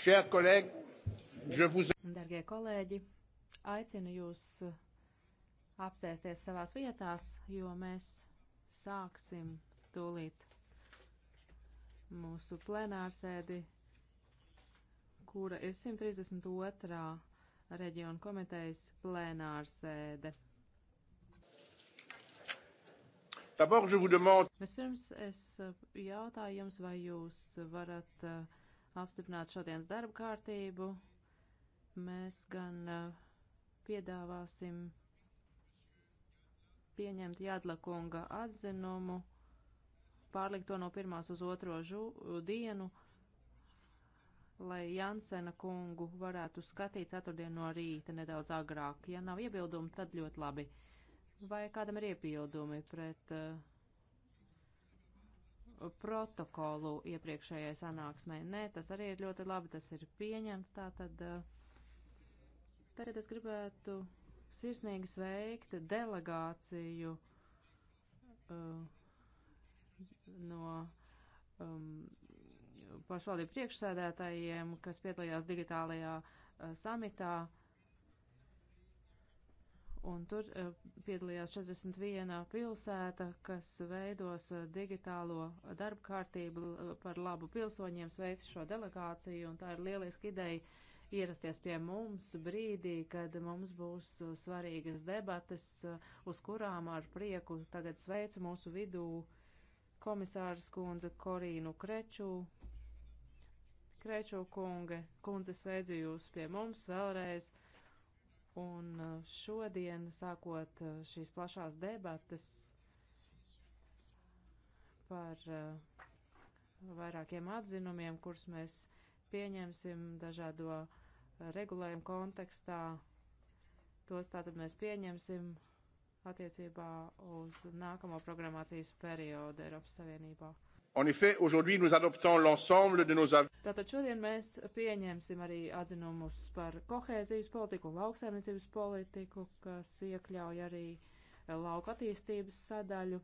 Vous... Dargie kolēģi, aicinu jūs uh, apsēsties savās vietās, jo mēs sāksim tūlīt mūsu plenārsēdi, kura ir 132. reģiona komitejas plenārsēde. Vispirms es uh, jautāju jums, vai jūs varat uh, apstiprināt šodienas darba kārtību. Mēs gan uh, piedāvāsim pieņemt Jādlakunga atzinumu, pārlikt to no pirmās uz otro žu, dienu, lai Jansena kungu varētu skatīt ceturtdien no rīta nedaudz agrāk. Ja nav iebildumi, tad ļoti labi. Vai kādam ir iebildumi pret uh, protokolu iepriekšējai sanāksmē. Nē, tas arī ir ļoti labi, tas ir pieņemts. Tātad eh, tagad es gribētu sirsnīgi sveikt delegāciju uh, no um, pašvaldību priekšsēdētājiem, kas piedalījās digitālajā uh, samitā. Uh, un tur eh, piedalījās 41 pilsēta, kas veidos eh, digitālo darba kārtību eh, par labu pilsoņiem, sveic šo delegāciju, un tā ir lieliski ideja ierasties pie mums brīdī, kad mums būs svarīgas debates, uz kurām ar prieku tagad sveicu mūsu vidū komisārs kundze Korīnu Kreču. Kreču kunge, kundze sveicu jūs pie mums vēlreiz. Un uh, šodien, sākot uh, šīs plašās debates par uh, vairākiem atzinumiem, kurus mēs pieņemsim dažādo regulējumu kontekstā, tos tātad mēs pieņemsim attiecībā uz nākamo programmācijas periodu Eiropas Savienībā. En effet, aujourd'hui, nous adoptons l'ensemble de nos Tātad šodien mēs pieņemsim arī atzinumus par kohēzijas politiku un lauksaimniecības politiku, kas iekļauj arī eh, lauka attīstības sadaļu.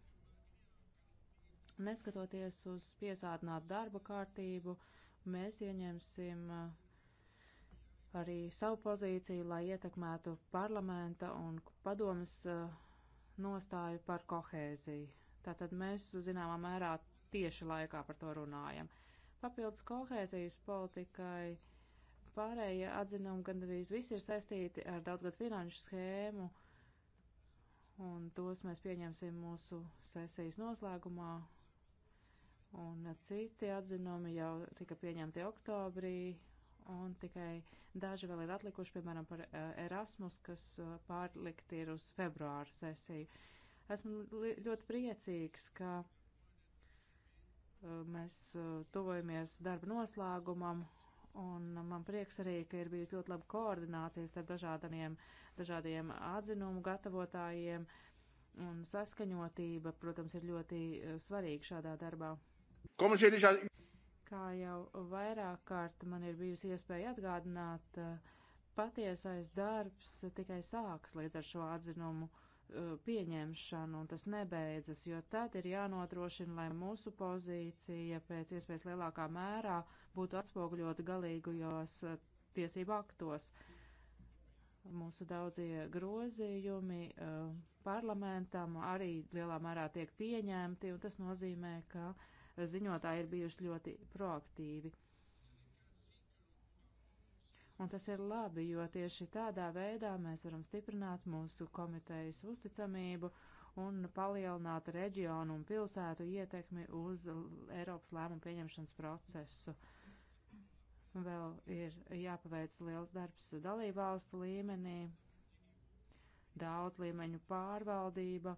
Neskatoties uz piesātinātu darba kārtību, mēs ieņemsim eh, arī savu pozīciju, lai ietekmētu parlamenta un padomas eh, nostāju par kohēziju. Tātad mēs zināmā mērā tieši laikā par to runājam. Papildus kohēzijas politikai pārējie atzinumi gandrīz visi ir saistīti ar daudzgad finanšu schēmu, un tos mēs pieņemsim mūsu sesijas noslēgumā. Un citi atzinumi jau tika pieņemti oktobrī, un tikai daži vēl ir atlikuši, piemēram, par eh, Erasmus, kas eh, pārlikt ir uz februāra sesiju. Esmu ļoti priecīgs, ka mēs e, tuvojamies darba noslēgumam, un man prieks arī, ka ir bijusi ļoti laba koordinācija starp dažādiem, dažādiem atzinumu gatavotājiem, un saskaņotība, protams, ir ļoti e, svarīga šādā darbā. Kā jau vairāk kārt man ir bijusi iespēja atgādināt, e, patiesais darbs tikai sāks līdz ar šo atzinumu. Uh, E, pieņemšanu, un tas nebeidzas, jo tad ir jānodrošina, lai mūsu pozīcija pēc iespējas lielākā mērā būtu atspoguļota galīgajos e, tiesību aktos. Mūsu daudzie grozījumi uh, parlamentam arī lielā mērā tiek pieņemti, un tas nozīmē, ka ziņotāji ir bijuši ļoti proaktīvi. Un tas ir labi, jo tieši tādā veidā mēs varam stiprināt mūsu komitejas uzticamību un palielināt reģionu un pilsētu ietekmi uz Eiropas lēmumu pieņemšanas procesu. Vēl ir jāpaveic liels darbs dalībvalstu līmenī, daudz līmeņu pārvaldība,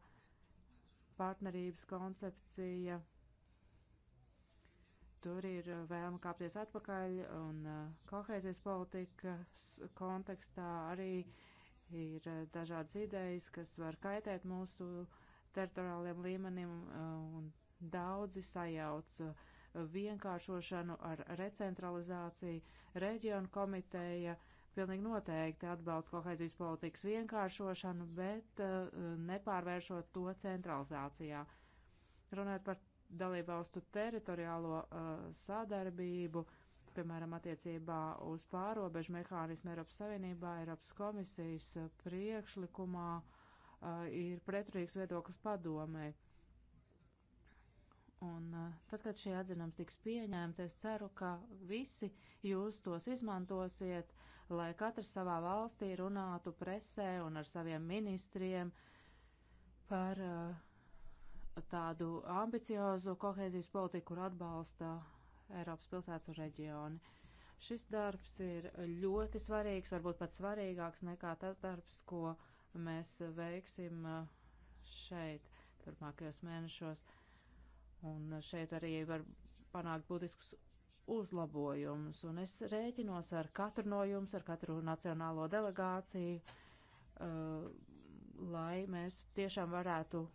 partnerības koncepcija Tur ir eh, vēlme kāpties atpakaļ un eh, kohēzijas politikas kontekstā arī ir eh, dažādas idejas, kas var kaitēt mūsu teritoriāliem līmenim un daudzi sajauc vienkāršošanu ar recentralizāciju. Reģionu komiteja pilnīgi noteikti atbalsta kohēzijas politikas vienkāršošanu, bet nepārvēršot to centralizācijā. Runājot par dalībvalstu teritoriālo uh, sadarbību, piemēram, attiecībā uz pārobežu mehānismu Eiropas Savienībā, Eiropas komisijas uh, priekšlikumā uh, ir pretrunīgs viedoklis padomē. Un uh, tad, kad šie atzinums tiks pieņemti, es ceru, ka visi jūs tos izmantosiet, lai katrs savā valstī runātu presē un ar saviem ministriem par uh, tādu ambiciozu kohēzijas politiku, kur atbalsta Eiropas pilsētas un reģioni. Šis darbs ir ļoti svarīgs, varbūt pat svarīgāks nekā tas darbs, ko mēs veiksim uh, šeit turpmākajos mēnešos. Un uh, šeit arī var panākt būtiskus uzlabojumus. Un es rēķinos ar katru no jums, ar katru nacionālo delegāciju, uh, lai mēs tiešām varētu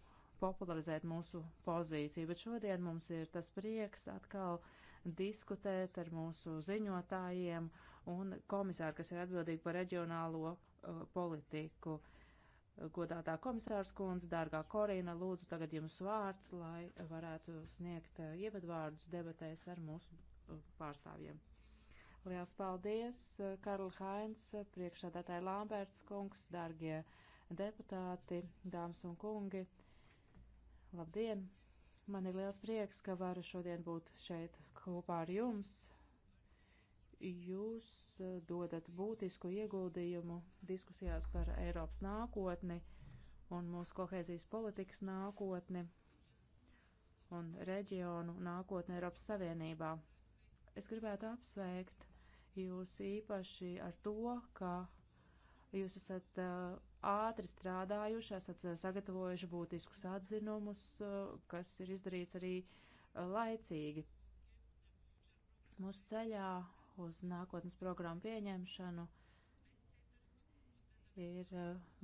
popularizēt mūsu pozīciju, bet šodien mums ir tas prieks atkal diskutēt ar mūsu ziņotājiem un komisāru, kas ir atbildīgi par reģionālo uh, politiku. Godātā komisārs kundze, dārgā Korīna, lūdzu tagad jums vārds, lai varētu sniegt uh, ievadvārdus debatēs ar mūsu uh, pārstāvjiem. Liels paldies, uh, Karl Hainz, uh, priekšādātāja Lamberts kungs, dārgie deputāti, dāmas un kungi. Labdien! Man ir liels prieks, ka varu šodien būt šeit kopā ar jums. Jūs eh, dodat būtisku ieguldījumu diskusijās par Eiropas nākotni un mūsu kohēzijas politikas nākotni un reģionu nākotni Eiropas Savienībā. Es gribētu apsveikt jūs īpaši ar to, ka jūs esat uh, ātri strādājuši, esat eh, sagatavojuši būtiskus atzinumus, eh, kas ir izdarīts arī eh, laicīgi. Mūsu ceļā uz nākotnes programmu pieņemšanu ir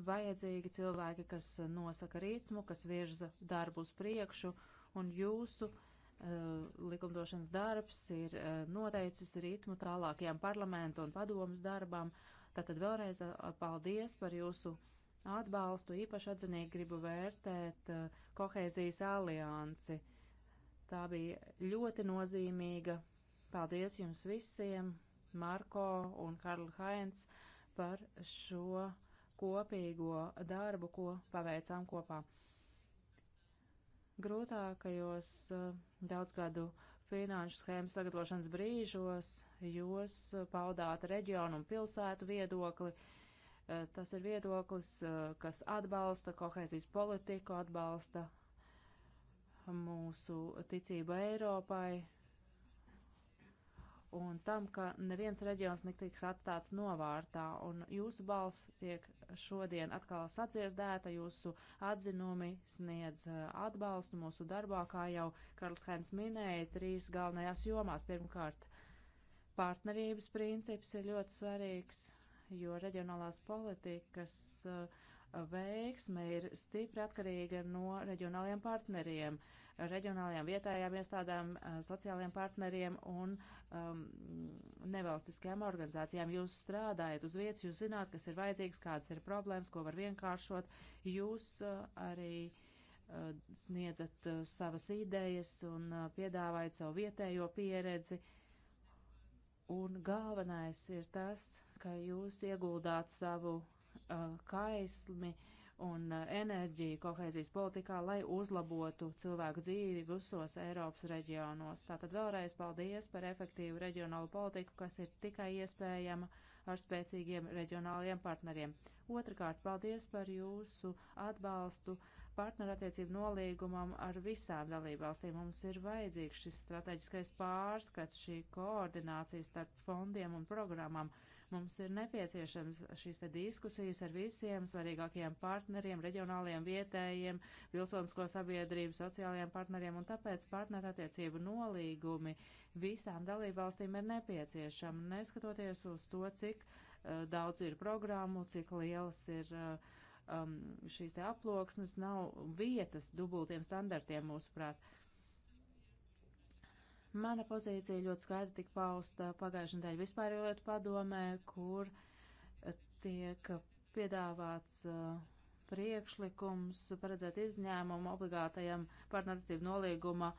vajadzīgi cilvēki, kas nosaka ritmu, kas virza darbu uz priekšu, un jūsu uh, likumdošanas darbs ir uh, noteicis ritmu tālākajām parlamentu un padomas darbām, uh, Tātad vēlreiz paldies par jūsu atbalstu. Īpaši atzinīgi gribu vērtēt kohēzijas alianci. Tā bija ļoti nozīmīga. Paldies jums visiem, Marko un Karl Hainz, par šo kopīgo darbu, ko paveicām kopā. Grūtākajos daudzgadu finanšu schēmu sagatavošanas brīžos jūs paudāt reģionu un pilsētu viedokli. Eh, tas ir viedoklis, eh, kas atbalsta kohēzijas politiku, atbalsta mūsu ticību Eiropai un tam, ka neviens reģions netiks atstāts novārtā. Un jūsu balss tiek šodien atkal sadzirdēta, jūsu atzinumi sniedz eh, atbalstu mūsu darbā, kā jau Karls Hens minēja, trīs galvenajās jomās. Pirmkārt, Partnerības princips ir ļoti svarīgs, jo reģionālās politikas uh, veiksme ir stipri atkarīga no reģionāliem partneriem, reģionālajām vietējām iestādām, uh, sociālajiem partneriem un um, nevalstiskajām organizācijām. Jūs strādājat uz vietas, jūs zināt, kas ir vajadzīgs, kādas ir problēmas, ko var vienkāršot. Jūs uh, arī uh, sniedzat uh, savas idejas un uh, piedāvājat savu vietējo pieredzi. Uh, Un galvenais ir tas, ka jūs ieguldāt savu uh, kaismi un uh, enerģiju kohēzijas politikā, lai uzlabotu cilvēku dzīvi visos Eiropas reģionos. Tātad vēlreiz paldies par efektīvu reģionālu politiku, kas ir tikai iespējama ar spēcīgiem reģionāliem partneriem. Otrakārt, paldies par jūsu atbalstu uh, partnerattiecību nolīgumam ar visām dalībvalstīm. Mums ir vajadzīgs šis strateģiskais pārskats, šī koordinācija starp fondiem un programmām. Mums ir nepieciešams šīs te diskusijas ar visiem svarīgākajiem partneriem, reģionāliem, vietējiem, pilsonisko sabiedrību, sociālajiem partneriem, un tāpēc partnerattiecību nolīgumi visām dalībvalstīm ir nepieciešami, neskatoties uz to, cik uh, daudz ir programmu, cik lielas ir uh, um, šīs te aploksnes nav vietas dubultiem standartiem, mūsuprāt. Mana pozīcija ļoti skaidri tika pausta pagājušajā nedēļā vispārējo lietu padomē, kur tiek piedāvāts uh, priekšlikums paredzēt izņēmumu obligātajam partnerattiecību nolīguma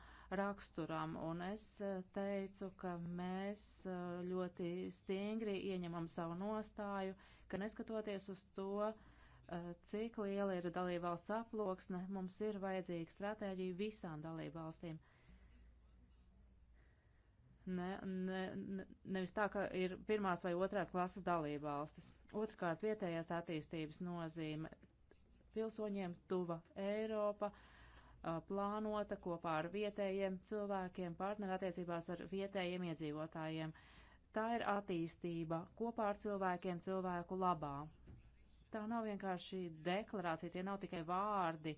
raksturam, un es uh, teicu, ka mēs uh, ļoti stingri ieņemam savu nostāju, ka neskatoties uz to, Eh, cik liela ir dalībvalsts aploksne, mums ir vajadzīga stratēģija visām dalībvalstīm. Ne, ne, ne, nevis tā, ka ir pirmās vai otrās klases dalībvalstis. Otrkārt, vietējās attīstības nozīme pilsoņiem tuva Eiropa, eh, plānota kopā ar vietējiem cilvēkiem, partnerattiecībās ar vietējiem iedzīvotājiem. Tā ir attīstība kopā ar cilvēkiem cilvēku labā tā nav vienkārši deklarācija, tie nav tikai vārdi.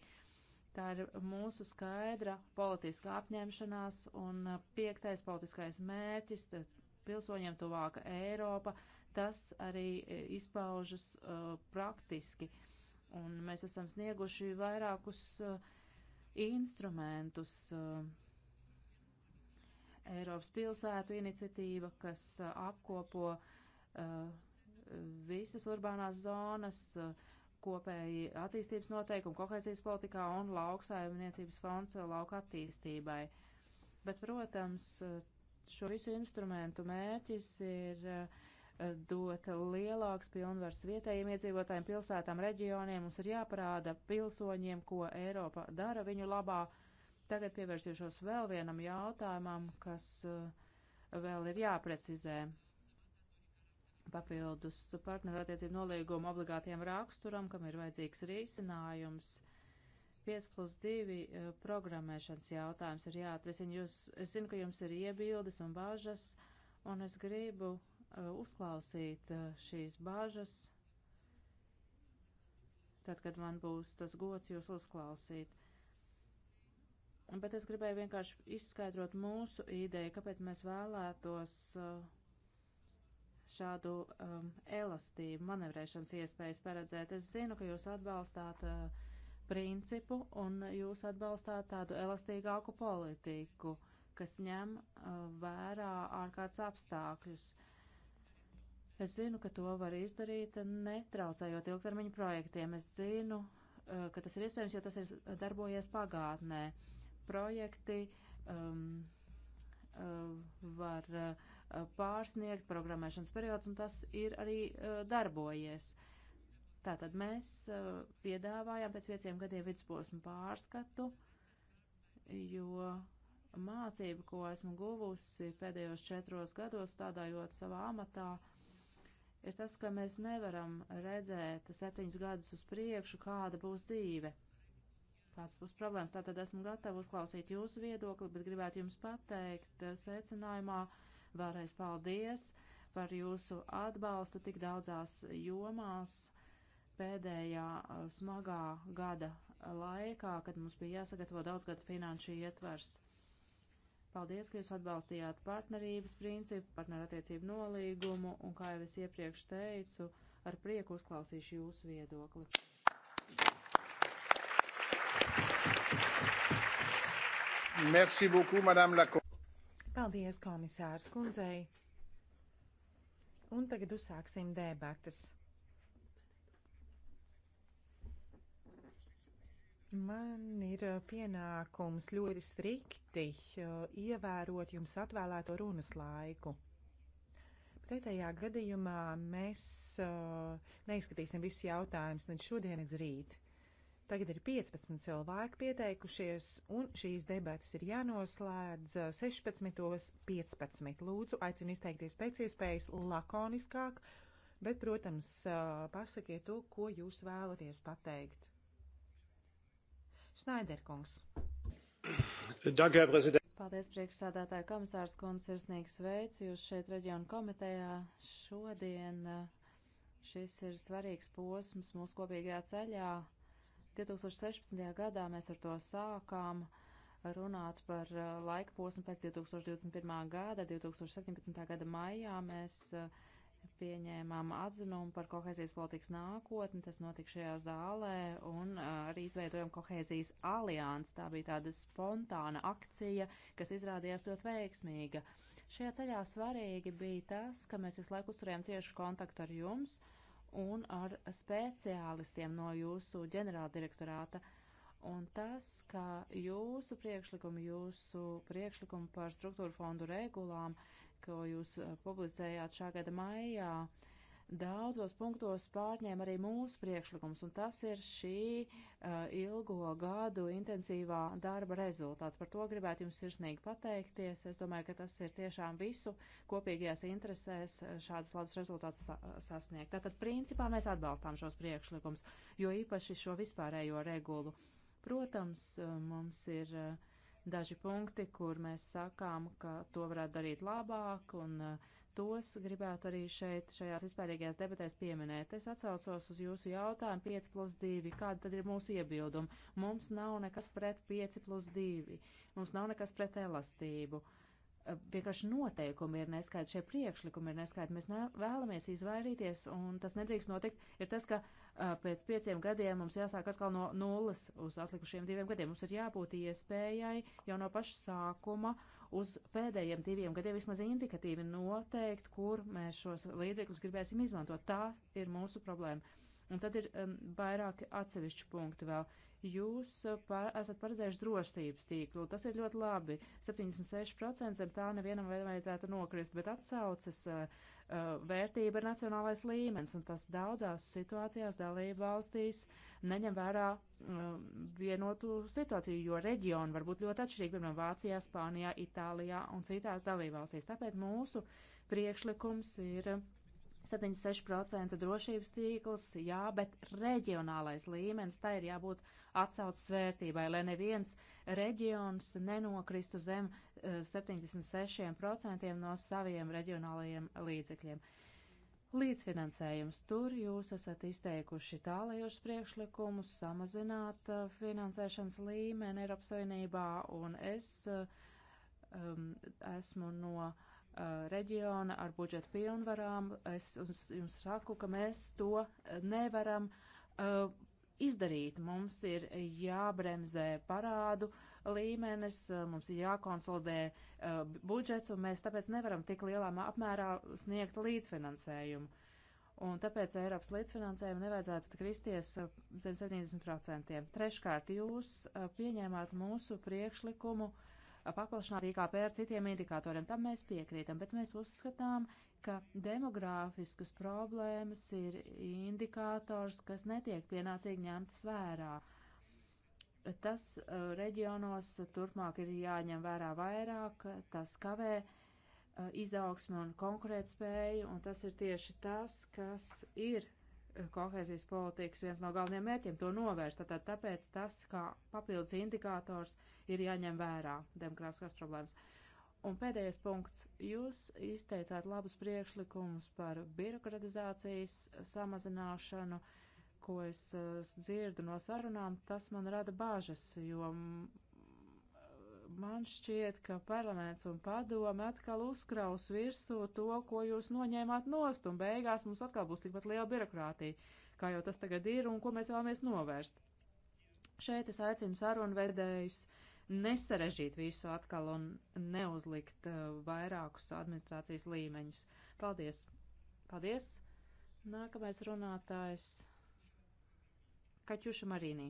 Tā ir mūsu skaidra politiska apņemšanās un piektais politiskais mērķis - pilsoņiem tuvāka Eiropa. Tas arī e, izpaužas uh, praktiski. Un mēs esam snieguši vairākus uh, instrumentus. Uh, Eiropas pilsētu iniciatīva, kas apkopo uh, visas urbānās zonas, kopēji attīstības noteikumi kohēzijas politikā un lauksaimniecības fonds lauka attīstībai. Bet, protams, šo visu instrumentu mērķis ir eh, dot lielāks pilnvars vietējiem iedzīvotājiem, pilsētām, reģioniem. Mums ir jāparāda pilsoņiem, ko Eiropa dara viņu labā. Tagad pievērsīšos vēl vienam jautājumam, kas eh, vēl ir jāprecizē papildus partnerattiecību nolīgumu obligātiem raksturam, kam ir vajadzīgs risinājums. 5 plus 2 uh, eh, programmēšanas jautājums ir jāatrisina. Jūs, es zinu, ka jums ir iebildes un bāžas, un es gribu uh, uzklausīt uh, šīs bāžas, tad, kad man būs tas gods jūs uzklausīt. Bet es gribēju vienkārši izskaidrot mūsu ideju, kāpēc mēs vēlētos uh, šādu um, elastību manevrēšanas iespējas paredzēt. Es zinu, ka jūs atbalstāt uh, principu un jūs atbalstāt tādu elastīgāku politiku, kas ņem uh, vērā ārkārtas apstākļus. Es zinu, ka to var izdarīt netraucējot ilgtermiņu projektiem. Es zinu, uh, ka tas ir iespējams, jo tas ir darbojies pagātnē. Projekti um, uh, var uh, Eh, pārsniegt programmēšanas periods, un tas ir arī eh, darbojies. Tātad mēs eh, piedāvājām pēc pieciem gadiem vidusposmu pārskatu, jo mācība, ko esmu guvusi pēdējos četros gados stādājot savā amatā, ir tas, ka mēs nevaram redzēt septiņus gadus uz priekšu, kāda būs dzīve, kāds būs problēmas. Tātad esmu gatava uzklausīt jūsu viedokli, bet gribētu jums pateikt secinājumā, uh, Vēlreiz paldies par jūsu atbalstu tik daudzās jomās pēdējā smagā gada laikā, kad mums bija jāsagatavo daudzgada finanšu ietvers. Paldies, ka jūs atbalstījāt partnerības principu, partnerattiecību nolīgumu, un, kā jau es iepriekš teicu, ar prieku uzklausīšu jūsu viedokli. Merci beaucoup, Madame la Paldies komisārs kundzei. Un tagad uzsāksim debatas. Man ir uh, pienākums ļoti strikti uh, ievērot jums atvēlēto runas laiku. Pretējā gadījumā mēs uh, neizskatīsim visus jautājumus ne šodien, ne rīt. Tagad ir 15 cilvēki pieteikušies, un šīs debatas ir jānoslēdz 16.15. Lūdzu, aicinu izteikties pēc iespējas lakoniskāk, bet, protams, pasakiet to, ko jūs vēlaties pateikt. Šnaiderkungs. Paldies, priekšsādātāja komisārs kundze, sirsnīgs veids jūs šeit reģionu komitejā šodien. Šis ir svarīgs posms mūsu kopīgajā ceļā 2016. gadā mēs ar to sākām runāt par uh, laika posmu pēc 2021. gada, 2017. gada maijā mēs uh, pieņēmām atzinumu par kohēzijas politikas nākotni, tas notika šajā zālē, un uh, arī izveidojam kohēzijas aliansi. Tā bija tāda spontāna akcija, kas izrādījās ļoti veiksmīga. Šajā ceļā svarīgi bija tas, ka mēs visu laiku uzturējām ciešu kontaktu ar jums, uh, un ar speciālistiem no jūsu ģenerāldirektorāta. Un tas, ka jūsu priekšlikumi, jūsu priekšlikumi par struktūra fondu regulām, ko jūs eh, publicējāt šā gada maijā, uh, daudzos punktos pārņēma arī mūsu priekšlikums, un tas ir šī uh, ilgo gadu intensīvā darba rezultāts. Par to gribētu jums sirsnīgi pateikties. Es domāju, ka tas ir tiešām visu kopīgajās interesēs uh, šādus labus rezultātus sa uh, sasniegt. Tātad, principā, mēs atbalstām šos priekšlikums, jo īpaši šo vispārējo regulu. Protams, uh, mums ir daži punkti, kur mēs sakām, ka to varētu darīt labāk, un uh, Tos gribētu arī šeit, šajās vispārīgajās debatēs pieminēt. Es atsaucos uz jūsu jautājumu 5 plus 2. Kāda tad ir mūsu iebildumi? Mums nav nekas pret 5 plus 2. Mums nav nekas pret elastību. Eh, vienkārši noteikumi ir neskaidri, šie priekšlikumi ir neskaidri. Mēs ne, vēlamies izvairīties, un tas nedrīkst notikt, ir tas, ka a, eh, pēc pieciem gadiem mums jāsāk atkal no nulles uz atlikušiem diviem gadiem. Mums ir jābūt iespējai jau no paša sākuma uz pēdējiem diviem gadiem vismaz indikatīvi noteikt, kur mēs šos līdzekļus gribēsim izmantot. Tā ir mūsu problēma. Un tad ir um, vairāki atsevišķi punkti vēl. Jūs uh, par, esat paredzējuši drošības tīklu, tas ir ļoti labi. 76% zem tā nevienam vajadzētu nokrist, bet atsaucas uh, vērtība ir nacionālais līmenis, un tas daudzās situācijās dalība valstīs neņem vērā um, vienotu situāciju, jo reģioni var būt ļoti atšķirīgi, piemēram, Vācijā, Spānijā, Itālijā un citās dalībvalstīs. Tāpēc mūsu priekšlikums ir 76% drošības tīkls, jā, bet reģionālais līmenis, tā ir jābūt atsaucas vērtībai, lai neviens reģions nenokristu zem 76% eh, no saviem reģionālajiem līdzekļiem. Līdzfinansējums tur jūs esat izteikuši tālajos priekšlikumus samazināt eh, finansēšanas līmeni Eiropas Savienībā, un es eh, um, esmu no uh, reģiona ar budžeta pilnvarām. Es jums saku, ka mēs to nevaram uh, izdarīt. Mums ir jābremzē parādu līmenis, mums ir jākonsolidē uh, budžets, un mēs tāpēc nevaram tik lielā apmērā sniegt līdzfinansējumu. Un tāpēc Eiropas līdzfinansējumu nevajadzētu kristies eh, zem 70%. Treškārt, jūs eh, pieņēmāt mūsu priekšlikumu uh, paplašināt IKP ar citiem indikatoriem. Tam mēs piekrītam, bet mēs uzskatām, ka demogrāfiskas problēmas ir indikators, kas netiek pienācīgi ņemtas vērā. Tas uh, reģionos turpmāk ir jāņem vērā vairāk, tas kavē uh, izaugsmu un konkurētspēju, un tas ir tieši tas, kas ir kohēzijas politikas viens no galvenajiem mērķiem to novērst. Tātad tāpēc tas, kā papildus indikators, ir jāņem vērā demokrātiskās problēmas. Un pēdējais punkts. Jūs izteicāt labus priekšlikumus par birokratizācijas samazināšanu, ko es eh, dzirdu no sarunām. Tas man rada bāžas, jo man šķiet, ka parlaments un padome atkal uzkraus virsū to, ko jūs noņēmāt nost, un beigās mums atkal būs tikpat liela birokrātija, kā jau tas tagad ir un ko mēs vēlamies novērst. Šeit es aicinu sarunvedējus nesarežģīt visu atkal un neuzlikt uh, vairākus administrācijas līmeņus. Paldies! Paldies! Nākamais runātājs Kaķuša Marīnī.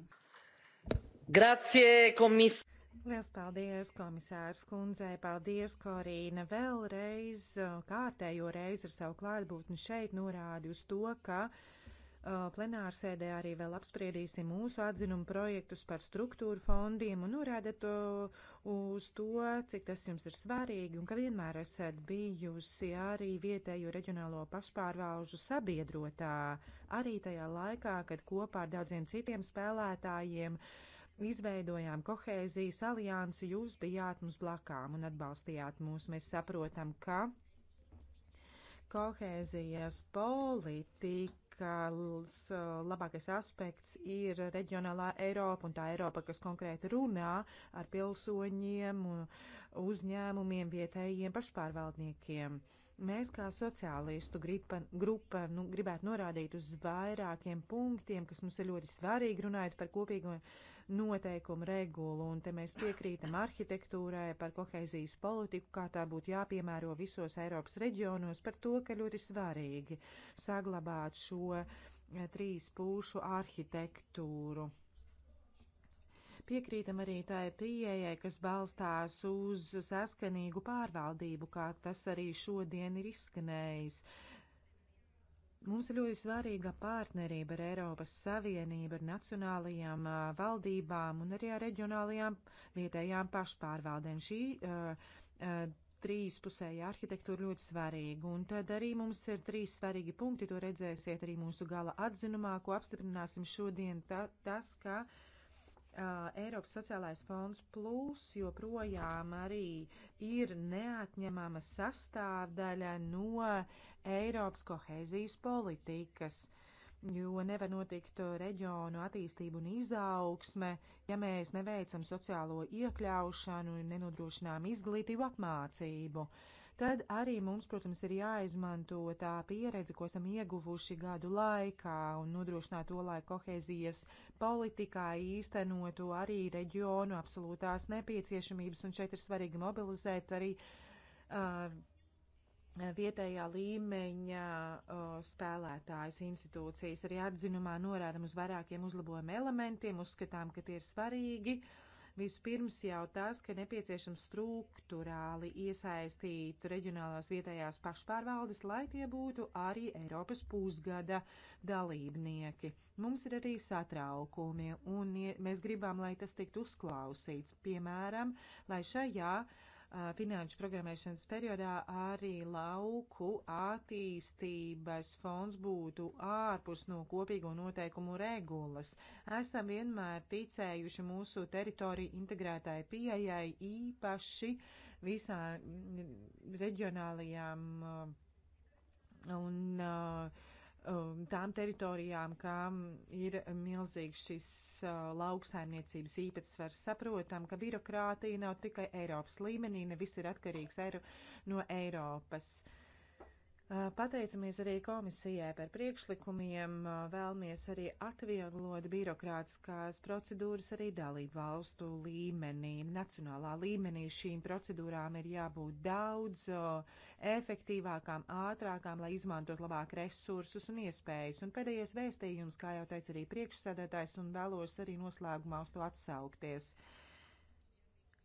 Grazie, komis. Liels paldies, komisārs kundzei, paldies, Korīna, vēlreiz uh, kārtējo reizi ar savu klātbūtni šeit norādi uz to, ka uh, plenārsēdē arī vēl apspriedīsim mūsu atzinumu projektus par struktūru fondiem un norādat uh, uz to, cik tas jums ir svarīgi un ka vienmēr esat bijusi arī vietējo reģionālo pašpārvalžu sabiedrotā, arī tajā laikā, kad kopā ar daudziem citiem spēlētājiem uh, Izveidojām kohēzijas aliansi, jūs bijāt mums blakām un atbalstījāt mūs. Mēs saprotam, ka kohēzijas politikas uh, labākais aspekts ir reģionālā Eiropa un tā Eiropa, kas konkrēti runā ar pilsoņiem, uzņēmumiem, vietējiem pašpārvaldniekiem. Mēs kā sociālistu gripa, grupa nu, gribētu norādīt uz vairākiem punktiem, kas mums ir ļoti svarīgi runājot par kopīgo uh, noteikumu regulu, un te mēs piekrītam arhitektūrai par kohēzijas politiku, kā tā būtu jāpiemēro visos Eiropas reģionos, par to, ka ļoti svarīgi saglabāt šo eh, trīs pūšu arhitektūru. Piekrītam arī tai pieejai, kas balstās uz saskanīgu pārvaldību, kā tas arī šodien ir izskanējis. Uh, Mums ir ļoti svarīga partnerība ar Eiropas Savienību, ar nacionālajām uh, valdībām un arī ar reģionālajām vietējām pašpārvaldēm. Šī uh, uh, trīspusēja arhitektūra ļoti svarīga, un tad arī mums ir trīs svarīgi punkti, to redzēsiet arī mūsu gala atzinumā, ko apstiprināsim šodien, ta, tas, ka uh, Eiropas sociālais fonds plus joprojām arī ir neatņemama sastāvdaļa no Eiropas kohēzijas politikas, jo nevar notikt reģionu attīstību un izaugsme, ja mēs neveicam sociālo iekļaušanu un nenodrošinām izglītību apmācību. Uh, tad arī mums, protams, ir jāizmanto tā pieredze, ko esam ieguvuši gadu laikā un nodrošināt to, lai kohēzijas politikā īstenotu arī reģionu absolūtās nepieciešamības, un šeit ir svarīgi mobilizēt arī uh, vietējā līmeņa o, spēlētājas institūcijas. Arī atzinumā norādam uz vairākiem uzlabojuma elementiem, uzskatām, ka tie ir svarīgi. Uh, Vispirms jau tas, ka nepieciešams struktūrāli iesaistīt reģionālās vietējās pašpārvaldes, lai tie būtu arī Eiropas pusgada dalībnieki. Mums ir arī satraukumi, un mēs gribam, lai tas tiktu uzklausīts, piemēram, lai šajā uh, finanšu programmēšanas periodā arī lauku attīstības fonds būtu ārpus no kopīgo noteikumu regulas. Esam vienmēr ticējuši mūsu teritoriju integrētai pieejai īpaši visā reģionālajām un uh, um, tām teritorijām, kam ir milzīgs šis uh, lauksaimniecības īpatsvars, saprotam, ka birokrātija nav tikai Eiropas līmenī, ne viss ir atkarīgs Eiro, no Eiropas. Uh, Pateicamies arī komisijai par priekšlikumiem, vēlamies arī atvieglot birokrātiskās procedūras arī dalību valstu līmenī. Nacionālā līmenī šīm procedūrām ir jābūt daudz efektīvākām, ātrākām, lai izmantot labāk resursus un iespējas. Un pēdējais vēstījums, kā jau teica arī priekšsēdētājs, un vēlos arī noslēgumā uz to atsaukties. Uh,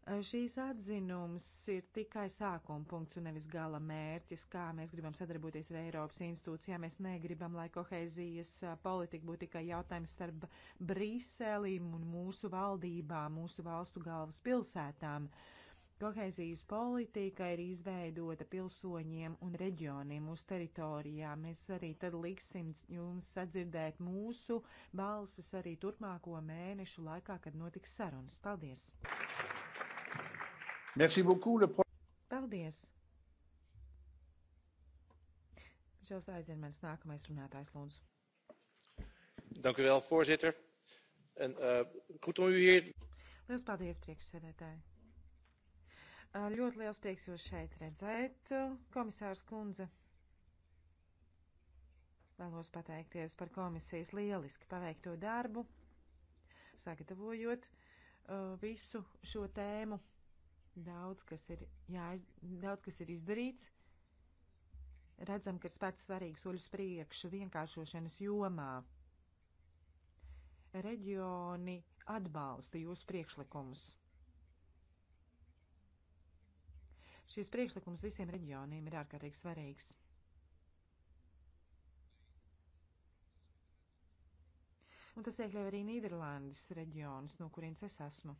Šīs atzinums ir tikai sākuma punkts un nevis gala mērķis, kā mēs gribam sadarboties ar Eiropas institūcijām. Mēs negribam, lai kohēzijas politika būtu tikai jautājums starp Brīselīm un mūsu valdībām, mūsu valstu galvaspilsētām. Kohēzijas politika ir izveidota pilsoņiem un reģioniem uz teritorijām. Mēs arī tad liksim jums sadzirdēt mūsu balsis arī turpmāko mēnešu laikā, kad notiks sarunas. Paldies! Merci beaucoup. Le... Paldies. Žils Aizirmens, nākamais runātājs, lūdzu. Dank u wel, voorzitter. En uh, goed om u hier. Liels paldies, priekšsēdētāji. Uh, ļoti liels prieks jūs šeit redzēt, komisārs Kundze. Vēlos pateikties par komisijas lieliski paveikto darbu, sagatavojot uh, visu šo tēmu Daudz kas ir, jāiz, daudz, kas ir izdarīts. Redzam, ka ir spēts svarīgs soļus priekšu vienkāršošanas jomā. Reģioni atbalsta jūsu priekšlikumus. Šis priekšlikums visiem reģioniem ir ārkārtīgi svarīgs. Un tas iekļauj arī Nīderlandes reģionus, no kurienes es esmu.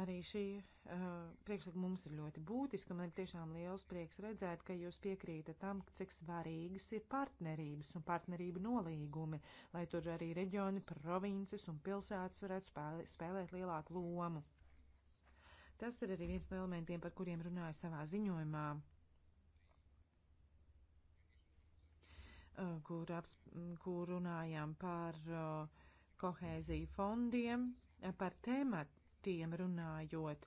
Arī šī uh, priekšlikuma mums ir ļoti būtiska. Man ir tiešām liels prieks redzēt, ka jūs piekrītat tam, cik svarīgas ir partnerības un partnerību nolīgumi, lai tur arī reģioni, provinces un pilsētas varētu spēlē, spēlēt lielāku lomu. Tas ir arī viens no elementiem, par kuriem runāju savā ziņojumā. Uh, kur, aps, kur runājām par uh, kohēziju fondiem, par tēmatu tiem runājot,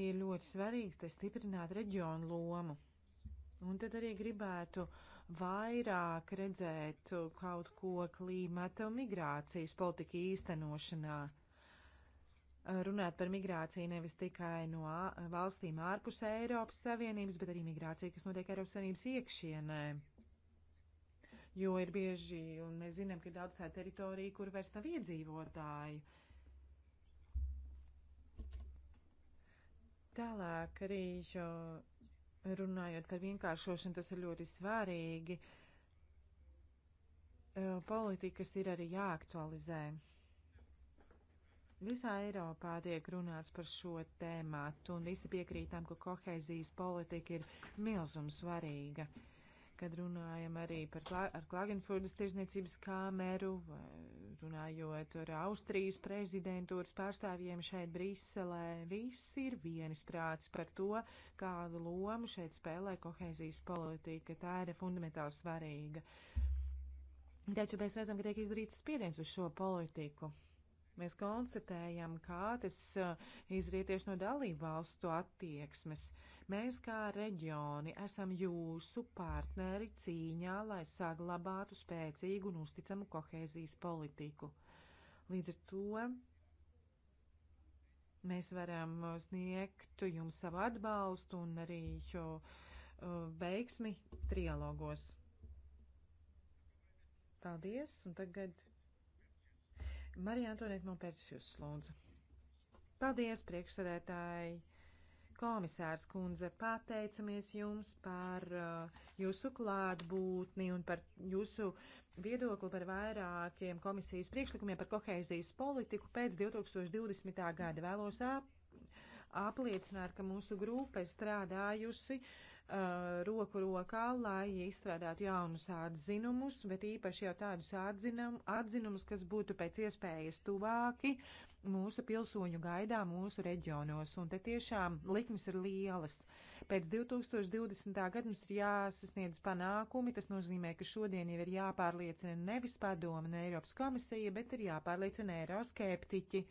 ir ļoti svarīgs, lai stiprinātu reģionu lomu. Un tad arī gribētu vairāk redzēt kaut ko klimata un migrācijas politika īstenošanā. Runāt par migrāciju nevis tikai no valstīm ārpus Eiropas Savienības, bet arī migrāciju, kas notiek Eiropas Savienības iekšienē. Jo ir bieži, un mēs zinām, ka ir daudz tā teritorija, kur vairs nav iedzīvotāju. Uh, Tālāk arī runājot par vienkāršošanu, tas ir ļoti svārīgi. Politikas ir arī jāaktualizē. Visā Eiropā tiek runāts par šo tēmātu, un visi piekrītam, ka kohēzijas politika ir milzums svarīga. Kad runājam arī par klā, ar Klagenfurdas tirzniecības kāmeru vai runājot ar Austrijas prezidentūras pārstāvjiem šeit Briselē, viss ir vienisprāts par to, kādu lomu šeit spēlē kohēzijas politika. Tā ir fundamentāli svarīga. Taču mēs redzam, ka tiek izdarīts spiediens uz šo politiku. Mēs konstatējam, kā tas uh, izriet tieši no dalību valstu attieksmes. Uh, Mēs kā reģioni esam jūsu partneri cīņā, lai saglabātu spēcīgu un uzticamu kohēzijas politiku. Līdz ar to mēs varam sniegt jums savu atbalstu un arī jo, uh, veiksmi trialogos. Paldies, un tagad Marija Antonieta Mopērķis jūs lūdzu. Paldies, priekšsēdētāji! Komisārs kundze, pateicamies jums par uh, jūsu klātbūtni un par jūsu viedokli par vairākiem komisijas priekšlikumiem par kohēzijas politiku pēc 2020. gada. Vēlos ap, apliecināt, ka mūsu grupa ir strādājusi uh, roku rokā, lai izstrādātu jaunus atzinumus, bet īpaši jau tādus atzinum, atzinumus, kas būtu pēc iespējas tuvāki uh, mūsu pilsoņu gaidā mūsu reģionos, un te tiešām likmes ir lielas. Pēc 2020. gada mums ir jāsasniedz panākumi, tas nozīmē, ka šodien jau ir jāpārliecina nevis padoma un Eiropas komisija, bet ir jāpārliecina eiroskeptiķi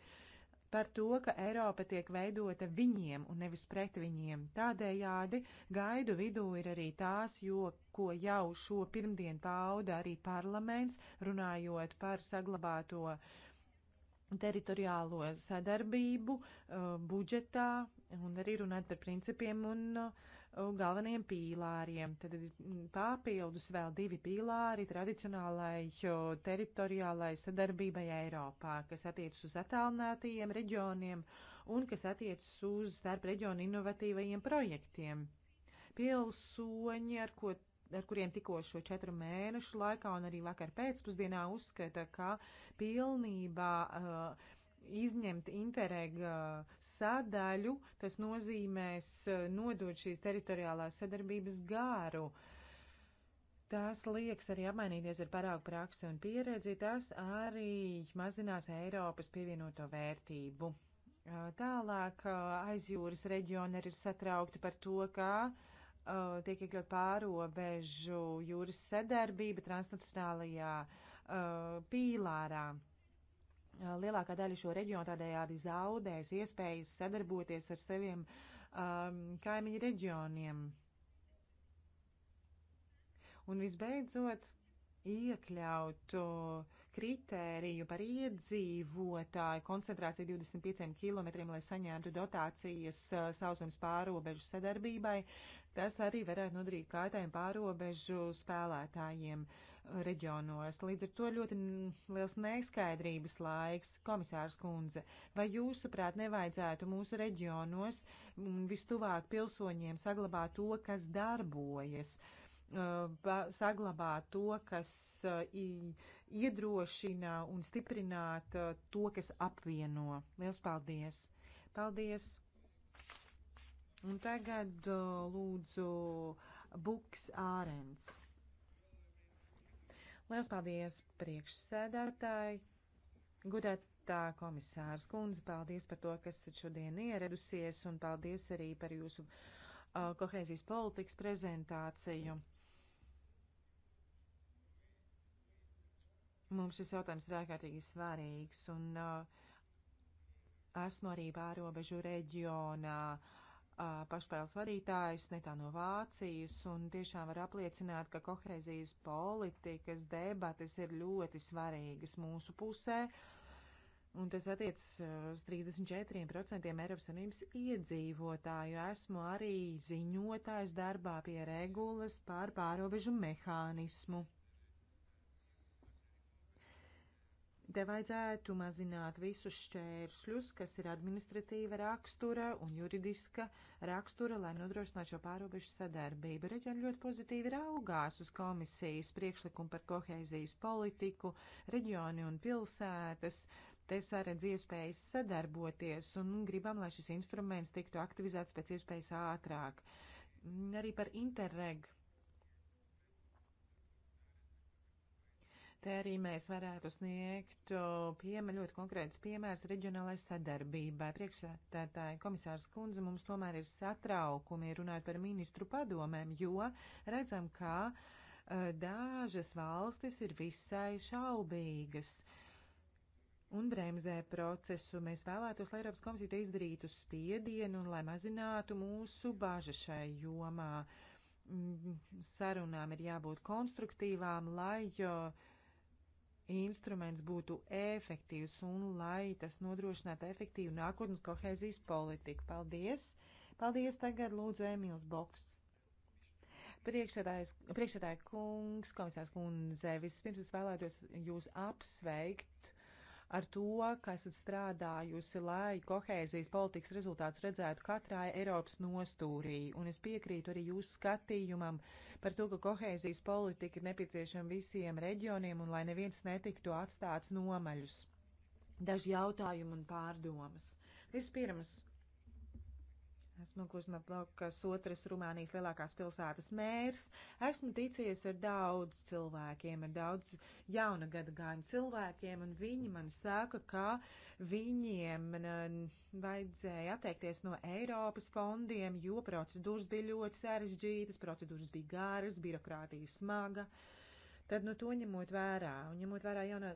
par to, ka Eiropa tiek veidota viņiem un nevis pret viņiem. Tādējādi gaidu vidū ir arī tās, jo, ko jau šo pirmdienu pauda arī parlaments, runājot par saglabāto uh, teritoriālo sadarbību eh, budžetā un arī runāt par principiem un eh, galveniem pīlāriem. Tad ir mm, papildus vēl divi pīlāri tradicionālai teritoriālai sadarbībai Eiropā, kas attiecas uz attālinātajiem reģioniem un kas attiecas uz starp reģionu inovatīvajiem projektiem. Pilsoņi, ar ko ar kuriem tikko šo četru mēnešu laikā un arī vakar pēcpusdienā uzskata, ka pilnībā uh, izņemt interega uh, sadaļu, tas nozīmēs uh, nodot šīs teritoriālās sadarbības gāru. Tas liekas arī apmainīties ar paraugu praksi un pieredzi, tas arī mazinās Eiropas pievienoto vērtību. Uh, tālāk aizjūras reģioni arī ir satraukti par to, ka uh, uh, tiek iekļaut pārobežu jūras sadarbība transnacionālajā uh, pīlārā. Uh, lielākā daļa šo reģionu tādējādi zaudēs iespējas sadarboties ar saviem um, kaimiņu reģioniem. Un visbeidzot, iekļautu uh, kritēriju par iedzīvotāju koncentrāciju 25 km, lai saņemtu dotācijas uh, sauszemes pārobežu sadarbībai kas arī varētu nodarīt kaitējumu pārobežu spēlētājiem reģionos. Līdz ar to ļoti liels neskaidrības laiks, komisārs kundze. Vai jūsuprāt nevajadzētu mūsu reģionos vistuvāk pilsoņiem saglabāt to, kas darbojas? saglabāt to, kas iedrošina un stiprināt to, kas apvieno. Lielas paldies! Paldies! Un tagad lūdzu Buks Ārens. Liels paldies priekšsēdētāji, gudētā komisārs kundze, paldies par to, kas šodien ieradusies, un paldies arī par jūsu uh, kohēzijas politikas prezentāciju. Mums šis jautājums ir ārkārtīgi svarīgs, un uh, esmu arī pārobežu reģionā. Uh, pašpārāls vadītājs, ne tā no Vācijas, un tiešām var apliecināt, ka kohēzijas politikas debates ir ļoti svarīgas mūsu pusē, un tas attiecas uz 34% Eiropas Savienības iedzīvotāju. Esmu arī ziņotājs darbā pie regulas pār pārobežu mehānismu. Te vajadzētu mazināt visus šķēršļus, kas ir administratīva rakstura un juridiska rakstura, lai nodrošinātu šo pārobežu sadarbību. Reģioni ļoti pozitīvi raugās uz komisijas priekšlikumu par koheizijas politiku, reģioni un pilsētas. Te sāredz iespējas sadarboties un gribam, lai šis instruments tiktu aktivizēts pēc iespējas ātrāk. Arī par interregu Te arī mēs varētu sniegt piemēru, ļoti konkrēts piemērs reģionālai sadarbībai. Priekšsētātāji komisārs Kundze mums tomēr ir satraukumi runājot par ministru padomēm, jo redzam, ka e, dažas valstis ir visai šaubīgas. Un bremzē procesu mēs vēlētos, lai Eiropas komisija izdarītu spiedienu un lai mazinātu mūsu bažas šai jomā. Mm, sarunām ir jābūt konstruktīvām, lai uh, instruments būtu efektīvs un lai tas nodrošinātu efektīvu nākotnes kohēzijas politiku. Paldies! Paldies tagad lūdzu Emīls Boks. Priekšsēdāja kungs, komisārs kundze, vispirms es vēlētos jūs apsveikt ar to, ka esat strādājusi, lai kohēzijas politikas rezultātus redzētu katrā Eiropas nostūrī. Un es piekrītu arī jūsu skatījumam par to, ka kohēzijas politika ir nepieciešama visiem reģioniem un lai neviens netiktu atstāts nomaļus. Daži jautājumi un pārdomas. Vispirms. Esmu Glužna Blaukas otras Rumānijas lielākās pilsētas mērs. Esmu ticies ar daudz cilvēkiem, ar daudz jauna gada gājuma cilvēkiem, un viņi man saka, ka viņiem vajadzēja atteikties no Eiropas fondiem, jo procedūras bija ļoti sarežģītas, procedūras bija gāras, birokrātija smaga. Uh, Tad, nu, to ņemot vērā un ņemot vērā jaunā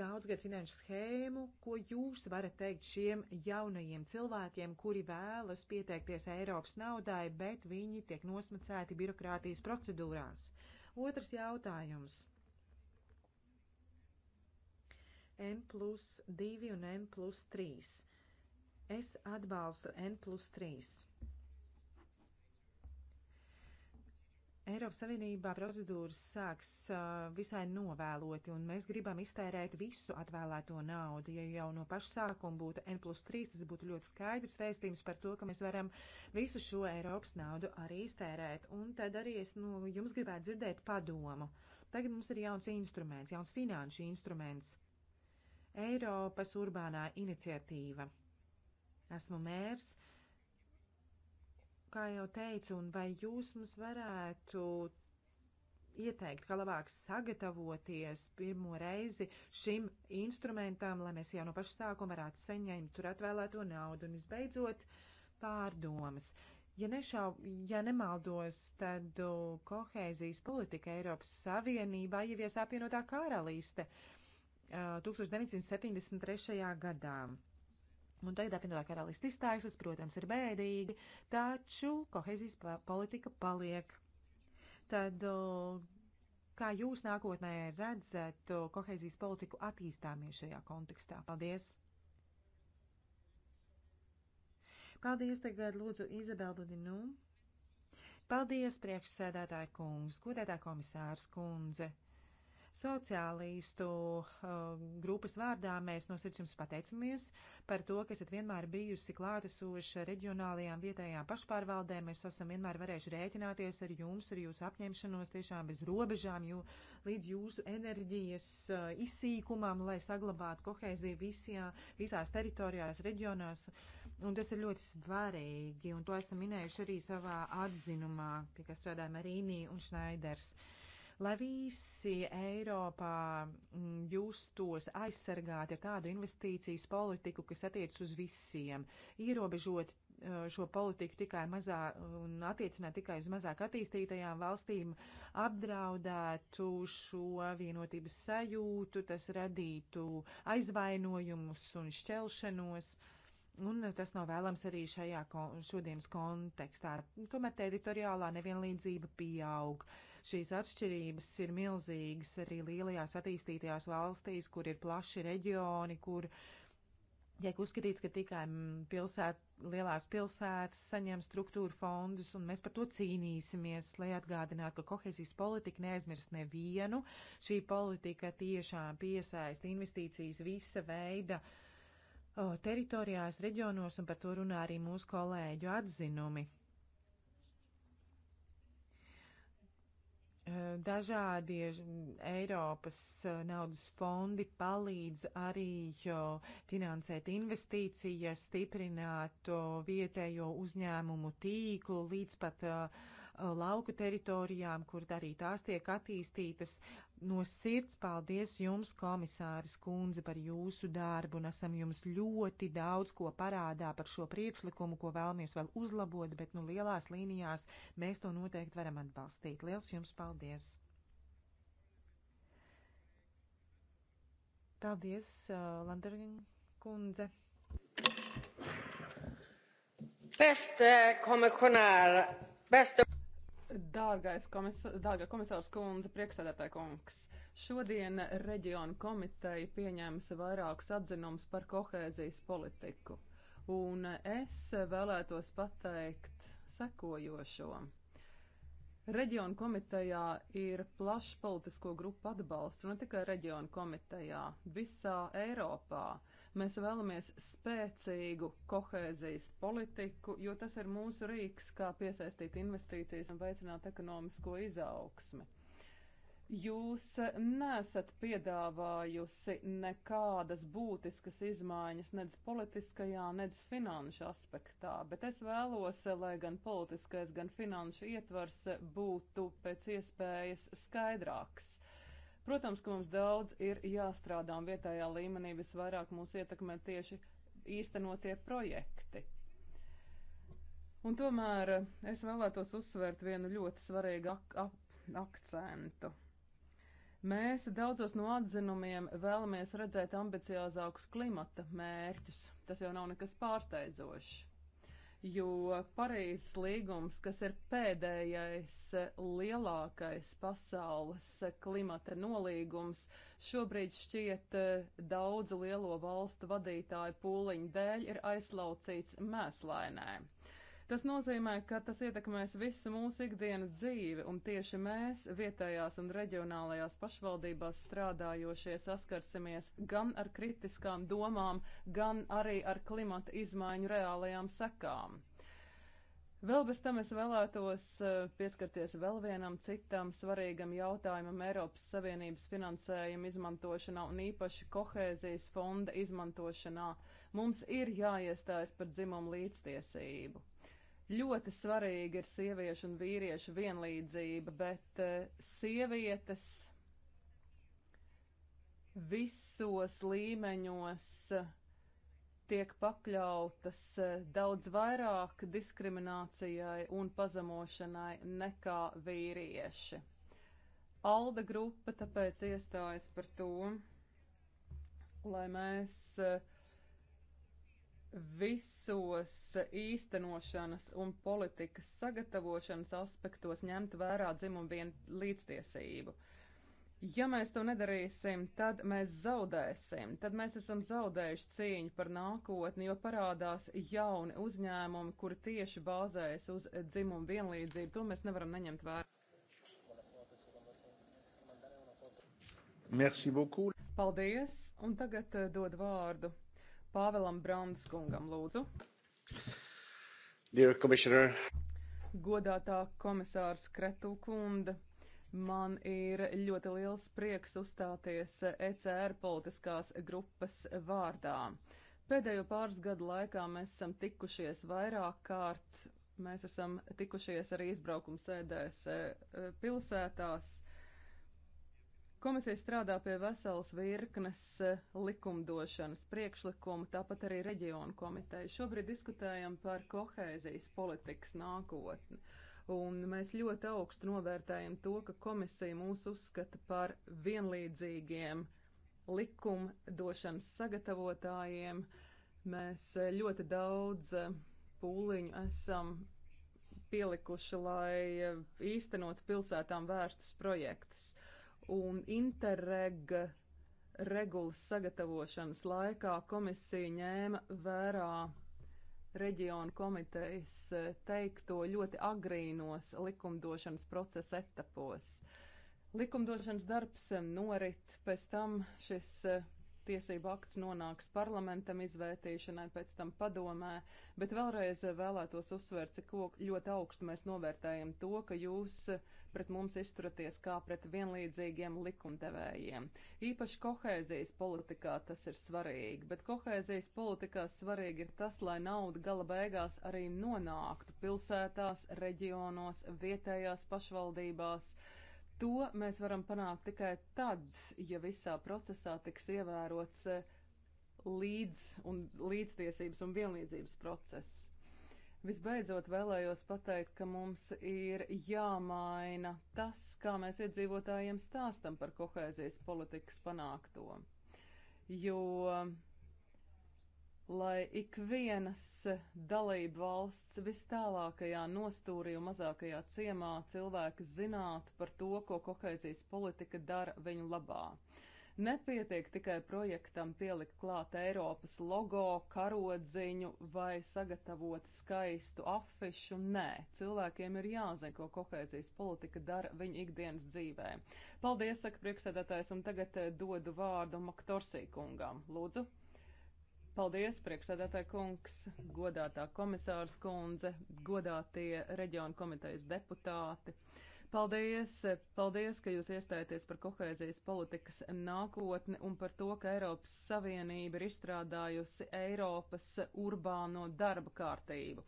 daudzgad finanšu schēmu, ko jūs varat teikt šiem jaunajiem cilvēkiem, kuri vēlas pieteikties Eiropas naudai, bet viņi tiek nosmacēti birokrātijas procedūrās? Otrs jautājums. N plus 2 un N plus 3. Es atbalstu N plus 3 Eiropas Savienībā procedūras sāks uh, visai novēloti, un mēs gribam iztērēt visu atvēlēto naudu. Ja jau no paša sākuma būtu N plus 3, tas būtu ļoti skaidrs vēstījums par to, ka mēs varam visu šo Eiropas naudu arī iztērēt. Un tad arī es nu, jums gribētu dzirdēt padomu. Tagad mums ir jauns instruments, jauns finanšu instruments - Eiropas urbānā iniciatīva. Esmu mērs. Uh, kā jau teicu, un vai jūs mums varētu ieteikt, ka labāk sagatavoties pirmo reizi šim instrumentam, lai mēs jau no paša sākuma varētu saņemt tur atvēlēto naudu un visbeidzot pārdomas. Ja, nešau, ja nemaldos, tad uh, kohēzijas politika Eiropas Savienībā ievies apvienotā karalīste uh, 1973. gadā. Un tagad apvienotā karalista izstājas, protams, ir bēdīgi, taču kohezijas politika paliek. Tad, kā jūs nākotnē redzat kohezijas politiku attīstāmies šajā kontekstā? Paldies! Paldies tagad lūdzu Izabela Budinu. Paldies priekšsēdētāja kungs, godētā komisārs kundze. Sociālistu uh, grupas vārdā mēs no sirds jums pateicamies par to, ka esat vienmēr bijusi klātesoša reģionālajām vietējām pašpārvaldēm. Mēs esam vienmēr varējuši rēķināties ar jums, ar jūsu apņemšanos tiešām bez robežām, jo līdz jūsu enerģijas uh, izsīkumam, lai saglabātu kohēziju visajā, visās teritorijās, reģionās. Un tas ir ļoti svarīgi, un to esam minējuši arī savā atzinumā, pie kā strādājam Arīnī un Šnaiders. Uh, lai visi Eiropā mm, justos aizsargāti ar tādu investīcijas politiku, kas attiec uz visiem, ierobežot eh, šo politiku tikai mazā un attiecināt tikai uz mazāk attīstītajām valstīm, apdraudētu šo vienotības sajūtu, tas radītu aizvainojumus un šķelšanos. Un tas nav vēlams arī šajā šodienas kontekstā. Tomēr teritoriālā nevienlīdzība pieaug. Uh, Šīs atšķirības ir milzīgas arī lielajās attīstītajās valstīs, kur ir plaši reģioni, kur tiek uzskatīts, ka tikai mm, pilsēt, lielās pilsētas saņem struktūra fondus, un mēs par to cīnīsimies, lai atgādinātu, ka kohēzijas politika neaizmirst nevienu. Šī politika tiešām piesaista investīcijas visa veida teritorijās, reģionos, un par to runā arī mūsu kolēģu atzinumi. Dažādi mm, Eiropas eh, naudas fondi palīdz arī finansēt investīcijas, stiprināt vietējo uzņēmumu tīklu līdz pat eh, lauku teritorijām, kur arī tās tiek attīstītas, no sirds paldies jums, komisāris kundze, par jūsu darbu, un esam jums ļoti daudz ko parādā par šo priekšlikumu, ko vēlamies vēl uzlabot, bet nu lielās līnijās mēs to noteikti varam atbalstīt. Liels jums paldies! Paldies, uh, Landarina kundze! Beste komisionāra, beste. Dārgais komisārs, dārgā komisārs kundze, priekšsēdētāja kungs, šodien reģionu komiteja pieņēmis vairākus atzinums par kohēzijas politiku, un es vēlētos pateikt sekojošo. Reģionu komitejā ir plašs politisko grupu atbalsts, ne tikai reģionu komitejā, visā Eiropā. Uh, Mēs vēlamies spēcīgu kohēzijas politiku, jo tas ir mūsu rīks, kā piesaistīt investīcijas un veicināt ekonomisko izaugsmi. Jūs nesat piedāvājusi nekādas būtiskas izmaiņas nedz politiskajā, nedz finanšu aspektā, bet es vēlos, lai gan politiskais, gan finanšu ietvars būtu pēc iespējas skaidrāks. Protams, ka mums daudz ir jāstrādā un vietējā līmenī visvairāk mūs ietekmē tieši īstenotie projekti. Un tomēr es vēlētos uzsvērt vienu ļoti svarīgu ak ak akcentu. Mēs daudzos no atzinumiem vēlamies redzēt ambiciozākus klimata mērķus. Tas jau nav nekas pārsteidzošs jo Parīzes līgums, kas ir pēdējais lielākais pasaules klimata nolīgums, šobrīd šķiet eh, daudzu lielo valstu vadītāju pūliņu dēļ ir aizlaucīts mēslainē. Tas nozīmē, ka tas ietekmēs visu mūsu ikdienas dzīvi, un tieši mēs, vietējās un reģionālajās pašvaldībās strādājošie, saskarsimies gan ar kritiskām domām, gan arī ar klimata izmaiņu reālajām sekām. Vēl bez tam es vēlētos eh, pieskarties vēl vienam citam svarīgam jautājumam Eiropas Savienības finansējuma izmantošanā un īpaši kohēzijas fonda izmantošanā. Mums ir jāiestājas par dzimumu līdztiesību. Ļoti svarīga ir sieviešu un vīriešu vienlīdzība, bet eh, sievietes visos līmeņos eh, tiek pakļautas eh, daudz vairāk diskriminācijai un pazemošanai nekā vīrieši. Alda grupa tāpēc iestājas par to, lai mēs uh, visos īstenošanas un politikas sagatavošanas aspektos ņemt vērā dzimumu vien līdztiesību. Ja mēs to nedarīsim, tad mēs zaudēsim, tad mēs esam zaudējuši cīņu par nākotni, jo parādās jauni uzņēmumi, kuri tieši bāzējas uz dzimumu vienlīdzību. To mēs nevaram neņemt vērā. Merci beaucoup. Paldies, un tagad eh, dod vārdu Pāvelam Brandskungam, lūdzu. Dear Commissioner. Godātā komisārs Kretu kunda. Man ir ļoti liels prieks uzstāties ECR politiskās grupas vārdā. Pēdējo pāris gadu laikā mēs esam tikušies vairāk kārt, mēs esam tikušies arī izbraukuma sēdēs e, pilsētās, Komisija strādā pie veselas virknes eh, likumdošanas priekšlikumu, tāpat arī reģionu komiteju. Šobrīd diskutējam par kohēzijas politikas nākotni. Un mēs ļoti augstu novērtējam to, ka komisija mūs uzskata par vienlīdzīgiem likumdošanas sagatavotājiem. Mēs eh, ļoti daudz eh, pūliņu esam pielikuši, lai īstenot pilsētām vērstus projektus un Interreg regulas sagatavošanas laikā komisija ņēma vērā reģionu komitejas e, teikto ļoti agrīnos likumdošanas procesa etapos. Likumdošanas darbs e, norit, pēc tam šis e, tiesība akts nonāks parlamentam izvērtīšanai, pēc tam padomē, bet vēlreiz vēlētos uzsvērt, cik ļoti augstu mēs novērtējam to, ka jūs uh, pret mums izturaties kā pret vienlīdzīgiem likumdevējiem. Īpaši kohēzijas politikā tas ir svarīgi, bet kohēzijas politikā svarīgi ir tas, lai nauda gala beigās arī nonāktu pilsētās, reģionos, vietējās pašvaldībās. To mēs varam panākt tikai tad, ja visā procesā tiks ievērots eh, līdz un līdztiesības un vienlīdzības process. Visbeidzot, vēlējos pateikt, ka mums ir jāmaina tas, kā mēs iedzīvotājiem stāstam par kohēzijas politikas panākto. Jo, lai ik vienas dalība valsts vis tālākajā nostūrī un mazākajā ciemā cilvēki zinātu par to, ko kohēzijas politika dara viņu labā. Nepietiek tikai projektam pielikt klāt Eiropas logo, karodziņu vai sagatavot skaistu afišu. Nē, cilvēkiem ir jāzina, ko kohēzijas politika dara viņu ikdienas dzīvē. Paldies, saka priekšsēdētājs, un tagad eh, dodu vārdu Maktorsī kungām. Lūdzu! Paldies, priekšsēdētāja kungs, godātā komisārs kundze, godātie reģionu komitejas deputāti. Uh, Paldies! Paldies, ka jūs iestājaties par kohēzijas politikas nākotni un par to, ka Eiropas Savienība ir izstrādājusi Eiropas urbāno darba kārtību.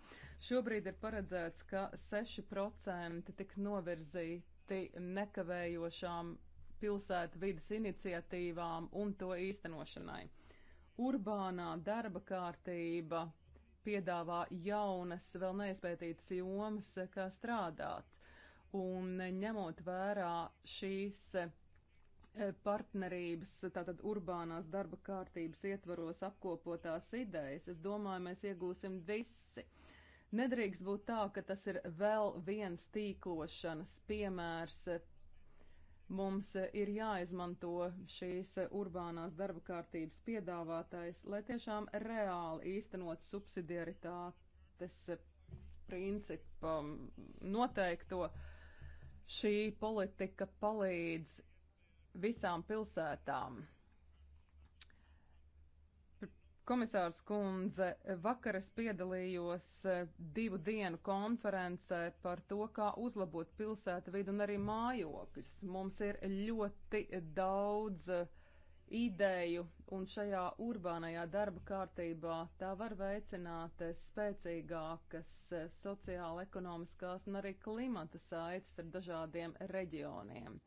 Šobrīd ir paredzēts, ka 6% tik novirzīti nekavējošām pilsētu vidas iniciatīvām un to īstenošanai. Urbānā darba kārtība piedāvā jaunas, vēl neizpētītas jomas, kā strādāt un ņemot vērā šīs e, partnerības, tātad urbānās darba kārtības ietvaros apkopotās idejas, es domāju, mēs iegūsim visi. Nedrīkst būt tā, ka tas ir vēl viens tīklošanas piemērs. Mums ir jāizmanto šīs urbānās darba kārtības piedāvātais, lai tiešām reāli īstenot subsidiaritātes principu noteikto uh, Šī politika palīdz visām pilsētām. Komisārs kundze, vakar es piedalījos eh, divu dienu konferencē par to, kā uzlabot pilsētu vidu un arī mājokļus. Mums ir ļoti daudz uh, ideju, un šajā urbānajā darba kārtībā tā var veicināt eh, spēcīgākas eh, sociāla-ekonomiskās un arī klimata saites ar dažādiem reģioniem.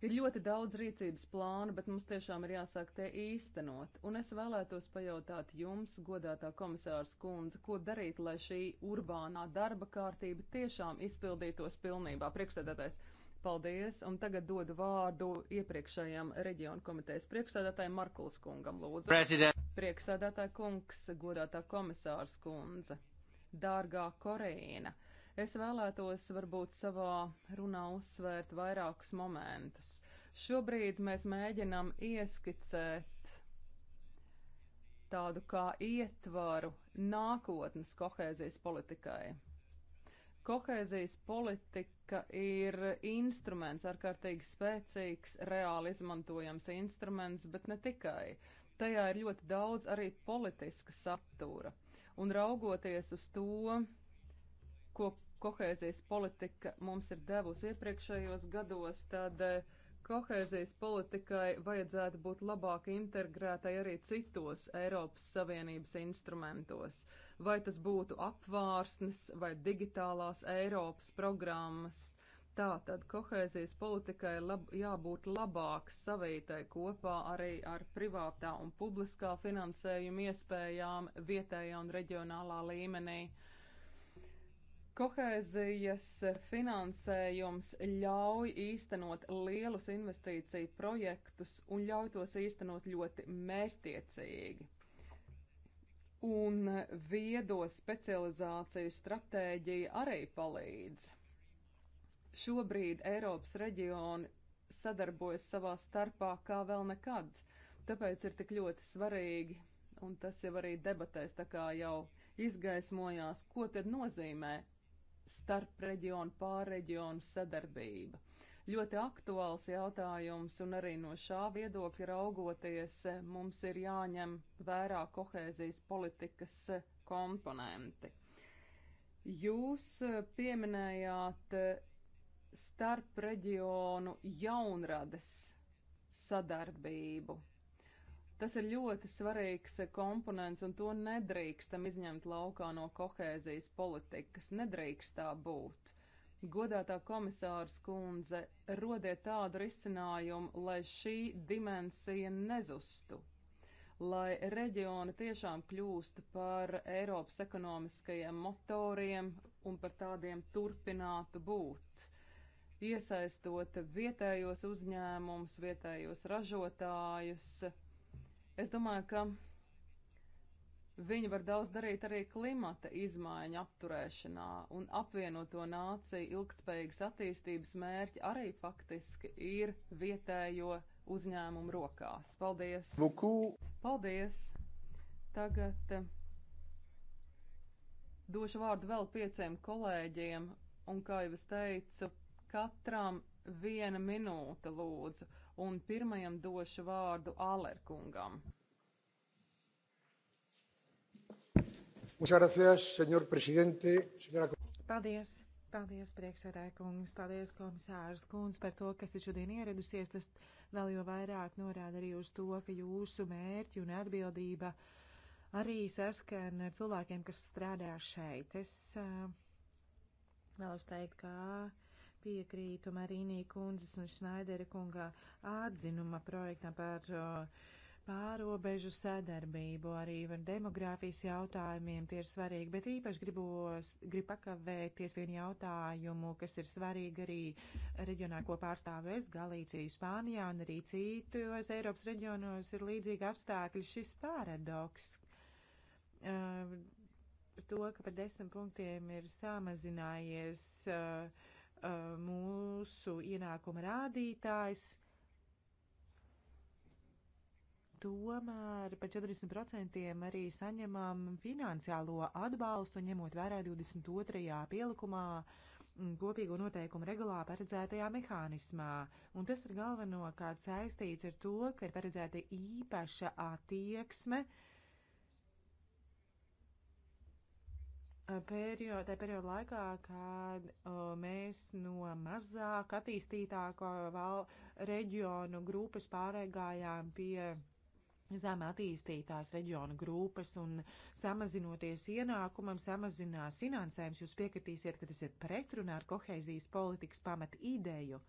Ir ļoti daudz rīcības plānu, bet mums tiešām ir jāsāk tie īstenot. Un es vēlētos pajautāt jums, godātā komisārs kundze, ko darīt, lai šī urbānā darba kārtība tiešām izpildītos pilnībā. Priekšstādātais paldies, un tagad dodu vārdu iepriekšējam reģionu komitejas priekšsēdētājiem Markuls kungam, lūdzu. President. Priekšsēdētāja kungs, godātā komisārs kundze, dārgā Korīna. Es vēlētos varbūt savā runā uzsvērt vairākus momentus. Šobrīd mēs mēģinam ieskicēt tādu kā ietvaru nākotnes kohēzijas politikai. Kohēzijas politika ir instruments, ārkārtīgi spēcīgs, reāli izmantojams instruments, bet ne tikai. Tajā ir ļoti daudz arī politiska satura. Un raugoties uz to, ko kohēzijas politika mums ir devusi iepriekšējos gados, tad eh, kohēzijas politikai vajadzētu būt labāk integrētai arī citos Eiropas Savienības instrumentos. Vai tas būtu apvārsnes vai digitālās Eiropas programmas. Tātad kohēzijas politikai lab, jābūt labāk savītai kopā arī ar privātā un publiskā finansējuma iespējām vietējā un reģionālā līmenī. Uh, Kohēzijas finansējums ļauj īstenot lielus investīciju projektus un ļauj tos īstenot ļoti mērtiecīgi. Un viedo specializāciju stratēģija arī palīdz. Šobrīd Eiropas reģioni sadarbojas savā starpā kā vēl nekad, tāpēc ir tik ļoti svarīgi, un tas jau arī debatēs tā kā jau izgaismojās, ko tad nozīmē starp reģionu pārreģionu sadarbība. Ļoti aktuāls jautājums, un arī no šā viedokļa raugoties, mums ir jāņem vērā kohēzijas politikas komponenti. Jūs pieminējāt starp reģionu jaunradas sadarbību. Tas ir ļoti svarīgs komponents, un to nedrīkstam izņemt laukā no kohēzijas politikas. Nedrīkst tā būt. Godātā komisārs kundze, rodiet tādu risinājumu, lai šī dimensija nezustu, lai reģioni tiešām kļūst par Eiropas ekonomiskajiem motoriem un par tādiem turpinātu būt iesaistot vietējos uzņēmumus, vietējos ražotājus, Es domāju, ka viņi var daudz darīt arī klimata izmaiņu apturēšanā un apvienoto nāciju ilgtspējīgas attīstības mērķi arī faktiski ir vietējo uzņēmumu rokās. Paldies! Buku. Paldies! Tagad eh, došu vārdu vēl pieciem kolēģiem, un kā jau es teicu, katram viena minūte lūdzu un pirmajam došu vārdu Alerkungam. Paldies! Paldies, priekšsēdētāj kungs, paldies, komisārs kungs, par to, kas ir šodien ieradusies. Tas vēl jo vairāk norāda arī uz to, ka jūsu mērķi un atbildība arī saskan ar cilvēkiem, kas strādā šeit. Es uh, vēlos teikt, ka Piekrītu Marīnī kundzes un Šnaidera kunga atzinuma projektam par uh, pārobežu sadarbību, arī par demogrāfijas jautājumiem tie ir svarīgi, bet īpaši gribos, grib pakavēties vienu jautājumu, kas ir svarīgi arī reģionā, ko pārstāvu es, Galīcija, Spānijā un arī citos Eiropas reģionos ir līdzīgi apstākļi šis paradoks. Uh, to, ka par desmit punktiem ir samazinājies uh, mūsu ienākuma rādītājs. Tomēr par 40% arī saņemam finansiālo atbalstu, ņemot vērā 22. pielikumā mm, kopīgo noteikumu regulā paredzētajā mehānismā. Un tas ir galvenokārt saistīts ar to, ka ir paredzēta īpaša attieksme uh, periodā, tajā periodā laikā, kad o, mēs no mazāk attīstītāko val, reģionu grupas pārēgājām pie zemē attīstītās reģionu grupas un samazinoties ienākumam, samazinās finansējums, jūs piekritīsiet, ka tas ir pretrunā ar koheizijas politikas pamat ideju.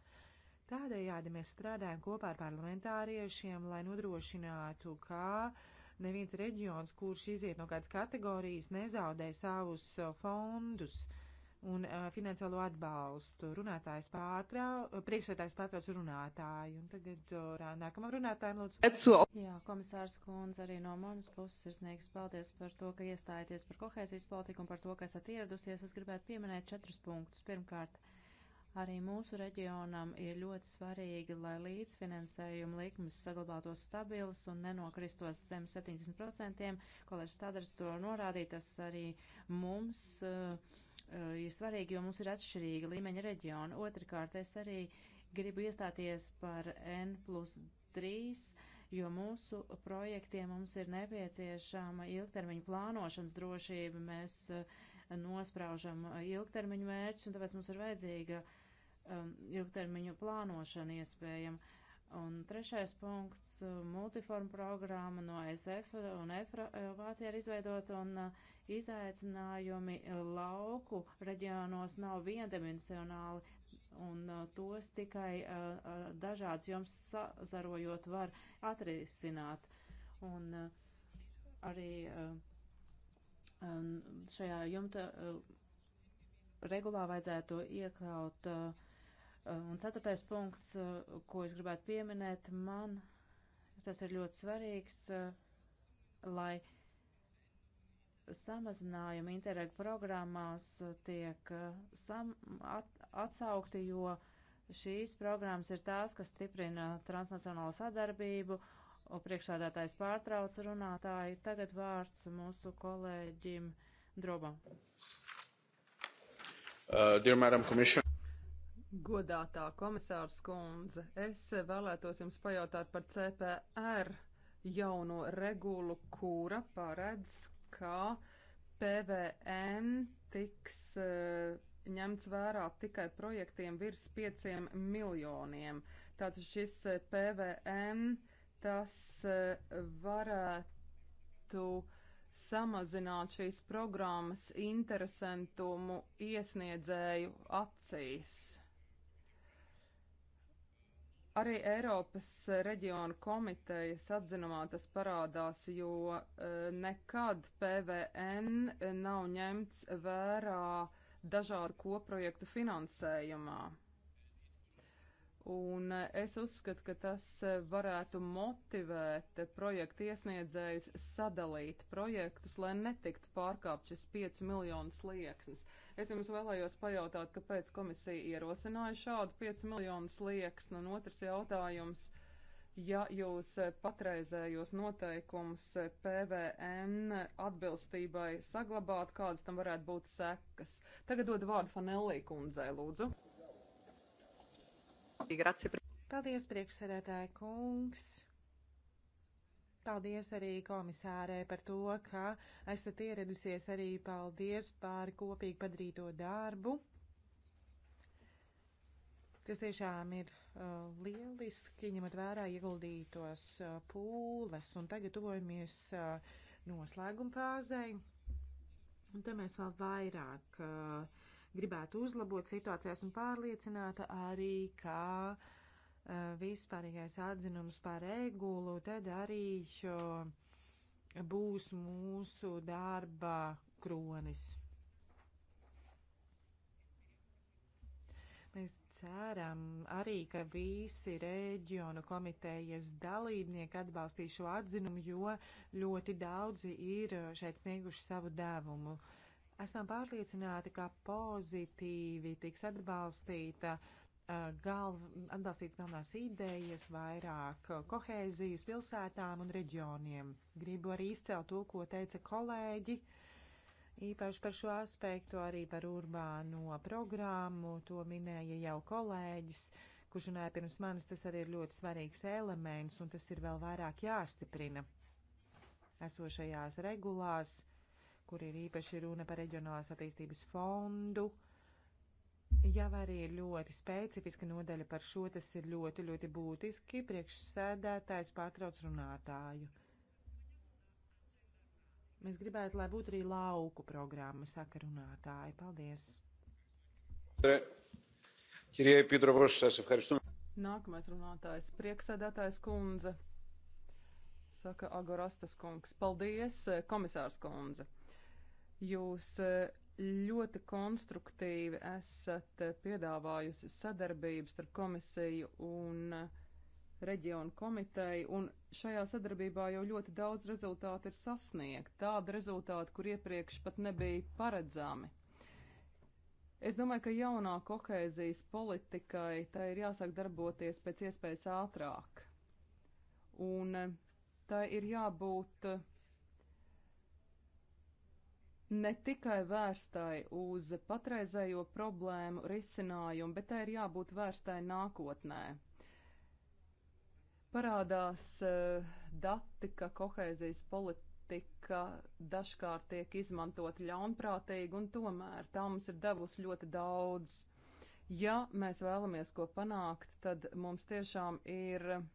Tādējādi mēs strādājam kopā ar parlamentāriešiem, lai nodrošinātu, ka uh, Neviens reģions, kurš iziet no kādas kategorijas, nezaudē savus fondus un uh, finansiālo atbalstu. Runātājs pārtrauc, priekšsētājs pārtrauc runātāju. Un tagad uh, nākamam runātājam lūdzu. Etso. Jā, komisārs Kunz arī no manas puses ir sniegs paldies par to, ka iestājaties par kohēzijas politiku un par to, ka esat ieradusies. Es gribētu pieminēt četrus punktus. Pirmkārt, Arī mūsu reģionam ir ļoti svarīgi, lai līdzfinansējuma likmes saglabātos stabilas un nenokristos zem 70%. Kolēģis Tādars to norādīja, tas arī mums uh, ir svarīgi, jo mums ir atšķirīga līmeņa reģiona. Otrakārt, es arī gribu iestāties par N plus 3, jo mūsu projektiem mums ir nepieciešama ilgtermiņa plānošanas drošība. Mēs uh, nospraužam ilgtermiņu mērķus, un tāpēc mums ir vajadzīga uh, um, ilgtermiņu plānošana iespējama. Un trešais punkts uh, - multiforma programma no SF un EFRA uh, Vācijā ir izveidot un uh, izaicinājumi lauku reģionos nav viendimensionāli un uh, tos tikai uh, uh dažāds jums sazarojot var atrisināt. Un arī um, šajā jumta regulā vajadzētu iekļaut uh, Uh, un ceturtais punkts, uh, ko es gribētu pieminēt, man tas ir ļoti svarīgs, uh, lai samazinājumi Interreg programmās tiek sam, at, atsaukti, jo šīs programmas ir tās, kas stiprina transnacionālo sadarbību. Priekšādātājs pārtrauc runātāju. Tagad vārds mūsu kolēģim Drobam. Uh, dear Madam Commissioner. Godātā komisārs kundze, es vēlētos jums pajautāt par CPR jauno regulu, kura paredz, ka PVN tiks uh, ņemts vērā tikai projektiem virs 5 miljoniem. Tātad šis eh, PVN tas eh, varētu samazināt šīs programmas interesantumu iesniedzēju acīs. Arī Eiropas reģionu komitejas atzinumā tas parādās, jo e, nekad PVN nav ņemts vērā dažādu koprojektu finansējumā. Un eh, es uzskatu, ka tas eh, varētu motivēt eh, projektu iesniedzējus sadalīt projektus, lai netiktu pārkāpt šis 5 miljonu slieksnis. Es jums vēlējos pajautāt, kāpēc komisija ierosināja šādu 5 miljonu slieksni, un otrs jautājums, ja jūs patreizējos noteikums PVN atbilstībai saglabāt, kādas tam varētu būt sekas. Tagad dod vārdu Fanelī kundzei, lūdzu. Paldies, priekšsēdētāja kungs! Paldies arī komisārē par to, ka esat ieradusies arī paldies par kopīgi padarīto darbu. Tas tiešām ir uh, lieliski, ņemot vērā ieguldītos uh, pūles, un tagad tuvojamies uh, noslēguma fāzei. Un te mēs vēl vairāk uh, gribētu uzlabot situācijās un pārliecināta arī, ka uh, vispārīgais atzinums par regulu tad arī uh, būs mūsu darba kronis. Mēs ceram arī, ka visi reģionu komitejas dalībnieki atbalstīs šo atzinumu, jo ļoti daudzi ir šeit snieguši savu devumu. Uh, Esam pārliecināti, ka pozitīvi tiks atbalstīta galv, atbalstīts galvenās idejas, vairāk kohēzijas pilsētām un reģioniem. Gribu arī izcelt to, ko teica kolēģi, īpaši par šo aspektu, arī par urbāno programmu, to minēja jau kolēģis, kurš runāja pirms manis, tas arī ir ļoti svarīgs elements, un tas ir vēl vairāk jāstiprina esošajās regulās kur ir īpaši runa par reģionālās attīstības fondu. Jau arī ir ļoti specifiska nodaļa par šo, tas ir ļoti, ļoti būtiski. Priekšsēdētājs pārtrauc runātāju. Mēs gribētu, lai būtu arī lauku programma, saka runātāji. Paldies! Nākamais runātājs, prieksēdētājs kundze, saka Agorastas kungs. Paldies, komisārs kundze! Jūs eh, ļoti konstruktīvi esat eh, piedāvājusi sadarbības ar komisiju un eh, reģionu komiteju, un šajā sadarbībā jau ļoti daudz rezultātu ir sasniegt, tāda rezultāta, kur iepriekš pat nebija paredzami. Es domāju, ka jaunā kohēzijas politikai tai ir jāsāk darboties pēc iespējas ātrāk, un tai ir jābūt ne tikai vērstai uz patreizējo problēmu risinājumu, bet tai ir jābūt vērstai nākotnē. Parādās uh, dati, ka kohēzijas politika dažkārt tiek izmantot ļaunprātīgi, un tomēr tā mums ir devusi ļoti daudz. Ja mēs vēlamies ko panākt, tad mums tiešām ir uh,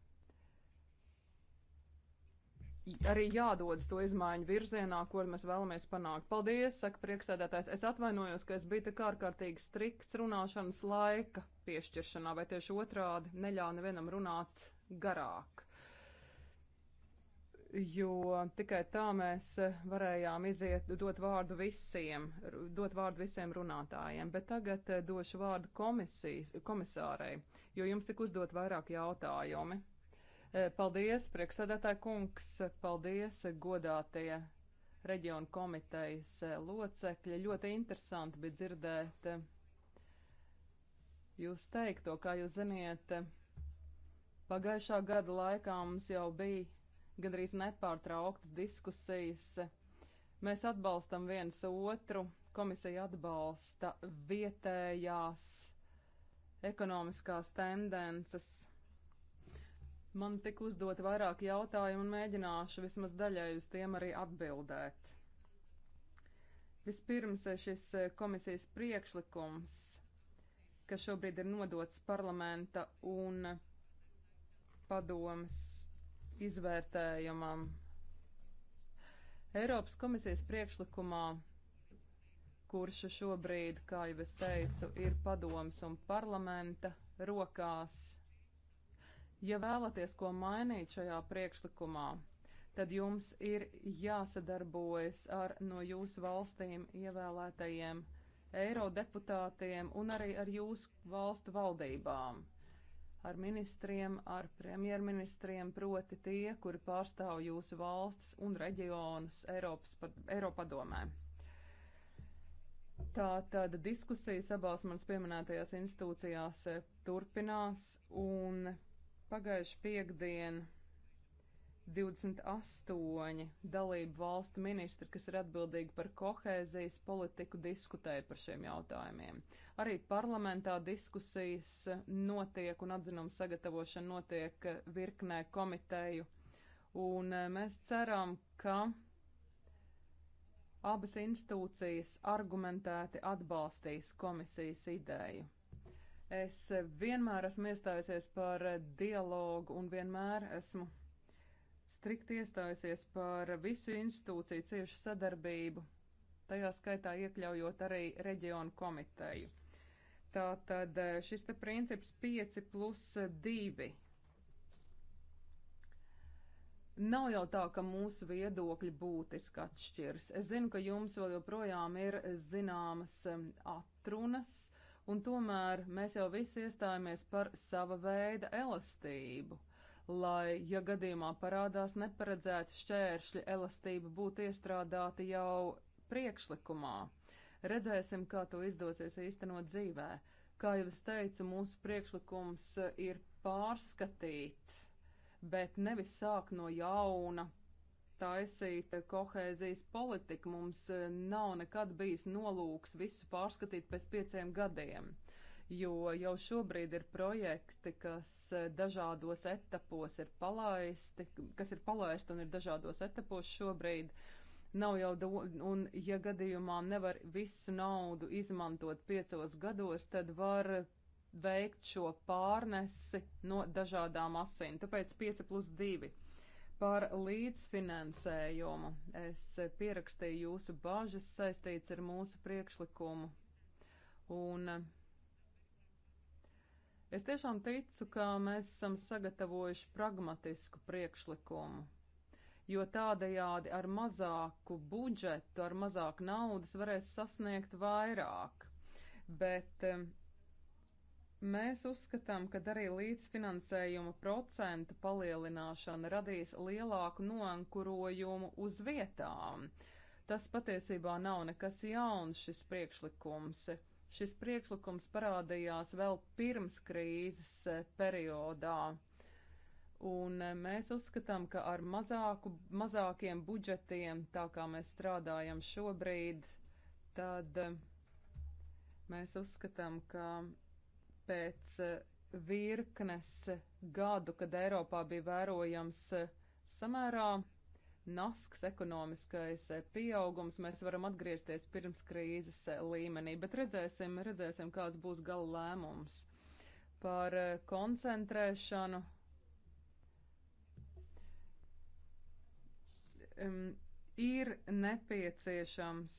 arī jādodas to izmaiņu virzienā, kur mēs vēlamies panākt. Paldies, saka prieksēdētājs. Es atvainojos, ka es biju tik ārkārtīgi strikts runāšanas laika piešķiršanā, vai tieši otrādi neļāva nevienam runāt garāk. Jo tikai tā mēs varējām iziet, dot vārdu visiem, dot vārdu visiem runātājiem. Bet tagad eh, došu vārdu komisijas, komisārei, jo jums tik uzdot vairāk jautājumi. Eh, paldies, priekšsēdētāji kungs, paldies, godātie reģionu komitejas eh, locekļi. Ļoti interesanti bija dzirdēt eh, jūs teikto, kā jūs ziniet, pagājušā gada laikā mums jau bija gandrīz nepārtrauktas diskusijas. Mēs atbalstam viens otru, komisija atbalsta vietējās ekonomiskās tendences Man tik uzdot vairāk jautājumu un mēģināšu vismaz daļai uz tiem arī atbildēt. Vispirms šis eh, komisijas priekšlikums, kas šobrīd ir nodots parlamenta un padomas izvērtējumam. Eiropas komisijas priekšlikumā kurš šobrīd, kā jau es teicu, ir padoms un parlamenta rokās. Ja vēlaties ko mainīt šajā priekšlikumā, tad jums ir jāsadarbojas ar no jūsu valstīm ievēlētajiem eirodeputātiem un arī ar jūsu valstu valdībām, ar ministriem, ar premjerministriem, proti tie, kuri pārstāv jūsu valsts un reģionus Eiropas, Eiropadomē. Tā tad diskusijas abās manas pieminētajās institūcijās eh, turpinās un Pagājuši piekdien 28 dalību valstu ministri, kas ir atbildīgi par kohēzijas politiku, diskutēja par šiem jautājumiem. Arī parlamentā diskusijas notiek un atzinuma sagatavošana notiek eh, virknē komiteju. Un eh, mēs ceram, ka abas institūcijas argumentēti atbalstīs komisijas ideju. Es vienmēr esmu iestājusies par dialogu un vienmēr esmu strikti iestājusies par visu institūciju ciešu sadarbību, tajā skaitā iekļaujot arī reģionu komiteju. Tātad eh, šis te princips 5 plus 2 Nav jau tā, ka mūsu viedokļi būtiski atšķiras. Es zinu, ka jums vēl joprojām ir zināmas eh, atrunas, un tomēr mēs jau visi iestājāmies par sava veida elastību, lai, ja gadījumā parādās neparedzēts šķēršļi, elastība būtu iestrādāta jau priekšlikumā. Redzēsim, kā to izdosies īstenot dzīvē. Kā jau es teicu, mūsu priekšlikums ir pārskatīt, bet nevis sāk no jauna taisīt kohēzijas politiku. Mums e, nav nekad bijis nolūks visu pārskatīt pēc pieciem gadiem, jo jau šobrīd ir projekti, kas e, dažādos etapos ir palaisti, kas ir palaisti un ir dažādos etapos šobrīd. Nav jau, do, un ja gadījumā nevar visu naudu izmantot piecos gados, tad var veikt šo pārnesi no dažādām asīm. Tāpēc 5 plus 2 Par līdzfinansējumu es pierakstīju jūsu bāžas saistīts ar mūsu priekšlikumu. Un eh, es tiešām ticu, ka mēs esam sagatavojuši pragmatisku priekšlikumu jo tādējādi ar mazāku budžetu, ar mazāk naudas varēs sasniegt vairāk. Bet eh, Mēs uzskatām, ka arī līdzfinansējuma procenta palielināšana radīs lielāku noankurojumu uz vietām. Tas patiesībā nav nekas jauns šis priekšlikums. Šis priekšlikums parādījās vēl pirms krīzes eh, periodā. Un eh, mēs uzskatām, ka ar mazāku, mazākiem budžetiem, tā kā mēs strādājam šobrīd, tad eh, mēs uzskatām, ka pēc eh, virknes gadu, kad Eiropā bija vērojams eh, samērā nasks ekonomiskais eh, pieaugums, mēs varam atgriezties pirms krīzes līmenī, bet redzēsim, redzēsim kāds būs gala lēmums par koncentrēšanu. Um, ir nepieciešams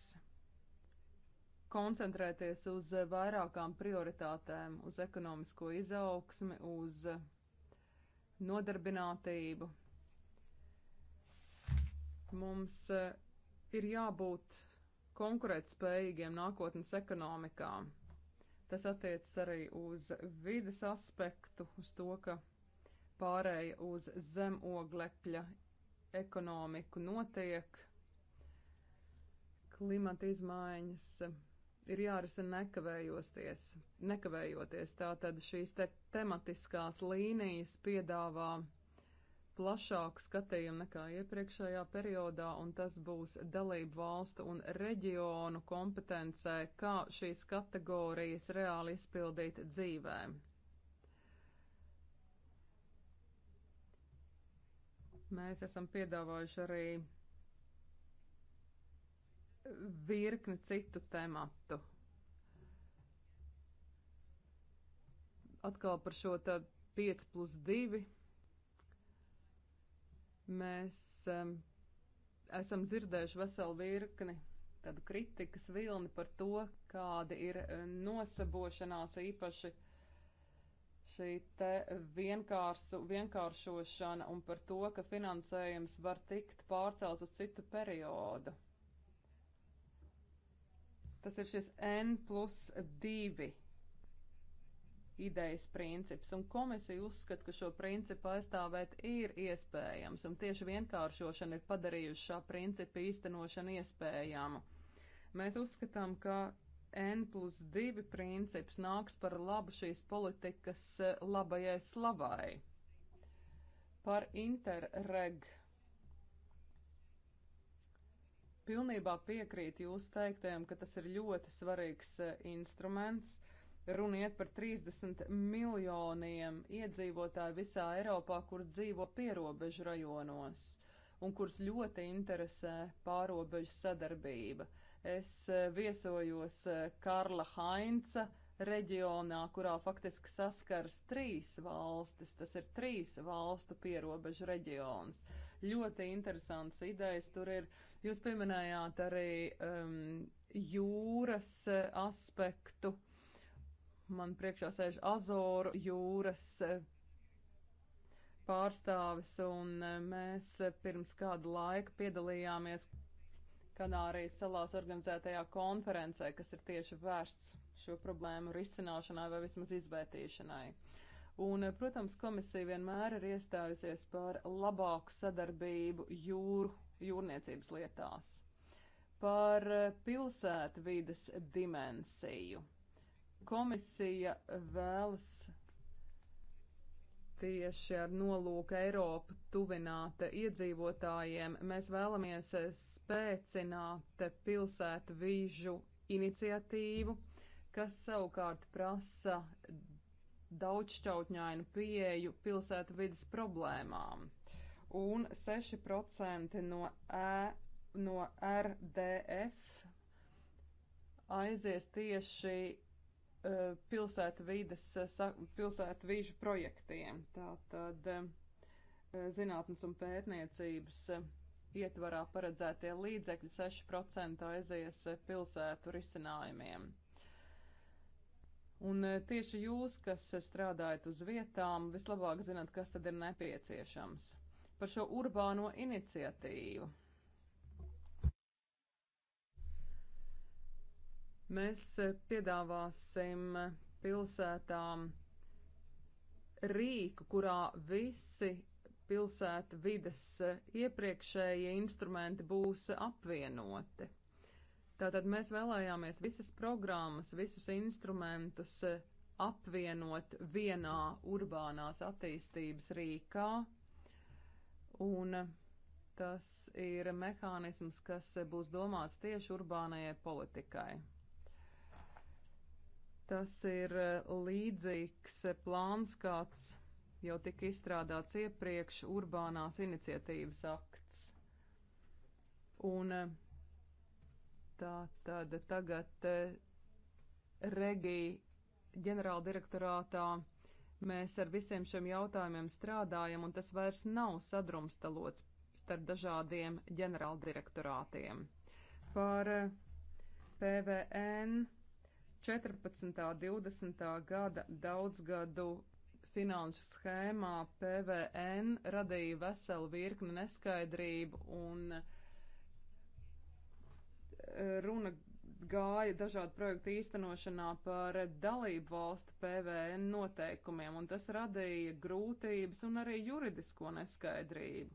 koncentrēties uz eh, vairākām prioritātēm - uz ekonomisko izaugsmi, uz eh, nodarbinātību. Mums eh, ir jābūt konkurētspējīgiem nākotnes ekonomikā. Tas attiecas arī uz vides aspektu, uz to, ka pārēja uz zemoglekļa ekonomiku notiek, klimata izmaiņas ir jārisina nekavējoties. nekavējoties. Tātad šīs te tematiskās līnijas piedāvā plašāku skatījumu nekā iepriekšējā periodā, un tas būs dalību valstu un reģionu kompetencē, kā šīs kategorijas reāli izpildīt dzīvē. Mēs esam piedāvājuši arī virkni citu tematu. Atkal par šo tad 5 plus 2. Mēs um, esam dzirdējuši veselu virkni tādu kritikas vilni par to, kāda ir eh, nosabošanās īpaši šī te vienkārsu, vienkāršošana un par to, ka finansējums var tikt pārcelts uz citu periodu. Tas ir šis N plus 2 idejas princips, un komisija uzskata, ka šo principu aizstāvēt ir iespējams, un tieši vienkāršošana ir padarījusi šā principa īstenošanu iespējamu. Mēs uzskatām, ka N plus 2 princips nāks par labu šīs politikas labajai slavai. Par interreg pilnībā piekrītu jūsu teiktajam, ka tas ir ļoti svarīgs e, instruments. Runiet par 30 miljoniem iedzīvotāju visā Eiropā, kur dzīvo pierobežu rajonos un kurus ļoti interesē pārobežu sadarbība. Es e, viesojos e, Karla Hainca reģionā, kurā faktiski saskaras trīs valstis, tas ir trīs valstu pierobežu reģions. Uh, Ļoti interesants idejas tur ir. Jūs pieminējāt arī um, jūras eh, aspektu. Man priekšā sēž Azoru jūras eh, pārstāvis, un eh, mēs pirms kādu laiku piedalījāmies Kanārijas salās organizētajā konferencē, kas ir tieši vērsts šo problēmu risināšanai vai vismaz izvērtīšanai. Uh, Un, eh, protams, komisija vienmēr ir iestājusies par labāku sadarbību jūru, jūrniecības lietās, par eh, pilsētvides dimensiju. Komisija vēlas tieši ar nolūku Eiropu tuvināt iedzīvotājiem. Mēs vēlamies eh, spēcināt pilsētu vīžu iniciatīvu, kas savukārt prasa daudzšķautņainu pieeju pilsētu vidas problēmām. Un 6% no, e, no RDF aizies tieši uh, e, pilsētu vidas, e, pilsētu vīžu projektiem. Tātad uh, zinātnes un pētniecības uh, ietvarā paredzētie līdzekļi 6% aizies pilsētu risinājumiem. Un e, tieši jūs, kas strādājat uz vietām, vislabāk zināt, kas tad ir nepieciešams par šo urbāno iniciatīvu. Mēs e, piedāvāsim pilsētām rīku, kurā visi pilsēta vides e, iepriekšējie instrumenti būs apvienoti. Tātad mēs vēlējāmies visas programmas, visus instrumentus e, apvienot vienā urbānās attīstības rīkā. Un e, tas ir mehānisms, kas būs domāts tieši urbānajai politikai. Tas ir e, līdzīgs plāns, kāds jau tika izstrādāts iepriekš urbānās iniciatīvas akts. Un Tā tad tagad Regija ģenerāldirektorātā mēs ar visiem šiem jautājumiem strādājam, un tas vairs nav sadrumstalots starp dažādiem ģenerāldirektorātiem. Par PVN 14. 20. gada daudzgadu finanšu schēmā PVN radīja veselu virkni neskaidrību un uh, runa gāja dažādu projektu īstenošanā par dalību valstu PVN noteikumiem, un tas radīja grūtības un arī juridisko neskaidrību,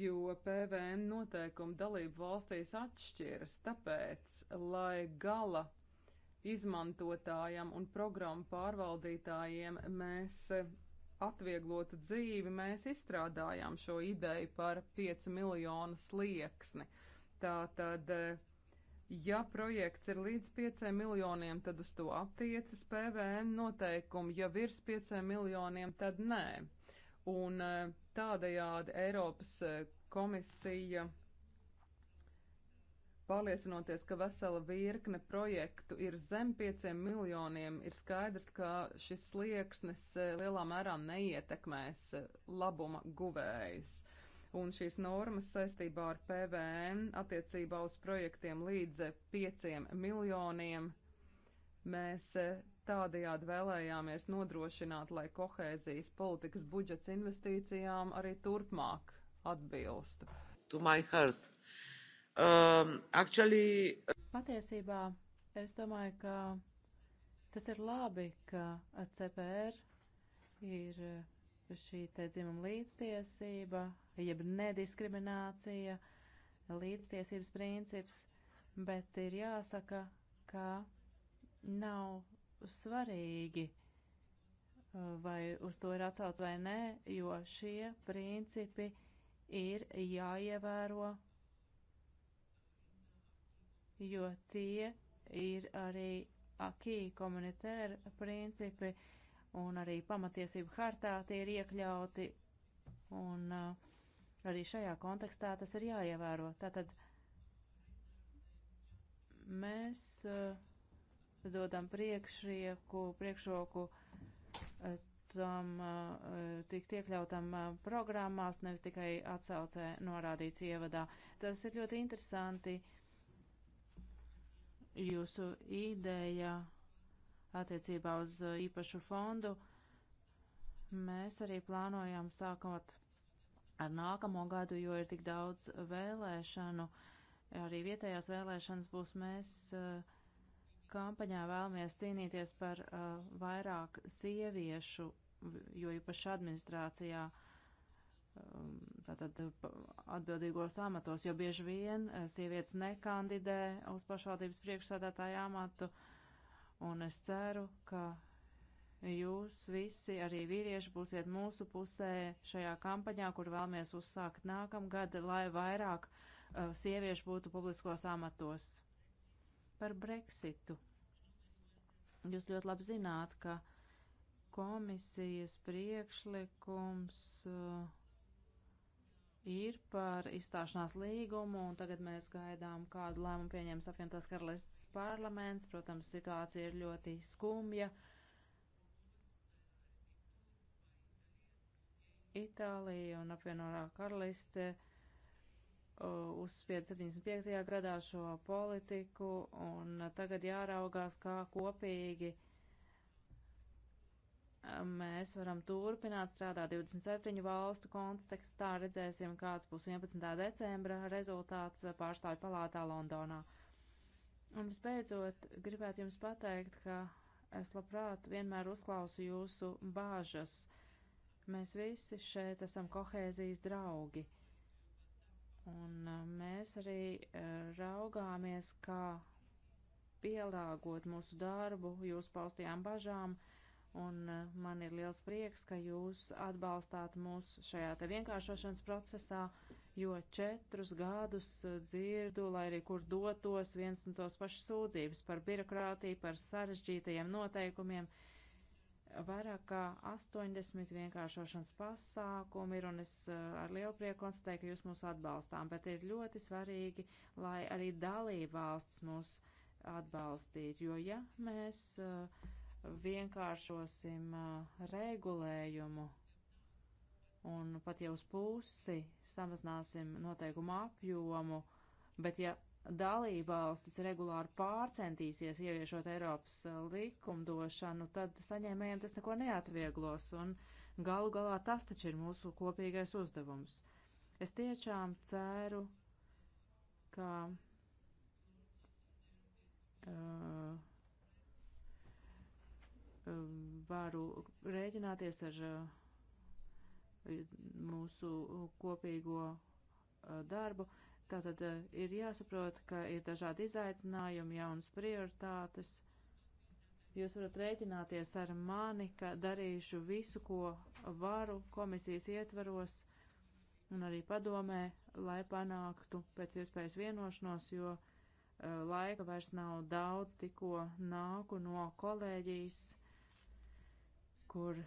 jo PVN noteikumi dalību valstīs atšķiras, tāpēc, lai gala izmantotājam un programmu pārvaldītājiem mēs atvieglotu dzīvi, mēs izstrādājām šo ideju par 5 miljonu slieksni. Uh, Tātad, ja projekts ir līdz 5 miljoniem, tad uz to attiecas PVN noteikumi, ja virs 5 miljoniem, tad nē. Un e, tādējādi Eiropas e, komisija pārliecinoties, ka vesela virkne projektu ir zem 5 miljoniem, ir skaidrs, ka šis slieksnis e, lielā mērā neietekmēs labuma guvējus un šīs normas saistībā ar PVN attiecībā uz projektiem līdz 5 miljoniem. Mēs eh, tādējādi vēlējāmies nodrošināt, lai kohēzijas politikas budžets investīcijām arī turpmāk atbilstu. To my heart. Um, actually... Patiesībā es domāju, ka tas ir labi, ka CPR ir šī te dzimuma līdztiesība, jeb nediskriminācija, līdztiesības princips, bet ir jāsaka, ka nav svarīgi, uh, vai uz to ir atsauc vai nē, jo šie principi ir jāievēro, jo tie ir arī akī komunitēra principi, uh, un arī pamatiesību hartā tie ir iekļauti, un uh, arī šajā kontekstā tas ir jāievēro. Tātad mēs uh, dodam priekšrieku, priekšroku uh, tam uh, tikt iekļautam uh, programmās, nevis tikai atsaucē norādīts ievadā. Tas ir ļoti interesanti jūsu ideja attiecībā uz uh, īpašu fondu. Mēs arī plānojam sākot ar nākamo gadu, jo ir tik daudz vēlēšanu, arī vietējās vēlēšanas būs mēs uh, kampaņā vēlamies cīnīties par uh, vairāk sieviešu, jo īpaši administrācijā um, tātad atbildīgos amatos, jo bieži vien sievietes nekandidē uz pašvaldības priekšsādātāju amatu, uh, Un es ceru, ka jūs visi, arī vīrieši, būsiet mūsu pusē šajā kampaņā, kur vēlamies uzsākt nākamgad, lai vairāk uh, sieviešu būtu publiskos amatos. Par Brexitu. Jūs ļoti labi zināt, ka komisijas priekšlikums uh, ir par izstāšanās līgumu, un tagad mēs gaidām, kādu lēmumu pieņems apvienotās karalistas parlaments. Protams, situācija ir ļoti skumja. Itālija un apvienotā karaliste uh, uzspied 75. gadā šo politiku, un tagad jāraugās, kā kopīgi mēs varam turpināt strādāt 27 valstu kontekstā. Redzēsim, kāds būs 11. decembra rezultāts pārstāvju palātā Londonā. Un visbeidzot, gribētu jums pateikt, ka es labprāt vienmēr uzklausu jūsu bāžas. Mēs visi šeit esam kohēzijas draugi. Un uh, mēs arī uh, raugāmies, kā pielāgot mūsu darbu jūsu paustajām bažām. Uh, Un eh, man ir liels prieks, ka jūs atbalstāt mūs šajā te vienkāršošanas procesā, jo četrus gadus eh, dzirdu, lai arī kur dotos viens un tos pašas sūdzības par birokrātiju, par sarežģītajiem noteikumiem. Vairāk kā 80 vienkāršošanas pasākumi ir, un es eh, ar lielu prieku konstatēju, ka jūs mūs atbalstām, bet ir ļoti svarīgi, lai arī dalība valsts mūs atbalstītu, jo ja mēs uh, vienkāršosim regulējumu un pat jau uz pusi samazināsim noteikumu apjomu, bet ja dalībvalstis regulāri pārcentīsies ieviešot Eiropas likumdošanu, tad saņēmējiem tas neko neatvieglos, un galu galā tas taču ir mūsu kopīgais uzdevums. Es tiešām ceru, ka uh, varu rēķināties ar eh, mūsu kopīgo eh, darbu. Tātad eh, ir jāsaprot, ka ir dažādi izaicinājumi, jaunas prioritātes. Jūs varat rēķināties ar mani, ka darīšu visu, ko varu komisijas ietvaros un arī padomē, lai panāktu pēc iespējas vienošanos, jo laika vairs nav daudz, tikko nāku no kolēģijas kur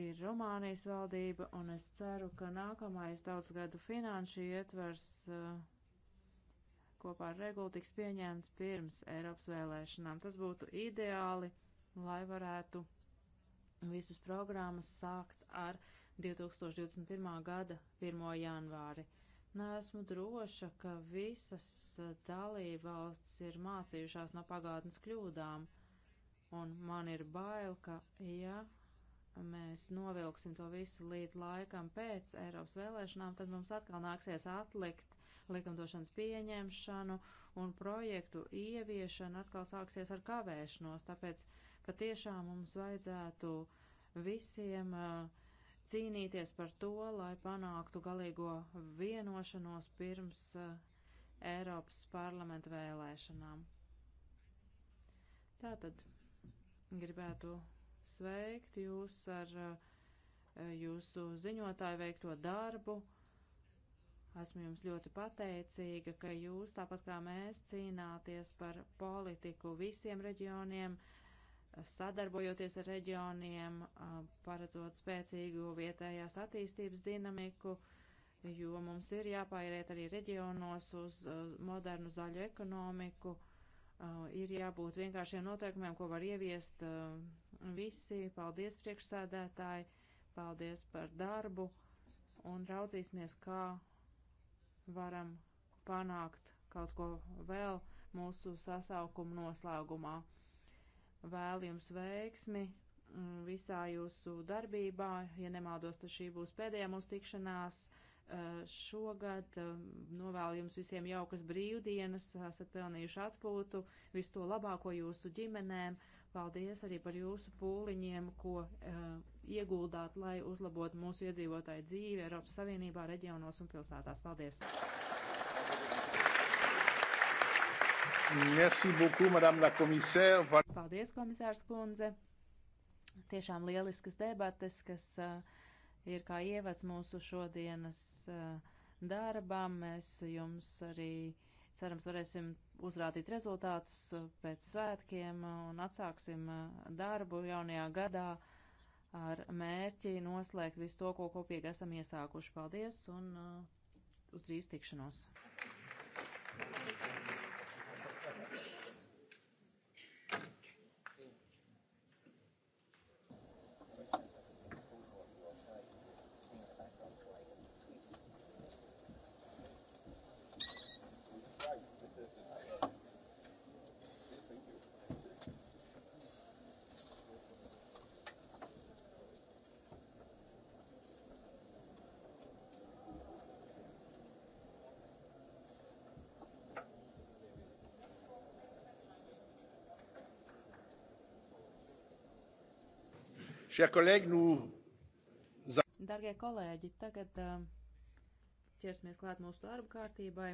ir Romānijas valdība, un es ceru, ka nākamais daudzgadu finanšu ietvers uh, kopā ar regulu tiks pieņemts pirms Eiropas vēlēšanām. Tas būtu ideāli, lai varētu visas programmas sākt ar 2021. gada 1. janvāri. Neesmu droša, ka visas eh, dalībvalstis ir mācījušās no pagātnes kļūdām, un man ir bail, ka, ja mēs novilksim to visu līdz laikam pēc Eiropas vēlēšanām, tad mums atkal nāksies atlikt likumdošanas pieņemšanu un projektu ieviešana atkal sāksies ar kavēšanos. Tāpēc patiešām mums vajadzētu visiem uh, cīnīties par to, lai panāktu galīgo vienošanos pirms uh, Eiropas parlamenta vēlēšanām. Tātad gribētu sveikt jūs ar eh, jūsu ziņotāju veikto darbu. Esmu jums ļoti pateicīga, ka jūs, tāpat kā mēs, cīnāties par politiku visiem reģioniem, sadarbojoties ar reģioniem, eh, paredzot spēcīgu vietējās attīstības dinamiku, jo mums ir jāpairiet arī reģionos uz eh, modernu zaļu ekonomiku Uh, ir jābūt vienkāršiem noteikumiem, ko var ieviest uh, visi. Paldies, priekšsēdētāji, paldies par darbu un raudzīsimies, kā varam panākt kaut ko vēl mūsu sasaukuma noslēgumā. Vēl jums veiksmi mm, visā jūsu darbībā, ja nemaldos, tad šī būs pēdējā mūsu tikšanās. Eh, šogad. Eh, novēlu jums visiem jaukas brīvdienas, esat pelnījuši atpūtu, visu to labāko jūsu ģimenēm. Paldies arī par jūsu pūliņiem, ko uh, ieguldāt, lai uzlabotu mūsu iedzīvotāju dzīvi Eiropas Savienībā, reģionos un pilsētās. Paldies! Merci beaucoup, madame la commissaire. Paldies, komisārs kundze! Tiešām lieliskas debates, kas uh, ir kā ievads mūsu šodienas eh, darbam. Mēs jums arī cerams varēsim uzrādīt rezultātus eh, pēc svētkiem eh, un atsāksim darbu jaunajā gadā ar mērķi noslēgt visu to, ko kopīgi esam iesākuši. Paldies un uz drīz tikšanos! Thank you. Darbie kolēģi, tagad um, ķersimies klāt mūsu darba kārtībai.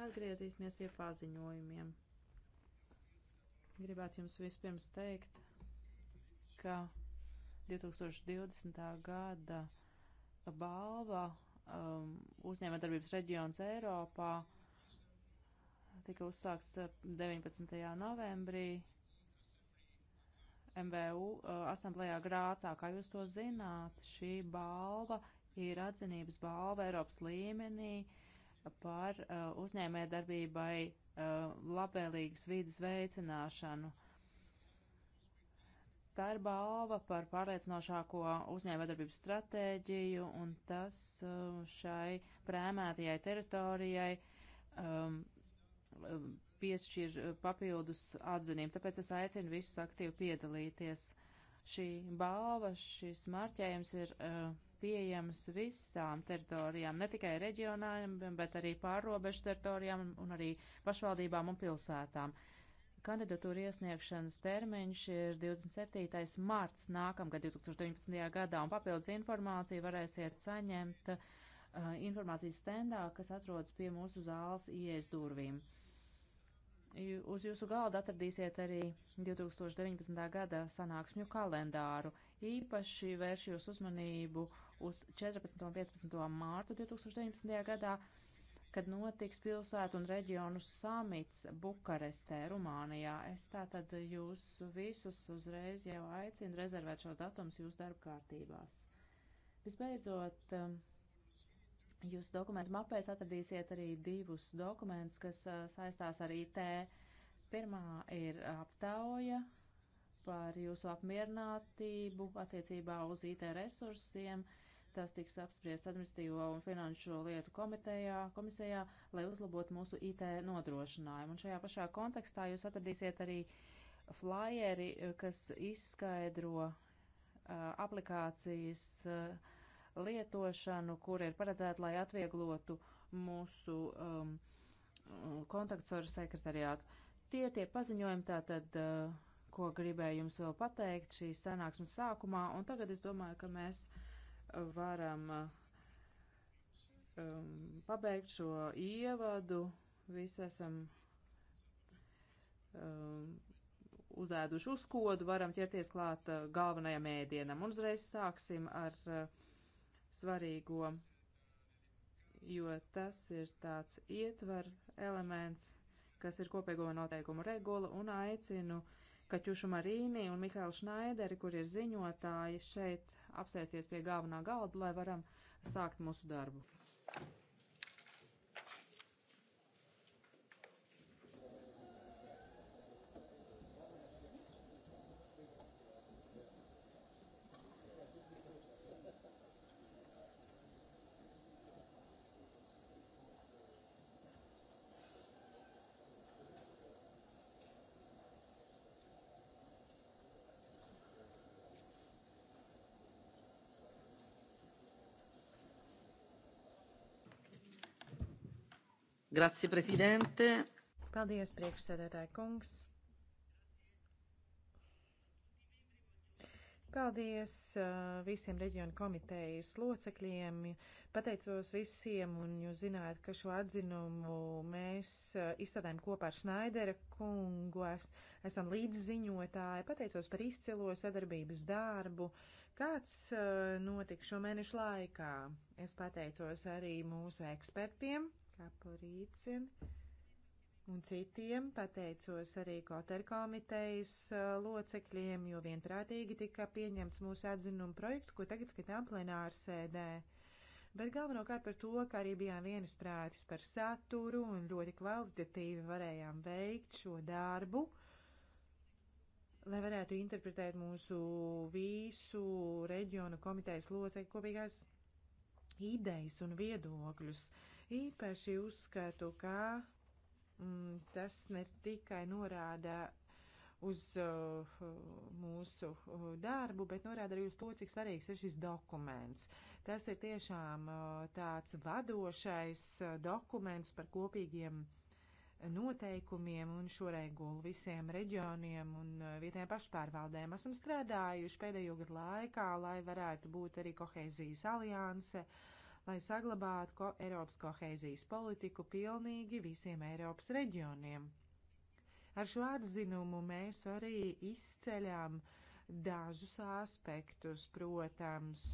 Atgriezīsimies pie paziņojumiem. Gribētu jums vispirms teikt, ka 2020. gada balva um, uzņēmējdarbības reģions Eiropā tika uzsākts 19. Uh, novembrī MVU uh, asamblējā Grācā. Kā jūs to zināt, šī balva ir atzinības balva Eiropas līmenī par uh, uzņēmē darbībai uh, labvēlīgas vīdes veicināšanu. Tā ir balva par pārliecinošāko uzņēmējdarbības stratēģiju, un tas šai prēmētajai teritorijai um, um piešķir eh, papildus atzinību. Tāpēc es aicinu visus aktīvi piedalīties. Šī balva, šis marķējums ir uh, pieejams visām teritorijām, ne tikai reģionāliem, bet arī pārrobežu teritorijām un arī pašvaldībām un pilsētām. Kandidatūra iesniegšanas termiņš ir 27. marts nākamgad 2019. gadā, un papildus informāciju varēsiet saņemt uh, informācijas stendā, kas atrodas pie mūsu zāles ieejas durvīm. Uz jūsu galda atradīsiet arī 2019. gada sanāksmju kalendāru. Īpaši vērš jūs uzmanību uz 14. un 15. mārtu 2019. gadā, kad notiks pilsētu un reģionu samits Bukarestē, Rumānijā. Es tātad jūs visus uzreiz jau aicinu rezervēt šos datums jūsu darba kārtībās. Visbeidzot, um, Jūs dokumentu mapēs atradīsiet arī divus dokumentus, kas saistās ar IT. Pirmā ir aptauja par jūsu apmierinātību attiecībā uz IT resursiem. Tas tiks apspriests administratīvo un finanšu lietu komitejā, komisijā, lai uzlabotu mūsu IT nodrošinājumu. Un šajā pašā kontekstā jūs atradīsiet arī flyeri, kas izskaidro uh, aplikācijas uh, lietošanu, kur ir paredzēta, lai atvieglotu mūsu um, kontakts ar sekretariātu. Tie tie paziņojumi tātad, uh, ko gribēju jums vēl pateikt šīs sanāksmes sākumā, un tagad es domāju, ka mēs varam um, pabeigt šo ievadu. Visi esam um, uzēduši uzkodu, varam ķerties klāt uh, galvenajam ēdienam. Un uzreiz sāksim ar uh, svarīgo, jo tas ir tāds ietver elements, kas ir kopīgo noteikumu regula, un aicinu Kaķušu Marīni un Mihālu Šnaideri, kur ir ziņotāji, šeit apsēsties pie galvenā galda, lai varam sākt mūsu darbu. Grazie, prezidente. Paldies, priekšsēdētāji kungs. Paldies uh, visiem reģionu komitejas locekļiem. Pateicos visiem, un jūs zināt, ka šo atzinumu mēs uh, izstrādājam kopā ar Šnaidera kungu. Es, esam līdziņotāji. Pateicos par izcilo sadarbības darbu, kāds uh, notika šo mēnešu laikā. Es pateicos arī mūsu ekspertiem Kaporīcim un citiem, pateicos arī Koterkomitejas locekļiem, jo vienprātīgi tika pieņemts mūsu atzinuma projekts, ko tagad skatām plenārsēdē. Bet galvenokārt par to, ka arī bijām vienisprātis par saturu un ļoti kvalitatīvi varējām veikt šo darbu lai varētu interpretēt mūsu visu reģionu komitejas locekļu kopīgās idejas un viedokļus. Uh, Īpaši uzskatu, ka mm, tas ne tikai norāda uz uh, mūsu uh, darbu, bet norāda arī uz to, cik svarīgs ir šis dokuments. Tas ir tiešām uh, tāds vadošais uh, dokuments par kopīgiem noteikumiem un šo regulu visiem reģioniem un uh, vietējiem pašpārvaldēm. Esam strādājuši pēdējo gadu laikā, lai varētu būt arī kohēzijas alianse. Uh, lai saglabātu ko Eiropas kohēzijas politiku pilnīgi visiem Eiropas reģioniem. Ar šo atzinumu mēs arī izceļām dažus aspektus, protams,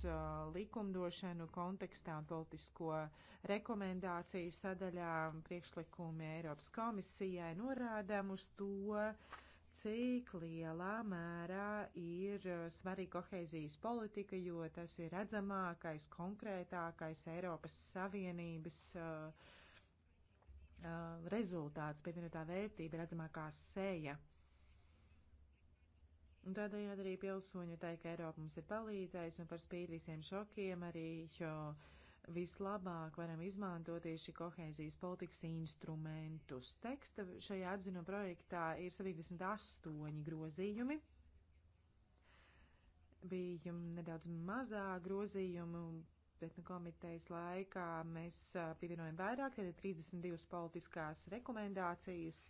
likumdošanu kontekstā un politisko rekomendāciju sadaļā priekšlikumi Eiropas komisijai norādām uz to, uh, cik lielā mērā ir uh, svarīga koheizijas politika, jo tas ir redzamākais, konkrētākais Eiropas Savienības uh, uh, rezultāts, pievienotā vērtība, redzamākā seja. Un tādējādi arī pilsoņi teikt, ka Eiropa mums ir palīdzējusi un par spīti visiem šokiem arī. Jo, uh, vislabāk varam izmantot tieši kohēzijas politikas instrumentus. Teksta šajā atzinu projektā ir 78 grozījumi. Bija nedaudz mazā grozījumu, bet nu, komitejas laikā mēs pievienojam vairāk, tad ir 32 politiskās rekomendācijas.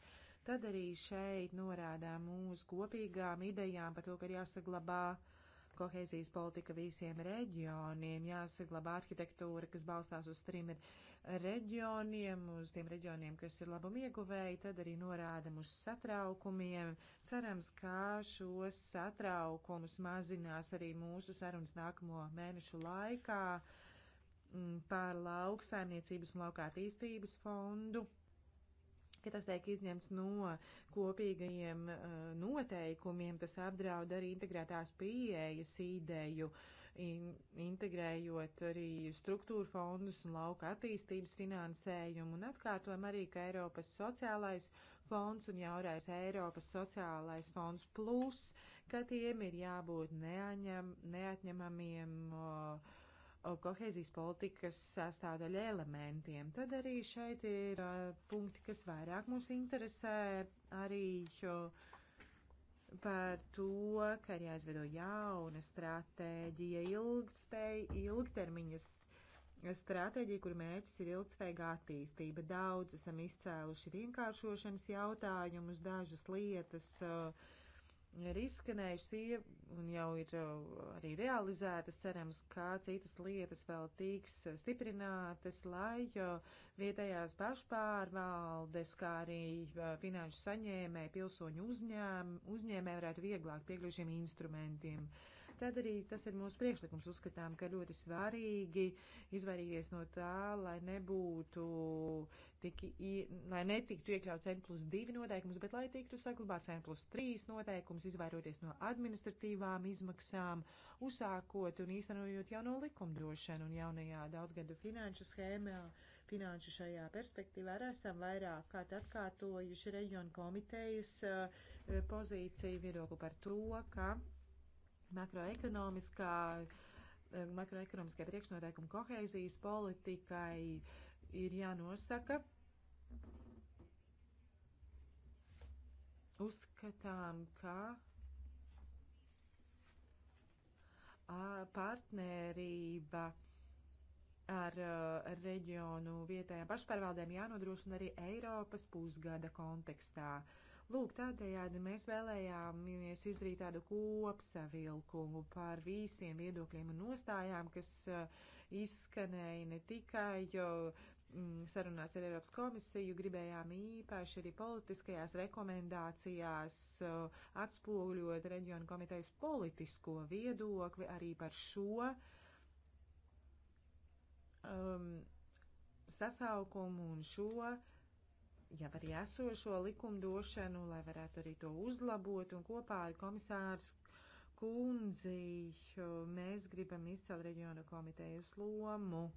Tad arī šeit norādām uz kopīgām idejām par to, ka ir jāsaglabā uh, kohēzijas politika visiem reģioniem, jāsaglabā arhitektūra, kas balstās uz trim reģioniem, uz tiem reģioniem, kas ir labumu ieguvēji, tad arī norādam uz satraukumiem. Cerams, ka šos satraukumus mazinās arī mūsu sarunas nākamo mēnešu laikā mm, par lauksaimniecības un laukā attīstības fondu ka tas tiek izņemts no kopīgajiem uh, noteikumiem, tas apdraud arī integrētās pieejas ideju, in, integrējot arī struktūra fondus un lauka attīstības finansējumu, un atkārtojam arī, ka Eiropas sociālais fonds un jaurais Eiropas sociālais fonds plus, ka tiem ir jābūt neaņem, neatņemamiem uh, kohēzijas politikas sastāvdaļa elementiem. Tad arī šeit ir punkti, kas vairāk mūs interesē arī par to, ka ir jāizveido jauna stratēģija, ilgtspēja, ilgtermiņas stratēģija, kur mērķis ir ilgtspējīga attīstība. Daudz esam izcēluši vienkāršošanas jautājumus, dažas lietas uh, ir izskanējušas un jau ir uh, arī realizētas. Cerams, kā citas lietas vēl tiks uh, stiprinātas, lai uh, vietējās pašpārvaldes, kā arī finanšu saņēmē, pilsoņu uzņēm, uzņēmē varētu vieglāk piekļūt šiem instrumentiem. Tad arī tas ir mūsu priekšlikums. Uzskatām, ka ļoti svarīgi izvairīties no tā, lai nebūtu uh, tik, lai netiktu iekļauts N plus 2 noteikums, bet lai tiktu saglabāts N plus 3 noteikums, izvairoties no administratīvām izmaksām, uzsākot un īstenojot jauno likumdošanu un jaunajā daudzgadu finanšu schēmā. Finanšu šajā perspektīvā arī esam vairāk kārt atkārtojuši reģionu komitejas eh, pozīciju viedokli par to, ka makroekonomiskā, eh, makroekonomiskā priekšnoteikuma kohēzijas politikai uh, ir jānosaka uzskatām, ka partnerība ar reģionu vietējām pašpārvaldēm jānodrošina arī Eiropas pusgada kontekstā. Lūk, tādējādi mēs vēlējāmies izdarīt tādu kopsavilkumu par visiem viedokļiem un nostājām, kas izskanēja ne tikai Mm, sarunās ar Eiropas komisiju gribējām īpaši arī politiskajās rekomendācijās atspoguļot reģionu komitejas politisko viedokli arī par šo um, sasaukumu un šo jau arī esošo likumdošanu, lai varētu arī to uzlabot un kopā ar komisārs kundzi mēs gribam izcelt reģionu komitejas lomu. Uh,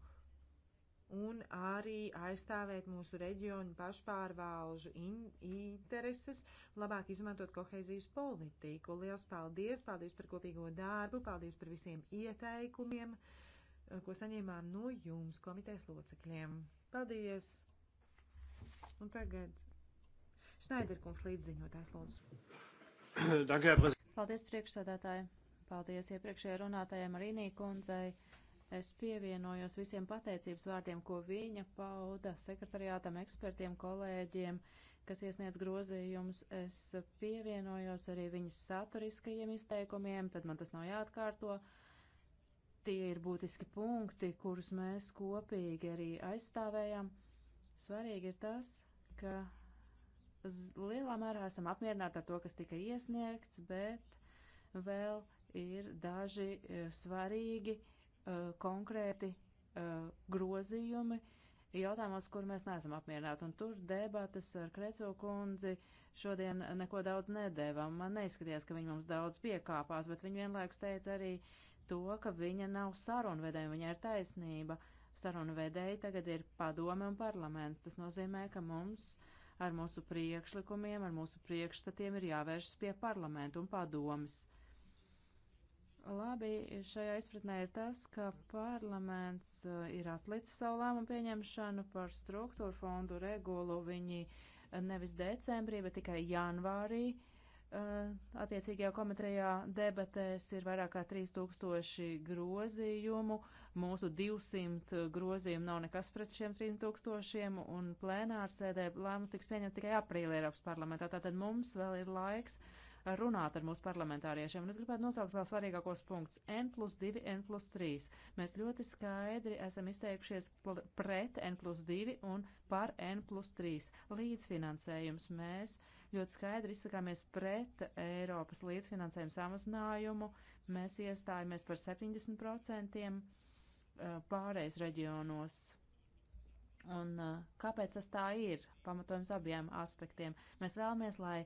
un arī aizstāvēt mūsu reģionu pašpārvalžu in intereses, labāk izmantot kohēzijas politiku. Liels paldies! Paldies par kopīgo darbu, paldies par visiem ieteikumiem, eh, ko saņēmām no jums, komitejas locekļiem. Paldies! Un tagad Šnaiderkungs līdziņotājs lūdzu. Paldies priekšsādātāji! Paldies iepriekšējai runātājiem Arīnī kundzei! Es pievienojos visiem pateicības vārdiem, ko viņa pauda sekretariātam, ekspertiem, kolēģiem, kas iesniedz grozījumus. Es pievienojos arī viņas saturiskajiem izteikumiem, tad man tas nav jāatkārto. Tie ir būtiski punkti, kurus mēs kopīgi arī aizstāvējam. Svarīgi ir tas, ka lielā mērā esam apmierināti ar to, kas tika iesniegts, bet vēl ir daži e, svarīgi uh, Eh, konkrēti eh, grozījumi jautājumos, kur mēs neesam apmierināti. Un tur debatas ar Kreco kundzi šodien neko daudz nedēvā. Man neizskatījās, ka viņi mums daudz piekāpās, bet viņi vienlaikus teica arī to, ka viņa nav sarunvedēja, viņa ir taisnība. Sarunvedēji tagad ir padome un parlaments. Tas nozīmē, ka mums ar mūsu priekšlikumiem, ar mūsu priekšstatiem ir jāvēršas pie parlamentu un padomas. Uh, Labi, šajā izpratnē ir tas, ka parlaments uh, ir atlicis savu lēmumu pieņemšanu par struktūru fondu regulu. Viņi uh, nevis decembrī, bet tikai janvārī uh, attiecīgajā komitejā debatēs ir vairāk kā 3000 grozījumu. Mūsu 200 grozījumu nav nekas pret šiem 3000, un plēnārsēdē lēmums tiks pieņemts tikai aprīlī Eiropas parlamentā. Tātad mums vēl ir laiks runāt ar mūsu parlamentāriešiem. Un es gribētu nosaukt vēl svarīgākos punktus. N plus 2, N plus 3. Mēs ļoti skaidri esam izteikušies pret N plus 2 un par N plus 3. Līdzfinansējums mēs ļoti skaidri izsakāmies pret Eiropas līdzfinansējumu samazinājumu. Mēs iestājāmies par 70% pārējais reģionos. Un kāpēc tas tā ir? Pamatojums abiem aspektiem. Mēs vēlamies, lai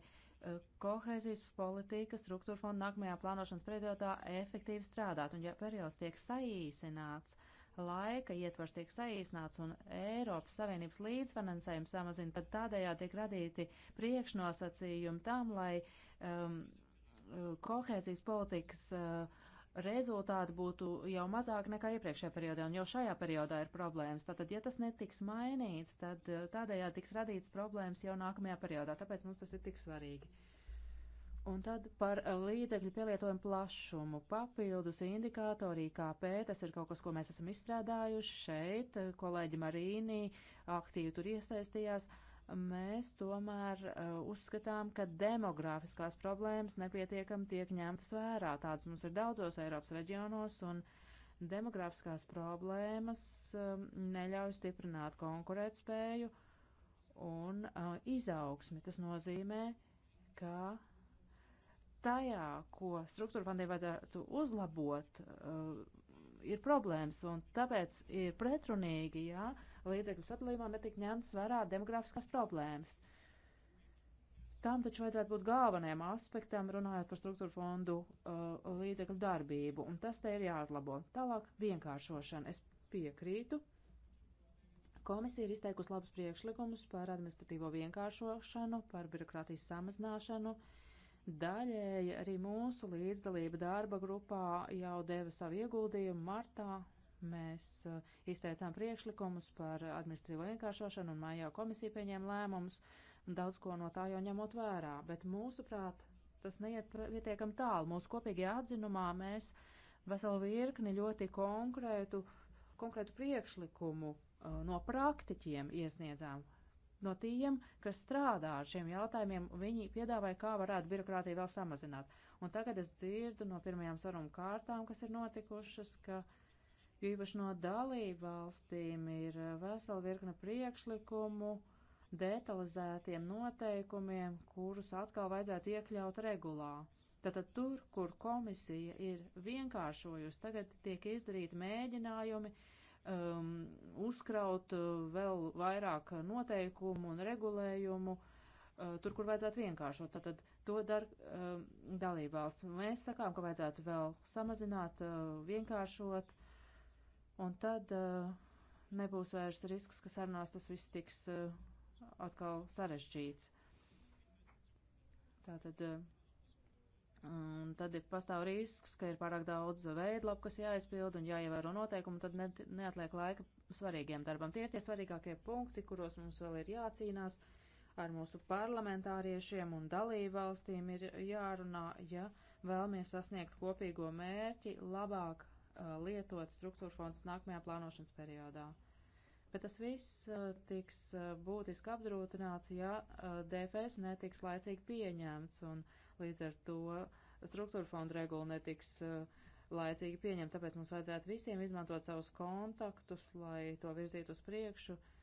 kohēzijas politika struktūra fonda nākamajā plānošanas periodā efektīvi strādāt. Un ja periods tiek saīsināts, laika ietvars tiek saīsināts un Eiropas Savienības līdzfinansējums samazina, tad tādējādi tiek radīti priekšnosacījumi tam, lai um, kohēzijas politikas uh, rezultāti būtu jau mazāk nekā iepriekšējā periodā, un jau šajā periodā ir problēmas. Tātad, ja tas netiks mainīts, tad eh, tādējādi tiks radīts problēmas jau nākamajā periodā, tāpēc mums tas ir tik svarīgi. Un tad par eh, līdzekļu pielietojumu plašumu. Papildus indikātori IKP, tas ir kaut kas, ko mēs esam izstrādājuši šeit, kolēģi Marīnī aktīvi tur iesaistījās. Uh, mēs tomēr uh, uzskatām, ka demografiskās problēmas nepietiekam tiek ņemtas vērā. Tāds mums ir daudzos Eiropas reģionos, un demografiskās problēmas uh, neļauj stiprināt konkurētspēju un uh, izaugsmi. Tas nozīmē, ka tajā, ko struktūra fondiem vajadzētu uzlabot, uh, ir problēmas, un tāpēc ir pretrunīgi, jā. Ja? līdzekļu sadalījumā netika ņemtas vērā demografiskās problēmas. Tam taču vajadzētu būt galvenajam aspektam, runājot par struktūru fondu uh, līdzekļu darbību, un tas te ir jāuzlabo. Tālāk vienkāršošana. Es piekrītu. Komisija ir izteikusi labus priekšlikumus par administratīvo vienkāršošanu, par birokrātijas samazināšanu. Daļēji arī mūsu līdzdalība darba grupā jau deva savu ieguldījumu martā Mēs eh, izteicām priekšlikumus par administrīvo vienkāršošanu un mājā komisija pieņēma lēmumus, daudz ko no tā jau ņemot vērā, bet mūsuprāt, tas neiet pietiekam tālu. Mūsu kopīgajā atzinumā mēs veselu virkni ļoti konkrētu, konkrētu priekšlikumu eh, no praktiķiem iesniedzām. No tiem, kas strādā ar šiem jautājumiem, viņi piedāvāja, kā varētu birokrātiju vēl samazināt. Un tagad es dzirdu no pirmajām sarunu kārtām, kas ir notikušas, ka jo īpaši no dalību valstīm ir eh, vesela virkne priekšlikumu detalizētiem noteikumiem, kurus atkal vajadzētu iekļaut regulā. Tātad tur, kur komisija ir vienkāršojusi, tagad tiek izdarīti mēģinājumi um, uzkraut eh, vēl vairāk noteikumu un regulējumu, uh, tur, kur vajadzētu vienkāršot. Tātad to dara um, dalībvalsts. Mēs sakām, ka vajadzētu vēl samazināt, uh, vienkāršot, Un tad uh, nebūs vairs risks, ka sarunās tas viss tiks uh, atkal sarežģīts. Tātad, eh, un tad ir pastāv risks, ka ir pārāk daudz veidlapu, kas jāizpild un jāievēro noteikumi, tad ne, neatliek laika svarīgiem darbam. Tie ir tie svarīgākie punkti, kuros mums vēl ir jācīnās ar mūsu parlamentāriešiem un dalībvalstīm ir jārunā, ja vēlamies sasniegt kopīgo mērķi labāk Uh, lietot struktūra fondus nākamajā plānošanas periodā. Bet tas viss uh, tiks uh, būtiski apdrūtināts, ja DFS netiks laicīgi pieņemts, un līdz ar to struktūra fonda regula netiks laicīgi pieņemta. Tāpēc mums vajadzētu visiem izmantot savus kontaktus, lai to virzītu uz priekšu. Uh,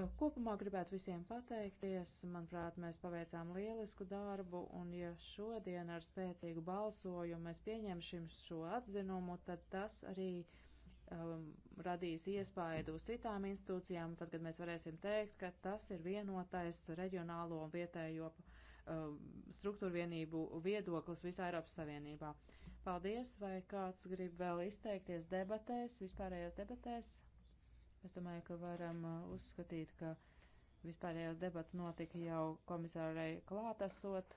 Eh, kopumā gribētu visiem pateikties. Manuprāt, mēs paveicām lielisku darbu, un ja šodien ar spēcīgu balsojumu mēs pieņemsim šo atzinumu, tad tas arī um, radīs iespaidu uz citām institūcijām, tad, kad mēs varēsim teikt, ka tas ir vienotais reģionālo un vietējo um, struktūrvienību viedoklis visā Eiropas Savienībā. Paldies, vai kāds grib vēl izteikties debatēs, vispārējās debatēs? Es domāju, ka varam uh, uzskatīt, ka vispārējās debats notika jau komisārai klātesot.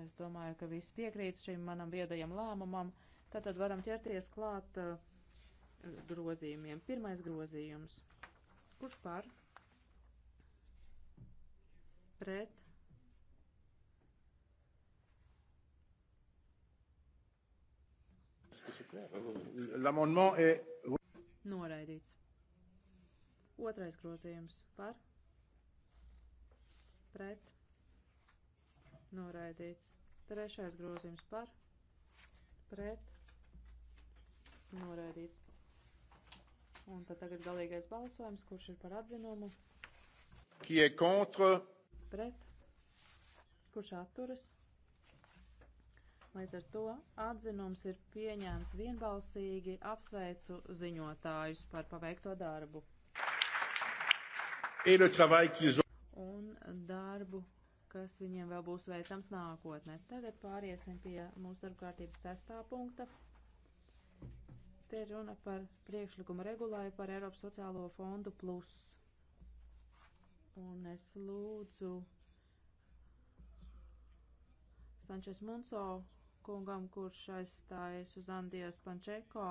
Es domāju, ka viss piekrīt šim manam viedajam lēmumam. Tātad varam ķerties klāt uh, grozījumiem. Pirmais grozījums. Kurš par? Pret? L'amendement est noraidīts. Otrais grozījums par pret noraidīts. Trešais grozījums par pret noraidīts. Un tad tagad galīgais balsojums, kurš ir par atzinumu. Qui est contre? Pret. Kurš atturas? Līdz ar to atzinums ir pieņēmts vienbalsīgi, apsveicu ziņotājus par paveikto darbu. Un darbu, kas viņiem vēl būs veicams nākotnē. Tagad pāriesim pie mūsu darba kārtības sestā punkta. Te ir runa par priekšlikumu regulāju par Eiropas sociālo fondu plus. Un es lūdzu Sančes Munso kungam, kurš aizstājas uz Andijas Pančeko,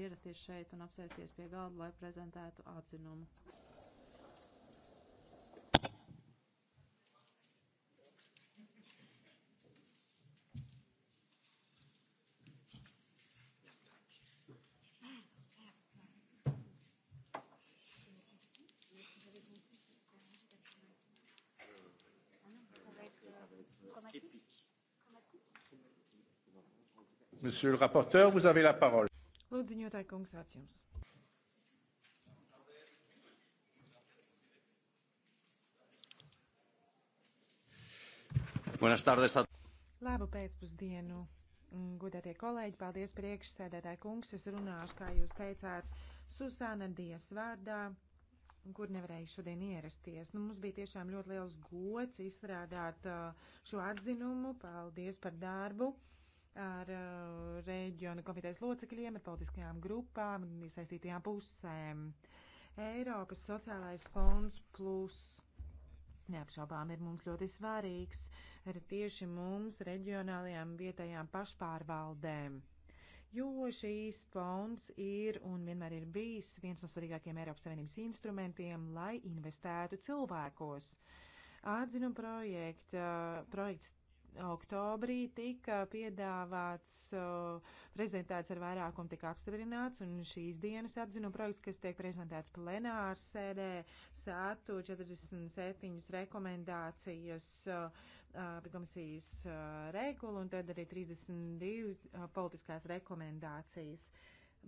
ierasties šeit un apsēsties pie galda, lai prezentētu atzinumu. Monsieur le rapporteur, vous avez la parole. Lūdzu, ziņotāji kungs, vārds jums. Buenas tardes. Labu pēcpusdienu, mm, gudētie kolēģi, paldies priekšsēdētāji kungs. Es runāšu, kā jūs teicāt, Susāna Dies vārdā, kur nevarēju šodien ierasties. Nu, mums bija tiešām ļoti liels gods izstrādāt uh, šo atzinumu. Paldies par darbu. Uh, ar uh, reģionu komitejas locekļiem, ar politiskajām grupām, iesaistītajām pusēm. Eiropas sociālais fonds plus neapšaubām ir mums ļoti svarīgs ar tieši mums reģionālajām vietējām pašpārvaldēm, jo šīs fonds ir un vienmēr ir bijis viens no svarīgākiem Eiropas Savienības instrumentiem, lai investētu cilvēkos. Atzinu projekta, projekts uh, oktobrī tika piedāvāts, prezentēts ar vairākumu, tika apstiprināts, un šīs dienas atzinu projekts, kas tiek prezentēts plenārs sēdē, sātu 47 rekomendācijas komisijas regulu, un tad arī 32 politiskās rekomendācijas.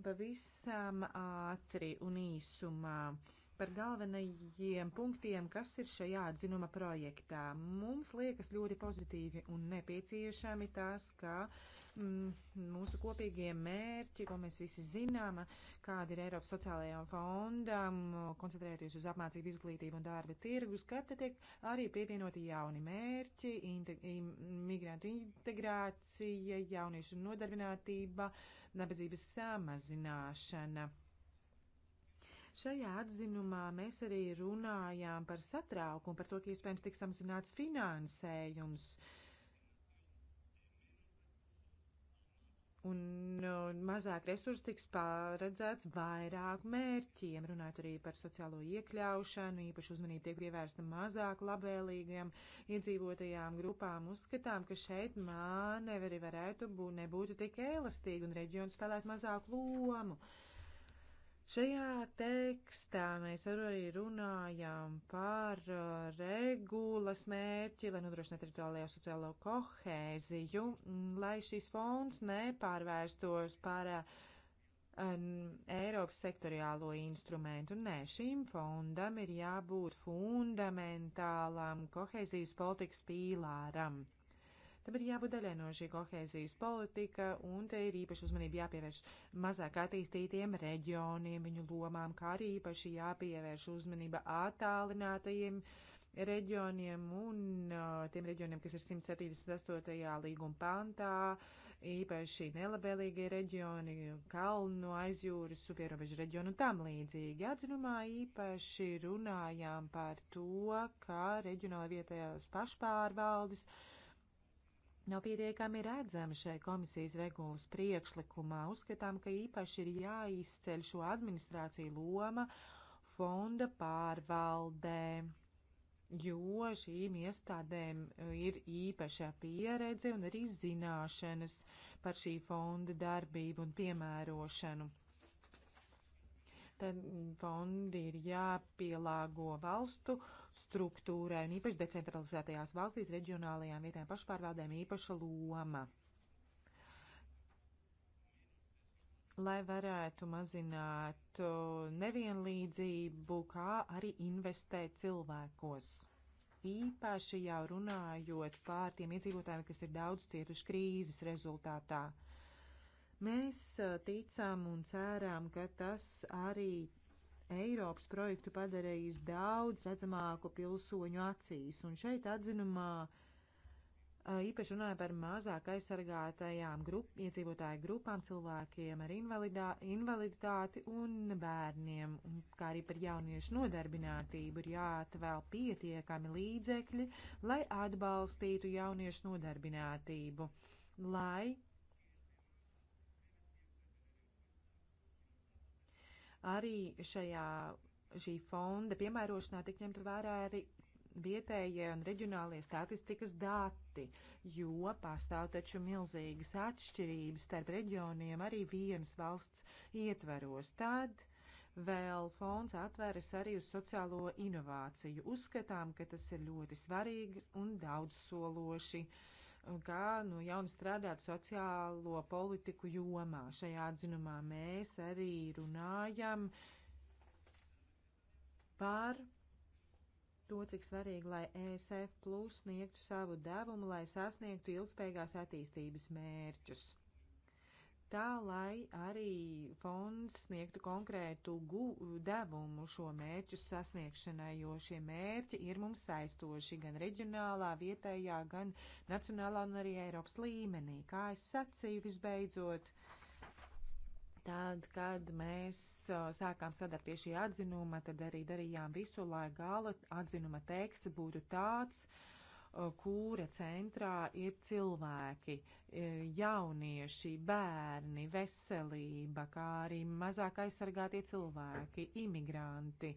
Pavisam ātri un īsumā. Uh, par galvenajiem punktiem, kas ir šajā atzinuma projektā. Mums liekas ļoti pozitīvi un nepieciešami tās, ka mm, mūsu kopīgie mērķi, ko mēs visi zinām, kāda ir Eiropas sociālajām fondam, koncentrēties uz apmācību, izglītību un darba tirgus, ka te tiek arī pievienoti jauni mērķi, integ migrantu integrācija, jauniešu nodarbinātība, nabadzības samazināšana. Šajā atzinumā mēs arī runājām par satraukumu, par to, ka iespējams tiks samazināts finansējums. Un nu, mazāk resursi tiks paredzēts vairāk mērķiem, runājot arī par sociālo iekļaušanu, īpaši uzmanību tiek pievērsta mazāk labvēlīgiem iedzīvotajām grupām. Uzskatām, ka šeit manevri varētu būt nebūtu tik elastīgi un reģionu spēlēt mazāku lomu. Uh, Šajā tekstā mēs arī runājām par uh, regulas mērķi, lai nodrošinātu teritoriālo sociālo kohēziju, mm, lai šīs fonds nepārvērstos par um, Eiropas sektoriālo instrumentu. Nē, šim fondam ir jābūt fundamentālam kohēzijas politikas pīlāram. Tam ir jābūt daļai no šī kohēzijas politika, un te ir īpaši uzmanība jāpievērš mazāk attīstītiem reģioniem, viņu lomām, kā arī īpaši jāpievērš uzmanība attālinātajiem reģioniem un uh, tiem reģioniem, kas ir 178. līguma pantā, īpaši nelabvēlīgie reģioni, kalnu aizjūras, supierobežu reģionu un tam līdzīgi. Atzinumā īpaši runājām par to, ka reģionāla vietējās pašpārvaldes uh, nav pietiekami redzami šai komisijas regulas priekšlikumā. Uzskatām, ka īpaši ir jāizceļ šo administrāciju loma fonda pārvaldē, jo šīm iestādēm ir īpašā pieredze un arī zināšanas par šī fonda darbību un piemērošanu. Tad fondi ir jāpielāgo valstu uh, struktūrai un īpaši decentralizētajās valstīs reģionālajām vietām pašpārvaldēm īpaša loma. Lai varētu mazināt nevienlīdzību, kā arī investēt cilvēkos. Īpaši jau runājot pār tiem iedzīvotājiem, kas ir daudz cietuši krīzes rezultātā. Mēs ticam un cerām, ka tas arī Eiropas projektu padarījis daudz redzamāku pilsoņu acīs, un šeit atzinumā īpaši runāja par mazāk aizsargātajām grup, iedzīvotāju grupām, cilvēkiem ar invalidā, invaliditāti un bērniem, un kā arī par jauniešu nodarbinātību ir jāatvēl pietiekami līdzekļi, lai atbalstītu jauniešu nodarbinātību, lai Arī šajā šī fonda piemērošanā tik ņemt vērā arī vietējie un reģionālie statistikas dati, jo pastāv taču milzīgas atšķirības starp reģioniem arī vienas valsts ietveros. Tad vēl fonds atveras arī uz sociālo inovāciju. Uzskatām, ka tas ir ļoti svarīgi un daudzsološi. Uh, kā no nu, jauna strādāt sociālo politiku jomā. Šajā atzinumā mēs arī runājam par to, cik svarīgi, lai ESF plus sniegtu savu devumu, lai sasniegtu ilgspējīgās attīstības mērķus tā lai arī fonds sniegtu konkrētu gu, devumu šo mērķu sasniegšanai, jo šie mērķi ir mums saistoši gan reģionālā, vietējā, gan nacionālā un arī Eiropas līmenī. Kā es sacīju, visbeidzot, tad, kad mēs sākām strādāt pie šī atzinuma, tad arī darījām visu, lai gala atzinuma teksts būtu tāds, uh, kūra centrā ir cilvēki, e, jaunieši, bērni, veselība, kā arī mazāk aizsargātie cilvēki, imigranti.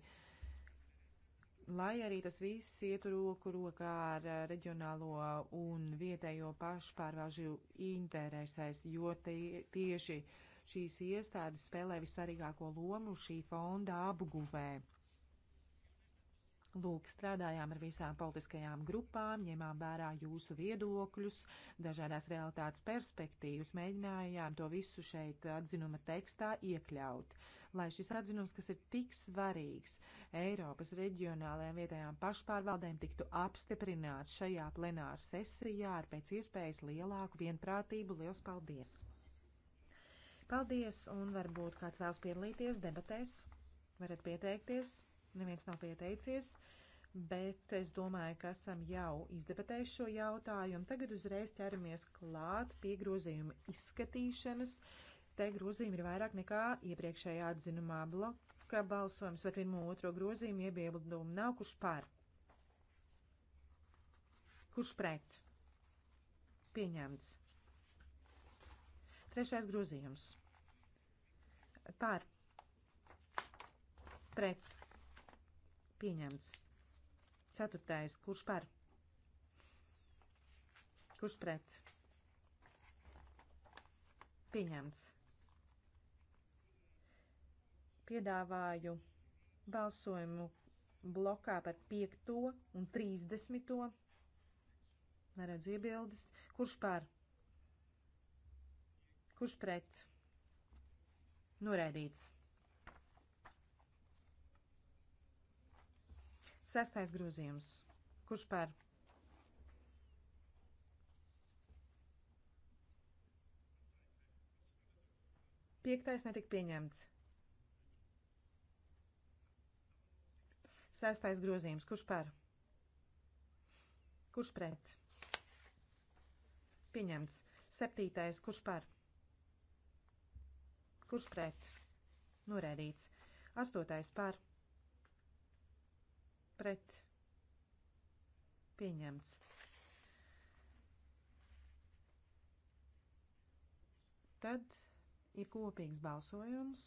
Lai arī tas viss ietu roku rokā ar e, reģionālo un vietējo pašpārvalžu interesēs, jo tie, tieši šīs iestādes spēlē visvarīgāko lomu šī fonda apguvē Lūk, strādājām ar visām politiskajām grupām, ņēmām vērā jūsu viedokļus, dažādās realitātes perspektīvas, mēģinājām to visu šeit atzinuma tekstā iekļaut, lai šis atzinums, kas ir tik svarīgs Eiropas reģionālajām vietējām pašpārvaldēm, tiktu apstiprināts šajā plenāra sesijā ar pēc iespējas lielāku vienprātību. Liels paldies! Paldies, un varbūt kāds vēlas piedalīties debatēs, varat pieteikties. Neviens nav pieteicies, bet es domāju, ka esam jau izdebatējuši šo jautājumu. Tagad uzreiz ķeramies klāt pie grozījuma izskatīšanas. Te grozījumi ir vairāk nekā iepriekšējā atzinumā bloka balsojums par pirmo otro grozījumu iebildumu nav kurš par. Kurš pret? Pieņemts. Trešais grozījums. Par. Pret. Pieņemts. Ceturtais. Kurš par? Kurš pret? Pieņemts. Piedāvāju balsojumu blokā par 5. un 30. Neredzu iebildes. Kurš par? Kurš pret? Noraidīts. Sestais grozījums. Kurš par? Piektais netika pieņemts. Sestais grozījums. Kurš par? Kurš pret? Pieņemts. Septītais. Kurš par? Kurš pret? Norēdīts. Astotais par pret pieņemts. Tad ir kopīgs balsojums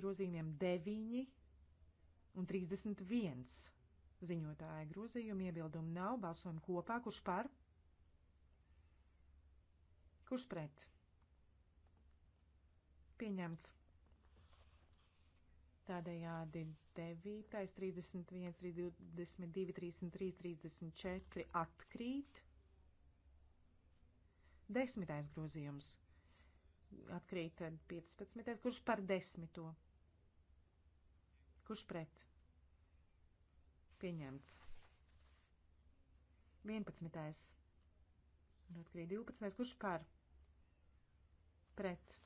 grozījumiem 9 un 31. Ziņotāja grozījuma iebildumu nav. Balsojam kopā. Kurš par? Kurš pret? Pieņemts. Tādējādi 9, 31, 32, 33, 34 atkrīt. Desmitais grozījums atkrīt tad 15. Kurš par desmito? Kurš pret? Pieņemts. 11. Un atkrīt 12. Kurš par? Pret.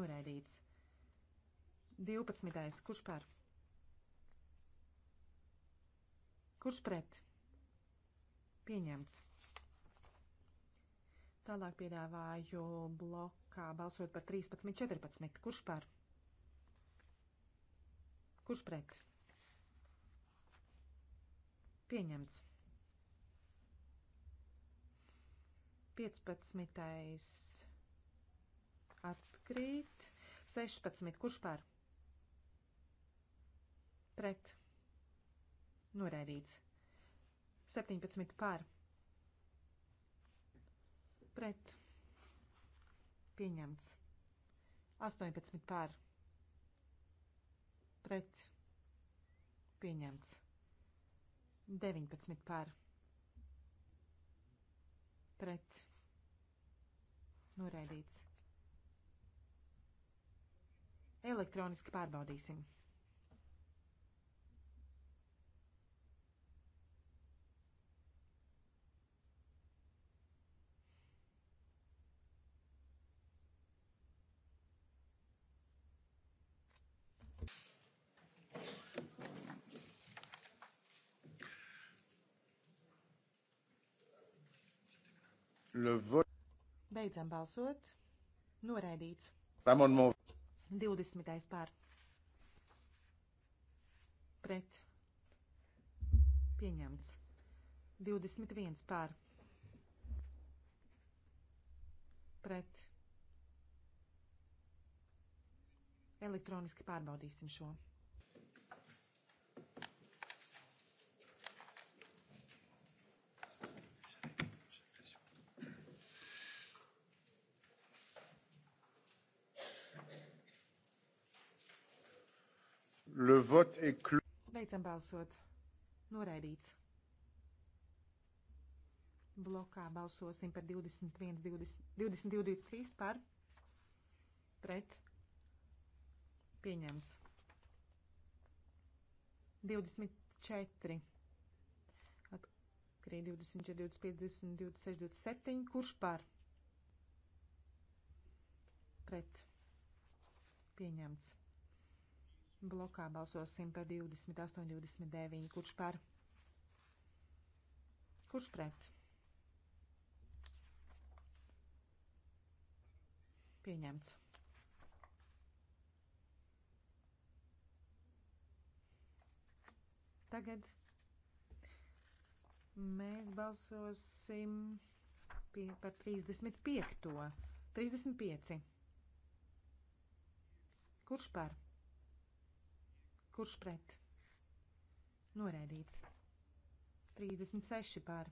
Noraidīts. 12. Kurš par? Kurš pret? Pieņemts. Tālāk piedāvāju blokā balsot par 13, 14. Kurš par? Kurš pret? Pieņemts. 15. Atkrīt. 16. Kurš par? pret, noraidīts. 17 par, pret, pieņemts. 18 par, pret, pieņemts. 19 par, pret, noraidīts. Elektroniski pārbaudīsim. Beidzam balsot. Noraidīts. Amendment 20. pār. Pret. Pieņemts. 21 pār. Pret. Elektroniski pārbaudīsim šo. Le vote est clos. Beidzam balsot. Noraidīts. Blokā balsosim par 21, 20, 20 23 par pret pieņemts. 24. Atkrīt 24, 25, 20, 26, 27. Kurš par? Pret. Pieņemts. Blokā balsosim par 28, 29. Kurš par? Kurš pret? Pieņemts. Tagad mēs balsosim pie, par 35. 35. Kurš par? Kurš pret? Noraidīts. 36 pār.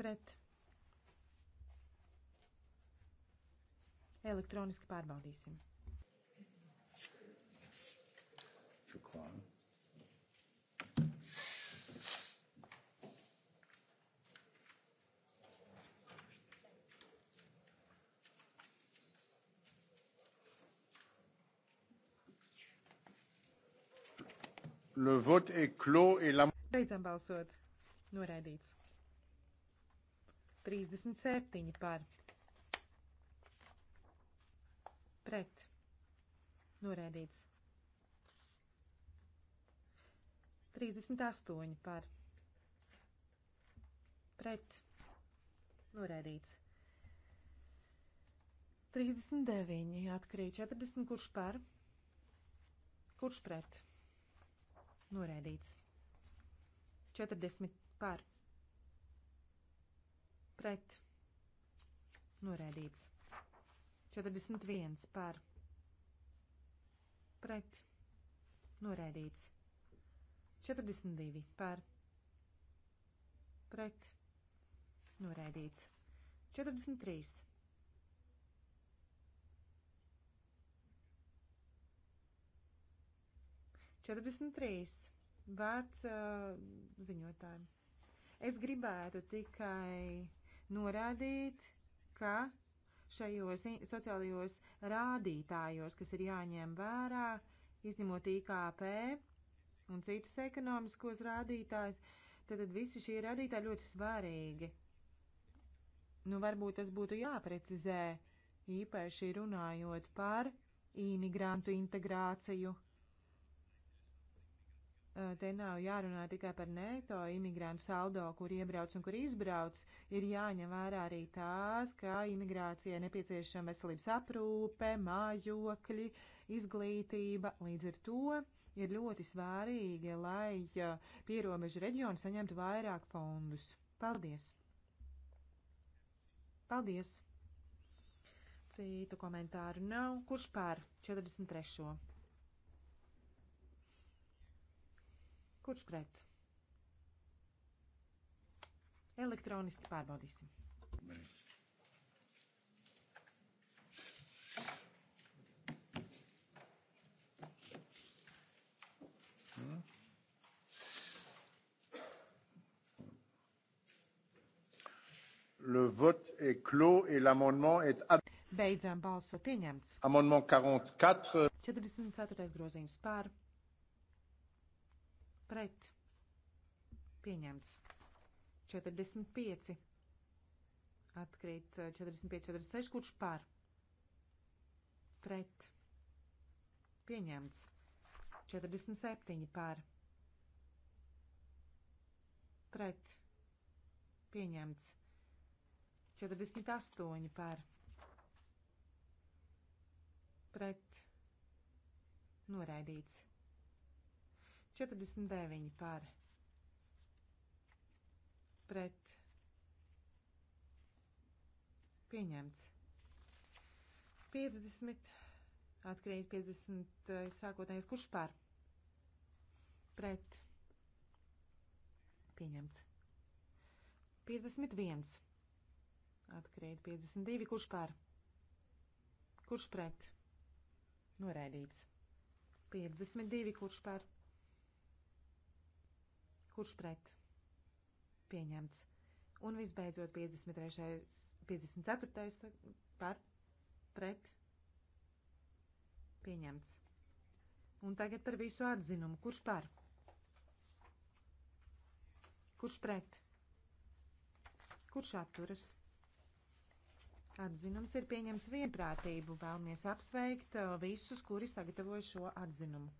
Pret. Elektroniski pārbaudīsim. Čukvā. Le vote est clos et la... Beidzam balsot. Noraidīts. 37 par. Pret. Noraidīts. 38 par. Pret. Noraidīts. 39 atkrīt. 40 kurš par? Kurš pret? Noraidīts. 40 par. Pret. Noraidīts. 41 par. Pret. Noraidīts. 42 par. Pret. Noraidīts. 43 43. Vārds uh, ziņotājiem. Es gribētu tikai norādīt, ka šajos sociālajos rādītājos, kas ir jāņem vērā, izņemot IKP un citus ekonomiskos rādītājus, tad, tad visi šie rādītāji ļoti svarīgi. Nu, varbūt tas būtu jāprecizē, īpaši runājot par imigrantu integrāciju Eh, te nav jārunā tikai par neto imigrantu saldo, kur iebrauc un kur izbrauc, ir jāņem vērā arī tās, ka imigrācijai nepieciešama veselības aprūpe, mājokļi, izglītība. Līdz ar to ir ļoti svārīgi, lai eh, pierobežu reģioni saņemtu vairāk fondus. Paldies! Paldies! Citu komentāru nav. Kurš pār 43. Kurš pret? Elektroniski pārbaudīsim. Mm. Le vote est clos et l'amendement est adopté. Beidzām balsot pieņemts. Amendement 44. 44. grozījums pār pret pieņemts. 45 atkrīt 45, eh, 46, kurš par pret pieņemts. 47 par pret pieņemts. 48 par pret noraidīts. 49 par pret pieņemts. 50 atkrīt 50 eh, sākotnējais kurš par pret pieņemts. 51 atkrīt 52 kurš par kurš pret noraidīts. 52 kurš par Kurš pret? Pieņemts. Un visbeidzot 53. 54. par pret. Pieņemts. Un tagad par visu atzinumu. Kurš par? Kurš pret? Kurš atturas? Atzinums ir pieņemts vienprātību. Vēlamies apsveikt uh, visus, kuri sagatavoja šo atzinumu.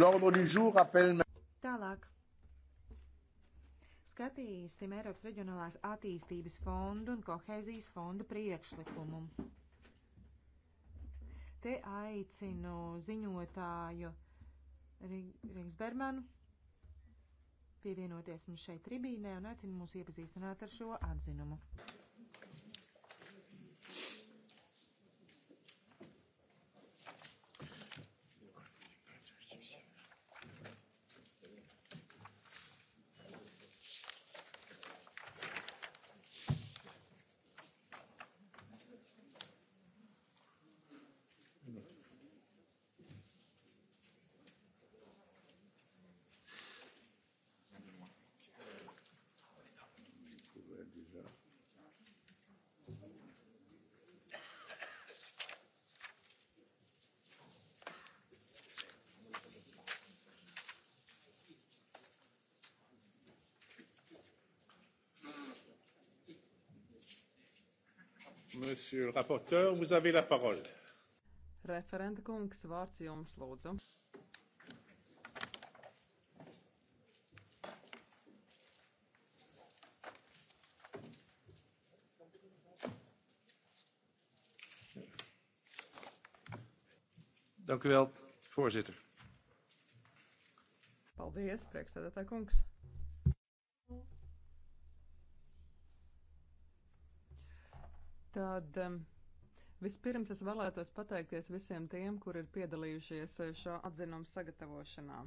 L'ordre du jour appelle Tālāk. Skatīsim Eiropas Reģionālās attīstības fondu un kohēzijas fonda priekšlikumu. Te aicinu ziņotāju Rīgas Bermanu pievienoties mums šeit tribīnē un aicinu mūs iepazīstināt ar šo atzinumu. Monsieur le rapporteur, vous avez la parole. Referenta kungs, vārds jums lūdzu. Dank u wel, voorzitter. Paldies, priekšstādātā kungs. tad vispirms es vēlētos pateikties visiem tiem, kur ir piedalījušies eh, šā atzinuma sagatavošanā.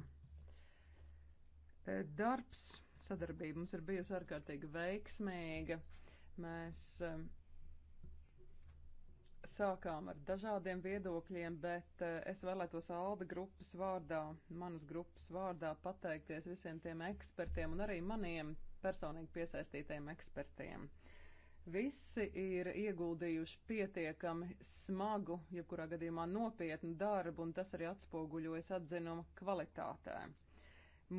Eh, darbs, sadarbība mums ir bijusi ārkārtīgi veiksmīga. Mēs sākām ar dažādiem viedokļiem, bet eh, es vēlētos Alda grupas vārdā, manas grupas vārdā pateikties visiem tiem ekspertiem un arī maniem personīgi piesaistītajiem ekspertiem. Visi ir ieguldījuši pietiekami smagu, jebkurā gadījumā nopietnu darbu, un tas arī atspoguļojas atzinuma kvalitātē.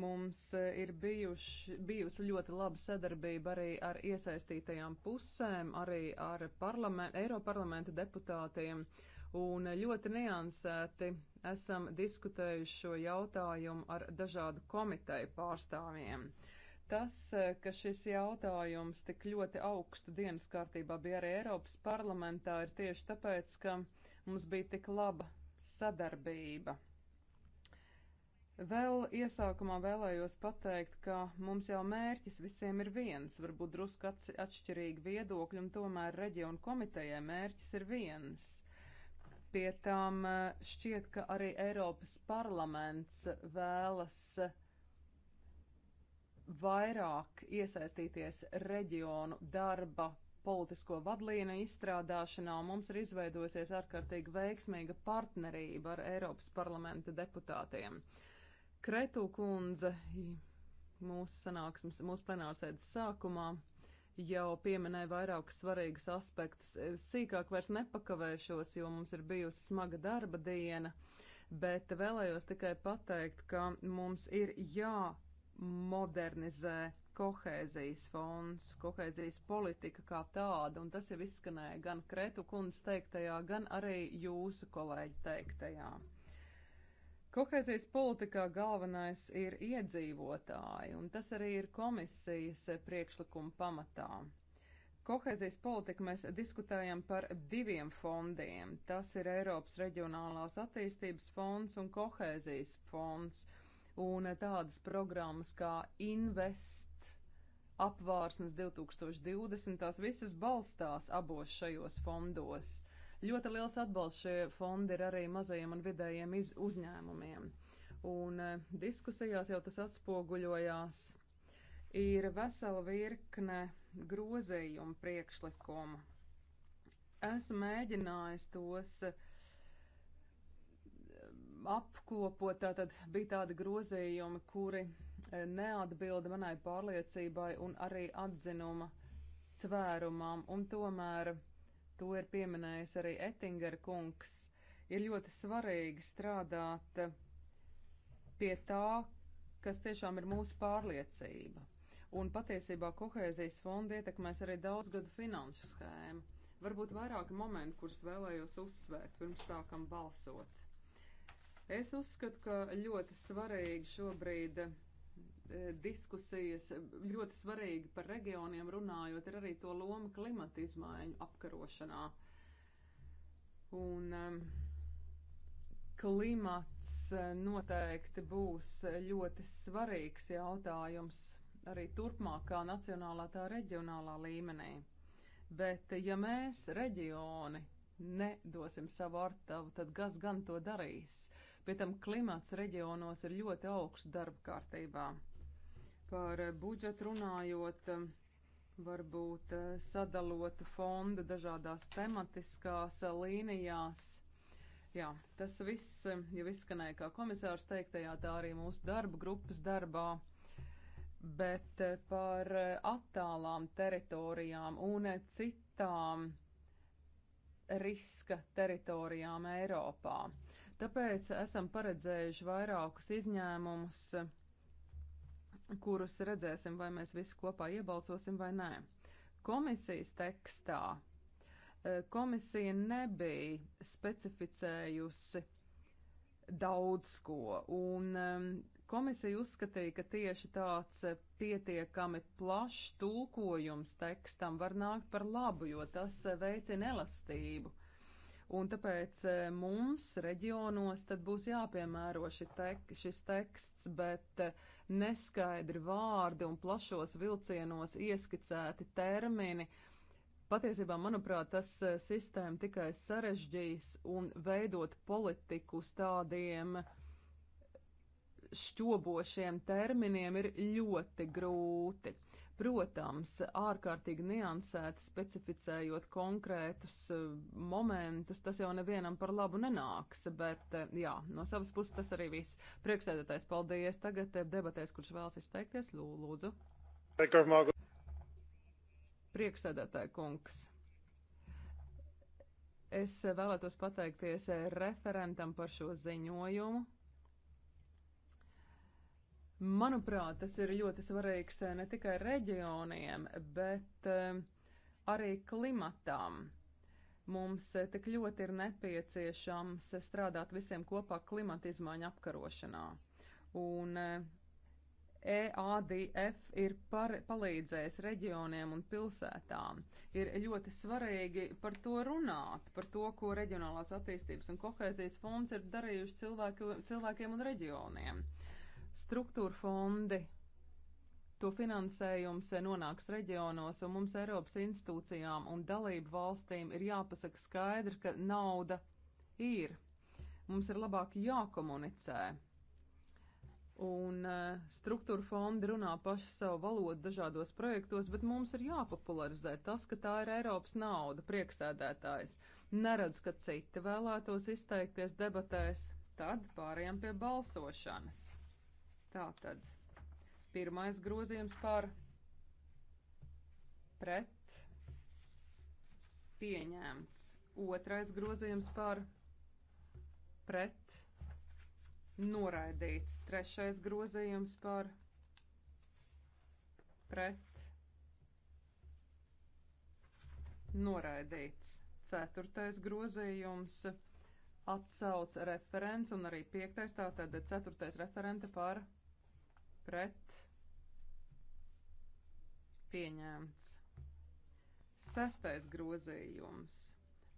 Mums ir bijuši, bijusi ļoti laba sadarbība arī ar iesaistītajām pusēm, arī ar parlament, Eiroparlamenta deputātiem, un ļoti niansēti esam diskutējuši šo jautājumu ar dažādu komiteju pārstāvjiem. Uh, Tas, e, ka šis jautājums tik ļoti augstu dienas kārtībā bija arī Eiropas parlamentā, ir tieši tāpēc, ka mums bija tik laba sadarbība. Vēl iesākumā vēlējos pateikt, ka mums jau mērķis visiem ir viens, varbūt drusku atšķirīgi viedokļi, un tomēr reģionu komitejai mērķis ir viens. Pie tām e, šķiet, ka arī Eiropas parlaments vēlas uh, vairāk iesaistīties reģionu darba politisko vadlīnu izstrādāšanā, un mums ir izveidojusies ārkārtīgi veiksmīga partnerība ar Eiropas parlamenta deputātiem. Kretu kundze mūsu sanāksmes, mūsu plenārsēdes sākumā jau pieminēja vairākus svarīgus aspektus. Sīkāk vairs nepakavēšos, jo mums ir bijusi smaga darba diena, bet vēlējos tikai pateikt, ka mums ir jā modernizē kohēzijas fonds, kohēzijas politika kā tāda, un tas jau izskanēja gan Kretu kundas teiktajā, gan arī jūsu kolēģi teiktajā. Kohēzijas politikā galvenais ir iedzīvotāji, un tas arī ir komisijas priekšlikuma pamatā. Kohēzijas politika mēs diskutējam par diviem fondiem. Tas ir Eiropas reģionālās attīstības fonds un kohēzijas fonds. Uh, un tādas programmas kā Invest, apvārsnes 2020, tās visas balstās abos šajos fondos. Ļoti liels atbalsts šie fondi ir arī mazajiem un vidējiem iz, uzņēmumiem. Un eh, diskusijās jau tas atspoguļojās. Ir vesela virkne grozījumu priekšlikumu. Esmu mēģinājis tos uh, apkopot, tātad bija tādi grozījumi, kuri e, neatbilda manai pārliecībai un arī atzinuma tvērumam, un tomēr to ir pieminējis arī Ettinger kungs. Ir ļoti svarīgi strādāt pie tā, kas tiešām ir mūsu pārliecība. Un patiesībā kohēzijas fonda ietekmēs arī daudzgadu finanšu schēmu. Varbūt vairāki momenti, kurus vēlējos uzsvērt pirms sākam balsot. Es uzskatu, ka ļoti svarīgi šobrīd e, diskusijas, ļoti svarīgi par reģioniem runājot, ir arī to loma klimata izmaiņu apkarošanā. Un um, klimats e, noteikti būs ļoti svarīgs jautājums arī turpmākā nacionālā tā reģionālā līmenī. Bet ja mēs reģioni nedosim savu artavu, tad kas gan to darīs? Uh, Pie tam klimats reģionos ir ļoti augsts darba kārtībā. Par budžetu runājot, varbūt eh, sadalot fonda dažādās tematiskās eh, līnijās. Jā, tas viss jau izskanēja kā komisārs teiktajā, tā arī mūsu darba grupas darbā bet eh, par attālām teritorijām un citām riska teritorijām Eiropā. Tāpēc esam paredzējuši vairākus izņēmumus, kurus redzēsim, vai mēs visi kopā iebalsosim vai nē. Komisijas tekstā e, komisija nebija specificējusi daudz ko, un komisija uzskatīja, ka tieši tāds pietiekami plašs tulkojums tekstam var nākt par labu, jo tas veicina elastību. Un tāpēc e, mums reģionos tad būs jāpiemēro ši tek, šis teksts, bet e, neskaidri vārdi un plašos vilcienos ieskicēti termini. Patiesībā, manuprāt, tas e, sistēma tikai sarežģīs un veidot politiku uz tādiem šķobošiem terminiem ir ļoti grūti. Protams, ārkārtīgi niansēti specificējot konkrētus eh, momentus, tas jau nevienam par labu nenāks, bet eh, jā, no savas puses tas arī viss. Priekšsēdētājs, paldies. Tagad eh, debatēs, kurš vēlas izteikties, lūdzu. Priekšsēdētāja kungs. Es vēlētos pateikties referentam par šo ziņojumu. Manuprāt, tas ir ļoti svarīgs eh, ne tikai reģioniem, bet eh, arī klimatām. Mums eh, tik ļoti ir nepieciešams strādāt visiem kopā klimata izmaiņu apkarošanā. Un EADF e ir par, palīdzējis reģioniem un pilsētām. Ir ļoti svarīgi par to runāt, par to, ko reģionālās attīstības un kohēzijas fonds ir darījuši cilvēku, cilvēkiem un reģioniem. Struktūra fondi. To finansējums eh, nonāks reģionos, un mums Eiropas institūcijām un dalību valstīm ir jāpasaka skaidri, ka nauda ir. Mums ir labāk jākomunicē. Un eh, struktūra fondi runā paši savu valodu dažādos projektos, bet mums ir jāpopularizē tas, ka tā ir Eiropas nauda, prieksēdētājs. Neredz, ka citi vēlētos izteikties debatēs, tad pāriem pie balsošanas. Tātad pirmais grozījums par pret pieņēmts. Otrais grozījums par pret noraidīts. Trešais grozījums par pret noraidīts. Ceturtais grozījums atsauc referents un arī piektais, tātad ceturtais referenta par pret pret pieņemts. Sestais grozījums.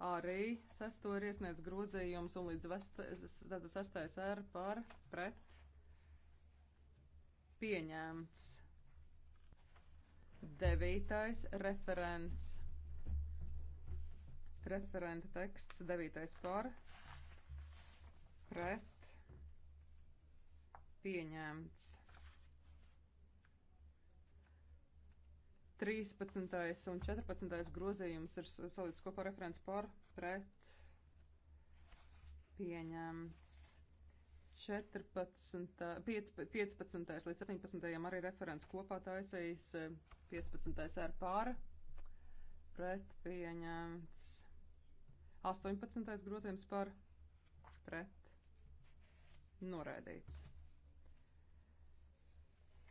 Arī sesto ir iesniedz grozījums un līdz vestais, sestais ir par pret pieņemts. Devītais referents. Referenta teksts devītais par pret pieņemts. 13. un 14. grozījums ir salīdz kopā referents par pret pieņemts. 14, 15. līdz 17. arī referents kopā taisīs 15. ar pār pret pieņemts. 18. grozījums par pret noraidīts.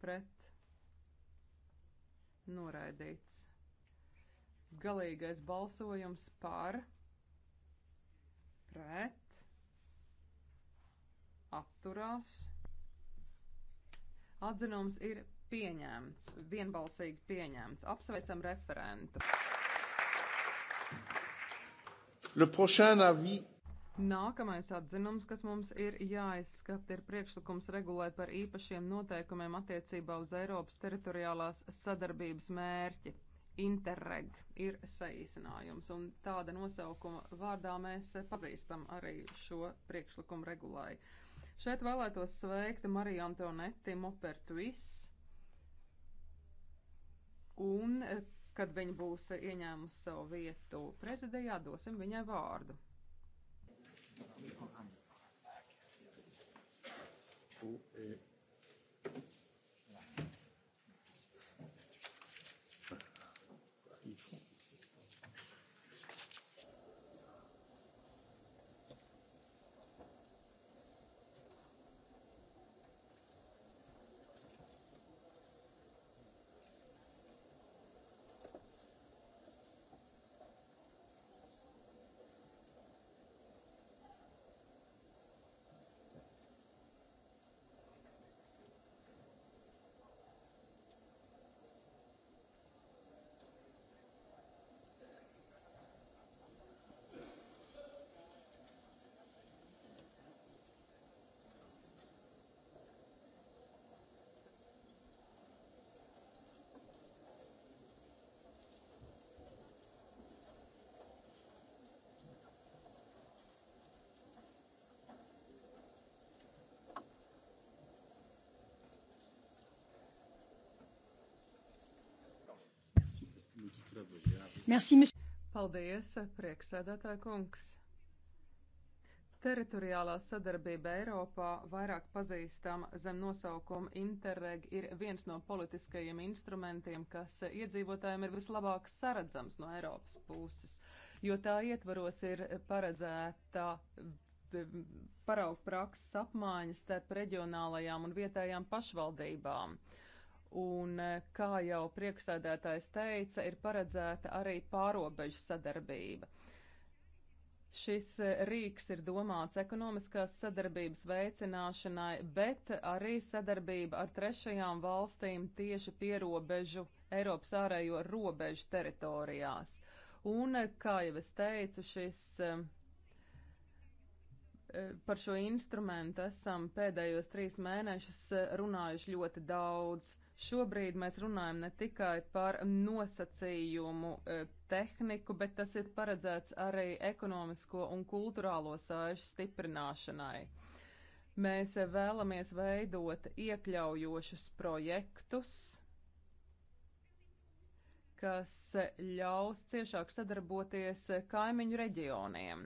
pret noraidīts. Galīgais balsojums par pret atturās. Atzinums ir pieņemts, vienbalsīgi pieņemts. Apsveicam referentu. Le prochain avis Nākamais atzinums, kas mums ir jāizskata, ir priekšlikums regulēt par īpašiem noteikumiem attiecībā uz Eiropas teritoriālās sadarbības mērķi. Interreg ir saīsinājums, un tāda nosaukuma vārdā mēs pazīstam arī šo priekšlikumu regulēju. Šeit vēlētos sveikt Mariju Antoneti Mopertuis, un, kad viņa būs ieņēmusi savu vietu prezidijā, dosim viņai vārdu. O, eh, Merci, Paldies, prieksēdētāja kungs! Teritoriālā sadarbība Eiropā, vairāk pazīstama zem nosaukuma Interreg, ir viens no politiskajiem instrumentiem, kas iedzīvotājiem ir vislabāk saredzams no Eiropas puses, jo tā ietvaros ir paredzēta paraugu prakses apmaiņas starp reģionālajām un vietējām pašvaldībām. Uh, Un, eh, kā jau prieksēdētājs teica, ir paredzēta arī pārobežu sadarbība. Šis eh, rīks ir domāts ekonomiskās sadarbības veicināšanai, bet arī sadarbība ar trešajām valstīm tieši pierobežu Eiropas ārējo robežu teritorijās. Un, eh, kā jau es teicu, šis par šo instrumentu esam pēdējos trīs mēnešus runājuši ļoti daudz. Šobrīd mēs runājam ne tikai par nosacījumu e, tehniku, bet tas ir paredzēts arī ekonomisko un kulturālo sāžu stiprināšanai. Mēs vēlamies veidot iekļaujošus projektus, kas ļaus ciešāk sadarboties kaimiņu reģioniem.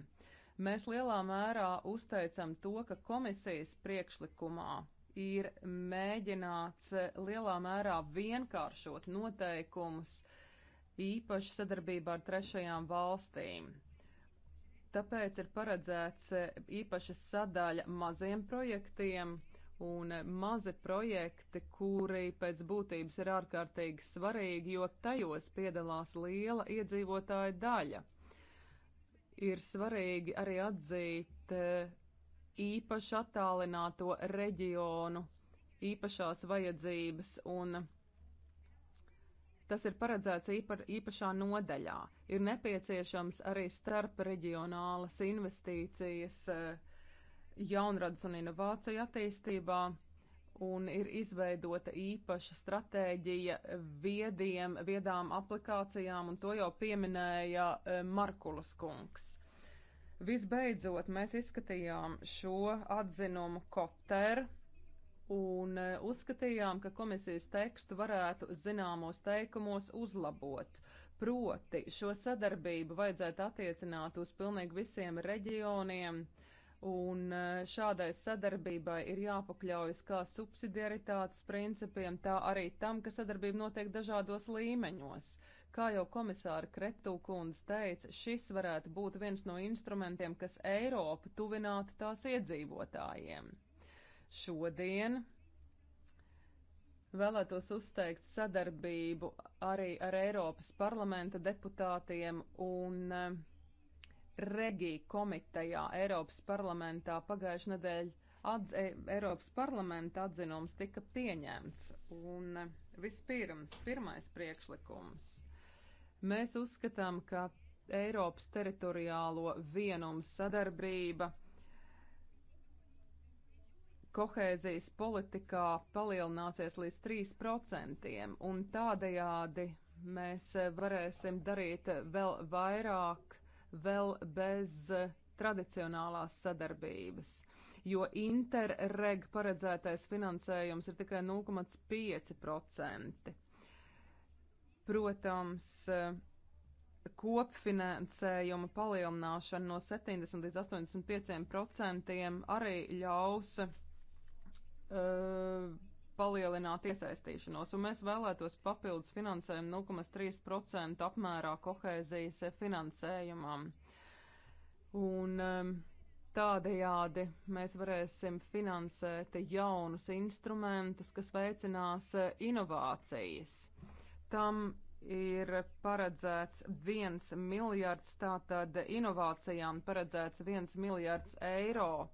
Mēs lielā mērā uzteicam to, ka komisijas priekšlikumā ir mēģināts eh, lielā mērā vienkāršot noteikumus, īpaši sadarbībā ar trešajām valstīm. Tāpēc ir paredzēts eh, īpaša sadaļa maziem projektiem un eh, mazi projekti, kuri pēc būtības ir ārkārtīgi svarīgi, jo tajos piedalās liela iedzīvotāja daļa. Ir svarīgi arī atzīt īpaši attālināto reģionu īpašās vajadzības un tas ir paredzēts īpa, īpašā nodaļā. Ir nepieciešams arī starp reģionālas investīcijas eh, jaunradas un inovāciju attīstībā un ir izveidota īpaša stratēģija viediem, viedām aplikācijām, un to jau pieminēja eh, Markulas kungs. Visbeidzot, mēs izskatījām šo atzinumu Koter un e, uzskatījām, ka komisijas tekstu varētu zināmos teikumos uzlabot. Proti, šo sadarbību vajadzētu attiecināt uz pilnīgi visiem reģioniem, un e, šādai sadarbībai ir jāpakļaujas kā subsidiaritātes principiem, tā arī tam, ka sadarbība notiek dažādos līmeņos. Kā jau komisāra Kretu kundze teica, šis varētu būt viens no instrumentiem, kas Eiropu tuvinātu tās iedzīvotājiem. Šodien vēlētos uzteikt sadarbību arī ar Eiropas parlamenta deputātiem un eh, Regī komitejā Eiropas parlamentā pagājušajā nedēļā atz, e, Eiropas parlamenta atzinums tika pieņemts. Un eh, vispirms, pirmais priekšlikums Mēs uzskatām, ka Eiropas teritoriālo vienums sadarbība kohēzijas politikā palielināsies līdz 3%, un tādējādi mēs varēsim darīt vēl vairāk, vēl bez tradicionālās sadarbības, jo interreg paredzētais finansējums ir tikai 0,5%. Protams, eh, kopfinansējuma palielināšana no 70 līdz 85 procentiem arī ļaus uh, palielināt iesaistīšanos, un mēs vēlētos papildus finansējumu 0,3% apmērā kohēzijas finansējumam. Un um, tādējādi mēs varēsim finansēt jaunus instrumentus, kas veicinās inovācijas. Uh, tam ir paredzēts viens miljards, tātad inovācijām paredzēts viens miljards eiro.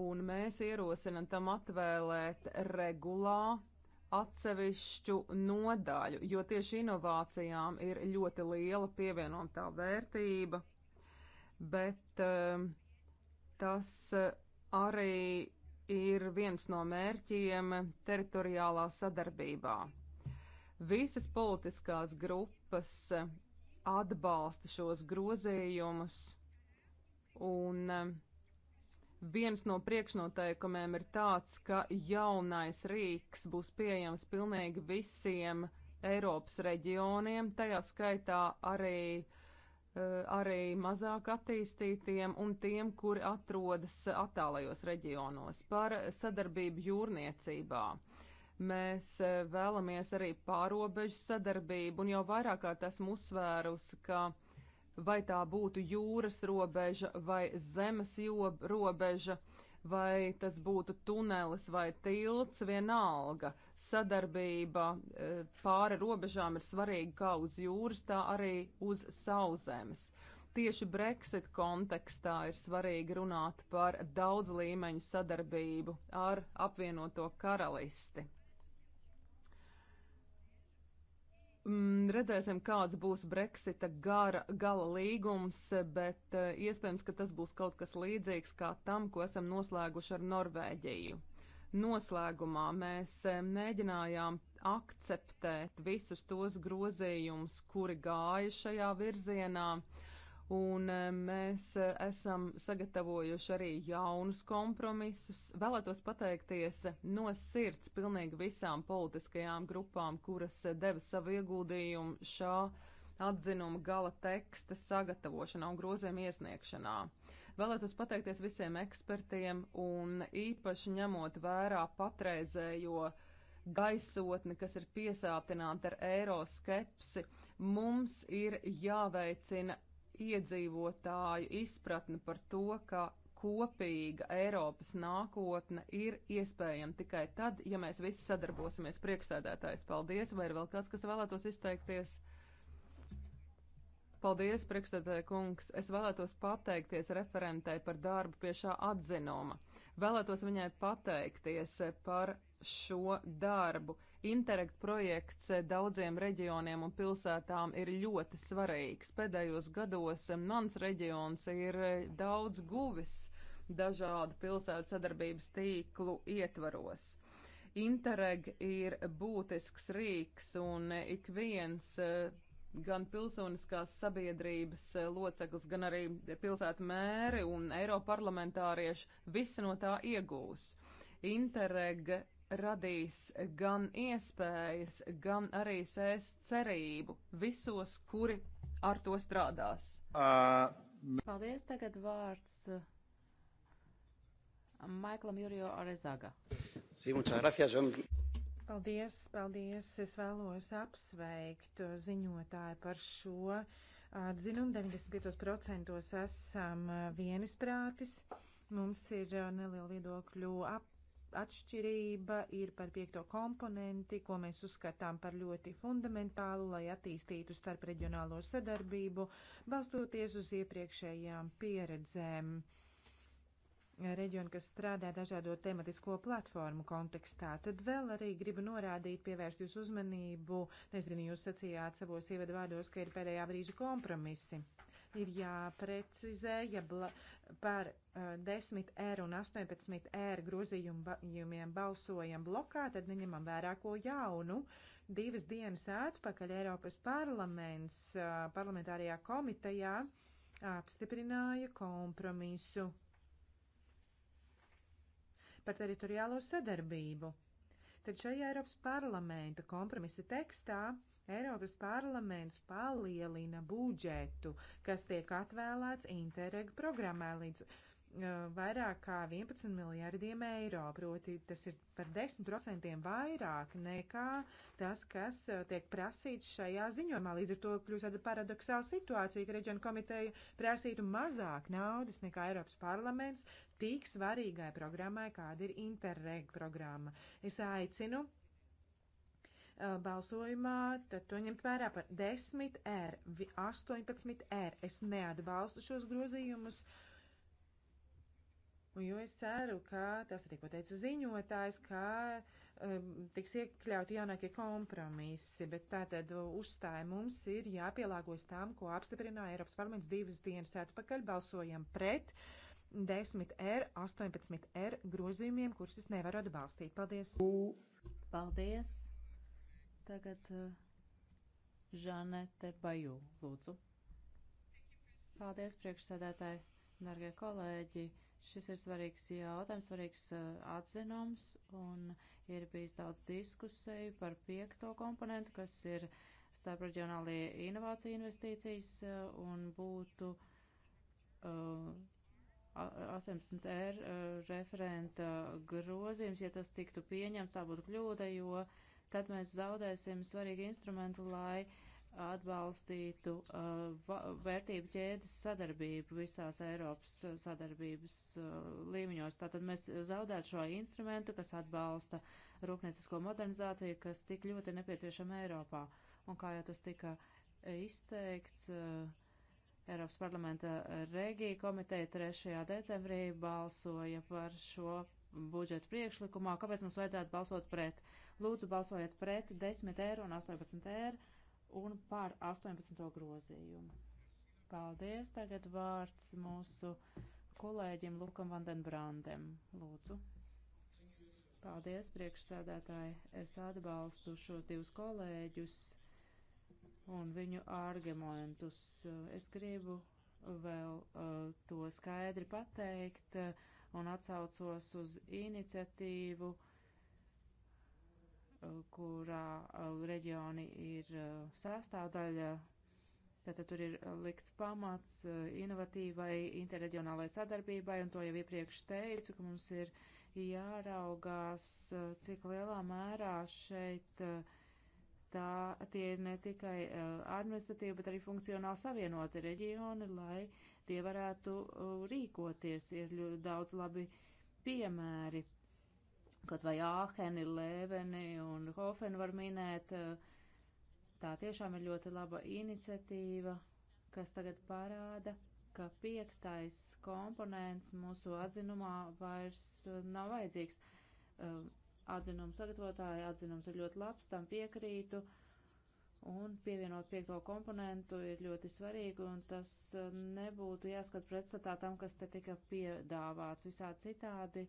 Un mēs ierosinam tam atvēlēt regulā atsevišķu nodaļu, jo tieši inovācijām ir ļoti liela pievienotā vērtība, bet ehm, tas eh, arī ir viens no mērķiem teritoriālā sadarbībā. Visas politiskās grupas eh, atbalsta šos grozījumus, un eh, viens no priekšnoteikumiem ir tāds, ka jaunais rīks būs pieejams pilnīgi visiem Eiropas reģioniem, tajā skaitā arī uh, arī mazāk attīstītiem un tiem, kuri atrodas attālajos reģionos par sadarbību jūrniecībā. Mēs e, vēlamies arī pārobežu sadarbību, un jau vairāk kārt esmu uzsvērusi, ka vai tā būtu jūras robeža vai zemes robeža, vai tas būtu tunelis vai tilts, vienalga. Sadarbība e, pāri robežām ir svarīga kā uz jūras, tā arī uz sauszemes. Tieši Brexit kontekstā ir svarīgi runāt par daudz līmeņu sadarbību ar apvienoto karalisti. Mm, redzēsim, kāds būs Brexita gara, gala līgums, bet uh, iespējams, ka tas būs kaut kas līdzīgs kā tam, ko esam noslēguši ar Norvēģiju. Noslēgumā mēs uh, mēģinājām akceptēt visus tos grozījumus, kuri gāja šajā virzienā. Uh, un eh, mēs eh, esam sagatavojuši arī jaunus kompromisus. Vēlētos pateikties no sirds pilnīgi visām politiskajām grupām, kuras eh, deva savu ieguldījumu šā atzinuma gala teksta sagatavošanā un grozījuma iesniegšanā. Vēlētos pateikties visiem ekspertiem un īpaši ņemot vērā patreizējo gaisotni, kas ir piesātināta ar eiroskepsi, mums ir jāveicina iedzīvotāju izpratni par to, ka kopīga Eiropas nākotne ir iespējama tikai tad, ja mēs visi sadarbosimies. Prieksēdētājs, paldies! Vai ir vēl kāds, kas vēlētos izteikties? Paldies, priekšstādāja kungs! Es vēlētos pateikties referentei par darbu pie šā atzinuma. Vēlētos viņai pateikties par šo darbu. Interreg projekts daudziem reģioniem un pilsētām ir ļoti svarīgs. Pēdējos gados mans reģions ir daudz guvis dažādu pilsētu sadarbības tīklu ietvaros. Interreg ir būtisks rīks un ik viens gan pilsoniskās sabiedrības loceklis, gan arī pilsētu mēri un Eiroparlamentārieši visi no tā iegūs. Interreg radīs gan iespējas, gan arī sēs cerību visos, kuri ar to strādās. Uh, Paldies, tagad vārds uh, Maiklam Jurijo Arezaga. Sí, muchas gracias. Paldies, paldies. Es vēlos apsveikt uh, ziņotāju par šo atzinumu. Uh, 95% esam vienisprātis. Mums ir neliela viedokļu ap atšķirība ir par piekto komponenti, ko mēs uzskatām par ļoti fundamentālu, lai attīstītu starpreģionālo sadarbību, balstoties uz iepriekšējām pieredzēm. Reģioni, kas strādā dažādo tematisko platformu kontekstā, tad vēl arī gribu norādīt, pievērst jūs uzmanību. Nezinu, jūs sacījāt savos ievadvārdos, ka ir pēdējā brīža kompromisi. Uh, ir jāprecizē, ja par uh, eh, 10 R un 18 R grozījumiem balsojam blokā, tad neņemam vērā ko jaunu. Divas dienas atpakaļ Eiropas parlaments uh, parlamentārajā komitejā apstiprināja kompromisu par teritoriālo sadarbību. Tad šajā Eiropas parlamenta kompromisa tekstā uh, Eiropas parlaments palielina budžetu, kas tiek atvēlēts Interreg programmai līdz uh, vairāk kā 11 miljārdiem eiro, proti tas ir par 10% vairāk nekā tas, kas uh, tiek prasīts šajā ziņojumā. Līdz ar to kļūst tāda paradoxāla situācija, ka reģionu komiteja prasītu mazāk naudas nekā Eiropas parlaments tik svarīgai programmai, kāda ir Interreg programma. Es aicinu Uh, balsojumā, tad to ņemt vērā par 10R, 18R. Es neatbalstu šos grozījumus, jo es ceru, ka tas arī, ko teica ziņotājs, ka um, tiks iekļauti jaunākie kompromisi, bet tātad uzstāja mums ir jāpielāgojas tām, ko apstiprināja Eiropas parlaments divas dienas atpakaļ, balsojam pret 10R, 18R grozījumiem, kurus es nevaru atbalstīt. Paldies! Paldies! Tagad uh, Žanete Baju, lūdzu. Paldies, priekšsēdētāji, dargie kolēģi. Šis ir svarīgs jautājums, svarīgs uh, atzinums, un ir bijis daudz diskusiju par piekto komponentu, kas ir starp reģionālie inovācija investīcijas, uh, un būtu uh, 18R referenta grozījums, ja tas tiktu pieņemts, tā būtu kļūda, jo uh, tad mēs zaudēsim svarīgu instrumentu, lai atbalstītu uh, vērtību ķēdes sadarbību visās Eiropas uh, sadarbības uh, līmeņos. Tātad mēs zaudētu šo instrumentu, kas atbalsta rūpniecisko modernizāciju, kas tik ļoti nepieciešama Eiropā. Un kā jau tas tika izteikts, uh, Eiropas parlamenta regija komiteja 3. decembrī balsoja par šo budžeta priekšlikumā, kāpēc mums vajadzētu balsot pret. Lūdzu, balsojiet pret 10 eiro un 18 eiro un par 18 grozījumu. Paldies. Tagad vārds mūsu kolēģim Lukam Vandenbrandem. Lūdzu. Paldies, priekšsēdētāji. Es atbalstu šos divus kolēģus un viņu argumentus. Es gribu vēl uh, to skaidri pateikt. Uh, un atsaucos uz iniciatīvu, eh, kurā eh, reģioni ir eh, sastāvdaļa. Tātad tur ir likts pamats inovatīvai interreģionālai sadarbībai, un to jau iepriekš teicu, ka mums ir jāraugās, cik lielā mērā šeit uh, tā, tie ir ne tikai uh, administratīvi, bet arī funkcionāli savienoti reģioni, lai tie varētu uh, rīkoties. Ir ļoti daudz labi piemēri, kaut vai Āheni, Lēveni un Hofeni var minēt. Uh, tā tiešām ir ļoti laba iniciatīva, kas tagad parāda, ka piektais komponents mūsu atzinumā vairs uh, nav vajadzīgs. Atzinums sagatavotāja atzinums ir ļoti labs, tam piekrītu. Uh, Un pievienot piekto komponentu ir ļoti svarīgi, un tas eh, nebūtu jāskat pretstatā tam, kas te tika piedāvāts. Visā citādi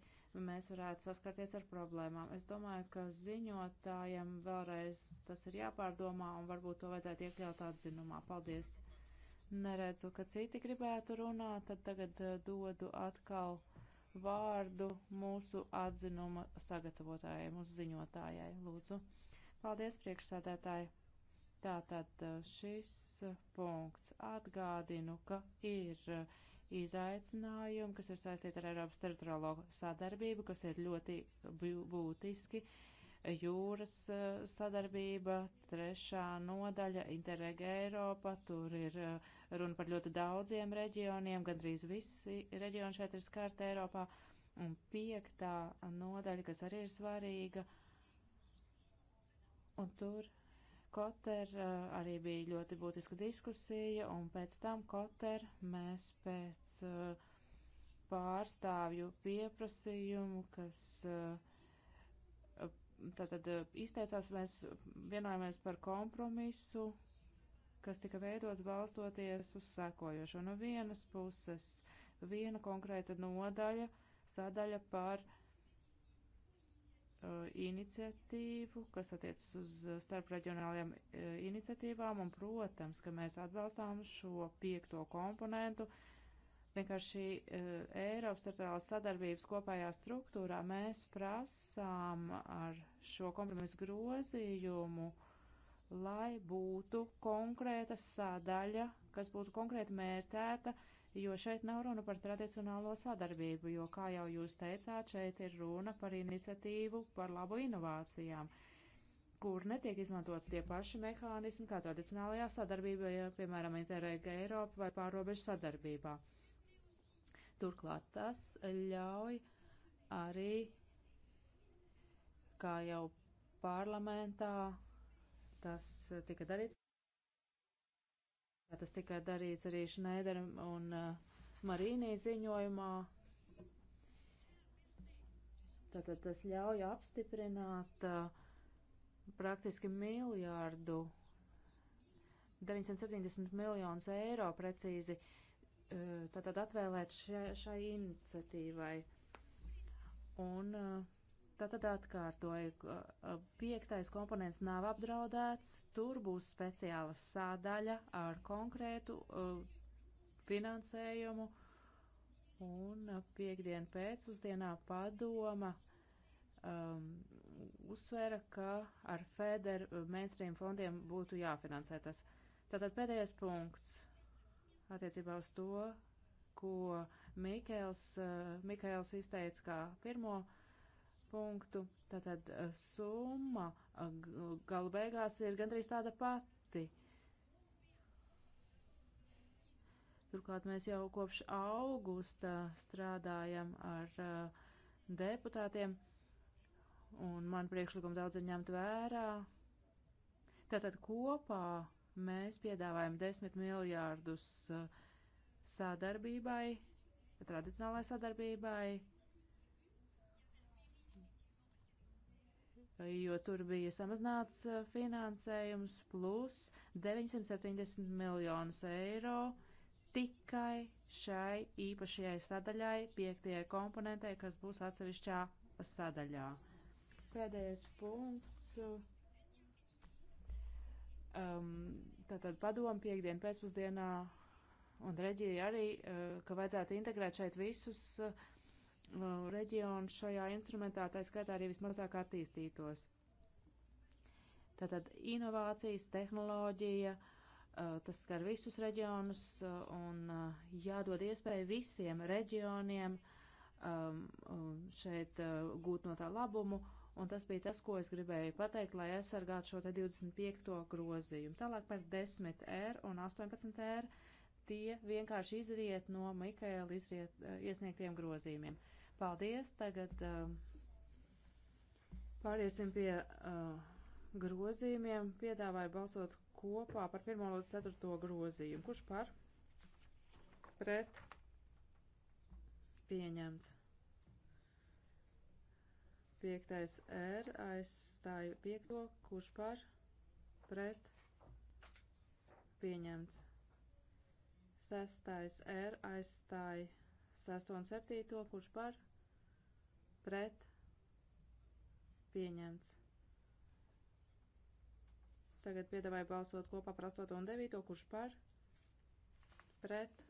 mēs varētu saskarties ar problēmām. Es domāju, ka ziņotājiem vēlreiz tas ir jāpārdomā, un varbūt to vajadzētu iekļaut atzinumā. Paldies! Neredzu, ka citi gribētu runāt, tad tagad eh, dodu atkal vārdu mūsu atzinuma sagatavotājiem, uz ziņotājai. Lūdzu! Paldies, priekšsēdētāji! Tātad šis punkts atgādinu, ka ir izaicinājumi, kas ir saistīti ar Eiropas teritoriālo sadarbību, kas ir ļoti būtiski. Jūras sadarbība, trešā nodaļa, Interreg Eiropa, tur ir runa par ļoti daudziem reģioniem, gandrīz visi reģioni šeit ir skārti Eiropā, un piektā nodaļa, kas arī ir svarīga, un tur Koter eh, arī bija ļoti būtiska diskusija, un pēc tam Koter mēs pēc eh, pārstāvju pieprasījumu, kas eh, tātad izteicās, mēs vienojamies par kompromisu, kas tika veidots balstoties uz sekojošo. No vienas puses viena konkrēta nodaļa, sadaļa par uh, Eh, iniciatīvu, kas attiecas uz starpreģionāliem eh, iniciatīvām, un, protams, ka mēs atbalstām šo piekto komponentu. Vienkārši eh, Eiropas starptautiskās sadarbības kopējā struktūrā mēs prasām ar šo kompromisu grozījumu, lai būtu konkrēta sadaļa, kas būtu konkrēti mērtēta uh, jo šeit nav runa par tradicionālo sadarbību, jo, kā jau jūs teicāt, šeit ir runa par iniciatīvu par labu inovācijām, kur netiek izmantot tie paši mehānismi kā tradicionālajā sadarbībā, ja, piemēram, Interreg Eiropa vai pārobežu sadarbībā. Turklāt tas ļauj arī, kā jau parlamentā, tas tika darīts. Tas tika darīts arī Šneideram un uh, Marīnī ziņojumā. Tātad tas ļauj apstiprināt uh, praktiski miljārdu, 970 miljonus eiro precīzi, uh, tātad atvēlēt šai, šai iniciatīvai. Un uh, Tātad atkārtoju, piektais komponents nav apdraudēts, tur būs speciāla sādaļa ar konkrētu uh, finansējumu, un piekdien pēcpusdienā padoma um, uzsvēra, ka ar FEDER mainstream fondiem būtu jāfinansē tas. Tātad pēdējais punkts attiecībā uz to, ko Mikēls, uh, Mikēls izteica kā pirmo punktu. Tātad eh, summa eh, galu beigās ir gandrīz tāda pati. Turklāt mēs jau kopš augusta strādājam ar uh, deputātiem, un man priekšlikumu daudz ir ņemt vērā. Tātad kopā mēs piedāvājam desmit miljārdus sadarbībai, tradicionālai sadarbībai, jo tur bija samazināts eh, finansējums plus 970 miljonus eiro tikai šai īpašajai sadaļai, piektajai komponentei, kas būs atsevišķā sadaļā. Pēdējais punkts. Um, tātad padomu piekdien pēcpusdienā un reģija arī, uh, ka vajadzētu integrēt šeit visus uh, reģionu šajā instrumentā, tā skaitā arī vismazāk attīstītos. Tātad inovācijas, tehnoloģija, tas skar visus reģionus un jādod iespēju visiem reģioniem šeit gūt no tā labumu. Un tas bija tas, ko es gribēju pateikt, lai aizsargātu šo te 25. grozījumu. Tālāk par 10R un 18R tie vienkārši izriet no Mikaela izriet, iesniegtiem grozījumiem. Uh, Paldies! Tagad uh, pāriesim pie uh, grozījumiem. Piedāvāju balsot kopā par 1. līdz 4. grozījumu. Kurš par? Pret? Pieņemts. 5. R aizstāja 5. Kurš par? Pret? Pieņemts. 6. R aizstāja 6 un 7, kurš par pret pieņemts. Tagad piedāvāju balsot kopā par 8 un 9, kurš par pret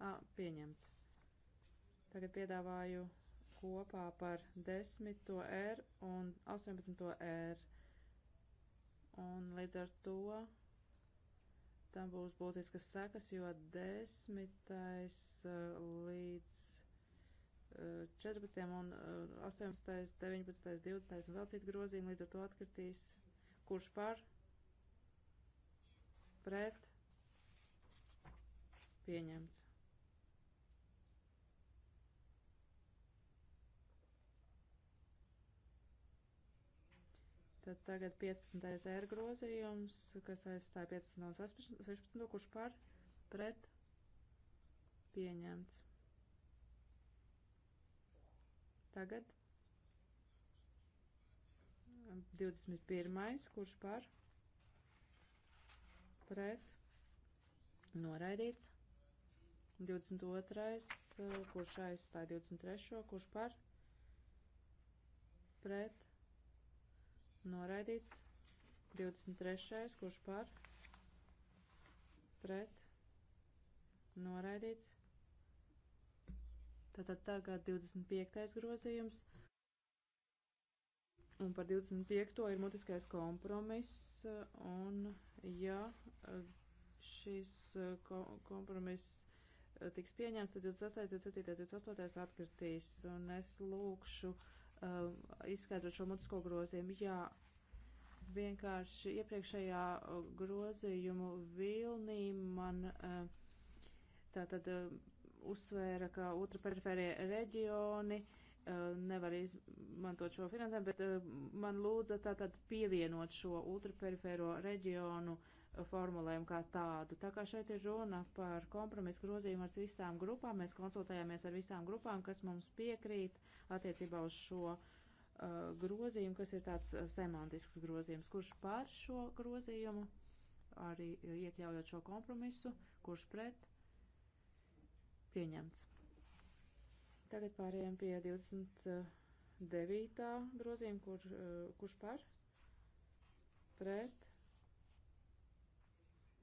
a, pieņemts. Tagad piedāvāju kopā par 10. R un 18. R. Un līdz ar to tam būs būtiskas sekas, jo desmitais eh, līdz 14 eh, un 18, 19, 20 un vēl citu grozījumu līdz ar to atkritīs, kurš par, pret, pieņemts. Tad tagad 15. R grozījums, kas aizstāja 15. un 16. kurš par pret pieņemts. Tagad 21. kurš par pret noraidīts. 22. kurš aizstāja 23. kurš par pret noraidīts. 23. kurš par, pret, noraidīts. Tātad tagad 25. grozījums. Un par 25. ir mutiskais kompromiss, un ja šis uh, kompromiss uh, tiks pieņemts, tad 26., 27., 28. atkritīs, un es lūkšu uh, Uh, izskaidrot šo mutisko grozījumu. Jā, vienkārši iepriekšējā uh, grozījumu vilnī man uh, tātad uzsvēra, ka otra perifērija reģioni nevar izmantot šo finansējumu, bet man lūdza tātad pievienot šo ultraperifēro reģionu uh, formulējumu kā tādu. Tā kā šeit ir runa par kompromisu grozījumu ar visām grupām, mēs konsultējāmies ar visām grupām, kas mums piekrīt attiecībā uz šo uh, grozījumu, kas ir tāds uh, semantisks grozījums. Kurš par šo grozījumu, arī iekļaujot šo kompromisu, kurš pret, pieņemts. Tagad pārējām pie 29. grozījuma, kur, uh, kurš par, pret,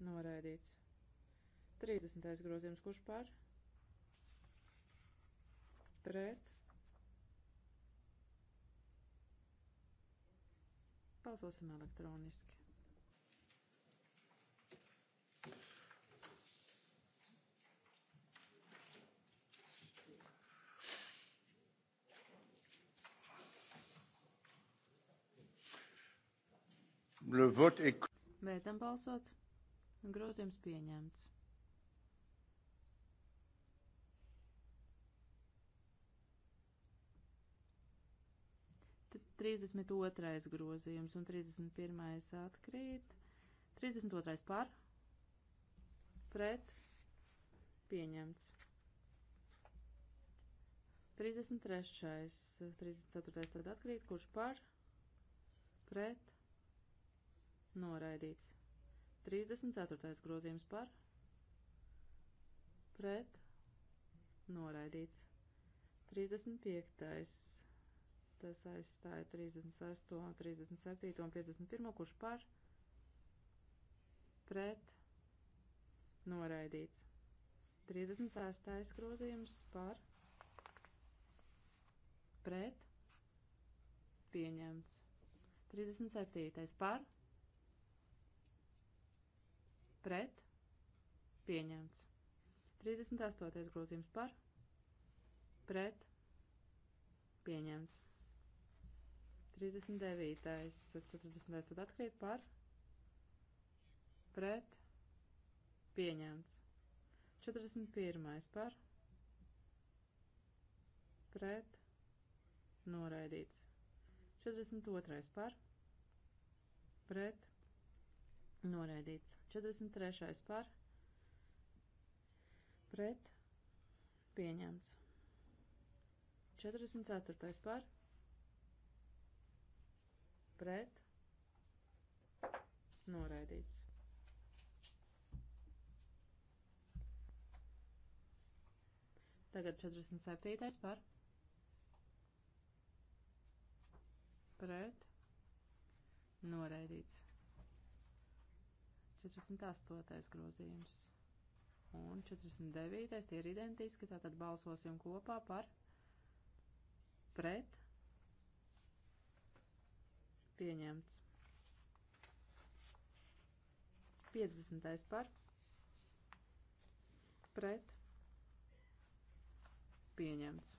noraidīts. 30. grozījums, kurš par? Pret. Balsosim elektroniski. Le vote est... Beidzam balsot. Grozījums pieņemts. Tad 32. grozījums un 31. atkrīt. 32. par, pret, pieņemts. 33. 34. tad atkrīt, kurš par, pret, noraidīts. 34. grozījums par, pret, noraidīts. 35. Tas aizstāja 36., 37. un 51. kurš par, pret, noraidīts. 36. grozījums par, pret, pieņemts. 37. par, pret, pret, pieņemts. 38. grozījums par, pret, pieņemts. 39. 40. tad atkrīt par, pret, pieņemts. 41. par, pret, noraidīts. 42. par, pret, Noraidīts. 43. par. Pret. Pieņemts. 44. par. Pret. Noraidīts. Tagad 47. par. Pret. Noraidīts. 48. grozījums un 49. tie ir identiski, tātad balsosim kopā par pret pieņemts. 50. par pret pieņemts.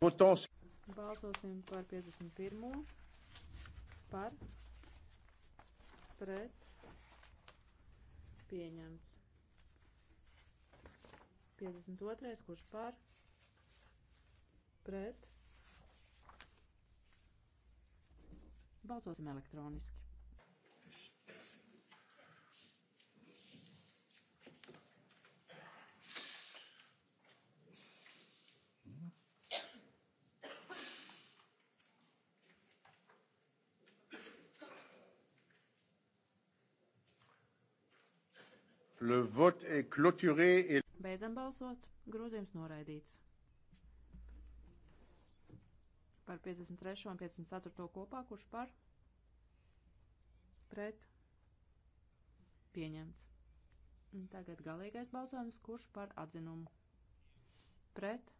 Votons Balsosim par 51. Par. Pret. Pieņemts. 52. Kurš par? Pret. Balsosim elektroniski. Le vote est clôturé et... Beidzam balsot. Grozījums noraidīts. Par 53. un 54. kopā, kurš par? Pret. Pieņemts. Un tagad galīgais balsojums, kurš par atzinumu. Pret.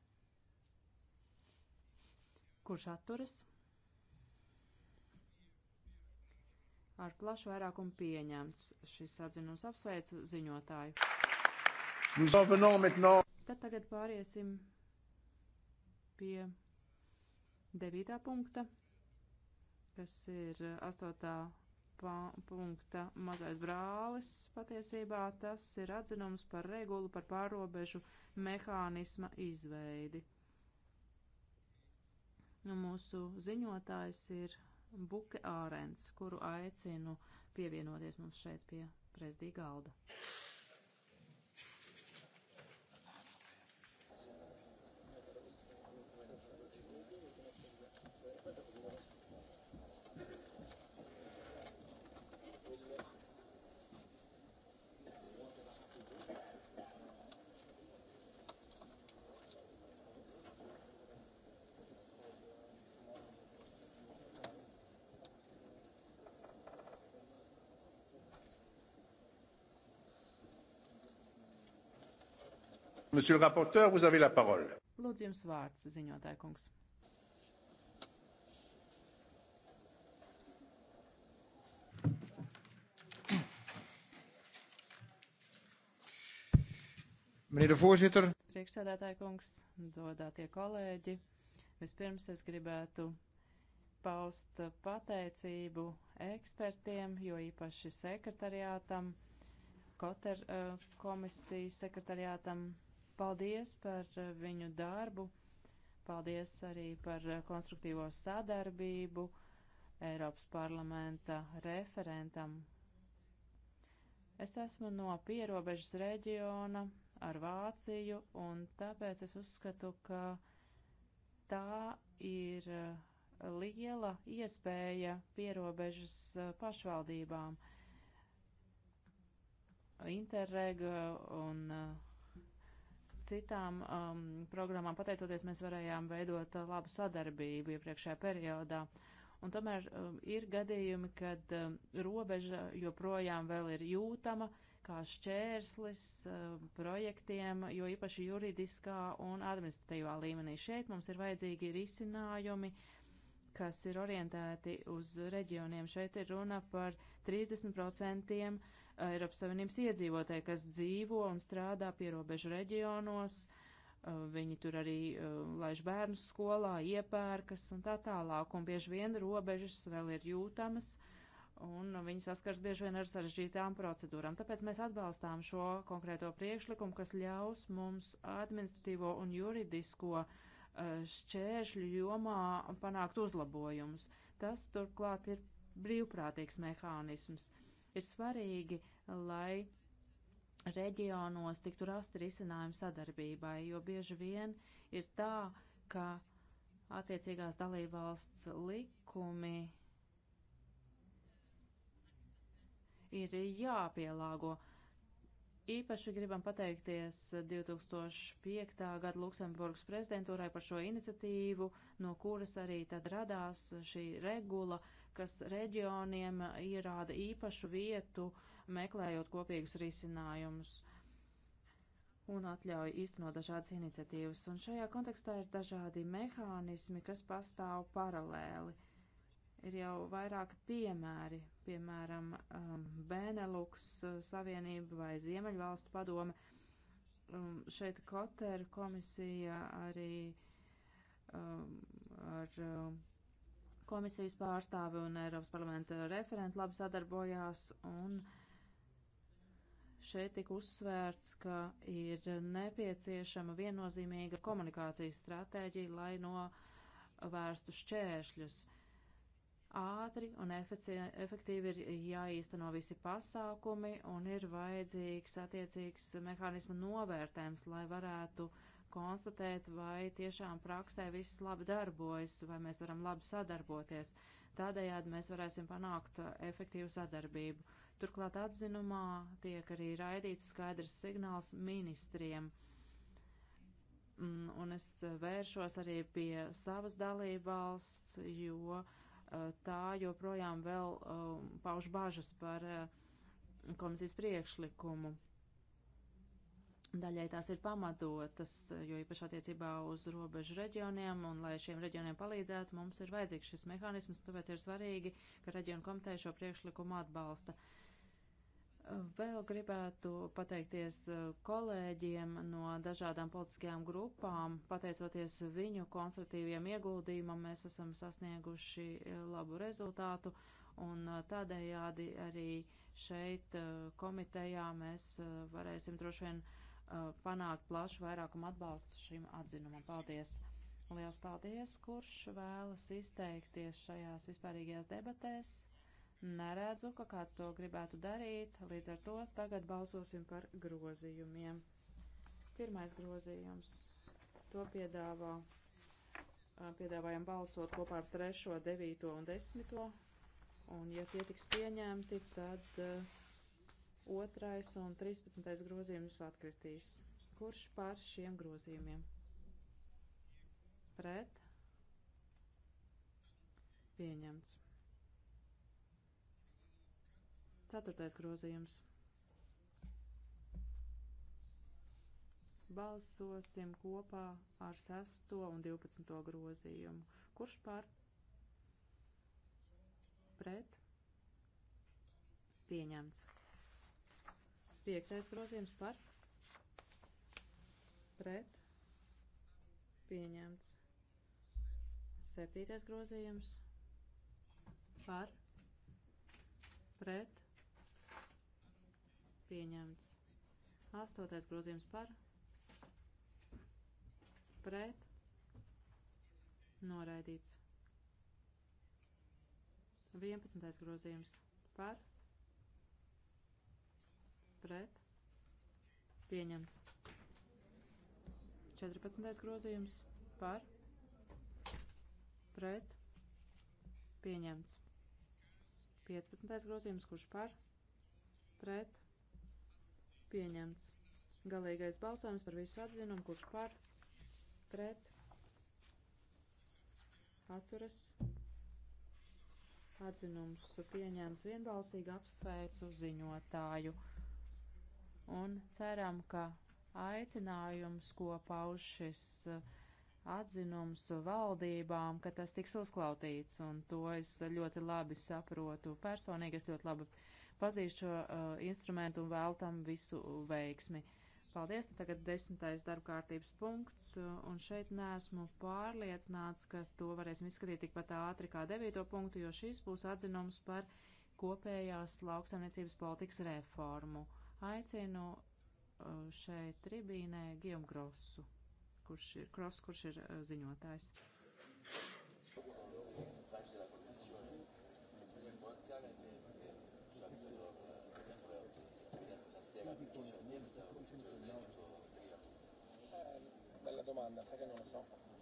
Kurš atturas? ar plašu vairākumu pieņemts. Šis atzinums apsveicu ziņotāju. Tad tagad pāriesim pie devītā punkta, kas ir astotā punkta mazais brālis. Patiesībā tas ir atzinums par regulu par pārobežu mehānisma izveidi. Nu, mūsu ziņotājs ir Buke Ārens, kuru aicinu pievienoties mums šeit pie prezidija galda. Monsieur le rapporteur, vous avez la parole. Lūdzu, jums vārds, ziņotāja kungs. Meneer de voorzitter. Priekšsēdētāja kungs, dodātie kolēģi, vispirms es gribētu paust pateicību ekspertiem, jo īpaši sekretariātam, Koter eh, komisijas sekretariātam, Paldies par eh, viņu darbu, paldies arī par eh, konstruktīvo sadarbību Eiropas parlamenta referentam. Es esmu no pierobežas reģiona ar Vāciju, un tāpēc es uzskatu, ka tā ir eh, liela iespēja pierobežas pašvaldībām. Interreg un uh, citām um, programmām pateicoties, mēs varējām veidot uh, labu sadarbību iepriekšējā periodā. Un tomēr um, ir gadījumi, kad um, robeža joprojām vēl ir jūtama kā šķērslis um, projektiem, jo īpaši juridiskā un administratīvā līmenī. Šeit mums ir vajadzīgi risinājumi, kas ir orientēti uz reģioniem. Šeit ir runa par 30% Eiropas Savienības iedzīvotāji, kas dzīvo un strādā pierobežu reģionos. Uh, viņi tur arī uh, laiž bērnus skolā, iepērkas un tā tālāk, un bieži vien robežas vēl ir jūtamas, un viņi saskars bieži vien ar sarežģītām procedūrām. Tāpēc mēs atbalstām šo konkrēto priekšlikumu, kas ļaus mums administratīvo un juridisko uh, šķēršļu jomā panākt uzlabojumus. Tas turklāt ir brīvprātīgs mehānisms ir svarīgi, lai reģionos tiktu rasti risinājumi sadarbībai, jo bieži vien ir tā, ka attiecīgās dalībvalsts likumi ir jāpielāgo. Īpaši gribam pateikties 2005. gada Luksemburgas prezidentūrai par šo iniciatīvu, no kuras arī tad radās šī regula, kas reģioniem ierāda īpašu vietu, meklējot kopīgus risinājumus un atļauj īstenot dažādas iniciatīvas. Un šajā kontekstā ir dažādi mehānismi, kas pastāv paralēli. Ir jau vairāki piemēri, piemēram, um, Benelux uh, Savienība vai Ziemeļvalstu padome. Um, šeit Kotera komisija arī um, ar komisijas pārstāvi un Eiropas parlamenta referenti labi sadarbojās, un šeit tika uzsvērts, ka ir nepieciešama viennozīmīga komunikācijas stratēģija, lai novērstu šķēršļus. Ātri un efektīvi ir jāīsteno visi pasākumi un ir vajadzīgs attiecīgs mehānismu novērtējums, lai varētu uh, konstatēt, vai tiešām praksē viss labi darbojas, vai mēs varam labi sadarboties. Tādējādi mēs varēsim panākt uh, efektīvu sadarbību. Turklāt atzinumā tiek arī raidīts skaidrs signāls ministriem. Mm, un es uh, vēršos arī pie savas dalībvalsts, jo uh, tā joprojām vēl um, pauž bažas par komisijas priekšlikumu Daļai tās ir pamatotas, jo īpaši attiecībā uz robežu reģioniem, un lai šiem reģioniem palīdzētu, mums ir vajadzīgs šis mehānisms, tāpēc ir svarīgi, ka reģionu komiteja šo priekšlikumu atbalsta. Vēl gribētu pateikties uh, kolēģiem no dažādām politiskajām grupām. Pateicoties viņu konstruktīviem ieguldījumam, mēs esam sasnieguši uh, labu rezultātu, un uh, tādējādi arī šeit komitejā mēs varēsim droši vien Uh, panākt plašu vairākumu atbalstu šim atzinumam. Paldies! Liels paldies! Kurš vēlas izteikties šajās vispārīgajās debatēs? Neredzu, ka kāds to gribētu darīt, līdz ar to tagad balsosim par grozījumiem. Pirmais grozījums. To piedāvā, uh, piedāvājam balsot kopā ar 3., 9. un 10. Un ja tie tiks pieņemti, tad uh, Otrais un 13. grozījums atkritīs. Kurš par šiem grozījumiem? Pret? Pieņemts. Ceturtais grozījums. Balsosim kopā ar 6. un 12. grozījumu. Kurš par? Pret? Pieņemts. Piektais grozījums par pret pieņemts. Septītais grozījums par pret pieņemts. Astotais grozījums par pret noraidīts. Vienpadsmitais grozījums par pret pret pieņemts. 14. grozījums par pret pieņemts. 15. grozījums kurš par pret pieņemts. Galīgais balsojums par visu atzinumu, kurš par pret atturas atzinums pieņemts vienbalsīgi apsveicu ziņotāju un ceram, ka aicinājums, ko pauž šis uh, atzinums valdībām, ka tas tiks uzklautīts, un to es ļoti labi saprotu. Personīgi es ļoti labi pazīstu šo uh, instrumentu un vēl tam visu veiksmi. Paldies, tagad desmitais darbkārtības punkts, uh, un šeit neesmu pārliecināts, ka to varēsim izskatīt tikpat ātri kā devīto punktu, jo šis būs atzinums par kopējās lauksaimniecības politikas reformu. Aicinu uh, šeit tribīnē Gijom Grosu, kurš ir, Gross, kurš ir uh, ziņotājs. Bella domanda, sai che non lo so.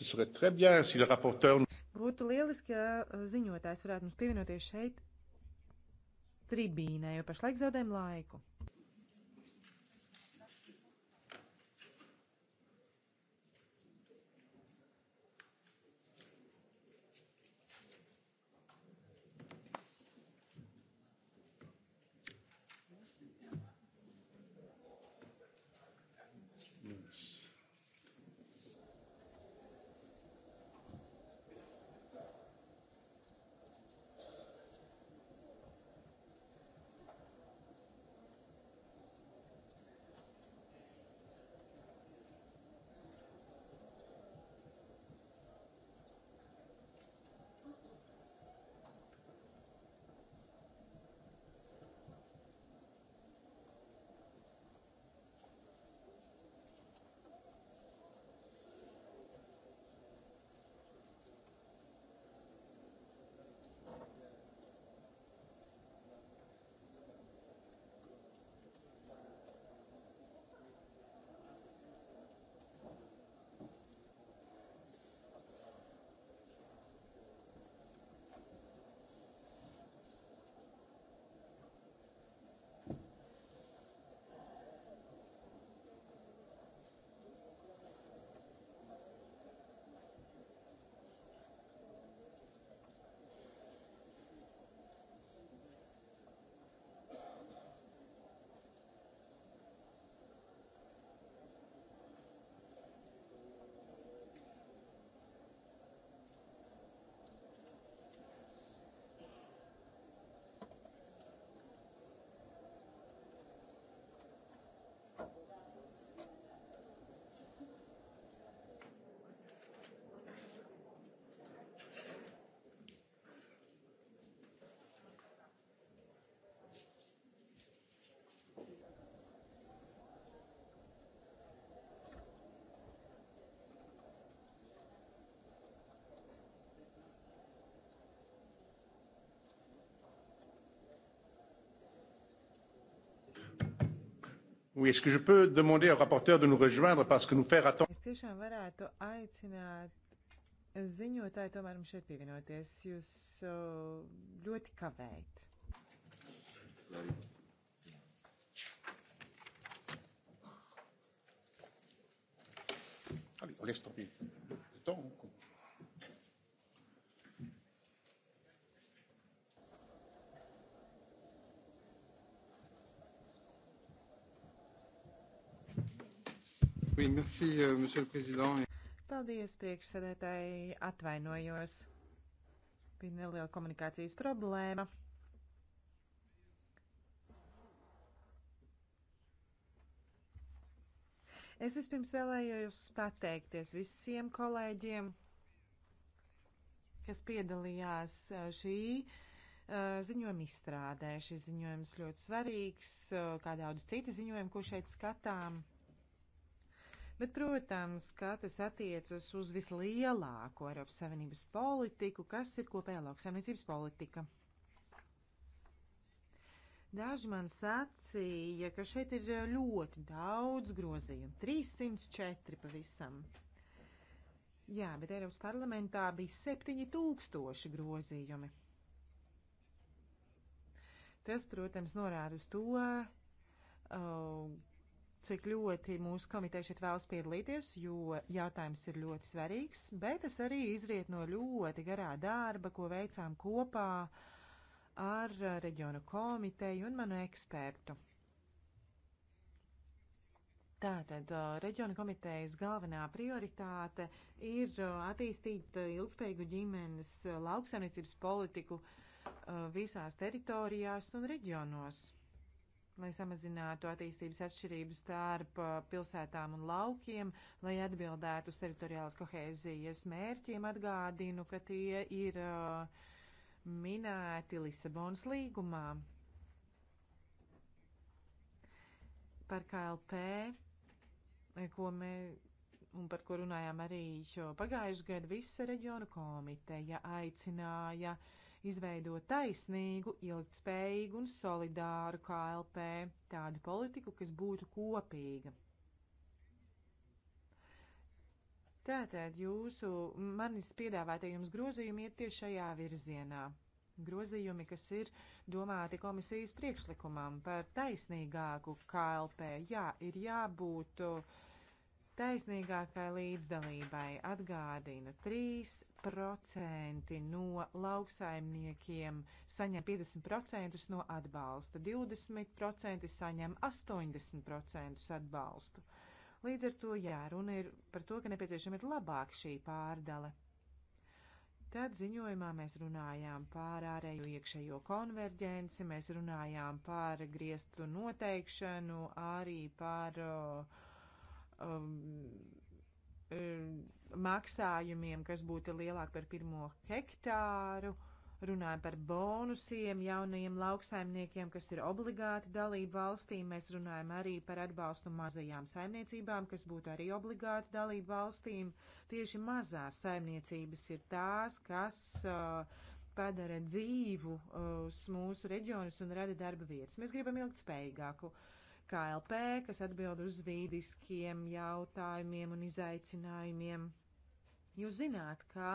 Būtu lieliski, ja eh, ziņotājs varētu mums pievienoties šeit tribīnē, jo pašlaik zaudējam laiku. Oui, est-ce que je peux demander au rapporteur de nous rejoindre parce que nous faire attendre? Es tiešām varētu aicināt ziņotāju tomēr mums šeit pievienoties. Jūs ļoti kavējat. Allez, on laisse tomber le temps. Oui, merci, euh, monsieur le président. Paldies, priekšsēdētāji, atvainojos. Bija neliela komunikācijas problēma. Es vispirms vēlējos pateikties visiem kolēģiem, kas piedalījās uh, šī uh, ziņojuma izstrādē. Šis ziņojums ļoti svarīgs, uh, kā daudz citi ziņojumi, ko šeit skatām. Bet, protams, kā tas attiecas uz vislielāko Eiropas Savienības politiku, kas ir kopējā lauksaimniecības politika. Daži man sacīja, ka šeit ir ļoti daudz grozījumu, 304 pavisam. Jā, bet Eiropas parlamentā bija 7000 grozījumi. Tas, protams, norāda uz to, uh, cik ļoti mūsu komiteja šeit vēlas piedalīties, jo jautājums ir ļoti svarīgs, bet tas arī izriet no ļoti garā darba, ko veicām kopā ar reģionu komiteju un manu ekspertu. Tātad uh, reģiona komitejas galvenā prioritāte ir uh, attīstīt uh, ilgspējīgu ģimenes lauksaimniecības politiku visās teritorijās un reģionos lai samazinātu attīstības atšķirības starp uh, pilsētām un laukiem, lai atbildētu uz teritoriālas kohēzijas mērķiem, atgādinu, ka tie ir uh, minēti Lisabonas līgumā. Par KLP, ko mē, un par ko runājām arī uh, pagājušajā gadā, visa reģiona komiteja aicināja uh, izveidot taisnīgu, ilgtspējīgu un solidāru KLP, tādu politiku, kas būtu kopīga. Tātad jūsu manis piedāvātajums grozījumi ir tieši šajā virzienā. Grozījumi, kas ir domāti komisijas priekšlikumam par taisnīgāku KLP, jā, ir jābūt uh, taisnīgākai līdzdalībai atgādina 3% no lauksaimniekiem saņem 50% no atbalsta, 20% saņem 80% atbalstu. Līdz ar to jāruna ir par to, ka nepieciešama ir labāk šī pārdale. Tad ziņojumā mēs runājām par ārējo iekšējo konverģenci, mēs runājām par griestu noteikšanu, arī par uh, um, e, maksājumiem, kas būtu lielāk par pirmo hektāru. Runājam par bonusiem jaunajiem lauksaimniekiem, kas ir obligāti dalība valstīm. Mēs runājam arī par atbalstu mazajām saimniecībām, kas būtu arī obligāti dalība valstīm. Tieši mazās saimniecības ir tās, kas uh, padara dzīvu uh, mūsu reģionus un rada darba vietas. Mēs gribam ilgtspējīgāku uh, KLP, kas atbild uz vīdiskiem jautājumiem un izaicinājumiem. Jūs zināt, ka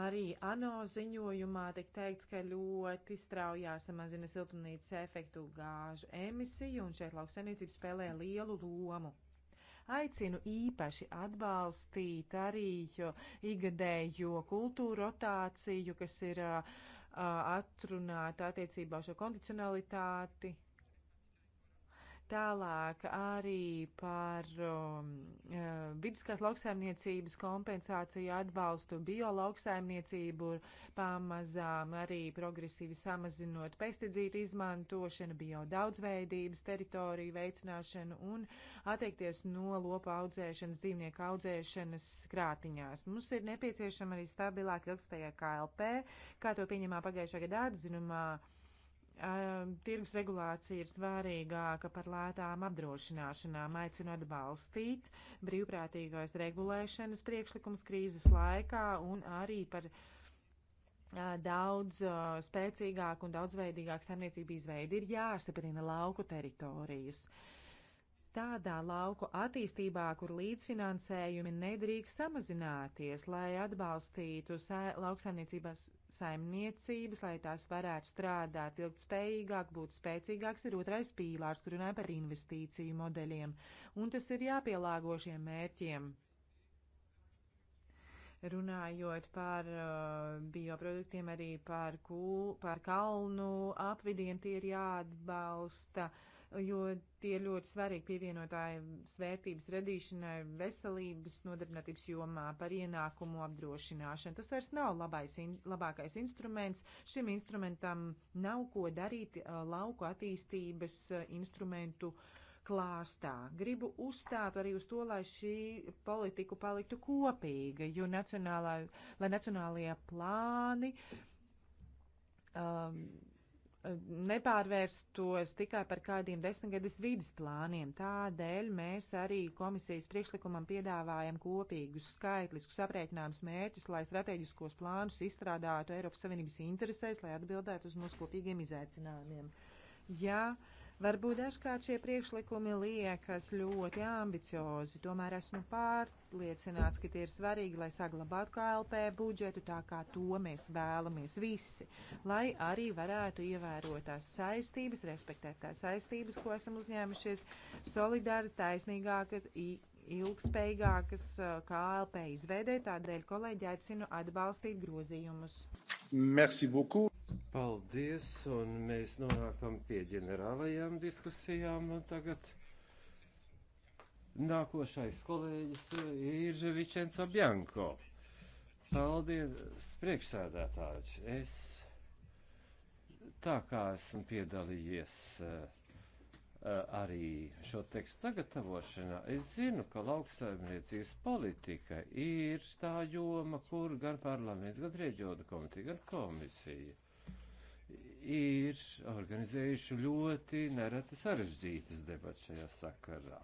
arī ANO ziņojumā tiek teikts, ka ļoti straujā samazina siltumnīcas efektu gāžu emisiju, un šeit lauksainīcība spēlē lielu lomu. Aicinu īpaši atbalstīt arī igadējo kultūru rotāciju, kas ir uh, atrunāta attiecībā uz šo kondicionalitāti, Tālāk arī par um, eh, vidiskās lauksaimniecības kompensāciju atbalstu biolauksaimniecību pamazām arī progresīvi samazinot pesticīdu izmantošanu, biodaudzveidības teritoriju veicināšanu un attiekties no lopa audzēšanas, dzīvnieku audzēšanas krātiņās. Mums ir nepieciešama arī stabilāka ilgspējīga KLP, kā to pieņemā pagājušā gada atzinumā. Uh, tirgus regulācija ir svarīgāka par lētām apdrošināšanām, aicinu atbalstīt brīvprātīgās regulēšanas priekšlikums krīzes laikā un arī par a, daudz a, spēcīgāk un daudzveidīgāk saimniecību izveidi ir jāstiprina lauku teritorijas. Uh, tādā lauku attīstībā, kur līdzfinansējumi nedrīkst samazināties, lai atbalstītu sa lauksaimniecības saimniecības, lai tās varētu strādāt ilgtspējīgāk, būt spēcīgāks, ir otrais pīlārs, kur runāja par investīciju modeļiem, un tas ir jāpielāgo šiem mērķiem. Runājot par uh, bioproduktiem, arī par, kū, par kalnu apvidiem, tie ir jāatbalsta. Uh, jo tie ļoti svarīgi pievienotāji svērtības radīšanai veselības nodarbinātības jomā par ienākumu apdrošināšanu. Tas vairs nav labais, in, labākais instruments. Šim instrumentam nav ko darīt uh, lauku attīstības uh, instrumentu klāstā. Gribu uzstāt arī uz to, lai šī politiku paliktu kopīga, jo nacionālā, lai nacionālajie plāni um, nepārvērstos tikai par kādiem desmitgades vidas plāniem. Tādēļ mēs arī komisijas priekšlikumam piedāvājam kopīgus skaitliskus aprēķinājumus mērķus, lai strateģiskos plānus izstrādātu Eiropas Savienības interesēs, lai atbildētu uz mūsu kopīgiem izaicinājumiem. Ja uh, Varbūt dažkārt šie priekšlikumi liekas ļoti ambiciozi, tomēr esmu pārliecināts, ka tie ir svarīgi, lai saglabātu KLP budžetu tā kā to mēs vēlamies visi, lai arī varētu ievērot tās saistības, respektēt tās saistības, ko esam uzņēmušies, solidāras, taisnīgākas, ilgspējīgākas uh, KLP izveidē, tādēļ kolēģi aicinu atbalstīt grozījumus. Merci beaucoup. Paldies, un mēs nonākam pie ģenerālajām diskusijām. Tagad nākošais kolēģis ir Vičenco Bjanko. Paldies, priekšsēdētāji. Es tā kā esmu piedalījies eh, arī šo tekstu sagatavošanā, es zinu, ka lauksaimniecības politika ir tā joma, kur gan parlaments, gan reģiona komiteja, gan komisija ir organizējuši ļoti nereti sarežģītas debats šajā sakarā.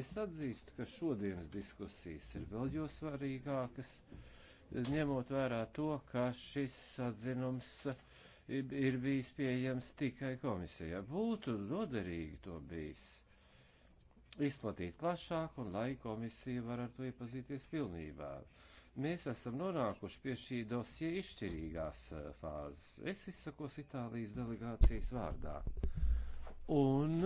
Es atzīstu, ka šodienas diskusijas ir vēl jo svarīgākas, ņemot vērā to, ka šis atzinums ir bijis pieejams tikai komisijā. Būtu noderīgi to bijis izplatīt plašāk un lai komisija var ar to iepazīties pilnībā. Mēs esam nonākuši pie šī dosie izšķirīgās eh, fāzes. Es izsakos Itālijas delegācijas vārdā. Un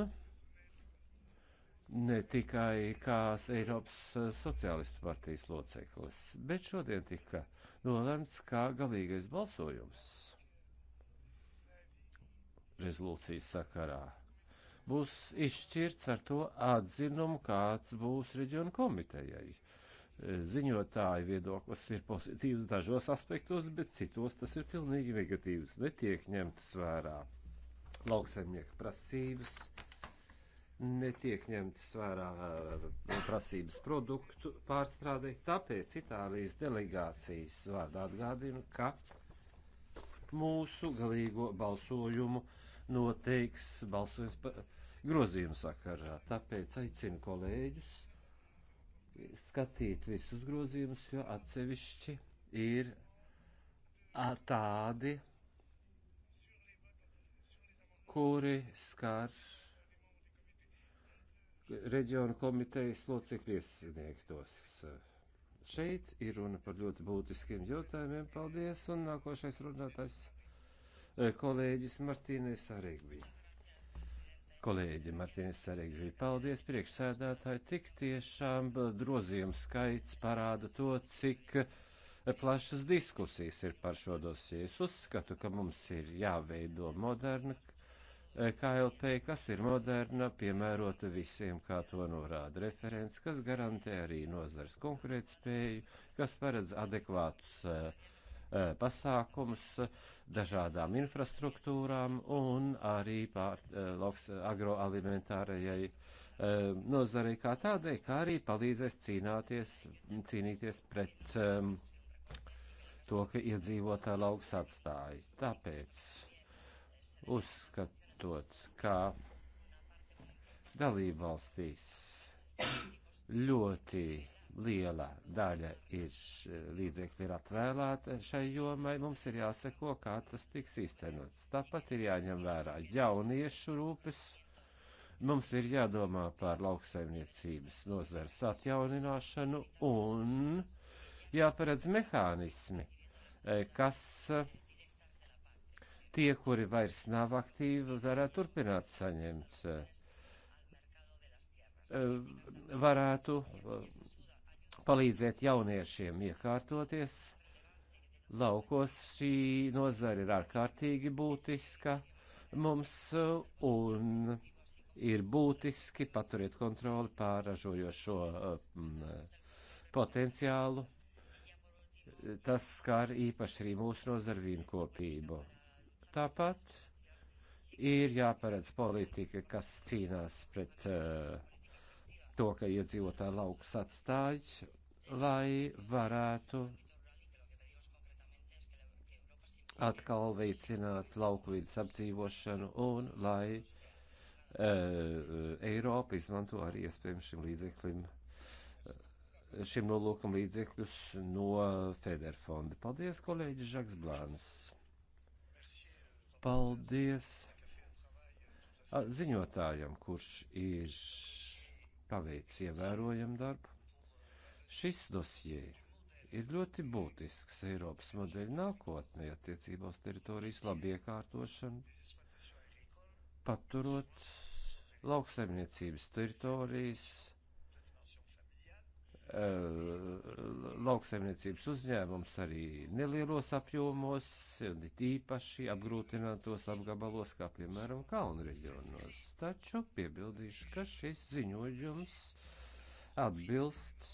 ne tikai kā Eiropas eh, sociālistu partijas loceklis, bet šodien tika nolemts kā galīgais balsojums rezolūcijas sakarā. Būs izšķirts ar to atzinumu, kāds būs reģionu komitejai. Eh, ziņotāja viedoklis ir pozitīvs dažos aspektos, bet citos tas ir pilnīgi negatīvs. Netiek ņemtas vērā lauksaimnieka prasības, netiek ņemtas vērā eh, prasības produktu pārstrādē, tāpēc Itālijas delegācijas vārdā atgādinu, ka mūsu galīgo balsojumu noteiks balsojums par grozījumu sakarā. Tāpēc aicinu kolēģus skatīt visus grozījumus, jo atsevišķi ir tādi, kuri skar reģionu komitejas locekļu iesniegtos. Šeit ir runa par ļoti būtiskiem jautājumiem. Paldies! Un nākošais runātājs e, kolēģis Martīnais Arīgbija kolēģi Martīnis Sarigvi. Paldies, priekšsēdētāji. Tik tiešām drozījumu skaits parāda to, cik plašas diskusijas ir par šo dosiju. Es uzskatu, ka mums ir jāveido moderna KLP, kas ir moderna, piemērota visiem, kā to norāda referents, kas garantē arī nozars konkurētspēju, kas paredz adekvātus uh, pasākumus dažādām infrastruktūrām un arī pār lauks agroalimentārajai nozarei kā tādai, kā arī palīdzēs cīnāties, cīnīties pret um, to, ka iedzīvotā lauks atstājas. Tāpēc uzskatot, kā dalībvalstīs ļoti liela daļa ir eh, līdzekļi ir atvēlēta šai jomai, mums ir jāseko, kā tas tiks īstenots. Tāpat ir jāņem vērā jauniešu rūpes, mums ir jādomā par lauksaimniecības nozars atjaunināšanu un jāparedz mehānismi, eh, kas eh, tie, kuri vairs nav aktīvi, varētu turpināt saņemt varētu palīdzēt jauniešiem iekārtoties. Laukos šī nozara ir ārkārtīgi būtiska mums un ir būtiski paturēt kontroli pār ražojošo um, potenciālu. Tas skar īpaši arī mūsu nozarvīnu kopību. Tāpat ir jāparedz politika, kas cīnās pret uh, to, ka iedzīvotāji laukus atstāj, lai varētu atkal veicināt lauku vidas apdzīvošanu un lai e, Eiropa izmanto arī iespējams šim līdzeklim, e, šim nolūkam līdzekļus no Federfonda. Paldies, kolēģis Žaks Blāns. Paldies ziņotājam, kurš ir paveic ievērojumu darbu. Šis dosie ir ļoti būtisks Eiropas modeļa nākotnē attiecībā uz teritorijas labiekārtošanu, paturot lauksaimniecības teritorijas Eh, lauksaimniecības uzņēmums arī nelielos apjomos, īpaši apgrūtinātos apgabalos, kā piemēram kalnu reģionos. Taču piebildīšu, ka šis ziņojums atbilst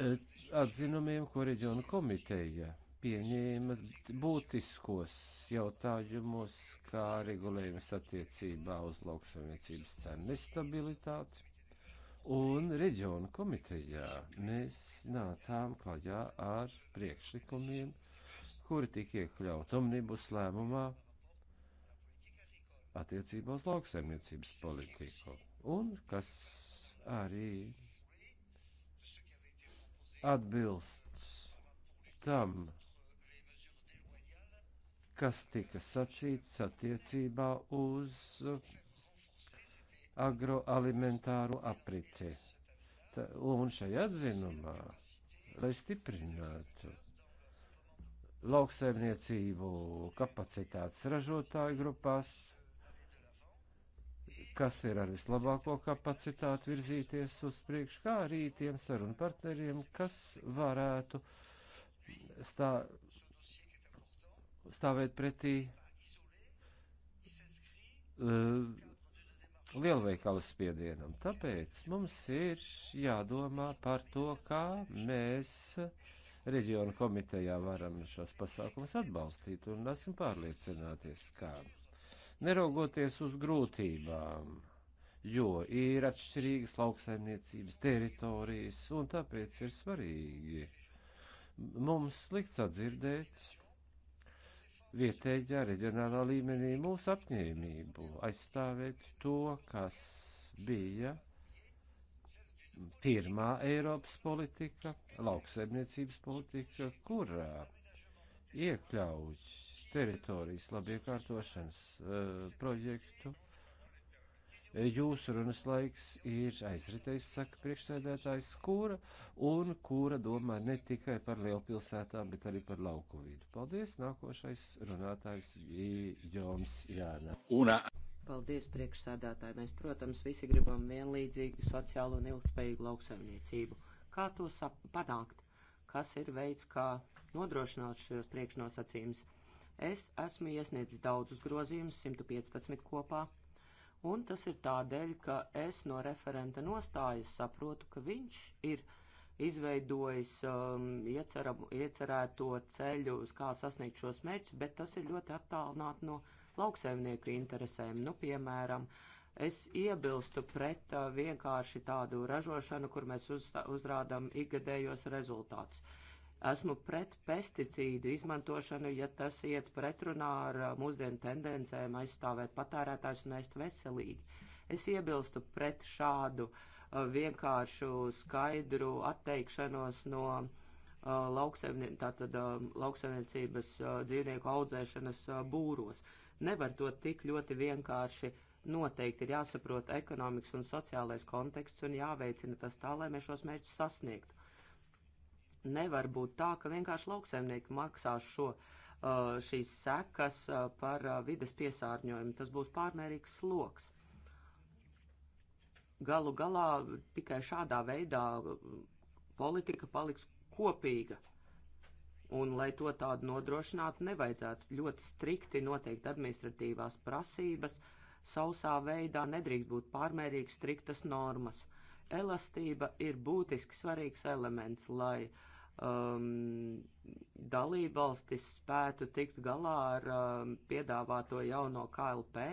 eh, atzinumiem, ko reģiona komiteja pieņēma būtiskos jautājumos, kā regulējums attiecībā uz lauksaimniecības cenu nestabilitāti. Un reģiona komitejā mēs nācām klajā ar priekšlikumiem, kuri tika iekļaut omnibus lēmumā attiecībā uz lauksaimniecības politiku. Un kas arī atbilst tam, kas tika sacīts attiecībā uz agroalimentāru apriti. Ta, un šajā atzinumā, lai stiprinātu lauksaimniecību kapacitātes ražotāju grupās, kas ir ar vislabāko kapacitāti virzīties uz priekšu, kā arī tiem sarunu partneriem, kas varētu stā, stāvēt pretī uh, lielveikalu spiedienam. Tāpēc mums ir jādomā par to, kā mēs reģionu komitejā varam šos pasākumus atbalstīt un esmu pārliecināties, kā neraugoties uz grūtībām, jo ir atšķirīgas lauksaimniecības teritorijas un tāpēc ir svarīgi mums likt sadzirdēt vietējā reģionālā līmenī mūsu apņēmību aizstāvēt to, kas bija pirmā Eiropas politika, lauksaimniecības politika, kurā uh, iekļauj teritorijas labiekārtošanas uh, projektu Jūsu runas laiks ir aizritējis, saka priekšsēdētājs, kura un kura domā ne tikai par lielpilsētām, bet arī par lauku vidu. Paldies, nākošais runātājs Joms Jāna. Una. Paldies, priekšsēdētāji. Mēs, protams, visi gribam vienlīdzīgu sociālu un ilgspējīgu lauksaimniecību. Kā to panākt? Kas ir veids, kā nodrošināt šos priekšnosacījumus? Es esmu iesniedzis daudzus grozījumus, 115 kopā un tas ir tādēļ, ka es no referenta nostājas saprotu, ka viņš ir izveidojis um, ieceram, iecerēto ceļu, uz kā sasniegt šos mērķus, bet tas ir ļoti attālināt no lauksaimnieku interesēm. Nu, piemēram, es iebilstu pret uh, vienkārši tādu ražošanu, kur mēs uz, uzrādām ikgadējos rezultātus. Uh, Esmu pret pesticīdu izmantošanu, ja tas iet pretrunā ar mūsdienu tendencēm aizstāvēt patērētājs un ēst veselīgi. Es iebilstu pret šādu vienkāršu, skaidru atteikšanos no tātad, lauksaimniecības dzīvnieku audzēšanas būros. Nevar to tik ļoti vienkārši noteikti ir jāsaprot ekonomikas un sociālais konteksts un jāveicina tas tā, lai mēs šos mērķus sasniegtu nevar būt tā, ka vienkārši lauksaimnieki maksās šo, uh, šīs sekas uh, par uh, vides piesārņojumu. Tas būs pārmērīgs sloks. Galu galā tikai šādā veidā politika paliks kopīga. Un, lai to tādu nodrošinātu, nevajadzētu ļoti strikti noteikt administratīvās prasības. Sausā veidā nedrīkst būt pārmērīgi striktas normas. Elastība ir būtiski svarīgs elements, lai uh, um, dalībvalstis spētu tikt galā ar um, piedāvāto jauno KLP,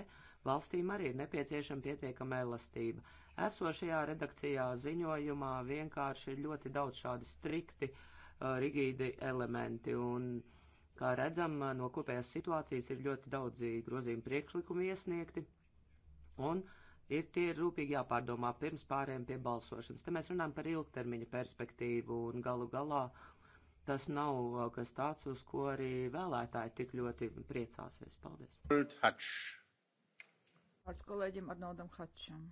valstīm arī ir nepieciešama pietiekama elastība. Esošajā redakcijā ziņojumā vienkārši ir ļoti daudz šādi strikti, uh, rigīdi elementi, un, kā redzam, no kopējās situācijas ir ļoti daudzi grozījumi priekšlikumi iesniegti, un uh, ir tie ir rūpīgi jāpārdomā pirms pārējiem pie balsošanas. Te mēs runājam par ilgtermiņa perspektīvu un galu galā tas nav kas tāds, uz ko arī vēlētāji tik ļoti priecāsies. Paldies. Vārds kolēģim Arnoldam Hačam.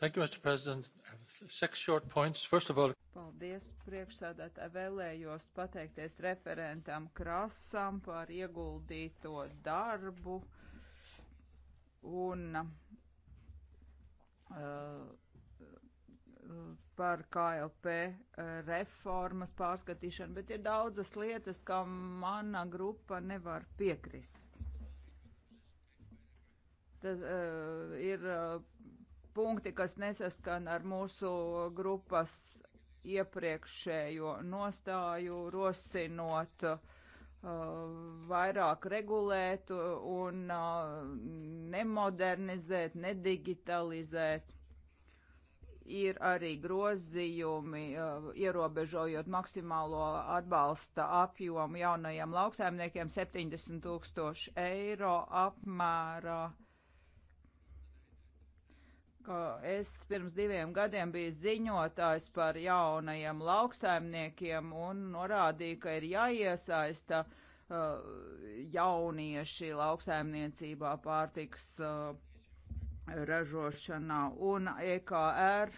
Thank you, Mr. President. Six short points. First of all, Paldies, priekšsēdētāji. Vēlējos pateikties referentam Krasam par ieguldīto darbu un uh, par KLP reformas pārskatīšanu, bet ir daudzas lietas, kam mana grupa nevar piekrist. Tas uh, ir uh, punkti, kas nesaskan ar mūsu grupas iepriekšējo nostāju, rosinot uh, vairāk regulēt un uh, nemodernizēt, nedigitalizēt ir arī grozījumi, uh, ierobežojot maksimālo atbalsta apjomu jaunajiem lauksaimniekiem 70 tūkstoši eiro apmērā. Uh, ka es pirms diviem gadiem biju ziņotājs par jaunajiem lauksaimniekiem un norādīju, ka ir jāiesaista uh, jaunieši lauksaimniecībā pārtiks uh, ražošanā un EKR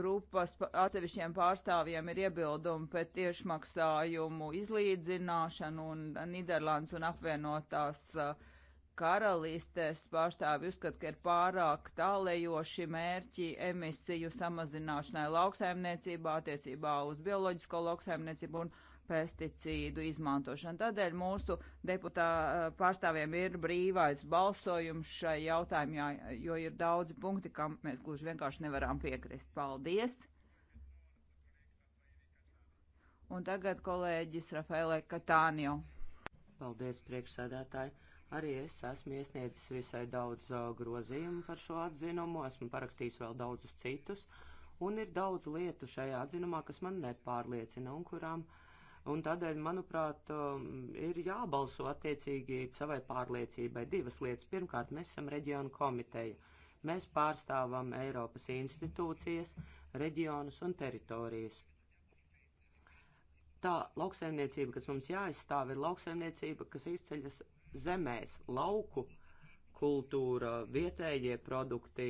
grupas atsevišķiem pārstāvjiem ir iebildumi pret tiešmaksājumu izlīdzināšanu un Niderlands un apvienotās uh, karalistes pārstāvi uzskat, ka ir pārāk tālējoši mērķi emisiju samazināšanai lauksaimniecībā attiecībā uz bioloģisko lauksaimniecību un pesticīdu izmantošanu. Tādēļ mūsu deputā pārstāvjiem ir brīvais balsojums šai jautājumā, jo ir daudzi punkti, kam mēs gluži vienkārši nevaram piekrist. Paldies! Un tagad kolēģis Rafaelai Katānio. Paldies, priekšsēdētāji! Arī es esmu iesniedzis visai daudz uh, grozījumu par šo atzinumu, esmu parakstījis vēl daudzus citus, un ir daudz lietu šajā atzinumā, kas man nepārliecina un kurām. Un tādēļ, manuprāt, um, ir jābalso attiecīgi savai pārliecībai. Divas lietas. Pirmkārt, mēs esam reģionu komiteja. Mēs pārstāvam Eiropas institūcijas, reģionus un teritorijas. Tā lauksaimniecība, kas mums jāizstāv, ir lauksaimniecība, kas izceļas zemēs, lauku kultūra, vietējie produkti,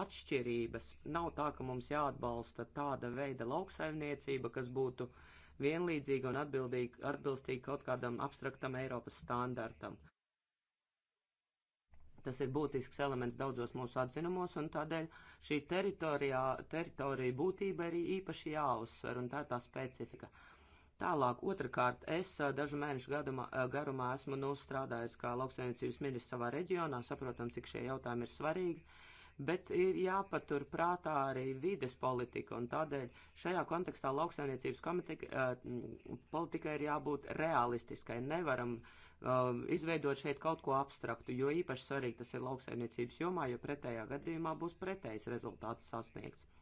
atšķirības. Nav tā, ka mums jāatbalsta tāda veida lauksaimniecība, kas būtu vienlīdzīga un atbilstīga kaut kādam abstraktam Eiropas standartam. Tas ir būtisks elements daudzos mūsu atzinumos, un tādēļ šī teritorija būtība ir īpaši jāuzsver, un tā ir tā specifika. Uh, Tālāk, otrkārt, es dažu mēnešu gadumā, garumā esmu nostrādājis nu, kā lauksaimniecības ministrs savā reģionā, saprotam, cik šie jautājumi ir svarīgi, bet ir jāpatur prātā arī vides politika, un tādēļ šajā kontekstā lauksaimniecības politika ir jābūt realistiskai. Nevaram um, izveidot šeit kaut ko abstraktu, jo īpaši svarīgi tas ir lauksaimniecības jomā, jo pretējā gadījumā būs pretējs rezultāts sasniegts.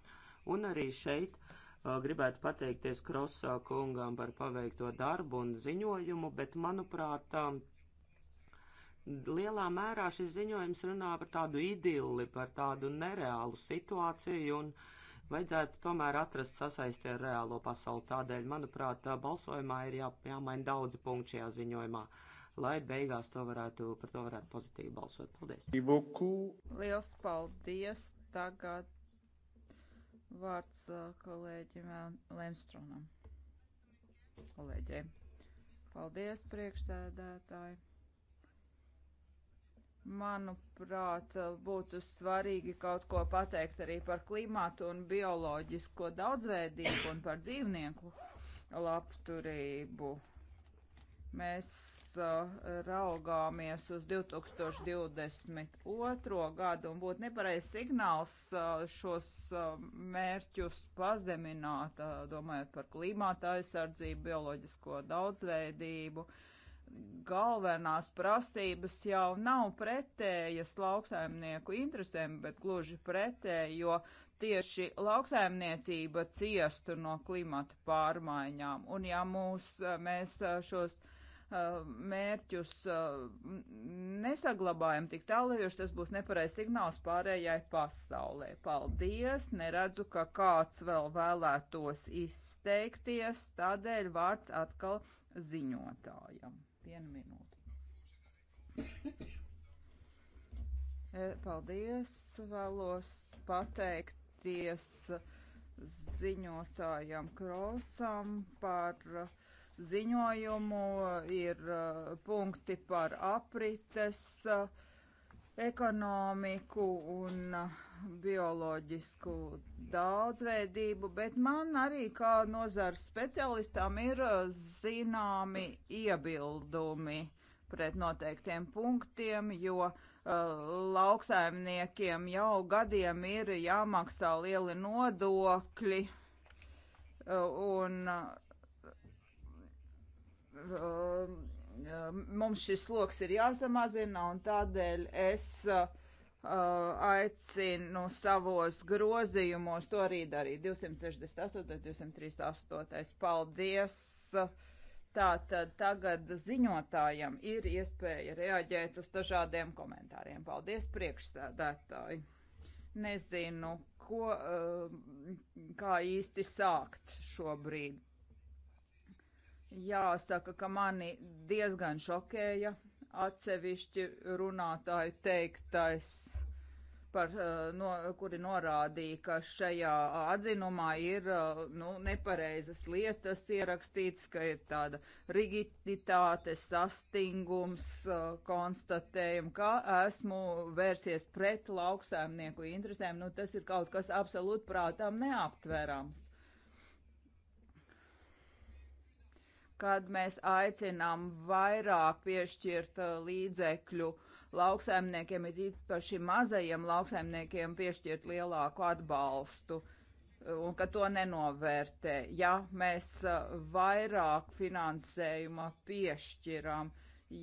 Un arī šeit uh, Gribētu pateikties Krosā kungām par paveikto darbu un ziņojumu, bet, manuprāt, lielā mērā šis ziņojums runā par tādu idilli, par tādu nereālu situāciju un vajadzētu tomēr atrast sasaisti ar reālo pasauli. Tādēļ, manuprāt, balsojumā ir jā, jāmaina daudzi punkti šajā ziņojumā lai beigās to varētu, par to varētu pozitīvi balsot. Paldies! Ibuku. Liels paldies! Tagad Vārds kolēģim Lemstronam. Kolēģei. Paldies, priekšsēdētāji. Manuprāt, būtu svarīgi kaut ko pateikt arī par klimatu un bioloģisko daudzveidību un par dzīvnieku labturību mēs uh, raugāmies uz 2022. gadu un būtu nepareizs signāls uh, šos uh, mērķus pazemināt, uh, domājot par klimāta aizsardzību, bioloģisko daudzveidību. Galvenās prasības jau nav pretējas lauksaimnieku interesēm, bet gluži pretēji, jo tieši lauksaimniecība ciestu no klimata pārmaiņām. Un ja mūs, mēs uh, šos mērķus nesaglabājam tik tālu, jo tas būs nepareiz signāls pārējai pasaulē. Paldies, neredzu, ka kāds vēl vēlētos izteikties, tādēļ vārds atkal ziņotājam. Vienu minūti. Paldies, vēlos pateikties ziņotājam Krosam par uh, ziņojumu, ir uh, punkti par aprites uh, ekonomiku un uh, bioloģisku daudzveidību, bet man arī kā nozars speciālistam ir zināmi iebildumi pret noteiktiem punktiem, jo uh, lauksaimniekiem jau gadiem ir jāmaksā lieli nodokļi. Uh, un uh, Um, mums šis sloks ir jāsamazina, un tādēļ es uh, aicinu savos grozījumos to arī darīt. 268, 238. Paldies! Tātad tagad ziņotājam ir iespēja reaģēt uz dažādiem komentāriem. Paldies, priekšsēdētāji! Nezinu, ko, uh, kā īsti sākt šobrīd Jāsaka, ka mani diezgan šokēja atsevišķi runātāju teiktais, par, eh, no, kuri norādīja, ka šajā atzinumā ir eh, nu, nepareizas lietas ierakstīts, ka ir tāda rigiditāte, sastingums, eh, konstatējumi, ka esmu vērsies pret lauksēmnieku interesēm. Nu, tas ir kaut kas absolūti prātām neaptverams. kad mēs aicinām vairāk piešķirt uh, līdzekļu lauksaimniekiem, ir īpaši mazajiem lauksaimniekiem piešķirt lielāku atbalstu uh, un ka to nenovērtē. Ja mēs uh, vairāk finansējuma piešķiram,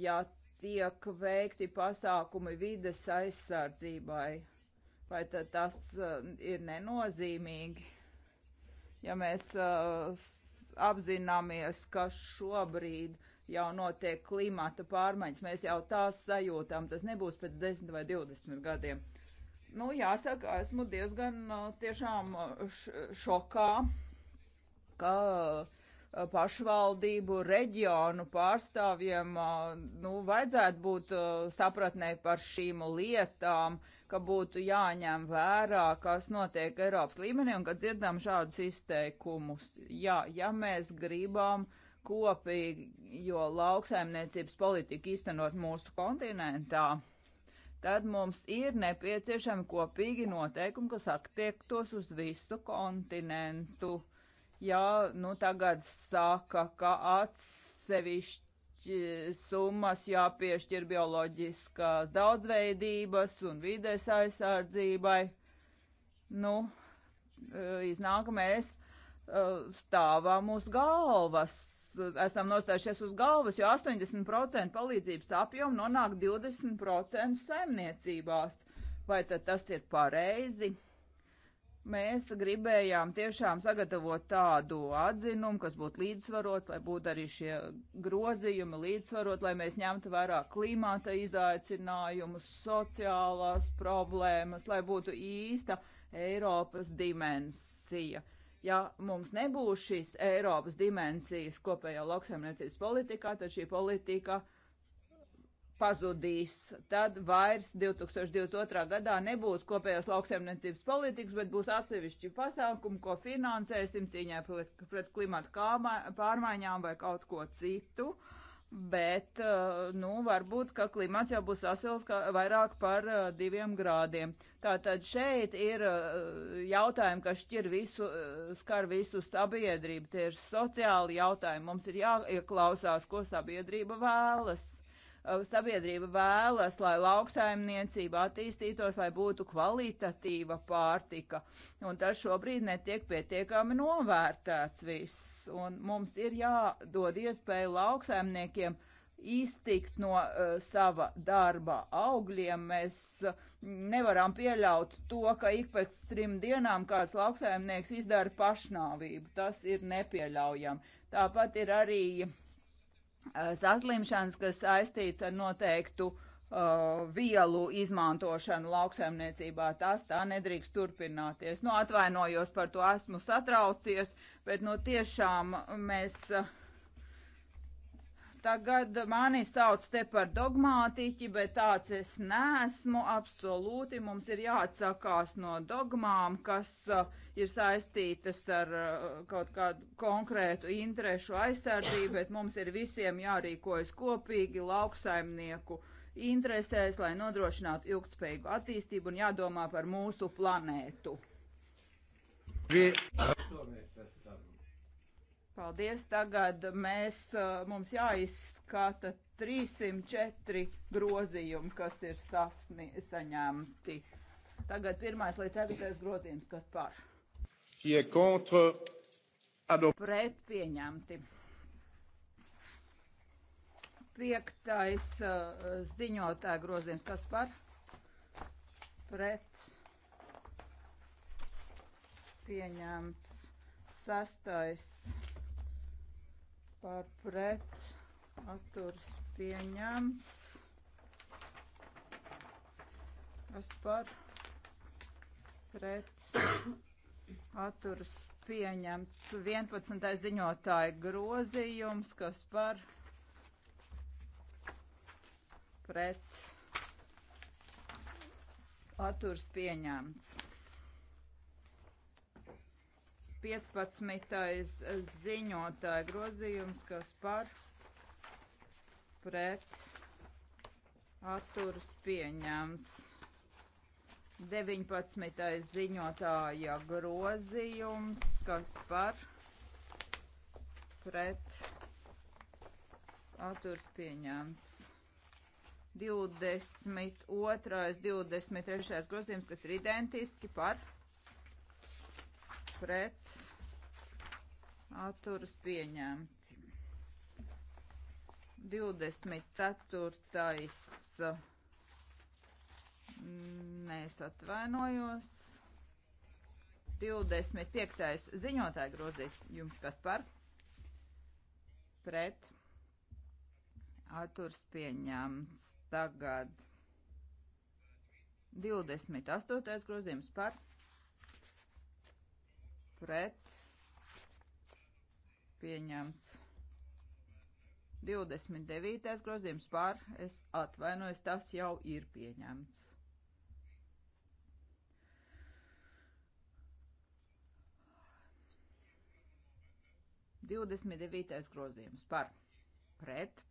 ja tiek veikti pasākumi vides aizsardzībai, vai tad tas ir nenozīmīgi? Ja mēs apzināmies, ka šobrīd jau notiek klimata pārmaiņas, mēs jau tās sajūtām, tas nebūs pēc 10 vai 20 gadiem. Nu, jāsaka, esmu diezgan uh, tiešām uh, šokā, ka uh, Eh, pašvaldību reģionu pārstāvjiem eh, nu, vajadzētu būt eh, sapratnē par šīm lietām, ka būtu jāņem vērā, kas notiek Eiropas līmenī un ka dzirdam šādus izteikumus. Jā, ja mēs gribam kopīgi, jo lauksaimniecības politika īstenot mūsu kontinentā, tad mums ir nepieciešami kopīgi noteikumi, kas attiektos uz visu kontinentu. Uh, ja nu tagad saka, ka atsevišķi summas jāpiešķir bioloģiskās daudzveidības un vides aizsardzībai, nu, e, iznāk mēs e, stāvam uz galvas. Esam nostājušies uz galvas, jo 80% palīdzības apjoma nonāk 20% saimniecībās. Vai tad tas ir pareizi? mēs gribējām tiešām sagatavot tādu atzinumu, kas būtu līdzsvarot, lai būtu arī šie grozījumi līdzsvarot, lai mēs ņemtu vērā klimata izaicinājumus, sociālās problēmas, lai būtu īsta Eiropas dimensija. Ja mums nebūs šīs Eiropas dimensijas kopējā lauksaimniecības politikā, tad šī politika uh, pazudīs, tad vairs 2022. gadā nebūs kopējās lauksaimniecības politikas, bet būs atsevišķi pasākumi, ko finansēsim cīņā pret, pret klimatu pārmaiņām vai kaut ko citu. Bet, eh, nu, varbūt, ka klimats jau būs sasils vairāk par eh, diviem grādiem. Tātad šeit ir eh, jautājumi, kas šķir visu, skar visu sabiedrību. Tie ir sociāli jautājumi. Mums ir jāieklausās, ko sabiedrība vēlas Uh, sabiedrība vēlas, lai lauksaimniecība attīstītos, lai būtu kvalitatīva pārtika. Un tas šobrīd netiek pietiekami novērtēts viss. Un mums ir jādod iespēju lauksaimniekiem iztikt no uh, sava darba augļiem. Mēs uh, nevaram pieļaut to, ka ik pēc trim dienām kāds lauksaimnieks izdara pašnāvību. Tas ir nepieļaujami. Tāpat ir arī uh, Eh, saslimšanas, kas saistīts ar noteiktu uh, vielu izmantošanu lauksaimniecībā. Tas tā nedrīkst turpināties. Nu, atvainojos par to, esmu satraucies, bet nu tiešām mēs. Uh, Tagad mani sauc te par dogmātiķi, bet tāds es neesmu absolūti. Mums ir jāatsakās no dogmām, kas uh, ir saistītas ar uh, kaut kādu konkrētu interešu aizsardzību, bet mums ir visiem jārīkojas kopīgi lauksaimnieku interesēs, lai nodrošinātu ilgtspējīgu attīstību un jādomā par mūsu planētu. Vi... Paldies. Tagad mēs, uh, mums jāizskata 304 grozījumi, kas ir sasni, saņemti. Tagad pirmais līdz ceturtais grozījums, kas par. Qui est contre adopté. Pret pieņemti. Piektais uh, ziņotāja grozījums, kas par. Pret pieņemts. Sastais par pret atturs pieņemts. Es par pret atturs pieņemts. 11. ziņotāja grozījums, kas par pret atturs pieņemts. 15. ziņotāja grozījums, kas par pret atturas pieņemts. 19. ziņotāja grozījums, kas par pret atturs pieņemts. 22. 23. grozījums, kas ir identiski par pret pret atturas pieņemti. 24. Nē, es atvainojos. 25. ziņotāja grozīt jums kas par pret atturs pieņemts tagad 28. grozījums par pret pret pieņemts. 29. grozījums pār, es atvainojos, tas jau ir pieņemts. Divdesmit devītais grozījums par pret.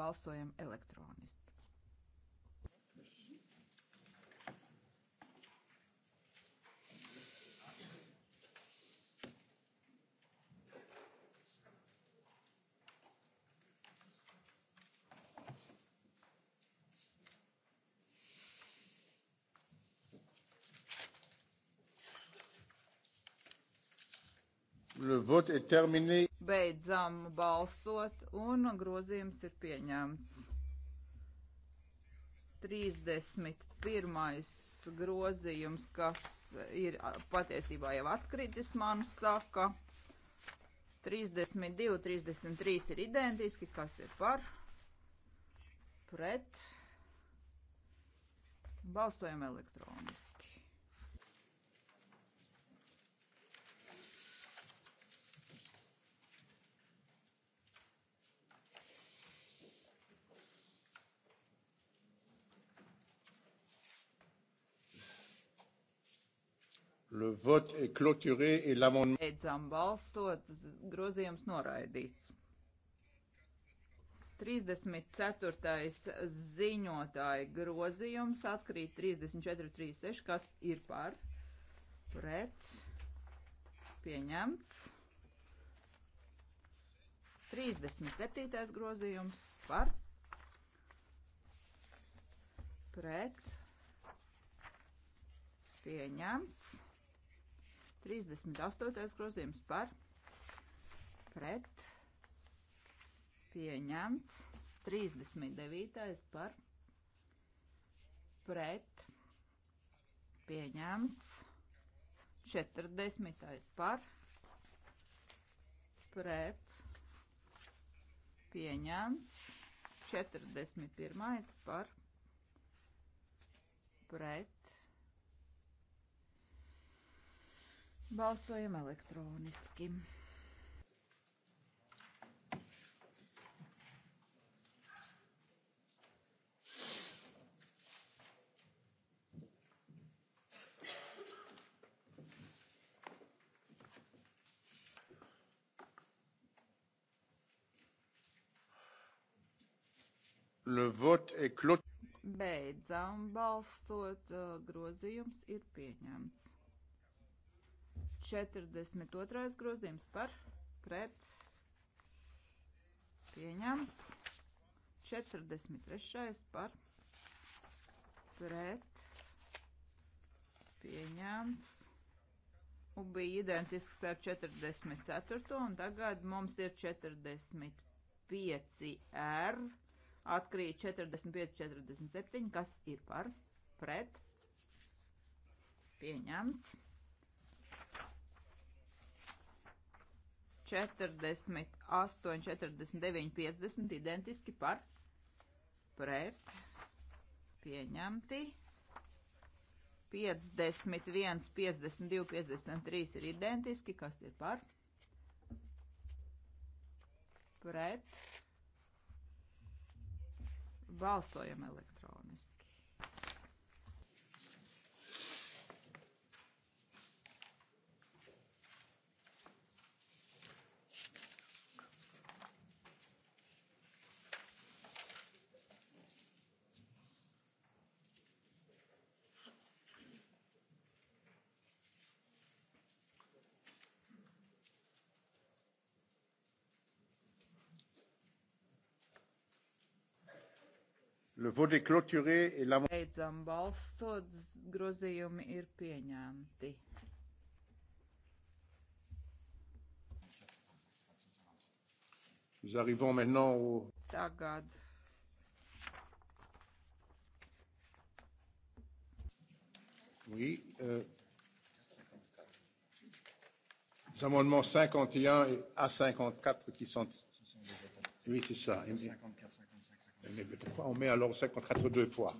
Balsojam elektroniski. Beidzam balsot un grozījums ir pieņemts. 31. grozījums, kas ir patiesībā jau atkritis, man saka. 32, 33 ir identiski, kas ir par, pret. Balsojam elektroniski. Le vote est clôturé et l'amendement. Beidzam balsot, grozījums noraidīts. 34. ziņotāja grozījums atkrīt 34, 36, kas ir par, pret, pieņemts. 37. grozījums par, pret, pieņemts. 38. grozījums par pret pieņemts. 39. par pret pieņemts. 40. par pret pieņemts. 41. par pret Balsojam elektroniski. Le vote est clos. Beidzām balsot, grozījums ir pieņemts. 42. grozījums par pret pieņemts. 43. par pret pieņemts. Un bija identisks ar 44. un tagad mums ir 45 R. Er. Atkrīt 45, 47, kas ir par pret pieņemts. 48, 49, 50 identiski par pret pieņemti. 51, 52, 53 ir identiski, kas ir par pret balsojam elektronu. Beidzam balsot, grozījumi ir pieņemti. Nous arrivons maintenant au... Tagad. Oui. Euh, les amendements 51 et A54 qui sont... Oui, c'est ça. 54, 55. Mais pourquoi on met alors 52 fois?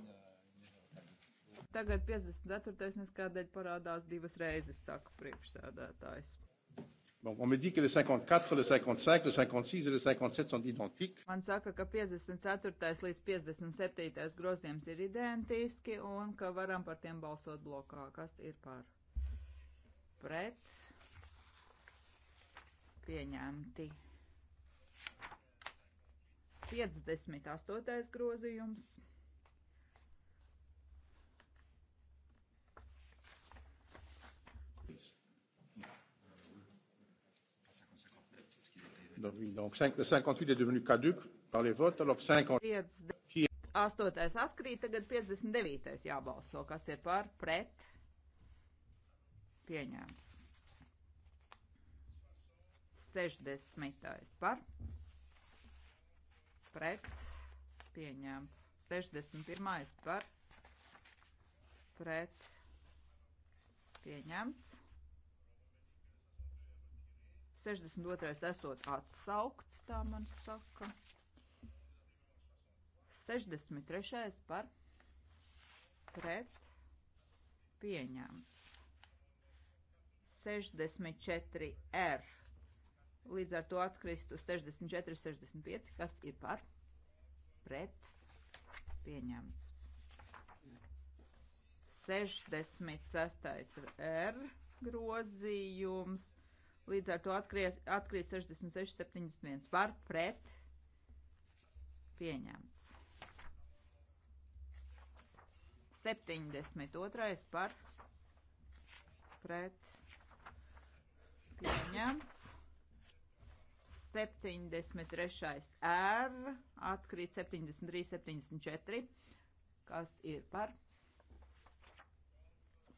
Tagad 54. kādēļ parādās divas reizes, saka priekšsēdētājs. Bon, on me dit que le 54, le 55, le 56 et le 57 sont identiques. Man saka, ka 54. līdz 57. grozījums ir identiski un ka varam par tiem balsot blokā. Kas ir par? Pret? Pieņemti. 58. grozījums. Donc, oui, donc 5, le 58 est devenu caduque par les votes, alors 50. 8. atkrīt, tagad 59. jābalso, kas ir par pret pieņemts. 60. par pret pret pieņemts. 61. par pret pieņemts. 62. esot atsaukts, tā man saka. 63. par pret pieņemts. 64 R er. Līdz ar to atkristu 64, 65, kas ir par pret pieņemts. 66. R grozījums. Līdz ar to atkrīt, atkrīt 66, 71 par pret pieņemts. 72 par pret pieņemts. 73. R atkrīt 73, 74. Kas ir par?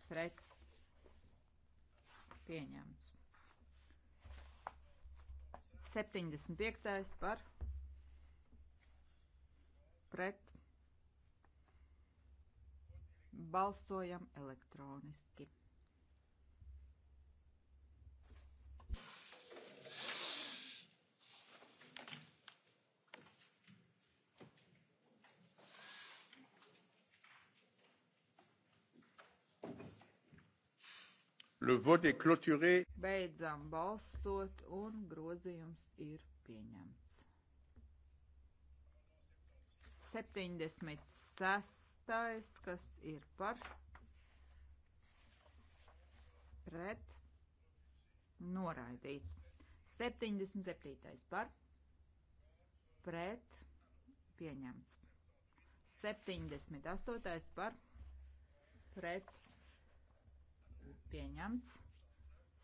Pret. Pieņemts. 75. par? Pret. Balsojam elektroniski. Le vote est clôturé. Beidzam balsot un grozījums ir pieņemts. 76. kas ir par pret noraidīts. 77. par pret pieņemts. 78. par pret pieņemts.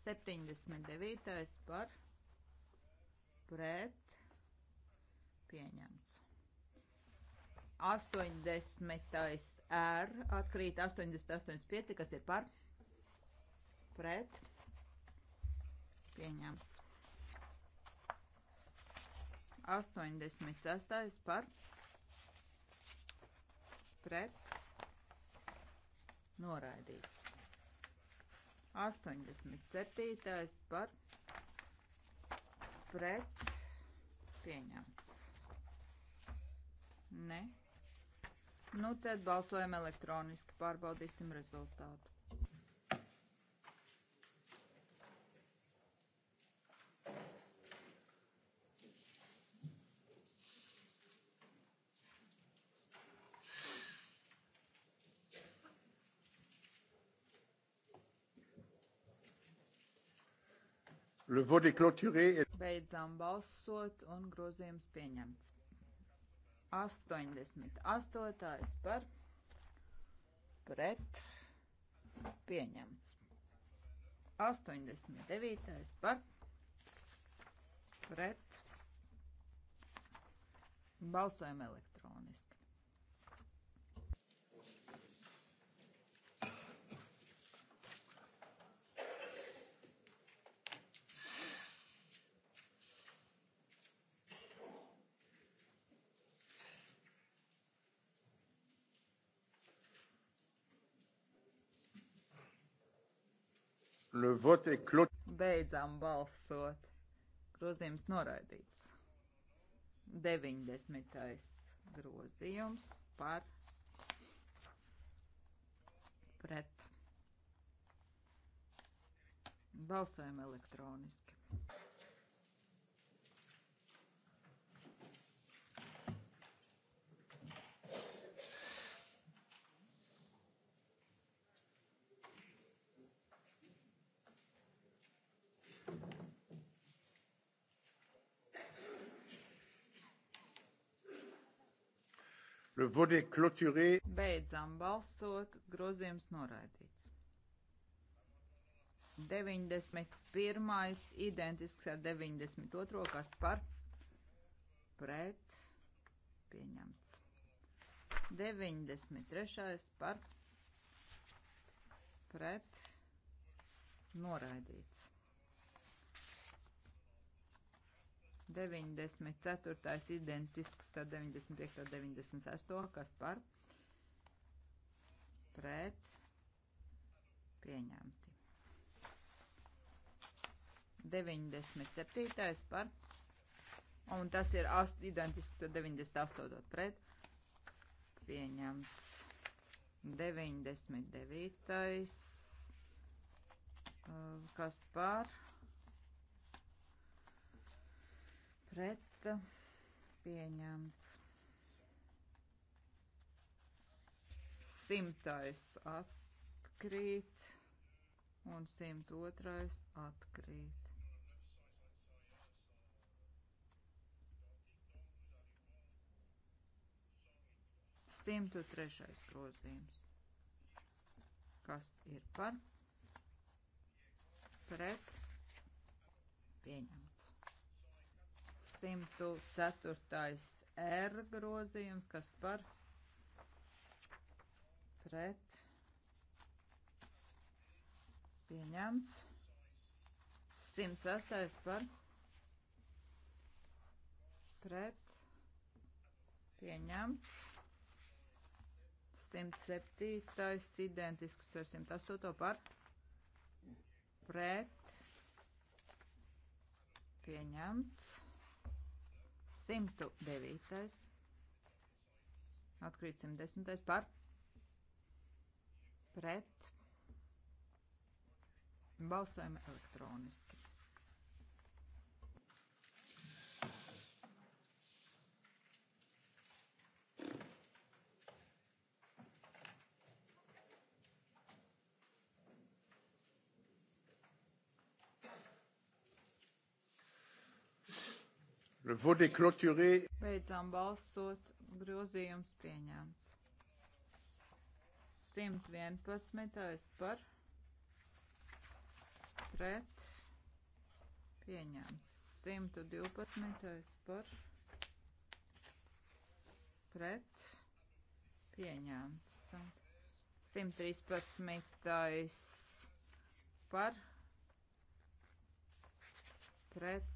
79. par pret pieņemts. 80. R atkrīt 88.5, kas ir par pret pieņemts. 86. par pret noraidīts. 87. par pret pieņemts. Ne. Nu, tad balsojam elektroniski, pārbaudīsim rezultātu. Le vote est clôturé. Beidzām balsot un grozījums pieņemts. 88. par pret pieņemts. 89. par pret balsojam elektroniski. Le nu, vote est clos. Beidzām balsot. Grozījums noraidīts. 90. grozījums par pret. Balsojam elektroniski. Le vote est clôturé. Beidzam balsot, grozījums noraidīts. 91. identisks ar 92. kas par pret pieņemts. 93. par pret noraidīts. 94. identisks ar 95. 96. kas par pret pieņemti. 97. par un tas ir ast, identisks ar 98. pret pieņemts. 99. Uh, kas par pret pret pieņemts. Simtais atkrīt un 102 atkrīt. Simtu trešais grozījums. Kas ir par? Pret pieņemts. 104. R grozījums, kas par pret pieņemts. 106. par pret pieņemts. 107. identisks ar 108. par pret pieņemts. 109. Atkrīt 110. par pret balsojumu elektroniski. Beidzām balsot, grozījums pieņemts. 111. par pret pieņemts. 112. par pret pieņemts. 113. par pret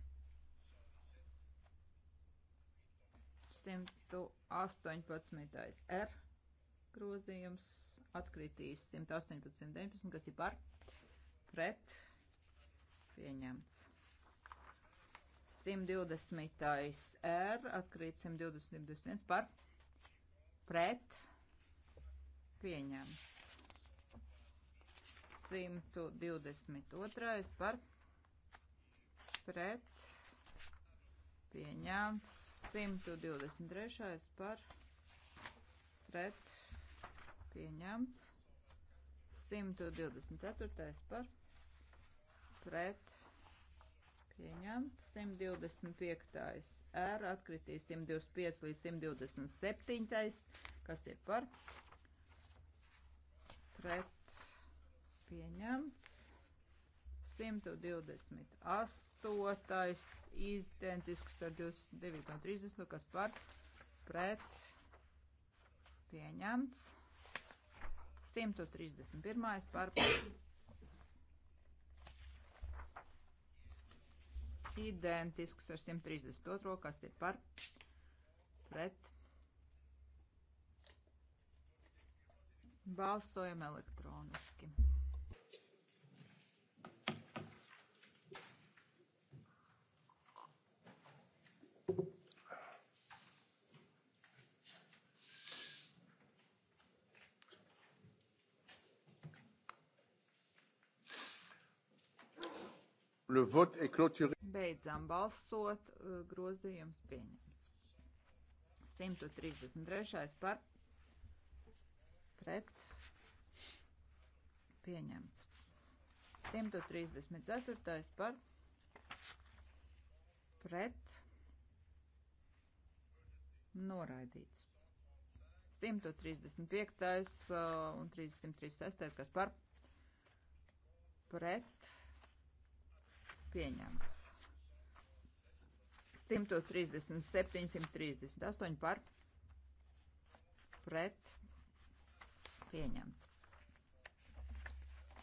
118. R grozījums atkritīs 118, 19, kas ir par pret pieņemts. 120. R atkrīt 120, 21 par pret pieņemts. 122. par pret pieņemts. 123. par pret pieņemts. 124. par pret pieņemts. 125. R atkritīs 125 līdz 127. kas ir par pret pieņemts. 128. identisks ar 29 un 30, kas par pret pieņemts. 131. par identisks ar 132, kas ir par pret. Balsojam elektroniski. Le vote est clôturé. Beidzam balsot, grozījums pieņemts. 133. par pret pieņemts. 134. par pret noraidīts. 135. un 336. kas par pret pieņemts. 137, 738 par pret pieņemts.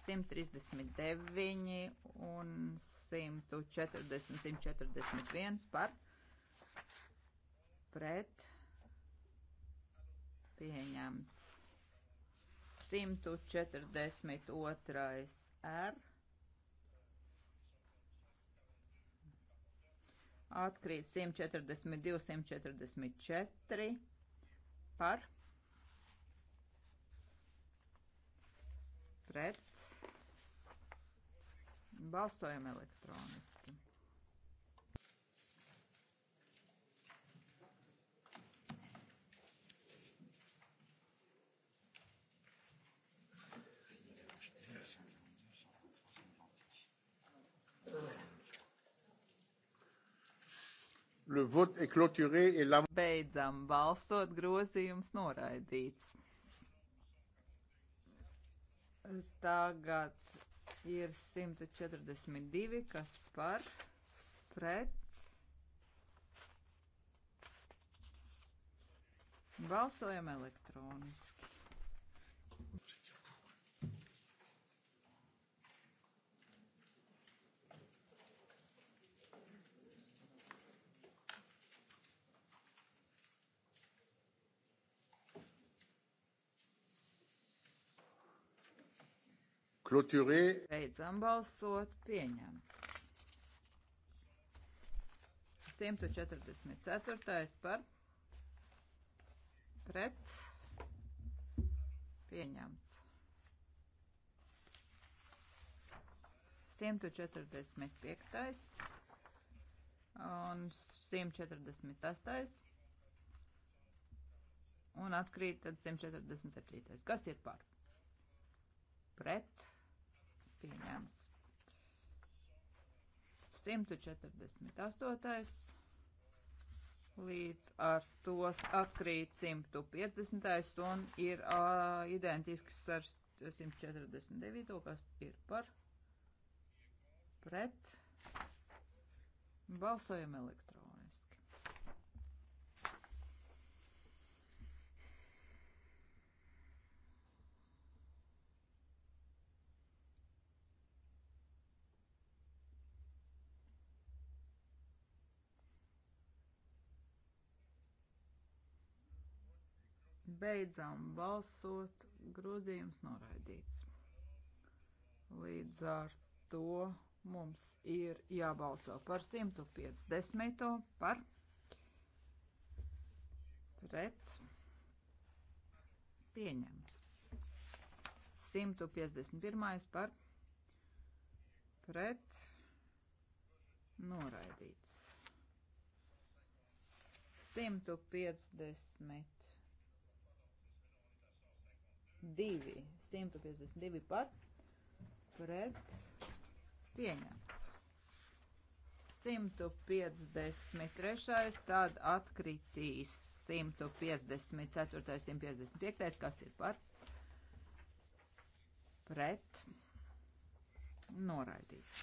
139 un 140, 141 par pret pieņemts. 142 R atkrīt 142, 144 par pret balsojumu elektronis. Le vote est clôturé et la... Beidzam balsot, grozījums noraidīts. Tagad ir 142, kas par pret balsojam elektroniski. Clôturé. Beidzam balsot. Pieņemts. 144. par pret pieņemts. 145. un 146. un atkrīt tad 147. Kas ir par? Pret pieņemts. 148. līdz ar tos atkrīt 150. un ir uh, identisks ar 149. kas ir par pret. Balsojam elektroniski. Beidzām balsot, grozījums noraidīts. Līdz ar to mums ir jābalso par 150. par pret pieņemts. 151. par pret noraidīts. 150. 152. 152 par pret pieņemts. 153. tad atkritīs 154. 155. kas ir par pret noraidīts.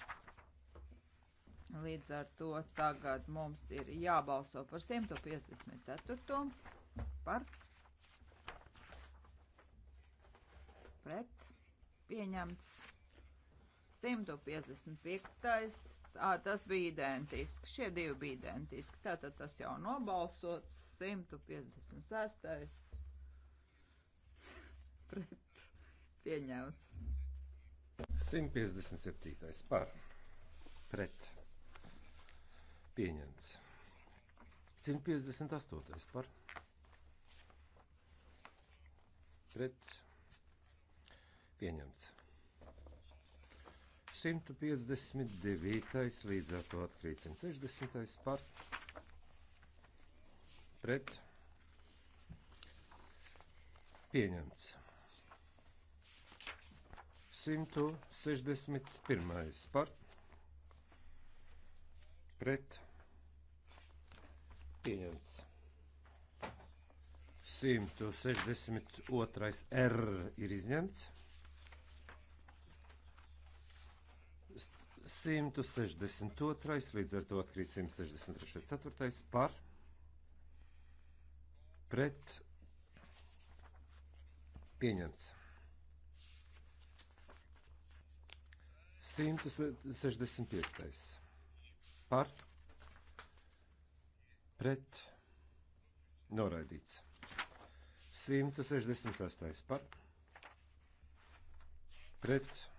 Līdz ar to tagad mums ir jābalso par 154. par pret pret pieņemts 155. À, tas bija identiski. Šie divi bija identiski. Tātad tas jau nobalsots 156. pret pieņemts. 157. par pret pieņemts. 158. par pret pieņemts. Pieņemts. 159. līdz ar to atkrīt 160. par pret pieņemts. 161. par pret pieņemts. 162. R ir izņemts. 162. līdz ar to atkrīt 163. 4. par pret pieņemts. 165. par pret noraidīts. 168. par pret noraidīts.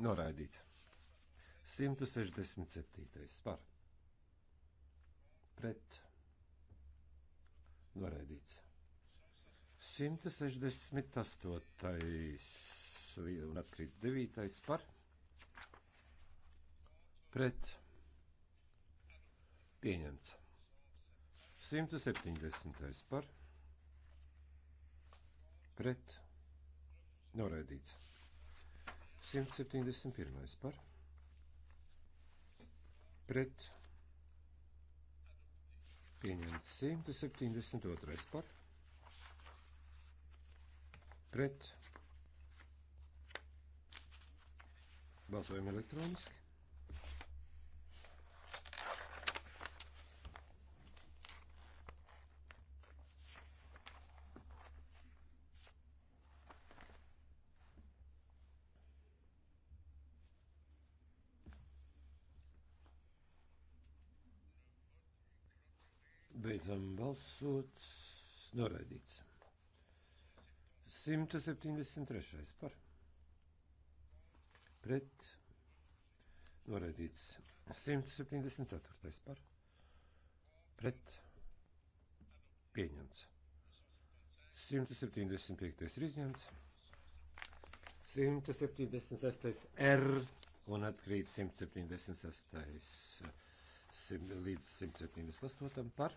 Noraidīts. 167. par. Pret. Noraidīts. 168. un atkrīt 9. par. Pret. Pieņemts. 170. par. Pret. Noraidīts. 171. par pret pieņemts 172. par pret balsojam elektroniski. Beidzam balsot. Noraidīts. 173. par. Pret. Noraidīts. 174. par. Pret. Pieņemts. 175. ir izņemts. 176. R un atkrīt 176. Sim, līdz 178. par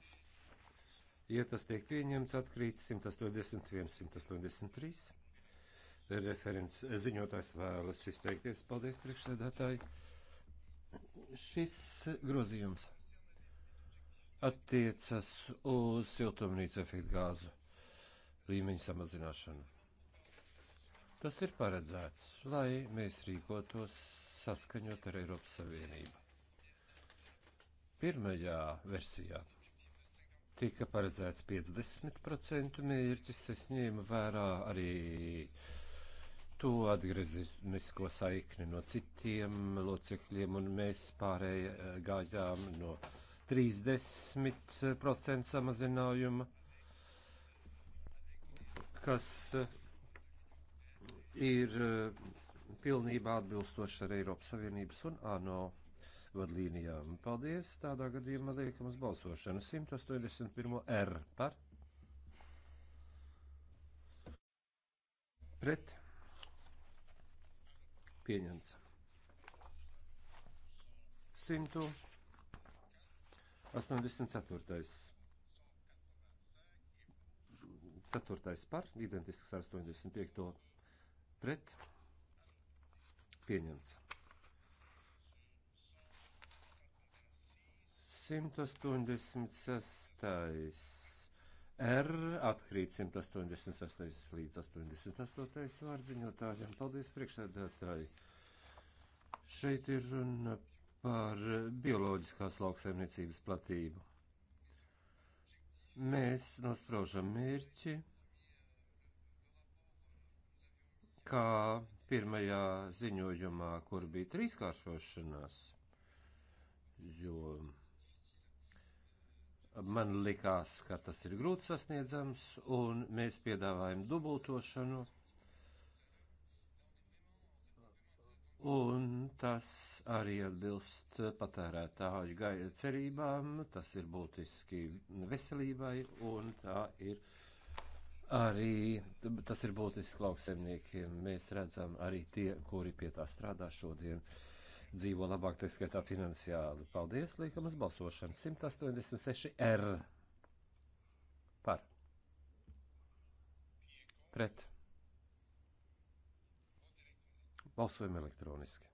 Ja tas tiek pieņemts, atkrīt 181, 183. Referents eh, ziņotājs vēlas izteikties. Paldies, priekšsēdētāji. Šis grozījums attiecas uz siltumnīca efektu gāzu līmeņu samazināšanu. Tas ir paredzēts, lai mēs rīkotos saskaņot ar Eiropas Savienību. Pirmajā versijā tika paredzēts 50% mērķis, es ņēmu vērā arī to atgrieznisko saikni no citiem locekļiem, un mēs pārējā gājām no 30% samazinājuma, kas ir pilnībā atbilstoši ar Eiropas Savienības un ANO vadlīnijām. Paldies! Tādā gadījumā liekam uz balsošanu 181. R par. Pret. Pieņemts. 184. Ceturtais par, identisks ar 85. pret, pieņemts. 186. R atkrīt 186. līdz 88. vārdziņotājiem. Paldies priekšsēdētāji. Šeit ir runa par bioloģiskās lauksaimniecības platību. Mēs nospraužam mērķi, kā pirmajā ziņojumā, kur bija trīskāršošanās, jo Man likās, ka tas ir grūti sasniedzams, un mēs piedāvājam dubultošanu. Un tas arī atbilst patērētāju gaļa cerībām, tas ir būtiski veselībai, un tā ir arī, tas ir būtiski lauksemniekiem. Mēs redzam arī tie, kuri pie tā strādā šodien. Uh, dzīvo labāk, tā skaitā finansiāli. Paldies, liekam uz balsošanu. 186 R. Er. Par. Pret. Balsojam elektroniski.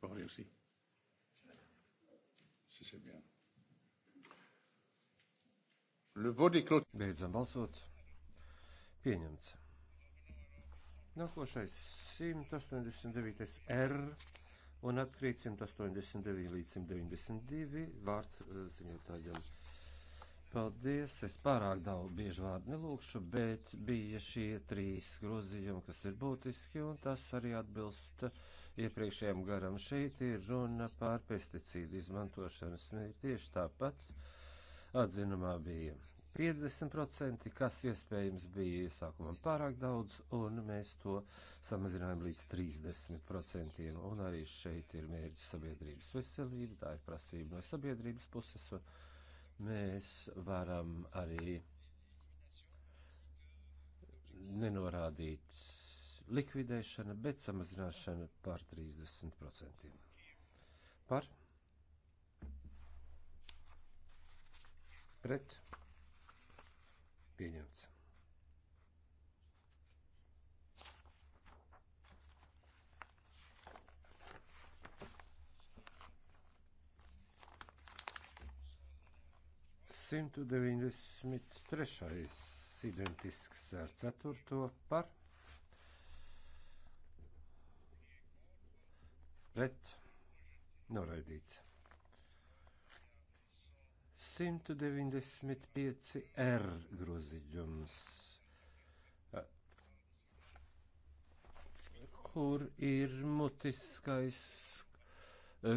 parler aussi. Si c'est bien. Le vote est clos. Beidzam balsot. Pieņemts. Nākošais 189. R un atkrīt 189 līdz 192 vārds eh, ziņotājiem. Uh, Paldies, es pārāk daudz bieži vārdu nelūkšu, bet bija šie trīs grozījumi, kas ir būtiski, un tas arī atbilst iepriekšējiem garam. Šeit ir runa par pesticīdu izmantošanas mērķi tieši tāpat atzinumā bija 50%, kas iespējams bija iesākumam pārāk daudz, un mēs to samazinājām līdz 30%. Un arī šeit ir mērķis sabiedrības veselība, tā ir prasība no sabiedrības puses, un Mēs varam arī nenorādīt likvidēšana, bet samazināšana par 30%. Par? Pret? Pieņemts. 193. identisks ar 4. par pret noraidīts. 195 R er groziņums, kur ir mutiskais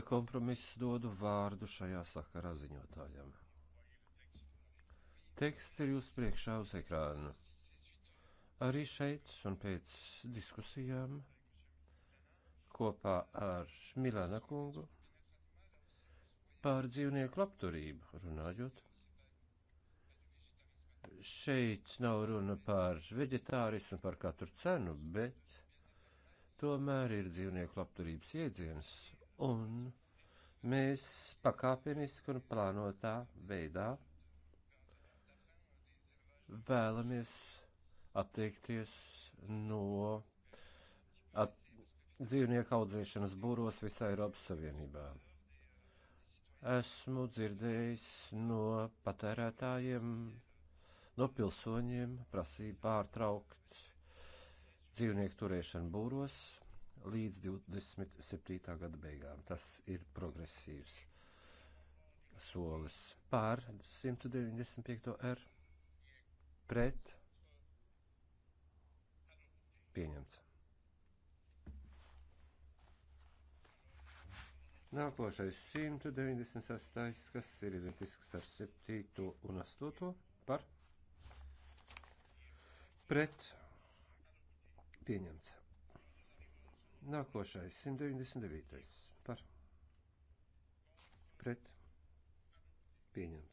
kompromiss dodu vārdu šajā sakarā ziņotājam. Teksts ir jūsu priekšā uz ekrāna. Arī šeit un pēc diskusijām kopā ar Milāna kungu pār dzīvnieku labturību runājot. Šeit nav runa par veģetārismu par katru cenu, bet tomēr ir dzīvnieku labturības iedziens un mēs pakāpeniski un plānotā veidā vēlamies attiekties no at dzīvnieku audzēšanas būros visā Eiropas Savienībā. Esmu dzirdējis no patērētājiem, no pilsoņiem prasību pārtraukt dzīvnieku turēšanu būros līdz 27. gada beigām. Tas ir progresīvs solis pār 195. R pret pieņemts. Nākošais 196, kas ir identisks ar 7 un 8 par pret pieņemts. Nākošais 199 par pret pieņemts.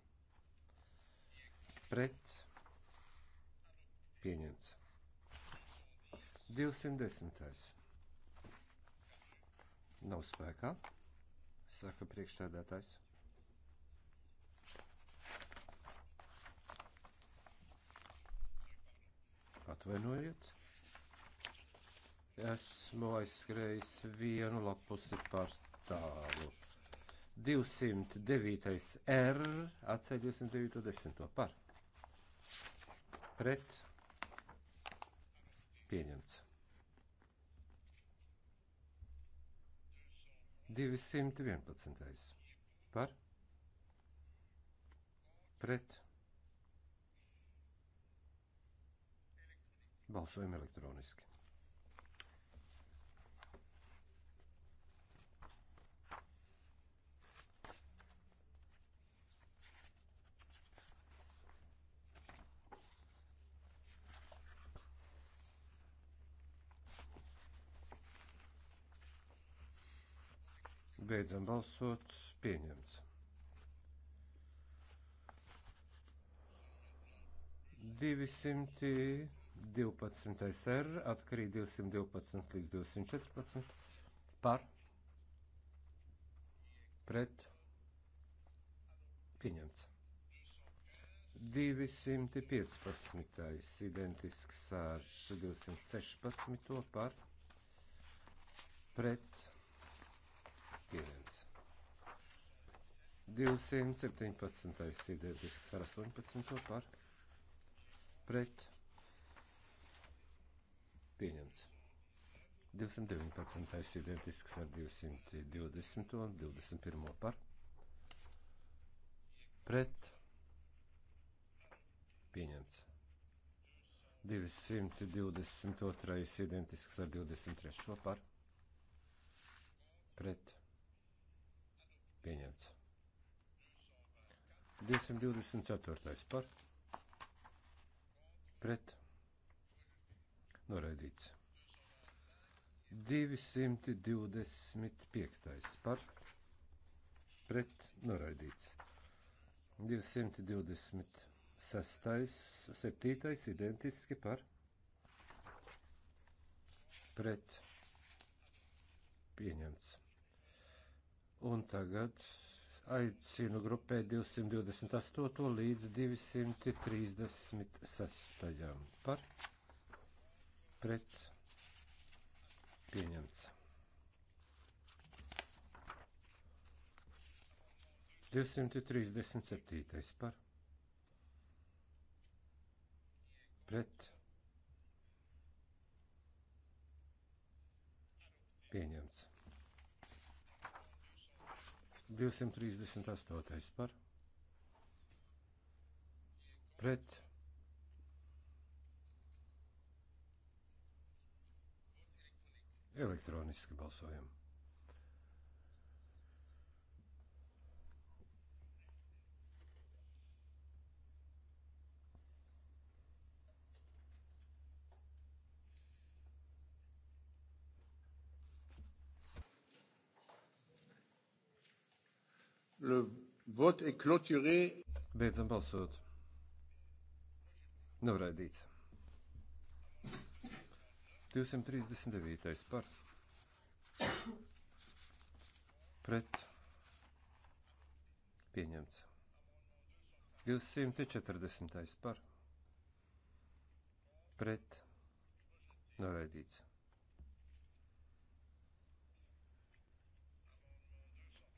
pret pieņemts. 210. Nav spēkā, saka priekšsēdētājs. Atvainojiet. Esmu aizskrējis vienu lapusi par tālu. 209. R atceļ 209. 10. par pret pieņemts. 211. par pret balsojam elektroniski. Beidzam balsot. Pieņemts. 212 R atkarīja 212 līdz 214 par pret pieņemts. 215. identisks ar 216. par pret pieņemts pieņemts. 217. identisks ar 18. par pret pieņemts. 219. identisks ar 220. un 21. par pret pieņemts. 222. identisks ar 23. par pret pieņemts Pieņemts. 224. par pret noraidīts. 225. par pret noraidīts. 226. 7. identiski par pret pieņemts. Un tagad aicinu grupē 228 līdz 236 par pret pieņemts. 237 par pret pieņemts. 238. par pret elektroniski balsojumu. Le vote est clôturé. Beidzam balsot. Noraidīts. 239. par. Pret. Pieņemts. 240. par. Pret. Noraidīts.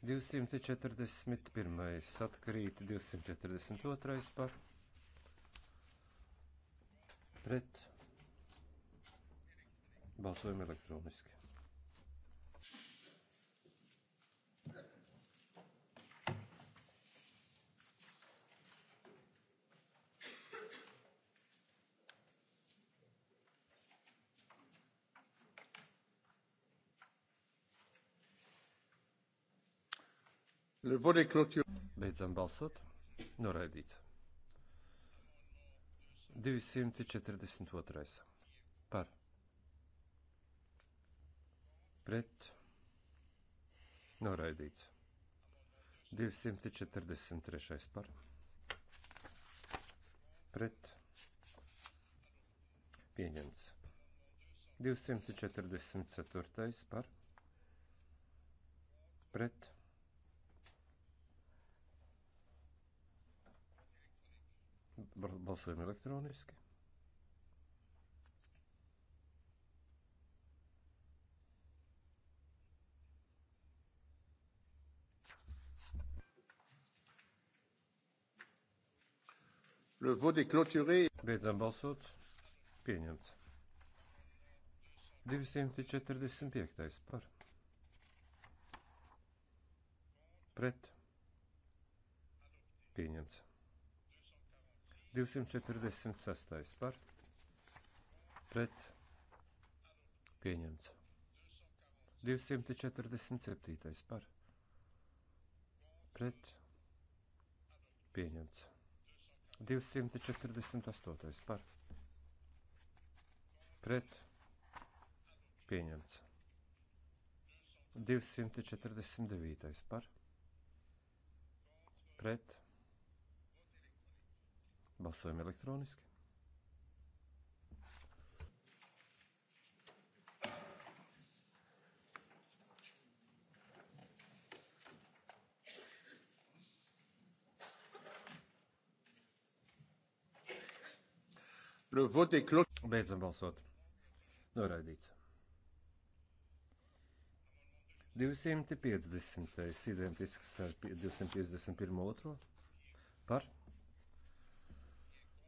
241. atkrīt 242. par pret balsojumu elektroniski. Beidzam balsot. Noraidīts. 242. Par. Pret. Noraidīts. 243. par. Pret. Pieņemts. 244. par. Pret. Balsojam elektroniski. Le vote est clôturé. Beidzam balsot. Pieņemts. 245. par. Pret. Pieņemts. 246. par pret pieņemts. 247. par pret pieņemts. 248. par pret pieņemts. 249. par pret Balsojam elektroniski. Beidzam balsot. Noraidīts. 250. identisks ar 251. otro par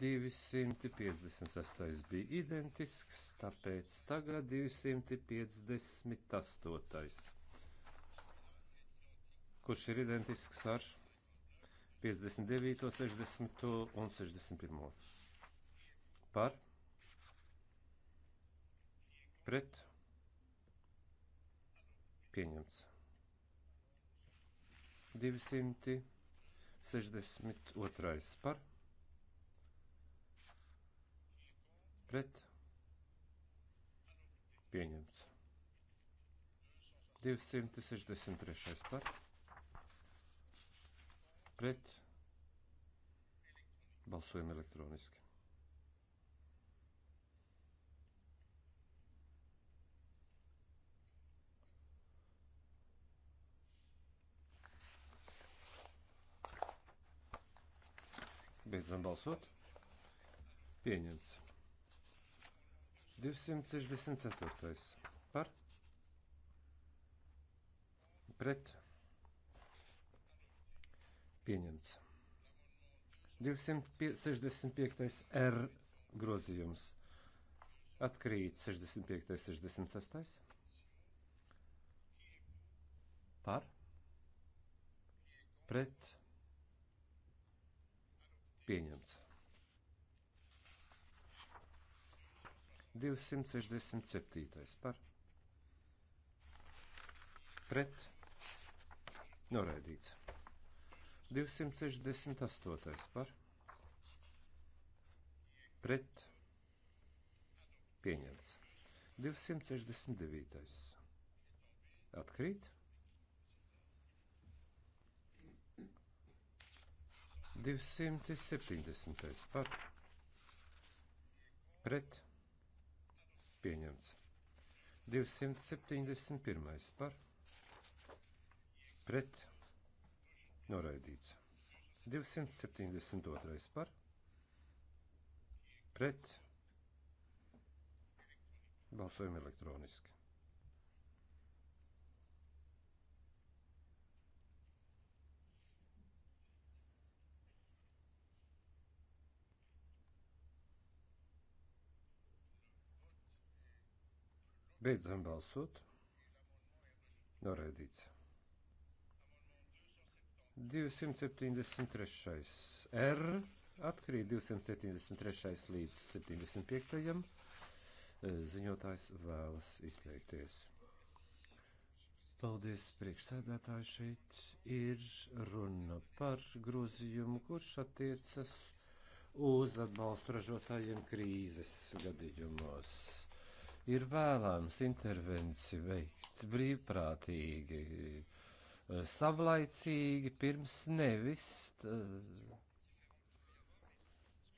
256 bija identisks, tāpēc tagad 258. Kurš ir identisks ar 59, 60 un 61. Par? Pret? Pieņemts. 262 par? pret pieņemts. 263. par pret balsojam elektroniski. Beidzam balsot. Pieņemts. 264. par pret pieņemts. 265. R grozījums atkrīt 65. 66. par pret pieņemts. 267. par pret noraidīts. 268. par pret pieņemts. 269. atkrīt. 270. par pret pieņemts pieņemts. 271. par pret noraidīts. 272. par pret balsojumu elektroniski. Beidzam balsot. Noraidīts. 273. R atkrīt 273. līdz 75. E, ziņotājs vēlas izteikties. Paldies, priekšsēdētāji, šeit ir runa par grozījumu, kurš attiecas uz atbalstu ražotājiem krīzes gadījumos ir vēlams intervenci veikt brīvprātīgi, eh, savlaicīgi, pirms nevis eh,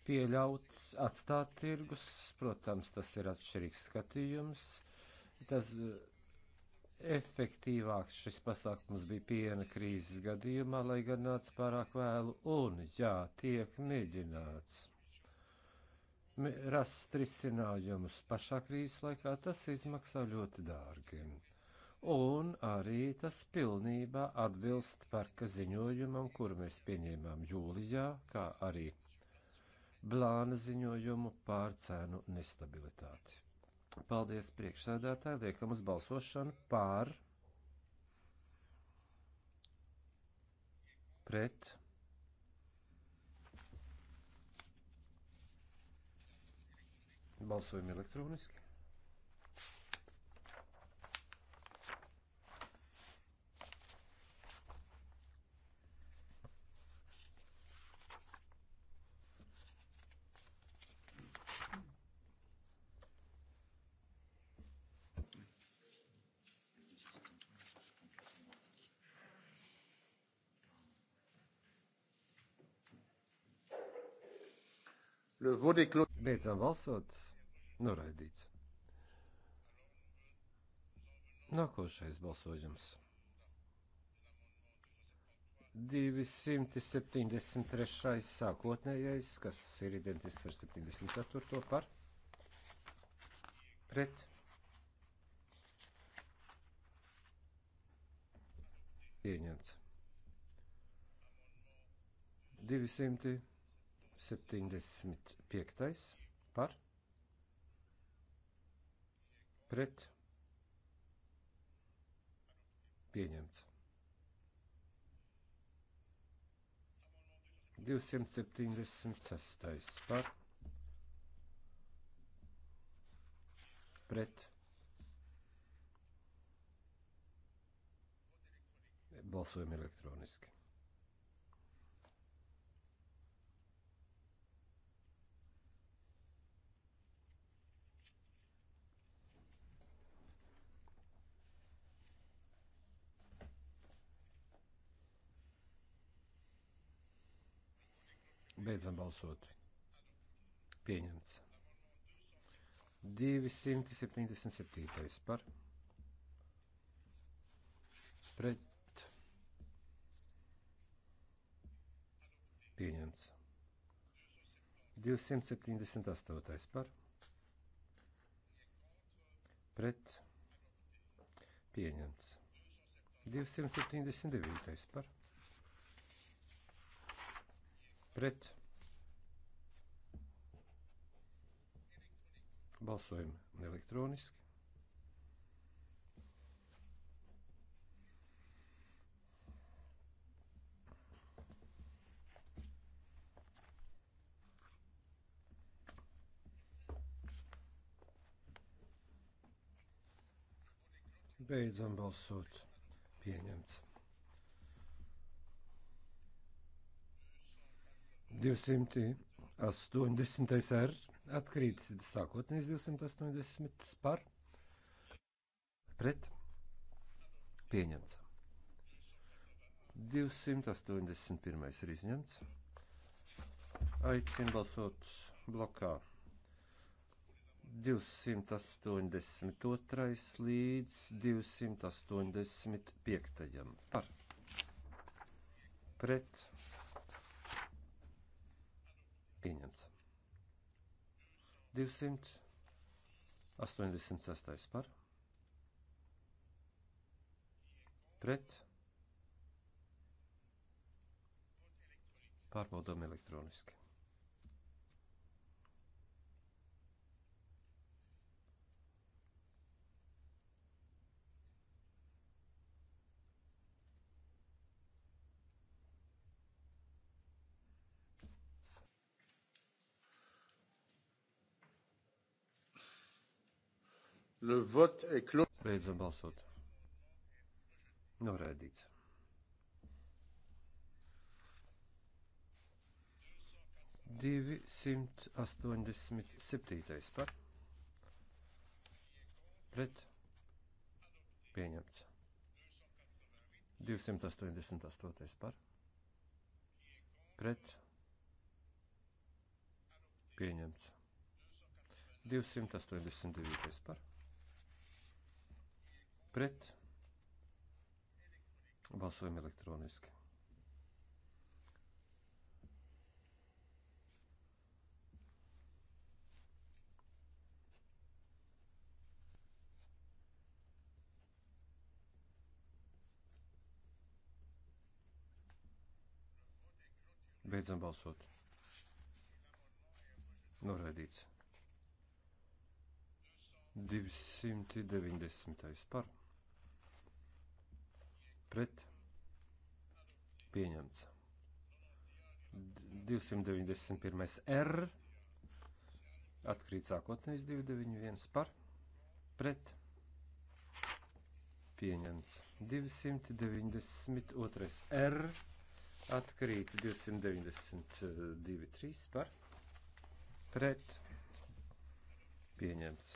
pieļaut, atstāt tirgus. Protams, tas ir atšķirīgs skatījums. Tas eh, efektīvāks šis pasākums bija piena krīzes gadījumā, lai gan nāca pārāk vēlu un, jā, tiek mēģināts rast risinājumus pašā krīzes laikā, tas izmaksā ļoti dārgi. Un arī tas pilnībā atbilst parka ziņojumam, kuru mēs pieņēmām jūlijā, kā arī blāna ziņojumu pār cēnu nestabilitāti. Paldies priekšsēdētāji, liekam uz balsošanu pār pret Balsojam elektroniski. Beidzam balsot. Noraidīts. Nākošais balsojums. 273. sākotnējais, kas ir identisks ar 74. par pret pieņemts. 275. par pret pret pieņemts. 276. par pret balsojumu elektroniski. Beidzam balsot. Pieņemts. 277. par pret pieņemts. 278. par pret pieņemts. 279. par pret Balsojam elektroniski. Beidzam balsot. Pieņemts. 280 R Atkrīt sākotnējais 280 par pret pieņemts. 281 ir izņemts. Aicinu balsot blokā 282 līdz 285 par pret pieņemts. 286 par pret pārbaudām elektroniski. Le vote est clos. Beidzam balsot. Noraidīts. 287. par pret pieņemts. 288. par pret pieņemts. 282. par pret pret. Balsojam elektroniski. Beidzam balsot. Noraidīts. 290. par pret pieņemts. 291. R atkrīt sākotnējs 291 par pret pieņemts. 292. R atkrīt 292 3 par pret pieņemts.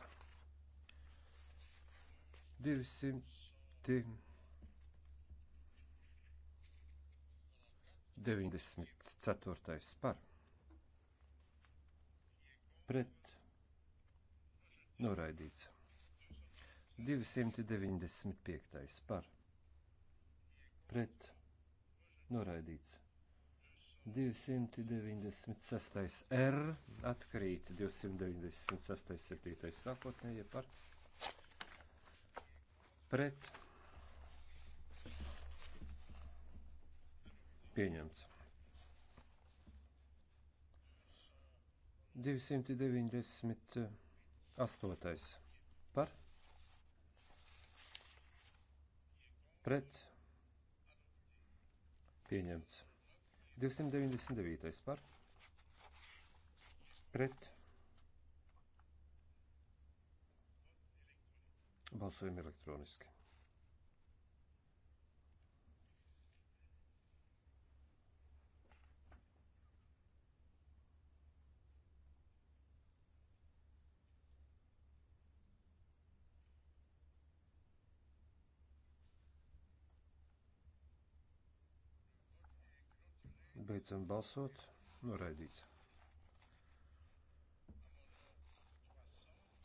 200 94. par pret noraidīts. 295. par pret noraidīts. 296. R atkrīt 296. 7. sākotnēja par pret noraidīts pieņemts. 298. par pret pieņemts. 299. par pret balsojam elektroniski. Beidzam balsot. Noraidīts.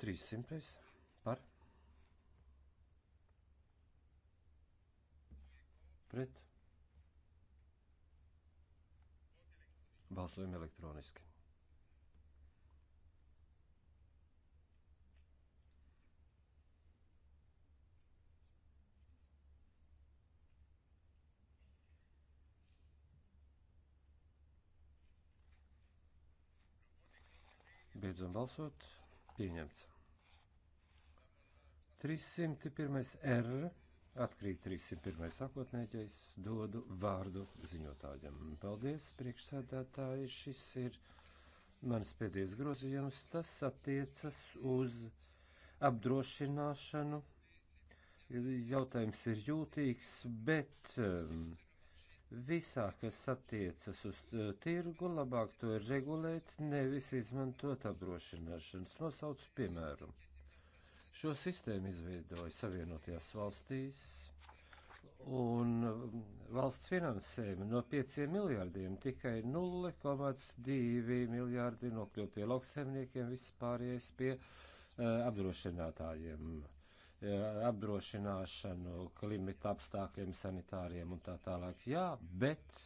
300. Par. Pret. Balsojam elektroniski. Beidzam balsot. Pieņemts. 301. R. Atkrīt 301. sākotnēķis. Dodu vārdu ziņotājiem. Paldies, priekšsēdētāji. Šis ir mans pēdējais grozījums. Tas attiecas uz apdrošināšanu. Jautājums ir jūtīgs, bet. Um, visā, kas attiecas uz uh, tirgu, labāk to ir regulēt, nevis izmantot apdrošināšanas. Nosauc piemēru. Šo sistēmu izveidoja Savienotajās valstīs, un um, valsts finansējumi no 5 miljārdiem tikai 0,2 miljārdi nokļuva pie lauksaimniekiem, viss pārējais pie uh, apdrošinātājiem. Uh, E, apdrošināšanu, klimata apstākļiem, sanitāriem un tā tālāk. Jā, bet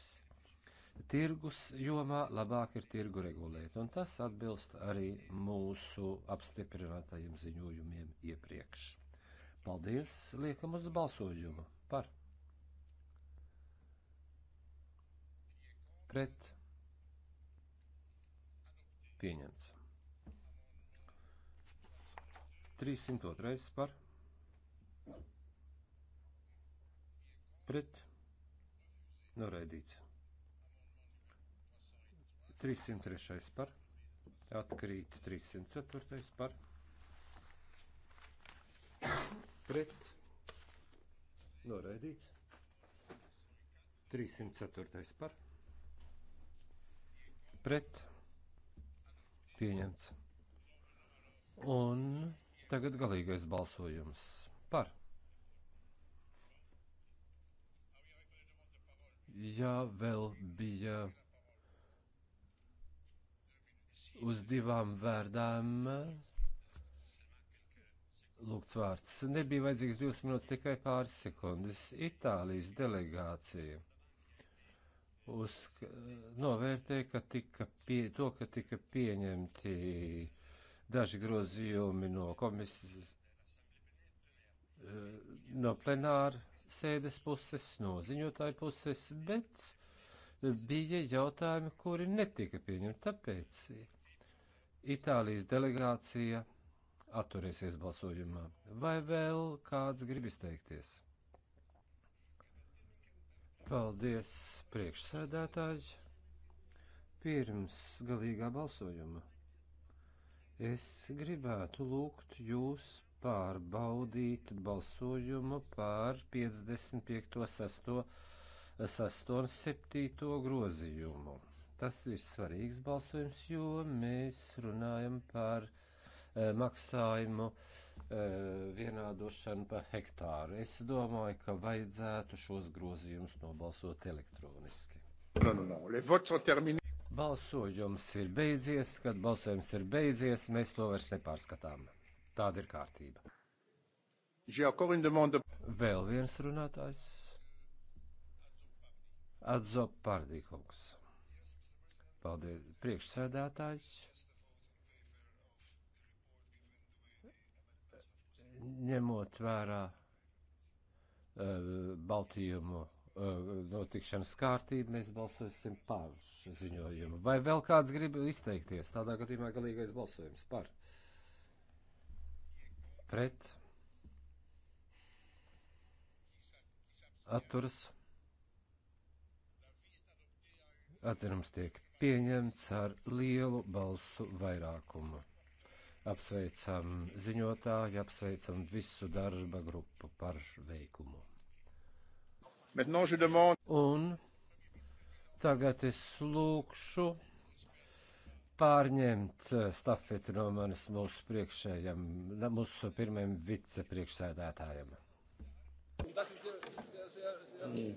tirgus jomā labāk ir tirgu regulēt, un tas atbilst arī mūsu apstiprinātajiem ziņojumiem iepriekš. Paldies, liekam uz balsojumu par. Pret. Pieņemts. 302 par. Pret. Noraidīts. 303. par. Atkrīt 304. par. Pret. Noraidīts. 304. par. Pret. Pieņemts. Un tagad galīgais balsojums. Jā, vēl bija uz divām vērdām lūgts vārds. Nebija vajadzīgs divas minūtes, tikai pāris sekundes. Itālijas delegācija uz, novērtē, ka tika pie, to, ka tika pieņemti daži grozījumi no komisijas, no plenāra sēdes puses, no ziņotāju puses, bet bija jautājumi, kuri netika pieņemti. Tāpēc Itālijas delegācija atturēsies balsojumā. Vai vēl kāds grib izteikties? Paldies, priekšsēdētāji! Pirms galīgā balsojuma es gribētu lūgt jūs pārbaudīt balsojumu pār 55. 6. 6. un 7. grozījumu. Tas ir svarīgs balsojums, jo mēs runājam par e, maksājumu e, vienādošanu pa hektāru. Es domāju, ka vajadzētu šos grozījumus nobalsot elektroniski. No, no, no. Balsojums ir beidzies, kad balsojums ir beidzies, mēs to vairs nepārskatām. Tāda ir kārtība. Vēl viens runātājs. Adzo Pārdīkungs. Paldies, priekšsēdētājs. Ņemot vērā uh, e, Baltījumu uh, e, notikšanas kārtību, mēs balsosim par ziņojumu. Vai vēl kāds grib izteikties? Tādā gadījumā galīgais balsojums par pret atturas atzinums tiek pieņemts ar lielu balsu vairākumu. Apsveicam ziņotāju, apsveicam visu darba grupu par veikumu. Un tagad es lūkšu pārņemt stafeti no manis mūsu priekšējiem, mūsu pirmajam vicepriekšsēdētājam. Mm.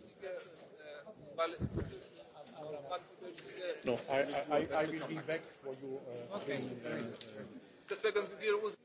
No, I, I, I will be back for you. Uh, okay. in, uh, Deswegen wir uns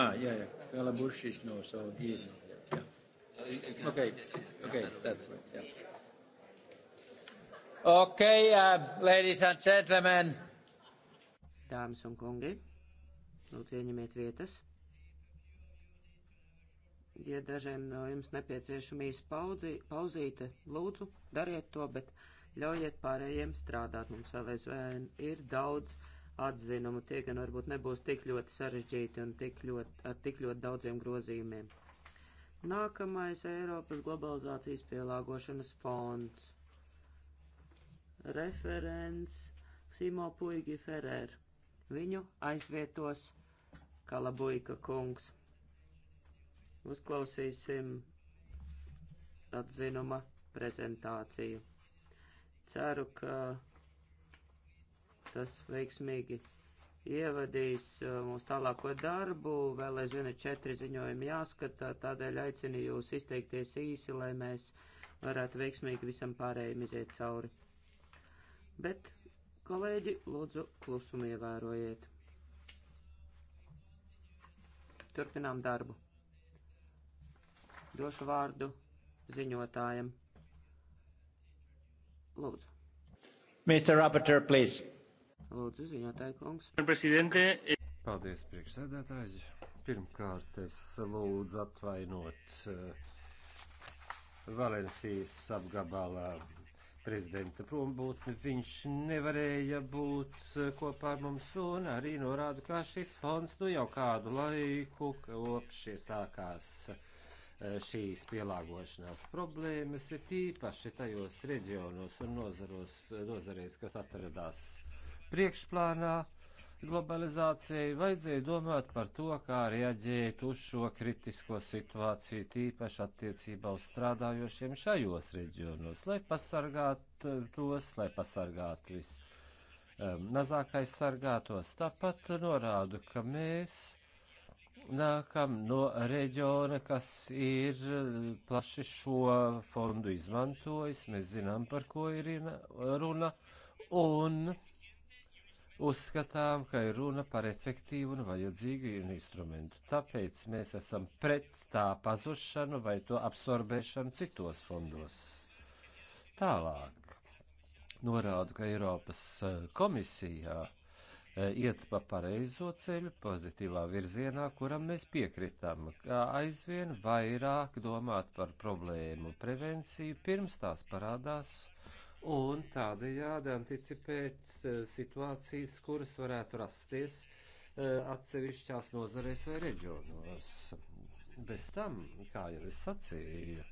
Ah, yeah, yeah. Bella Bush is no, so he is not there. Yeah. Okay, okay, that's right. Yeah. Okay, uh, ladies and gentlemen. Dāmas un kungi, lūdzu ieņemiet vietas. Ja dažiem no jums nepieciešama īsa pauzīte, lūdzu, dariet to, bet ļaujiet pārējiem strādāt. Mums vēl aizvien ir daudz atzinumu tie gan varbūt nebūs tik ļoti sarežģīti un tik ļoti, ar tik ļoti daudziem grozījumiem. Nākamais Eiropas globalizācijas pielāgošanas fonds. Referents Simo Puigi Ferrer. Viņu aizvietos Kalabuika kungs. Uzklausīsim atzinuma prezentāciju. Ceru, ka tas veiksmīgi ievadīs uh, mūsu tālāko darbu. Vēl aizvien ir četri ziņojumi jāskata, tādēļ aicinu jūs izteikties īsi, lai mēs varētu veiksmīgi visam pārējiem iziet cauri. Bet, kolēģi, lūdzu, klusumu ievērojiet. Turpinām darbu. Došu vārdu ziņotājiem. Lūdzu. Mr. Rapporteur, please. Lūdzu, ziņotāji kungs. Eh, Paldies, priekšsēdētāji. Pirmkārt, es lūdzu atvainot eh, Valencijas apgabalā prezidenta prombūtni. Viņš nevarēja būt eh, kopā ar mums un arī norāda, ka šis fonds nu jau kādu laiku kopš iesākās šīs pielāgošanās problēmas, ir tīpaši tajos reģionos un nozaros, nozarēs, kas atradās priekšplānā globalizācijai, vajadzēja domāt par to, kā reaģēt uz šo kritisko situāciju, tīpaši attiecībā uz strādājošiem šajos reģionos, lai pasargātu eh, tos, lai pasargātu vis um, mazākais sargātos. Tāpat norādu, ka mēs nākam no reģiona, kas ir eh, plaši šo fondu izmantojis, mēs zinām, par ko ir runa, un uzskatām, ka ir runa par efektīvu un vajadzīgu instrumentu. Tāpēc mēs esam pret tā pazušanu vai to absorbēšanu citos fondos. Tālāk norādu, ka Eiropas eh, komisijā eh, iet pa pareizo ceļu, pozitīvā virzienā, kuram mēs piekritam, kā aizvien vairāk domāt par problēmu prevenciju pirms tās parādās un tādējādi anticipēt eh, situācijas, kuras varētu rasties eh, atsevišķās nozarēs vai reģionos. Bez tam, kā jau es sacīju,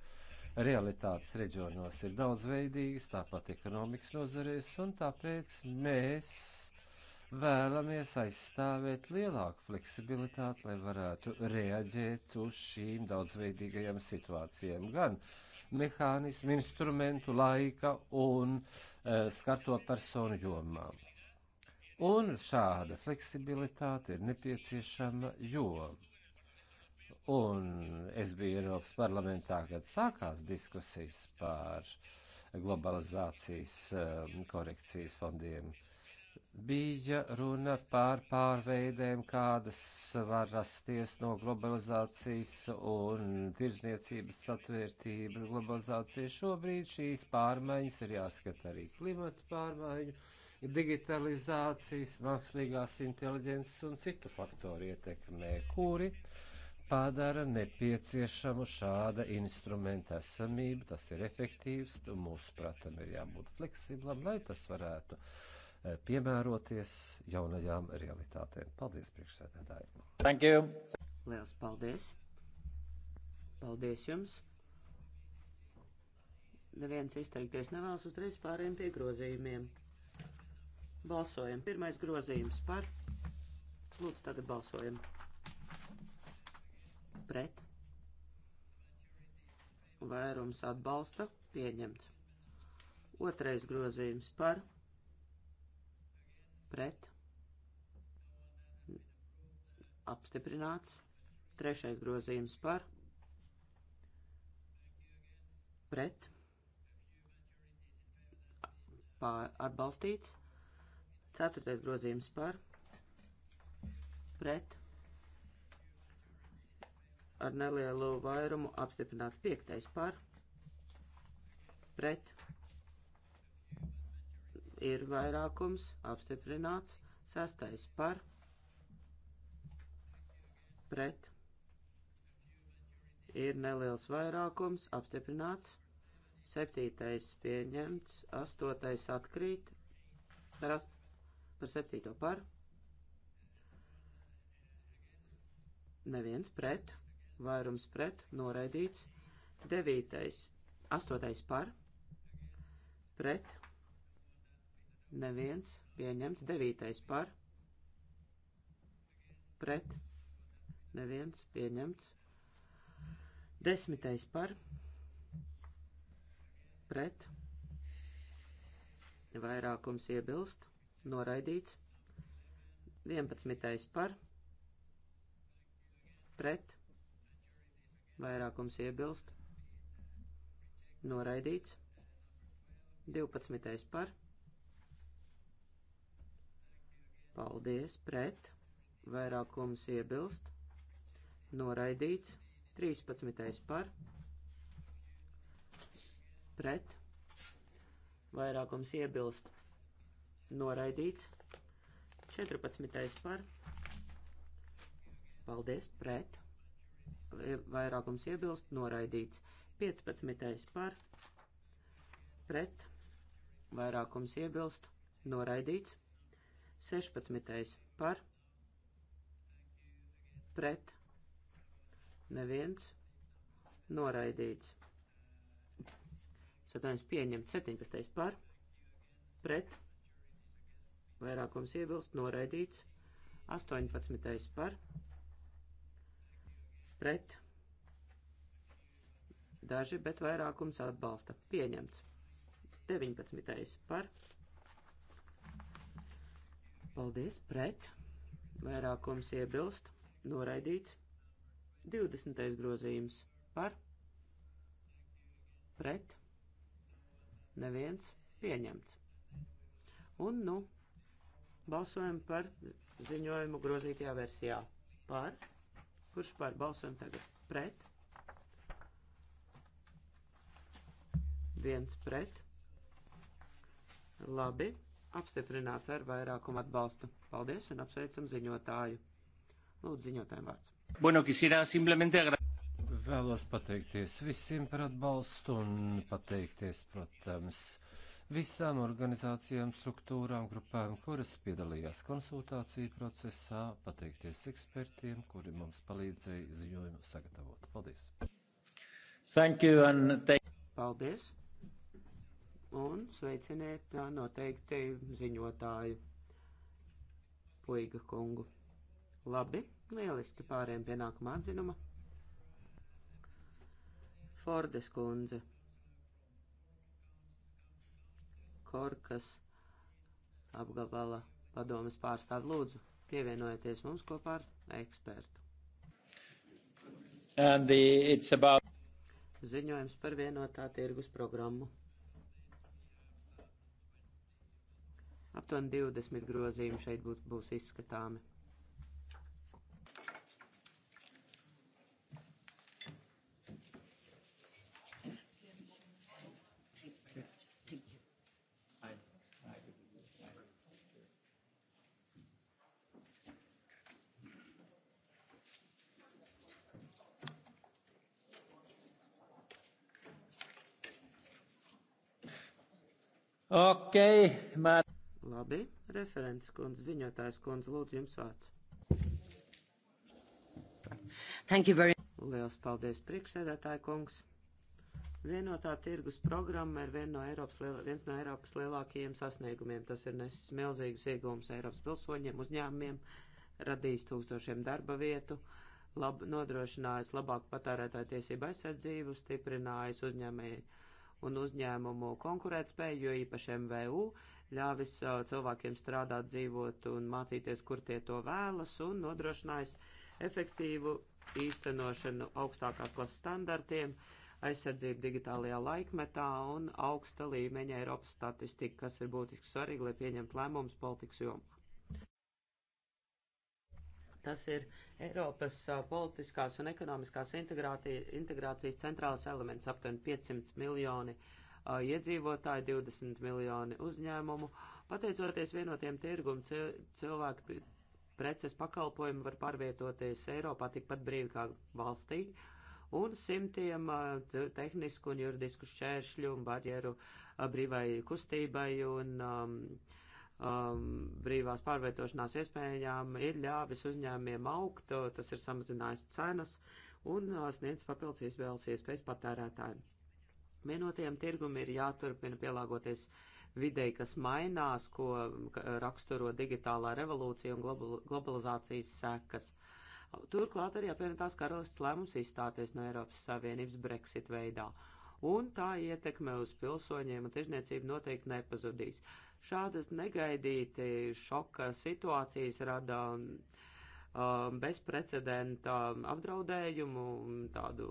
realitātes reģionos ir daudzveidīgas, tāpat ekonomikas nozarēs, un tāpēc mēs vēlamies aizstāvēt lielāku fleksibilitāti, lai varētu reaģēt uz šīm daudzveidīgajām situācijām gan uh, mehānismu, instrumentu, laika un uh, skarto personu jomām. Un šāda fleksibilitāte ir nepieciešama, jo. Un es biju Eiropas parlamentā, kad sākās diskusijas par globalizācijas um, korekcijas fondiem. Uh, bija runa par pārveidēm, kādas var rasties no globalizācijas un tirzniecības satvērtība globalizācija. Šobrīd šīs pārmaiņas ir jāskata arī klimata pārmaiņu, digitalizācijas, mākslīgās inteliģences un citu faktoru ietekmē, kuri padara nepieciešamu šāda instrumenta esamību. Tas ir efektīvs un mūsu pratam ir jābūt fleksiblam, lai tas varētu uh, piemēroties jaunajām realitātēm. Paldies, priekšsēdētāji! Thank you! Liels paldies! Paldies jums! Neviens izteikties nevēlas uzreiz pāriem pie grozījumiem. Balsojam. Pirmais grozījums par. Lūdzu, tagad balsojam. Pret. Vairums atbalsta. Pieņemts. Otrais grozījums par pret, apstiprināts, trešais grozījums par, pret, pār, atbalstīts, ceturtais grozījums par, pret, ar nelielu vairumu apstiprināts piektais par, pret, ir vairākums apstiprināts, sastais par, pret, ir neliels vairākums apstiprināts, septītais pieņemts, astotais atkrīt, par, ast, par septīto par, neviens pret, vairums pret, noraidīts, devītais, astotais par, pret, Neviens. Pieņemts. Devītais par. Pret. Neviens. Pieņemts. Desmitais par. Pret. Vairākums iebilst. Noraidīts. Vienpadsmitais par. Pret. Vairākums iebilst. Noraidīts. 12. par Paldies, pret, vairākums iebilst, noraidīts, 13. par, pret, vairākums iebilst, noraidīts, 14. par, paldies, pret, vairākums iebilst, noraidīts, 15. par, pret, vairākums iebilst, noraidīts, 16. par pret neviens noraidīts. 7. pieņemts 17. par pret vairākums iebilst noraidīts. 18. par pret daži, bet vairākums atbalsta pieņemts. 19. par pret Paldies, pret. Vairākums iebilst. Noraidīts. 20. grozījums par. Pret. Neviens pieņemts. Un nu balsojam par ziņojumu grozītajā versijā. Par. Kurš par balsojam tagad? Pret. Viens pret. Labi apstiprināts ar vairākumu atbalstu. Paldies un apsveicam ziņotāju. Lūdzu, ziņotājiem vārds. Bueno, quisiera simplemente Vēlos pateikties visiem par atbalstu un pateikties, protams, visām organizācijām, struktūrām, grupām, kuras piedalījās konsultāciju procesā, pateikties ekspertiem, kuri mums palīdzēja ziņojumu sagatavot. Paldies! Thank you and thank Paldies! un sveiciniet noteikti ziņotāju puiga kungu. Labi, lieliski pāriem pie nākamā atzinuma. Fordes kundze. Korkas apgabala padomas pārstāv lūdzu pievienojieties mums kopā ar ekspertu. The, about... Ziņojums par vienotā tirgus programmu. Aptuveni 20 grozījumi šeit būs, būs izskatāmi. Okay, man. Labi, referents kundze, ziņotājs kundze, lūdzu jums vārds. Thank you very much. Liels paldies, priekšsēdētāji kungs. Vienotā tirgus programma ir viena no Eiropas, liel, viens no Eiropas lielākajiem sasniegumiem. Tas ir nesis milzīgus iegūmus Eiropas pilsoņiem, uzņēmumiem, radījis tūkstošiem darba vietu, lab, nodrošinājis labāku patērētāju tiesību aizsardzību, stiprinājis uzņēmēju un uzņēmumu konkurētspēju, jo īpaši MVU ļāvis uh, cilvēkiem strādāt, dzīvot un mācīties, kur tie to vēlas, un nodrošinājis efektīvu īstenošanu augstākā klases standartiem, aizsardzību digitālajā laikmetā un augsta līmeņa Eiropas statistika, kas ir būtiski svarīgi, lai pieņemtu lēmumus politikas jomā. Tas ir Eiropas uh, politiskās un ekonomiskās integrācijas centrāls elements, aptuveni 500 miljoni uh, iedzīvotāji, 20 miljoni uzņēmumu. Pateicoties vienotiem tirgum, cilvēki preces pakalpojumi var pārvietoties Eiropā tikpat brīvi kā valstī un simtiem tehnisku un juridisku šķēršļu un barjeru brīvai kustībai un um, um, brīvās pārvietošanās iespējām ir ļāvis uzņēmiem augt, tas ir samazinājis cenas un sniedz papildus izvēles iespējas patērētājiem. Vienotajam tirgum ir jāturpina pielāgoties videi, kas mainās, ko raksturo digitālā revolūcija un globalizācijas sekas. Turklāt arī apvienotās karalists lēmums izstāties no Eiropas Savienības Brexit veidā, un tā ietekme uz pilsoņiem un tirzniecību noteikti nepazudīs. Šādas negaidīti šoka situācijas rada um, um bezprecedenta apdraudējumu, tādu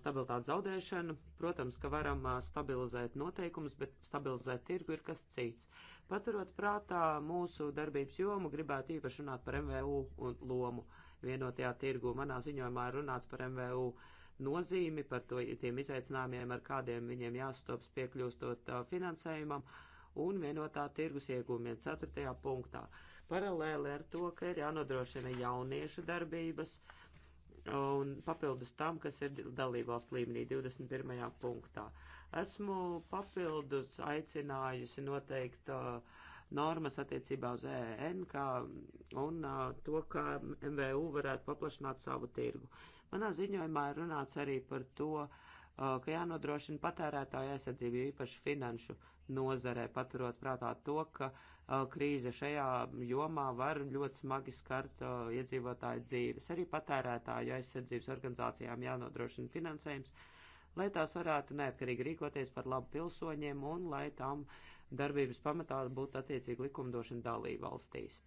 stabilitātes zaudēšanu. Protams, ka varam stabilizēt noteikumus, bet stabilizēt tirgu ir kas cits. Paturot prātā mūsu darbības jomu, gribētu īpaši runāt par MVU un lomu vienotajā tirgu. Manā ziņojumā ir runāts par MVU nozīmi, par to, tiem izaicinājumiem, ar kādiem viņiem jāstops piekļūstot finansējumam un vienotā tirgus iegūmiem 4. punktā. Paralēli ar to, ka ir jānodrošina jauniešu darbības, uh, un papildus tam, kas ir dalībvalstu līmenī 21. punktā. Esmu papildus aicinājusi noteikt uh, normas attiecībā uz EN kā, un uh, to, ka MVU varētu paplašināt savu tirgu. Manā ziņojumā ir runāts arī par to, uh, ka jānodrošina patērētāja aizsardzība, jo īpaši finanšu nozarē, paturot prātā to, ka krīze šajā jomā var ļoti smagi skart iedzīvotāju dzīves. Arī patērētāju aizsardzības organizācijām jānodrošina finansējums, lai tās varētu neatkarīgi rīkoties par labu pilsoņiem un lai tām darbības pamatā būtu attiecīgi likumdošana dalība valstīs.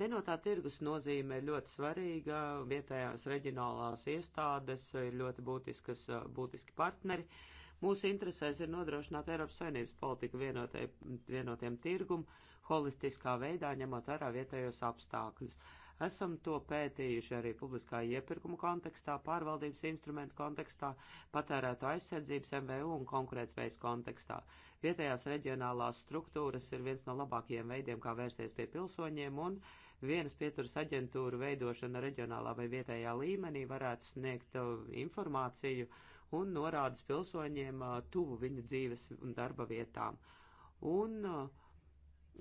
Vienotā tirgus nozīme ir ļoti svarīga, vietējās reģionālās iestādes ir ļoti būtiskas, eh, būtiski partneri. Mūsu interesēs ir nodrošināt Eiropas Savienības politiku vienotai, vienotiem tirgum, holistiskā veidā, ņemot vērā vietējos apstākļus. Esam to pētījuši arī publiskā iepirkuma kontekstā, pārvaldības instrumentu kontekstā, patērēto aizsardzības MVU un konkurētspējas kontekstā. Vietējās reģionālās struktūras ir viens no labākajiem veidiem, kā vērsties pie pilsoņiem un uh, vienas pieturas aģentūra veidošana reģionālā vai vietējā līmenī varētu sniegt uh, informāciju un norādes pilsoņiem uh, tuvu viņu dzīves un darba vietām. Un uh,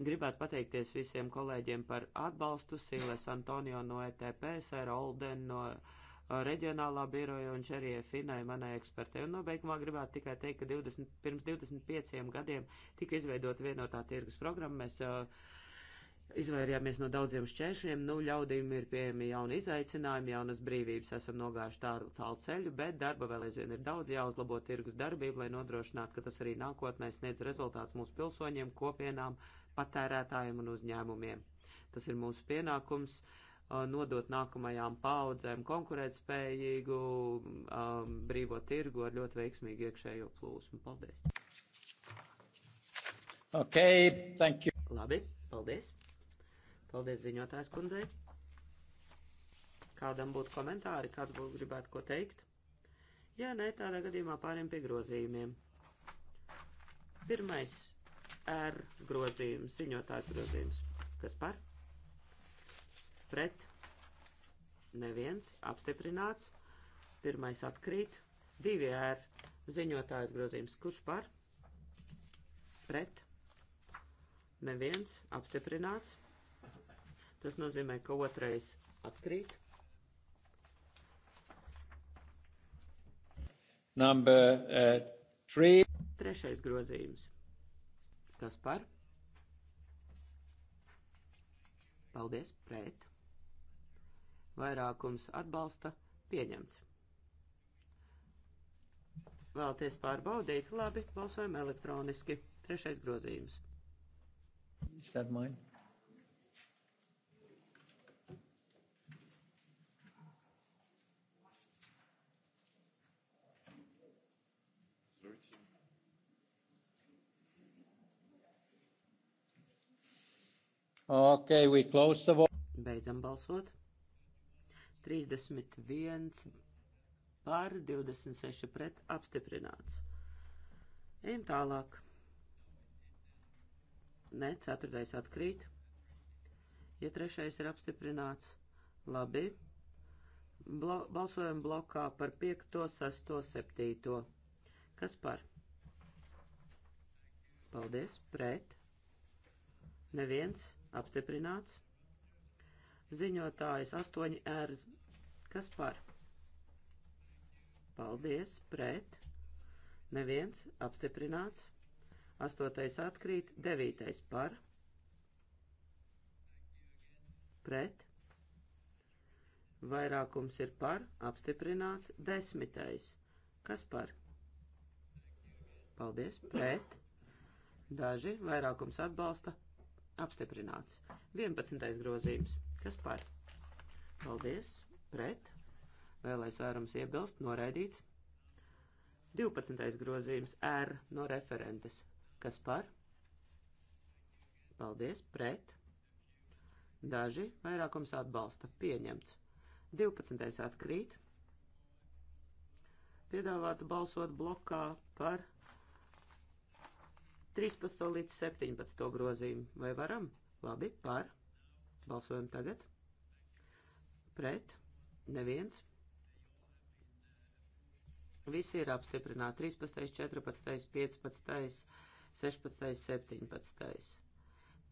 gribētu pateikties visiem kolēģiem par atbalstu Sīles Antonio no ETP, Sēra Olden no reģionālā biroja un Čerijai Finai, manai ekspertei. Un nobeigumā gribētu tikai teikt, ka 20, pirms 25 gadiem tika izveidota vienotā tirgus programma. Mēs uh, Izvairījāmies no daudziem šķēršļiem, nu ļaudīm ir pieejami jauni izaicinājumi, jaunas brīvības, esam nogājuši tālu, tālu ceļu, bet darba vēl aizvien ir daudz, jāuzlabo tirgus darbību, lai nodrošinātu, ka tas arī nākotnē sniedz rezultāts mūsu pilsoņiem, kopienām, patērētājiem un uzņēmumiem. Tas ir mūsu pienākums uh, nodot nākamajām paudzēm konkurētspējīgu um, brīvo tirgu ar ļoti veiksmīgu iekšējo plūsmu. Paldies! Ok, thank you! Labi, paldies! Paldies ziņotājs kundzei. Kādam būtu komentāri, kāds būtu gribētu ko teikt? Ja nē, tādā gadījumā pāriem pie grozījumiem. Pirmais R grozījums, ziņotājs grozījums. Kas par? Pret. Neviens. Apstiprināts. Pirmais atkrīt. Divi R ziņotājs grozījums. Kurš par? Pret. Neviens. Apstiprināts. Tas nozīmē, ka otrais atkrīt. Number, uh, three. Trešais grozījums. Kas par? Paldies, pret. Vairākums atbalsta pieņemts. Vēlties pārbaudīt? Labi, balsojam elektroniski. Trešais grozījums. Is that mine? Ok, we close the vote. Beidzam balsot. 31 pār 26 pret apstiprināts. Ejam tālāk. Nē, ceturtais atkrīt. Ja trešais ir apstiprināts, labi. Blo balsojam blokā par 5, 6, 7. Kas par? Paldies, pret. Neviens apstiprināts. Ziņotājs 8R, kas par? Paldies, pret, neviens, apstiprināts. 8. atkrīt, 9. par, pret, vairākums ir par, apstiprināts, 10. kas par? Paldies, pret, daži, vairākums atbalsta, Apstiprināts. 11. grozījums. Kas par? Paldies. Pret. Lielais vairums iebilst. Noraidīts. 12. grozījums. R no referentes. Kas par? Paldies. Pret. Daži vairākums atbalsta. Pieņemts. 12. atkrīt. Piedāvātu balsot blokā par 13. līdz 17. grozījumu. Vai varam? Labi, par. Balsojam tagad. Pret. Neviens. Visi ir apstiprināti. 13., 14., 15., 16., 17.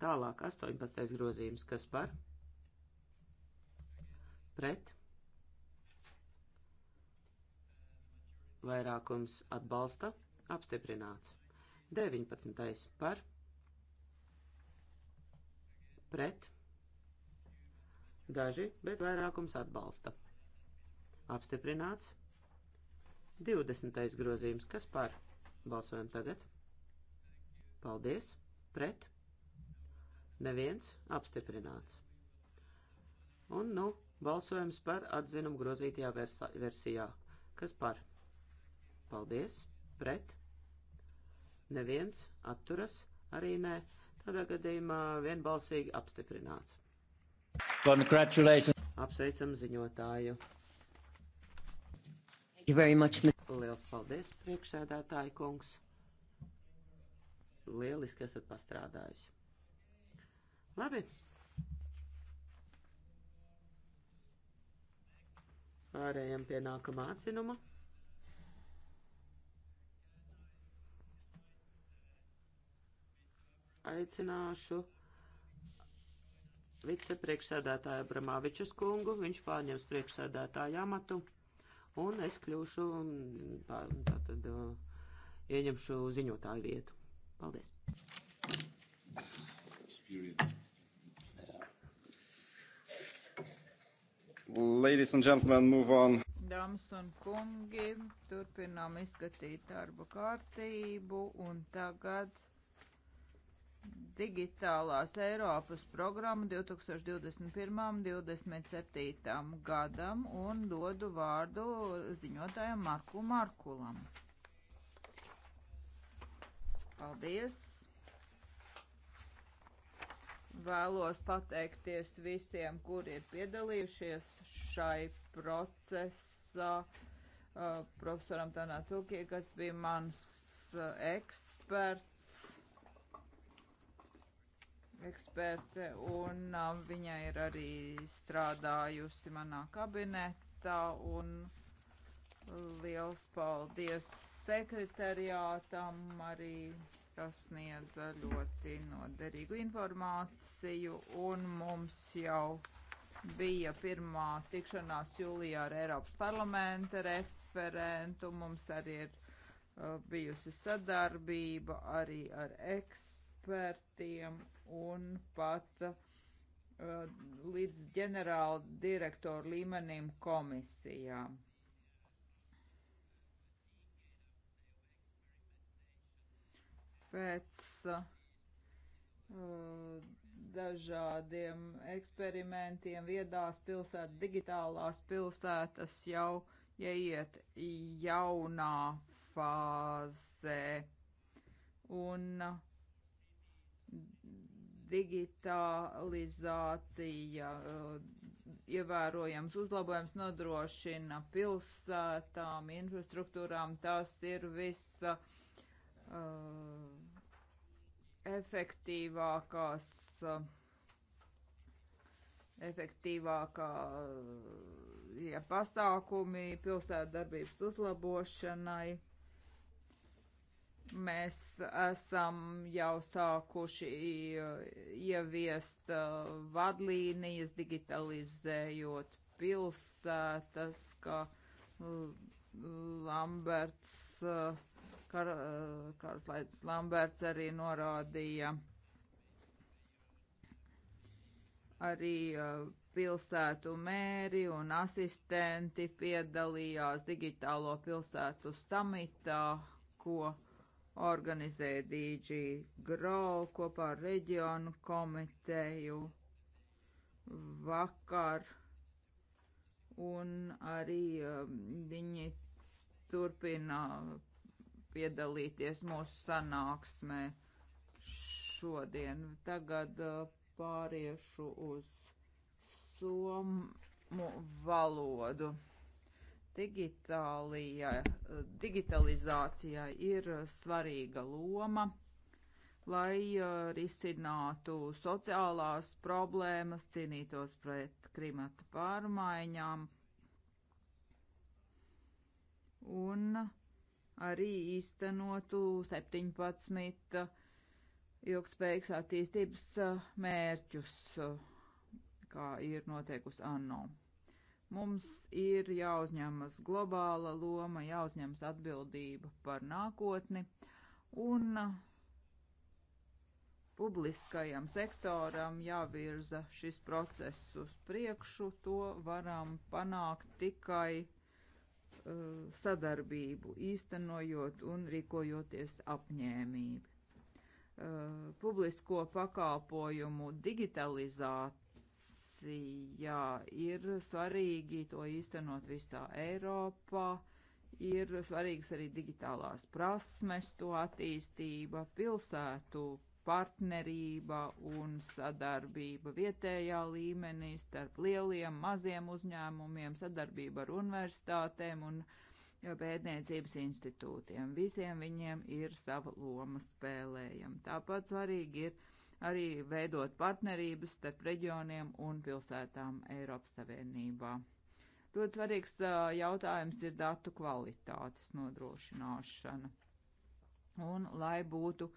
Tālāk 18. grozījums. Kas par? Pret. Vairākums atbalsta. Apstiprināts. 19. par pret daži, bet vairākums atbalsta. Apstiprināts 20. grozījums, kas par balsojam tagad. Paldies, pret neviens apstiprināts. Un nu balsojums par atzinumu grozītajā versijā, kas par paldies, pret Neviens atturas arī nē. Tādā gadījumā vienbalsīgi apstiprināts. Congratulations! Apsveicam ziņotāju! Much, Liels paldies, priekšsēdētāji kungs! Lieliski esat pastrādājis. Labi. Pārējām pie nākamā atzinuma. aicināšu vicepriekšsēdētāju Abramāvičus kungu, viņš pārņems priekšsēdētāju amatu, un es kļūšu, tātad, uh, ieņemšu ziņotāju vietu. Paldies! Ladies and gentlemen, move on. Dāmas un kungi, turpinām izskatīt darba kārtību, un tagad digitālās Eiropas programmu 2021-2027 gadam un dodu vārdu ziņotājam Marku Markulam. Paldies! Vēlos pateikties visiem, kuri ir piedalījušies šai procesā. Uh, profesoram Tanā Cūkie, kas bija mans uh, eksperts eksperte, un uh, viņa ir arī strādājusi manā kabinetā, un uh, liels paldies sekretariātam arī, kas sniedza ļoti noderīgu informāciju, un mums jau bija pirmā tikšanās jūlijā ar Eiropas parlamenta referentu, mums arī ir uh, bijusi sadarbība arī ar eks ekspertiem un pat uh, līdz ģenerāla direktora līmenim komisijā. Pēc uh, dažādiem eksperimentiem viedās pilsētas, digitālās pilsētas jau ieiet jaunā fāzē. Un uh, digitalizācija, uh, ievērojams uzlabojums nodrošina pilsētām, infrastruktūrām, tas ir visa uh, efektīvākās, uh, efektīvākā uh, ja pasākumi pilsētu darbības uzlabošanai. Mēs esam jau sākuši uh, ieviest uh, vadlīnijas, digitalizējot pilsētas, kā uh, Lamberts, kar, Karslaids Lamberts arī norādīja arī pilsētu mēri un asistenti piedalījās digitālo pilsētu samitā, ko organizē DG Grow kopā ar reģionu komiteju vakar, un arī um, viņi turpina piedalīties mūsu sanāksmē šodien. Tagad uh, pāriešu uz somu valodu. Digitālija, digitalizācijai ir svarīga loma, lai uh, risinātu sociālās problēmas, cīnītos pret klimata pārmaiņām un arī īstenotu 17 ilgspējīgas attīstības uh, mērķus, uh, kā ir noteikusi ANO. Mums ir jāuzņemas globāla loma, jāuzņemas atbildība par nākotni, un publiskajam sektoram jāvirza šis process uz priekšu. To varam panākt tikai uh, sadarbību, īstenojot un rīkojoties apņēmību. Uh, publisko pakalpojumu digitalizācija dimensijā. Ir svarīgi to īstenot visā Eiropā, ir svarīgas arī digitālās prasmes, to attīstība, pilsētu partnerība un sadarbība vietējā līmenī starp lieliem, maziem uzņēmumiem, sadarbība ar universitātēm un pētniecības institūtiem. Visiem viņiem ir sava loma spēlējama. Tāpat svarīgi ir arī veidot partnerības starp reģioniem un pilsētām Eiropas Savienībā. Ļoti svarīgs jautājums ir datu kvalitātes nodrošināšana. Un lai būtu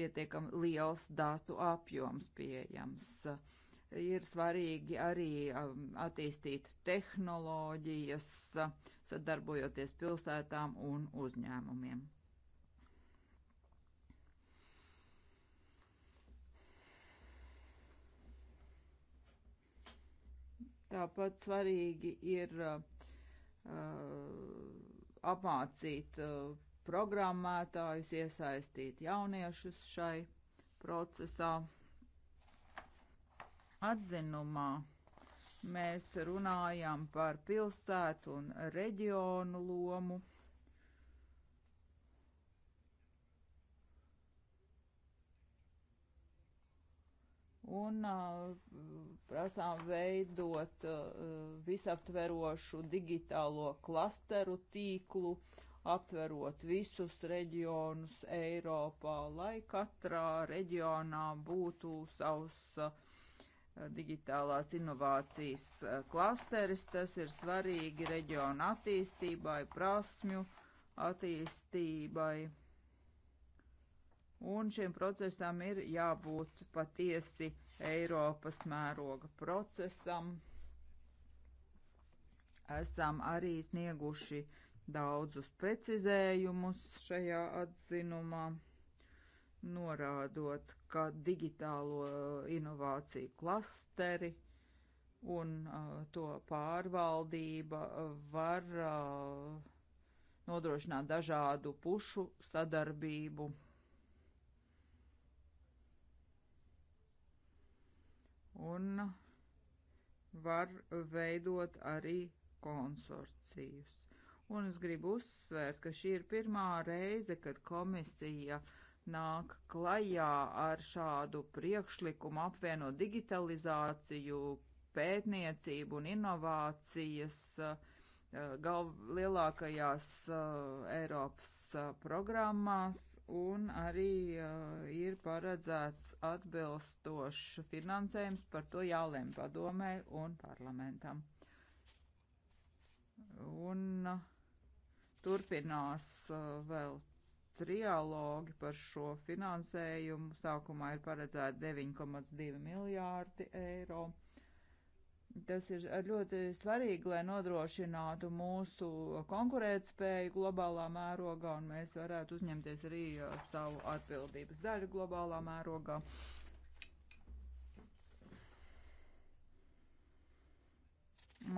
pietiekami liels datu apjoms pieejams, ir svarīgi arī attīstīt tehnoloģijas, sadarbojoties pilsētām un uzņēmumiem. Tāpat svarīgi ir uh, uh, apmācīt uh, programmētājus, iesaistīt jauniešus šai procesā. Atzinumā mēs runājam par pilsētu un reģionu lomu. Un uh, prasām veidot uh, visaptverošu digitālo klasteru tīklu, aptverot visus reģionus Eiropā, lai katrā reģionā būtu savs uh, digitālās inovācijas uh, klasteris. Tas ir svarīgi reģionu attīstībai, prasmju attīstībai un šim procesam ir jābūt patiesi Eiropas mēroga procesam. Esam arī snieguši daudzus precizējumus šajā atzinumā, norādot, ka digitālo inovāciju klasteri un uh, to pārvaldība var uh, nodrošināt dažādu pušu sadarbību un var veidot arī konsorcijus. Un es gribu uzsvērt, ka šī ir pirmā reize, kad komisija nāk klajā ar šādu priekšlikumu apvienot digitalizāciju, pētniecību un inovācijas uh, eh, galv lielākajās uh, Eiropas programmās un arī uh, ir paredzēts atbilstošs finansējums, par to jālem padomē un parlamentam. Un uh, turpinās uh, vēl trialogi par šo finansējumu. Sākumā ir paredzēti 9,2 miljārdi eiro Tas ir ļoti svarīgi, lai nodrošinātu mūsu konkurētspēju globālā mērogā un mēs varētu uzņemties arī uh, savu atbildības daļu globālā mērogā.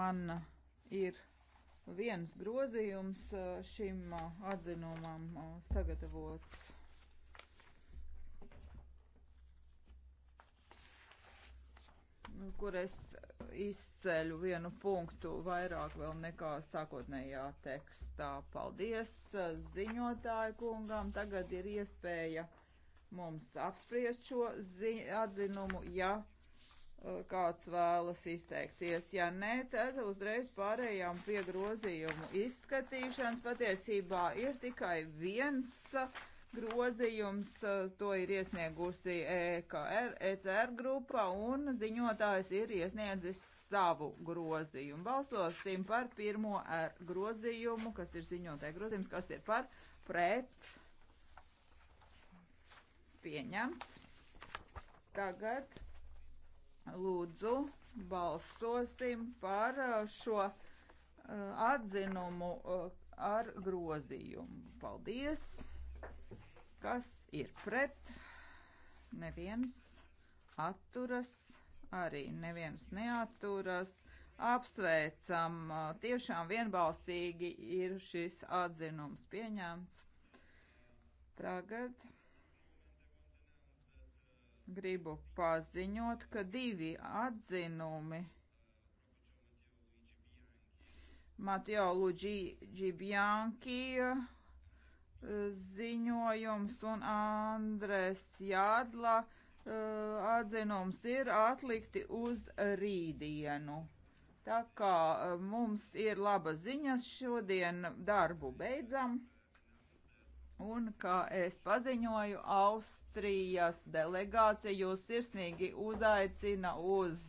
Man uh, ir viens grozījums uh, šim atzinumam sagatavots. Nu, kur es izceļu vienu punktu vairāk vēl nekā sākotnējā tekstā. Paldies ziņotāju kungam. Tagad ir iespēja mums apspriest šo atzinumu, ja e, kāds vēlas izteikties. Ja nē, tad uzreiz pārējām pie grozījumu izskatīšanas. Patiesībā ir tikai viens uh, grozījums, eh, to ir iesniegusi EKR, ECR grupa un ziņotājs ir iesniedzis savu grozījumu. Balsosim par pirmo R grozījumu, kas ir ziņotāja grozījums, kas ir par pret pieņemts. Tagad lūdzu balsosim par eh, šo uh, atzinumu uh, ar grozījumu. Paldies! kas ir pret, neviens atturas, arī neviens neatturas. Apsveicam, tiešām vienbalsīgi ir šis atzinums pieņemts. Tagad gribu paziņot, ka divi atzinumi Mateo Luigi Bianchi ziņojums un Andres Jādla eh, atzinums ir atlikti uz rītdienu. Tā kā eh, mums ir laba ziņas, šodien darbu beidzam. Un, kā es paziņoju, Austrijas delegācija jūs sirsnīgi uzaicina uz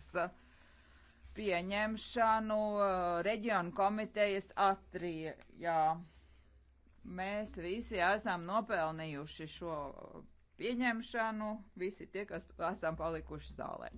pieņemšanu eh, reģionu komitejas atrijā. Mēs visi esam nopelnījuši šo pieņemšanu, visi tie, kas esam palikuši zālē.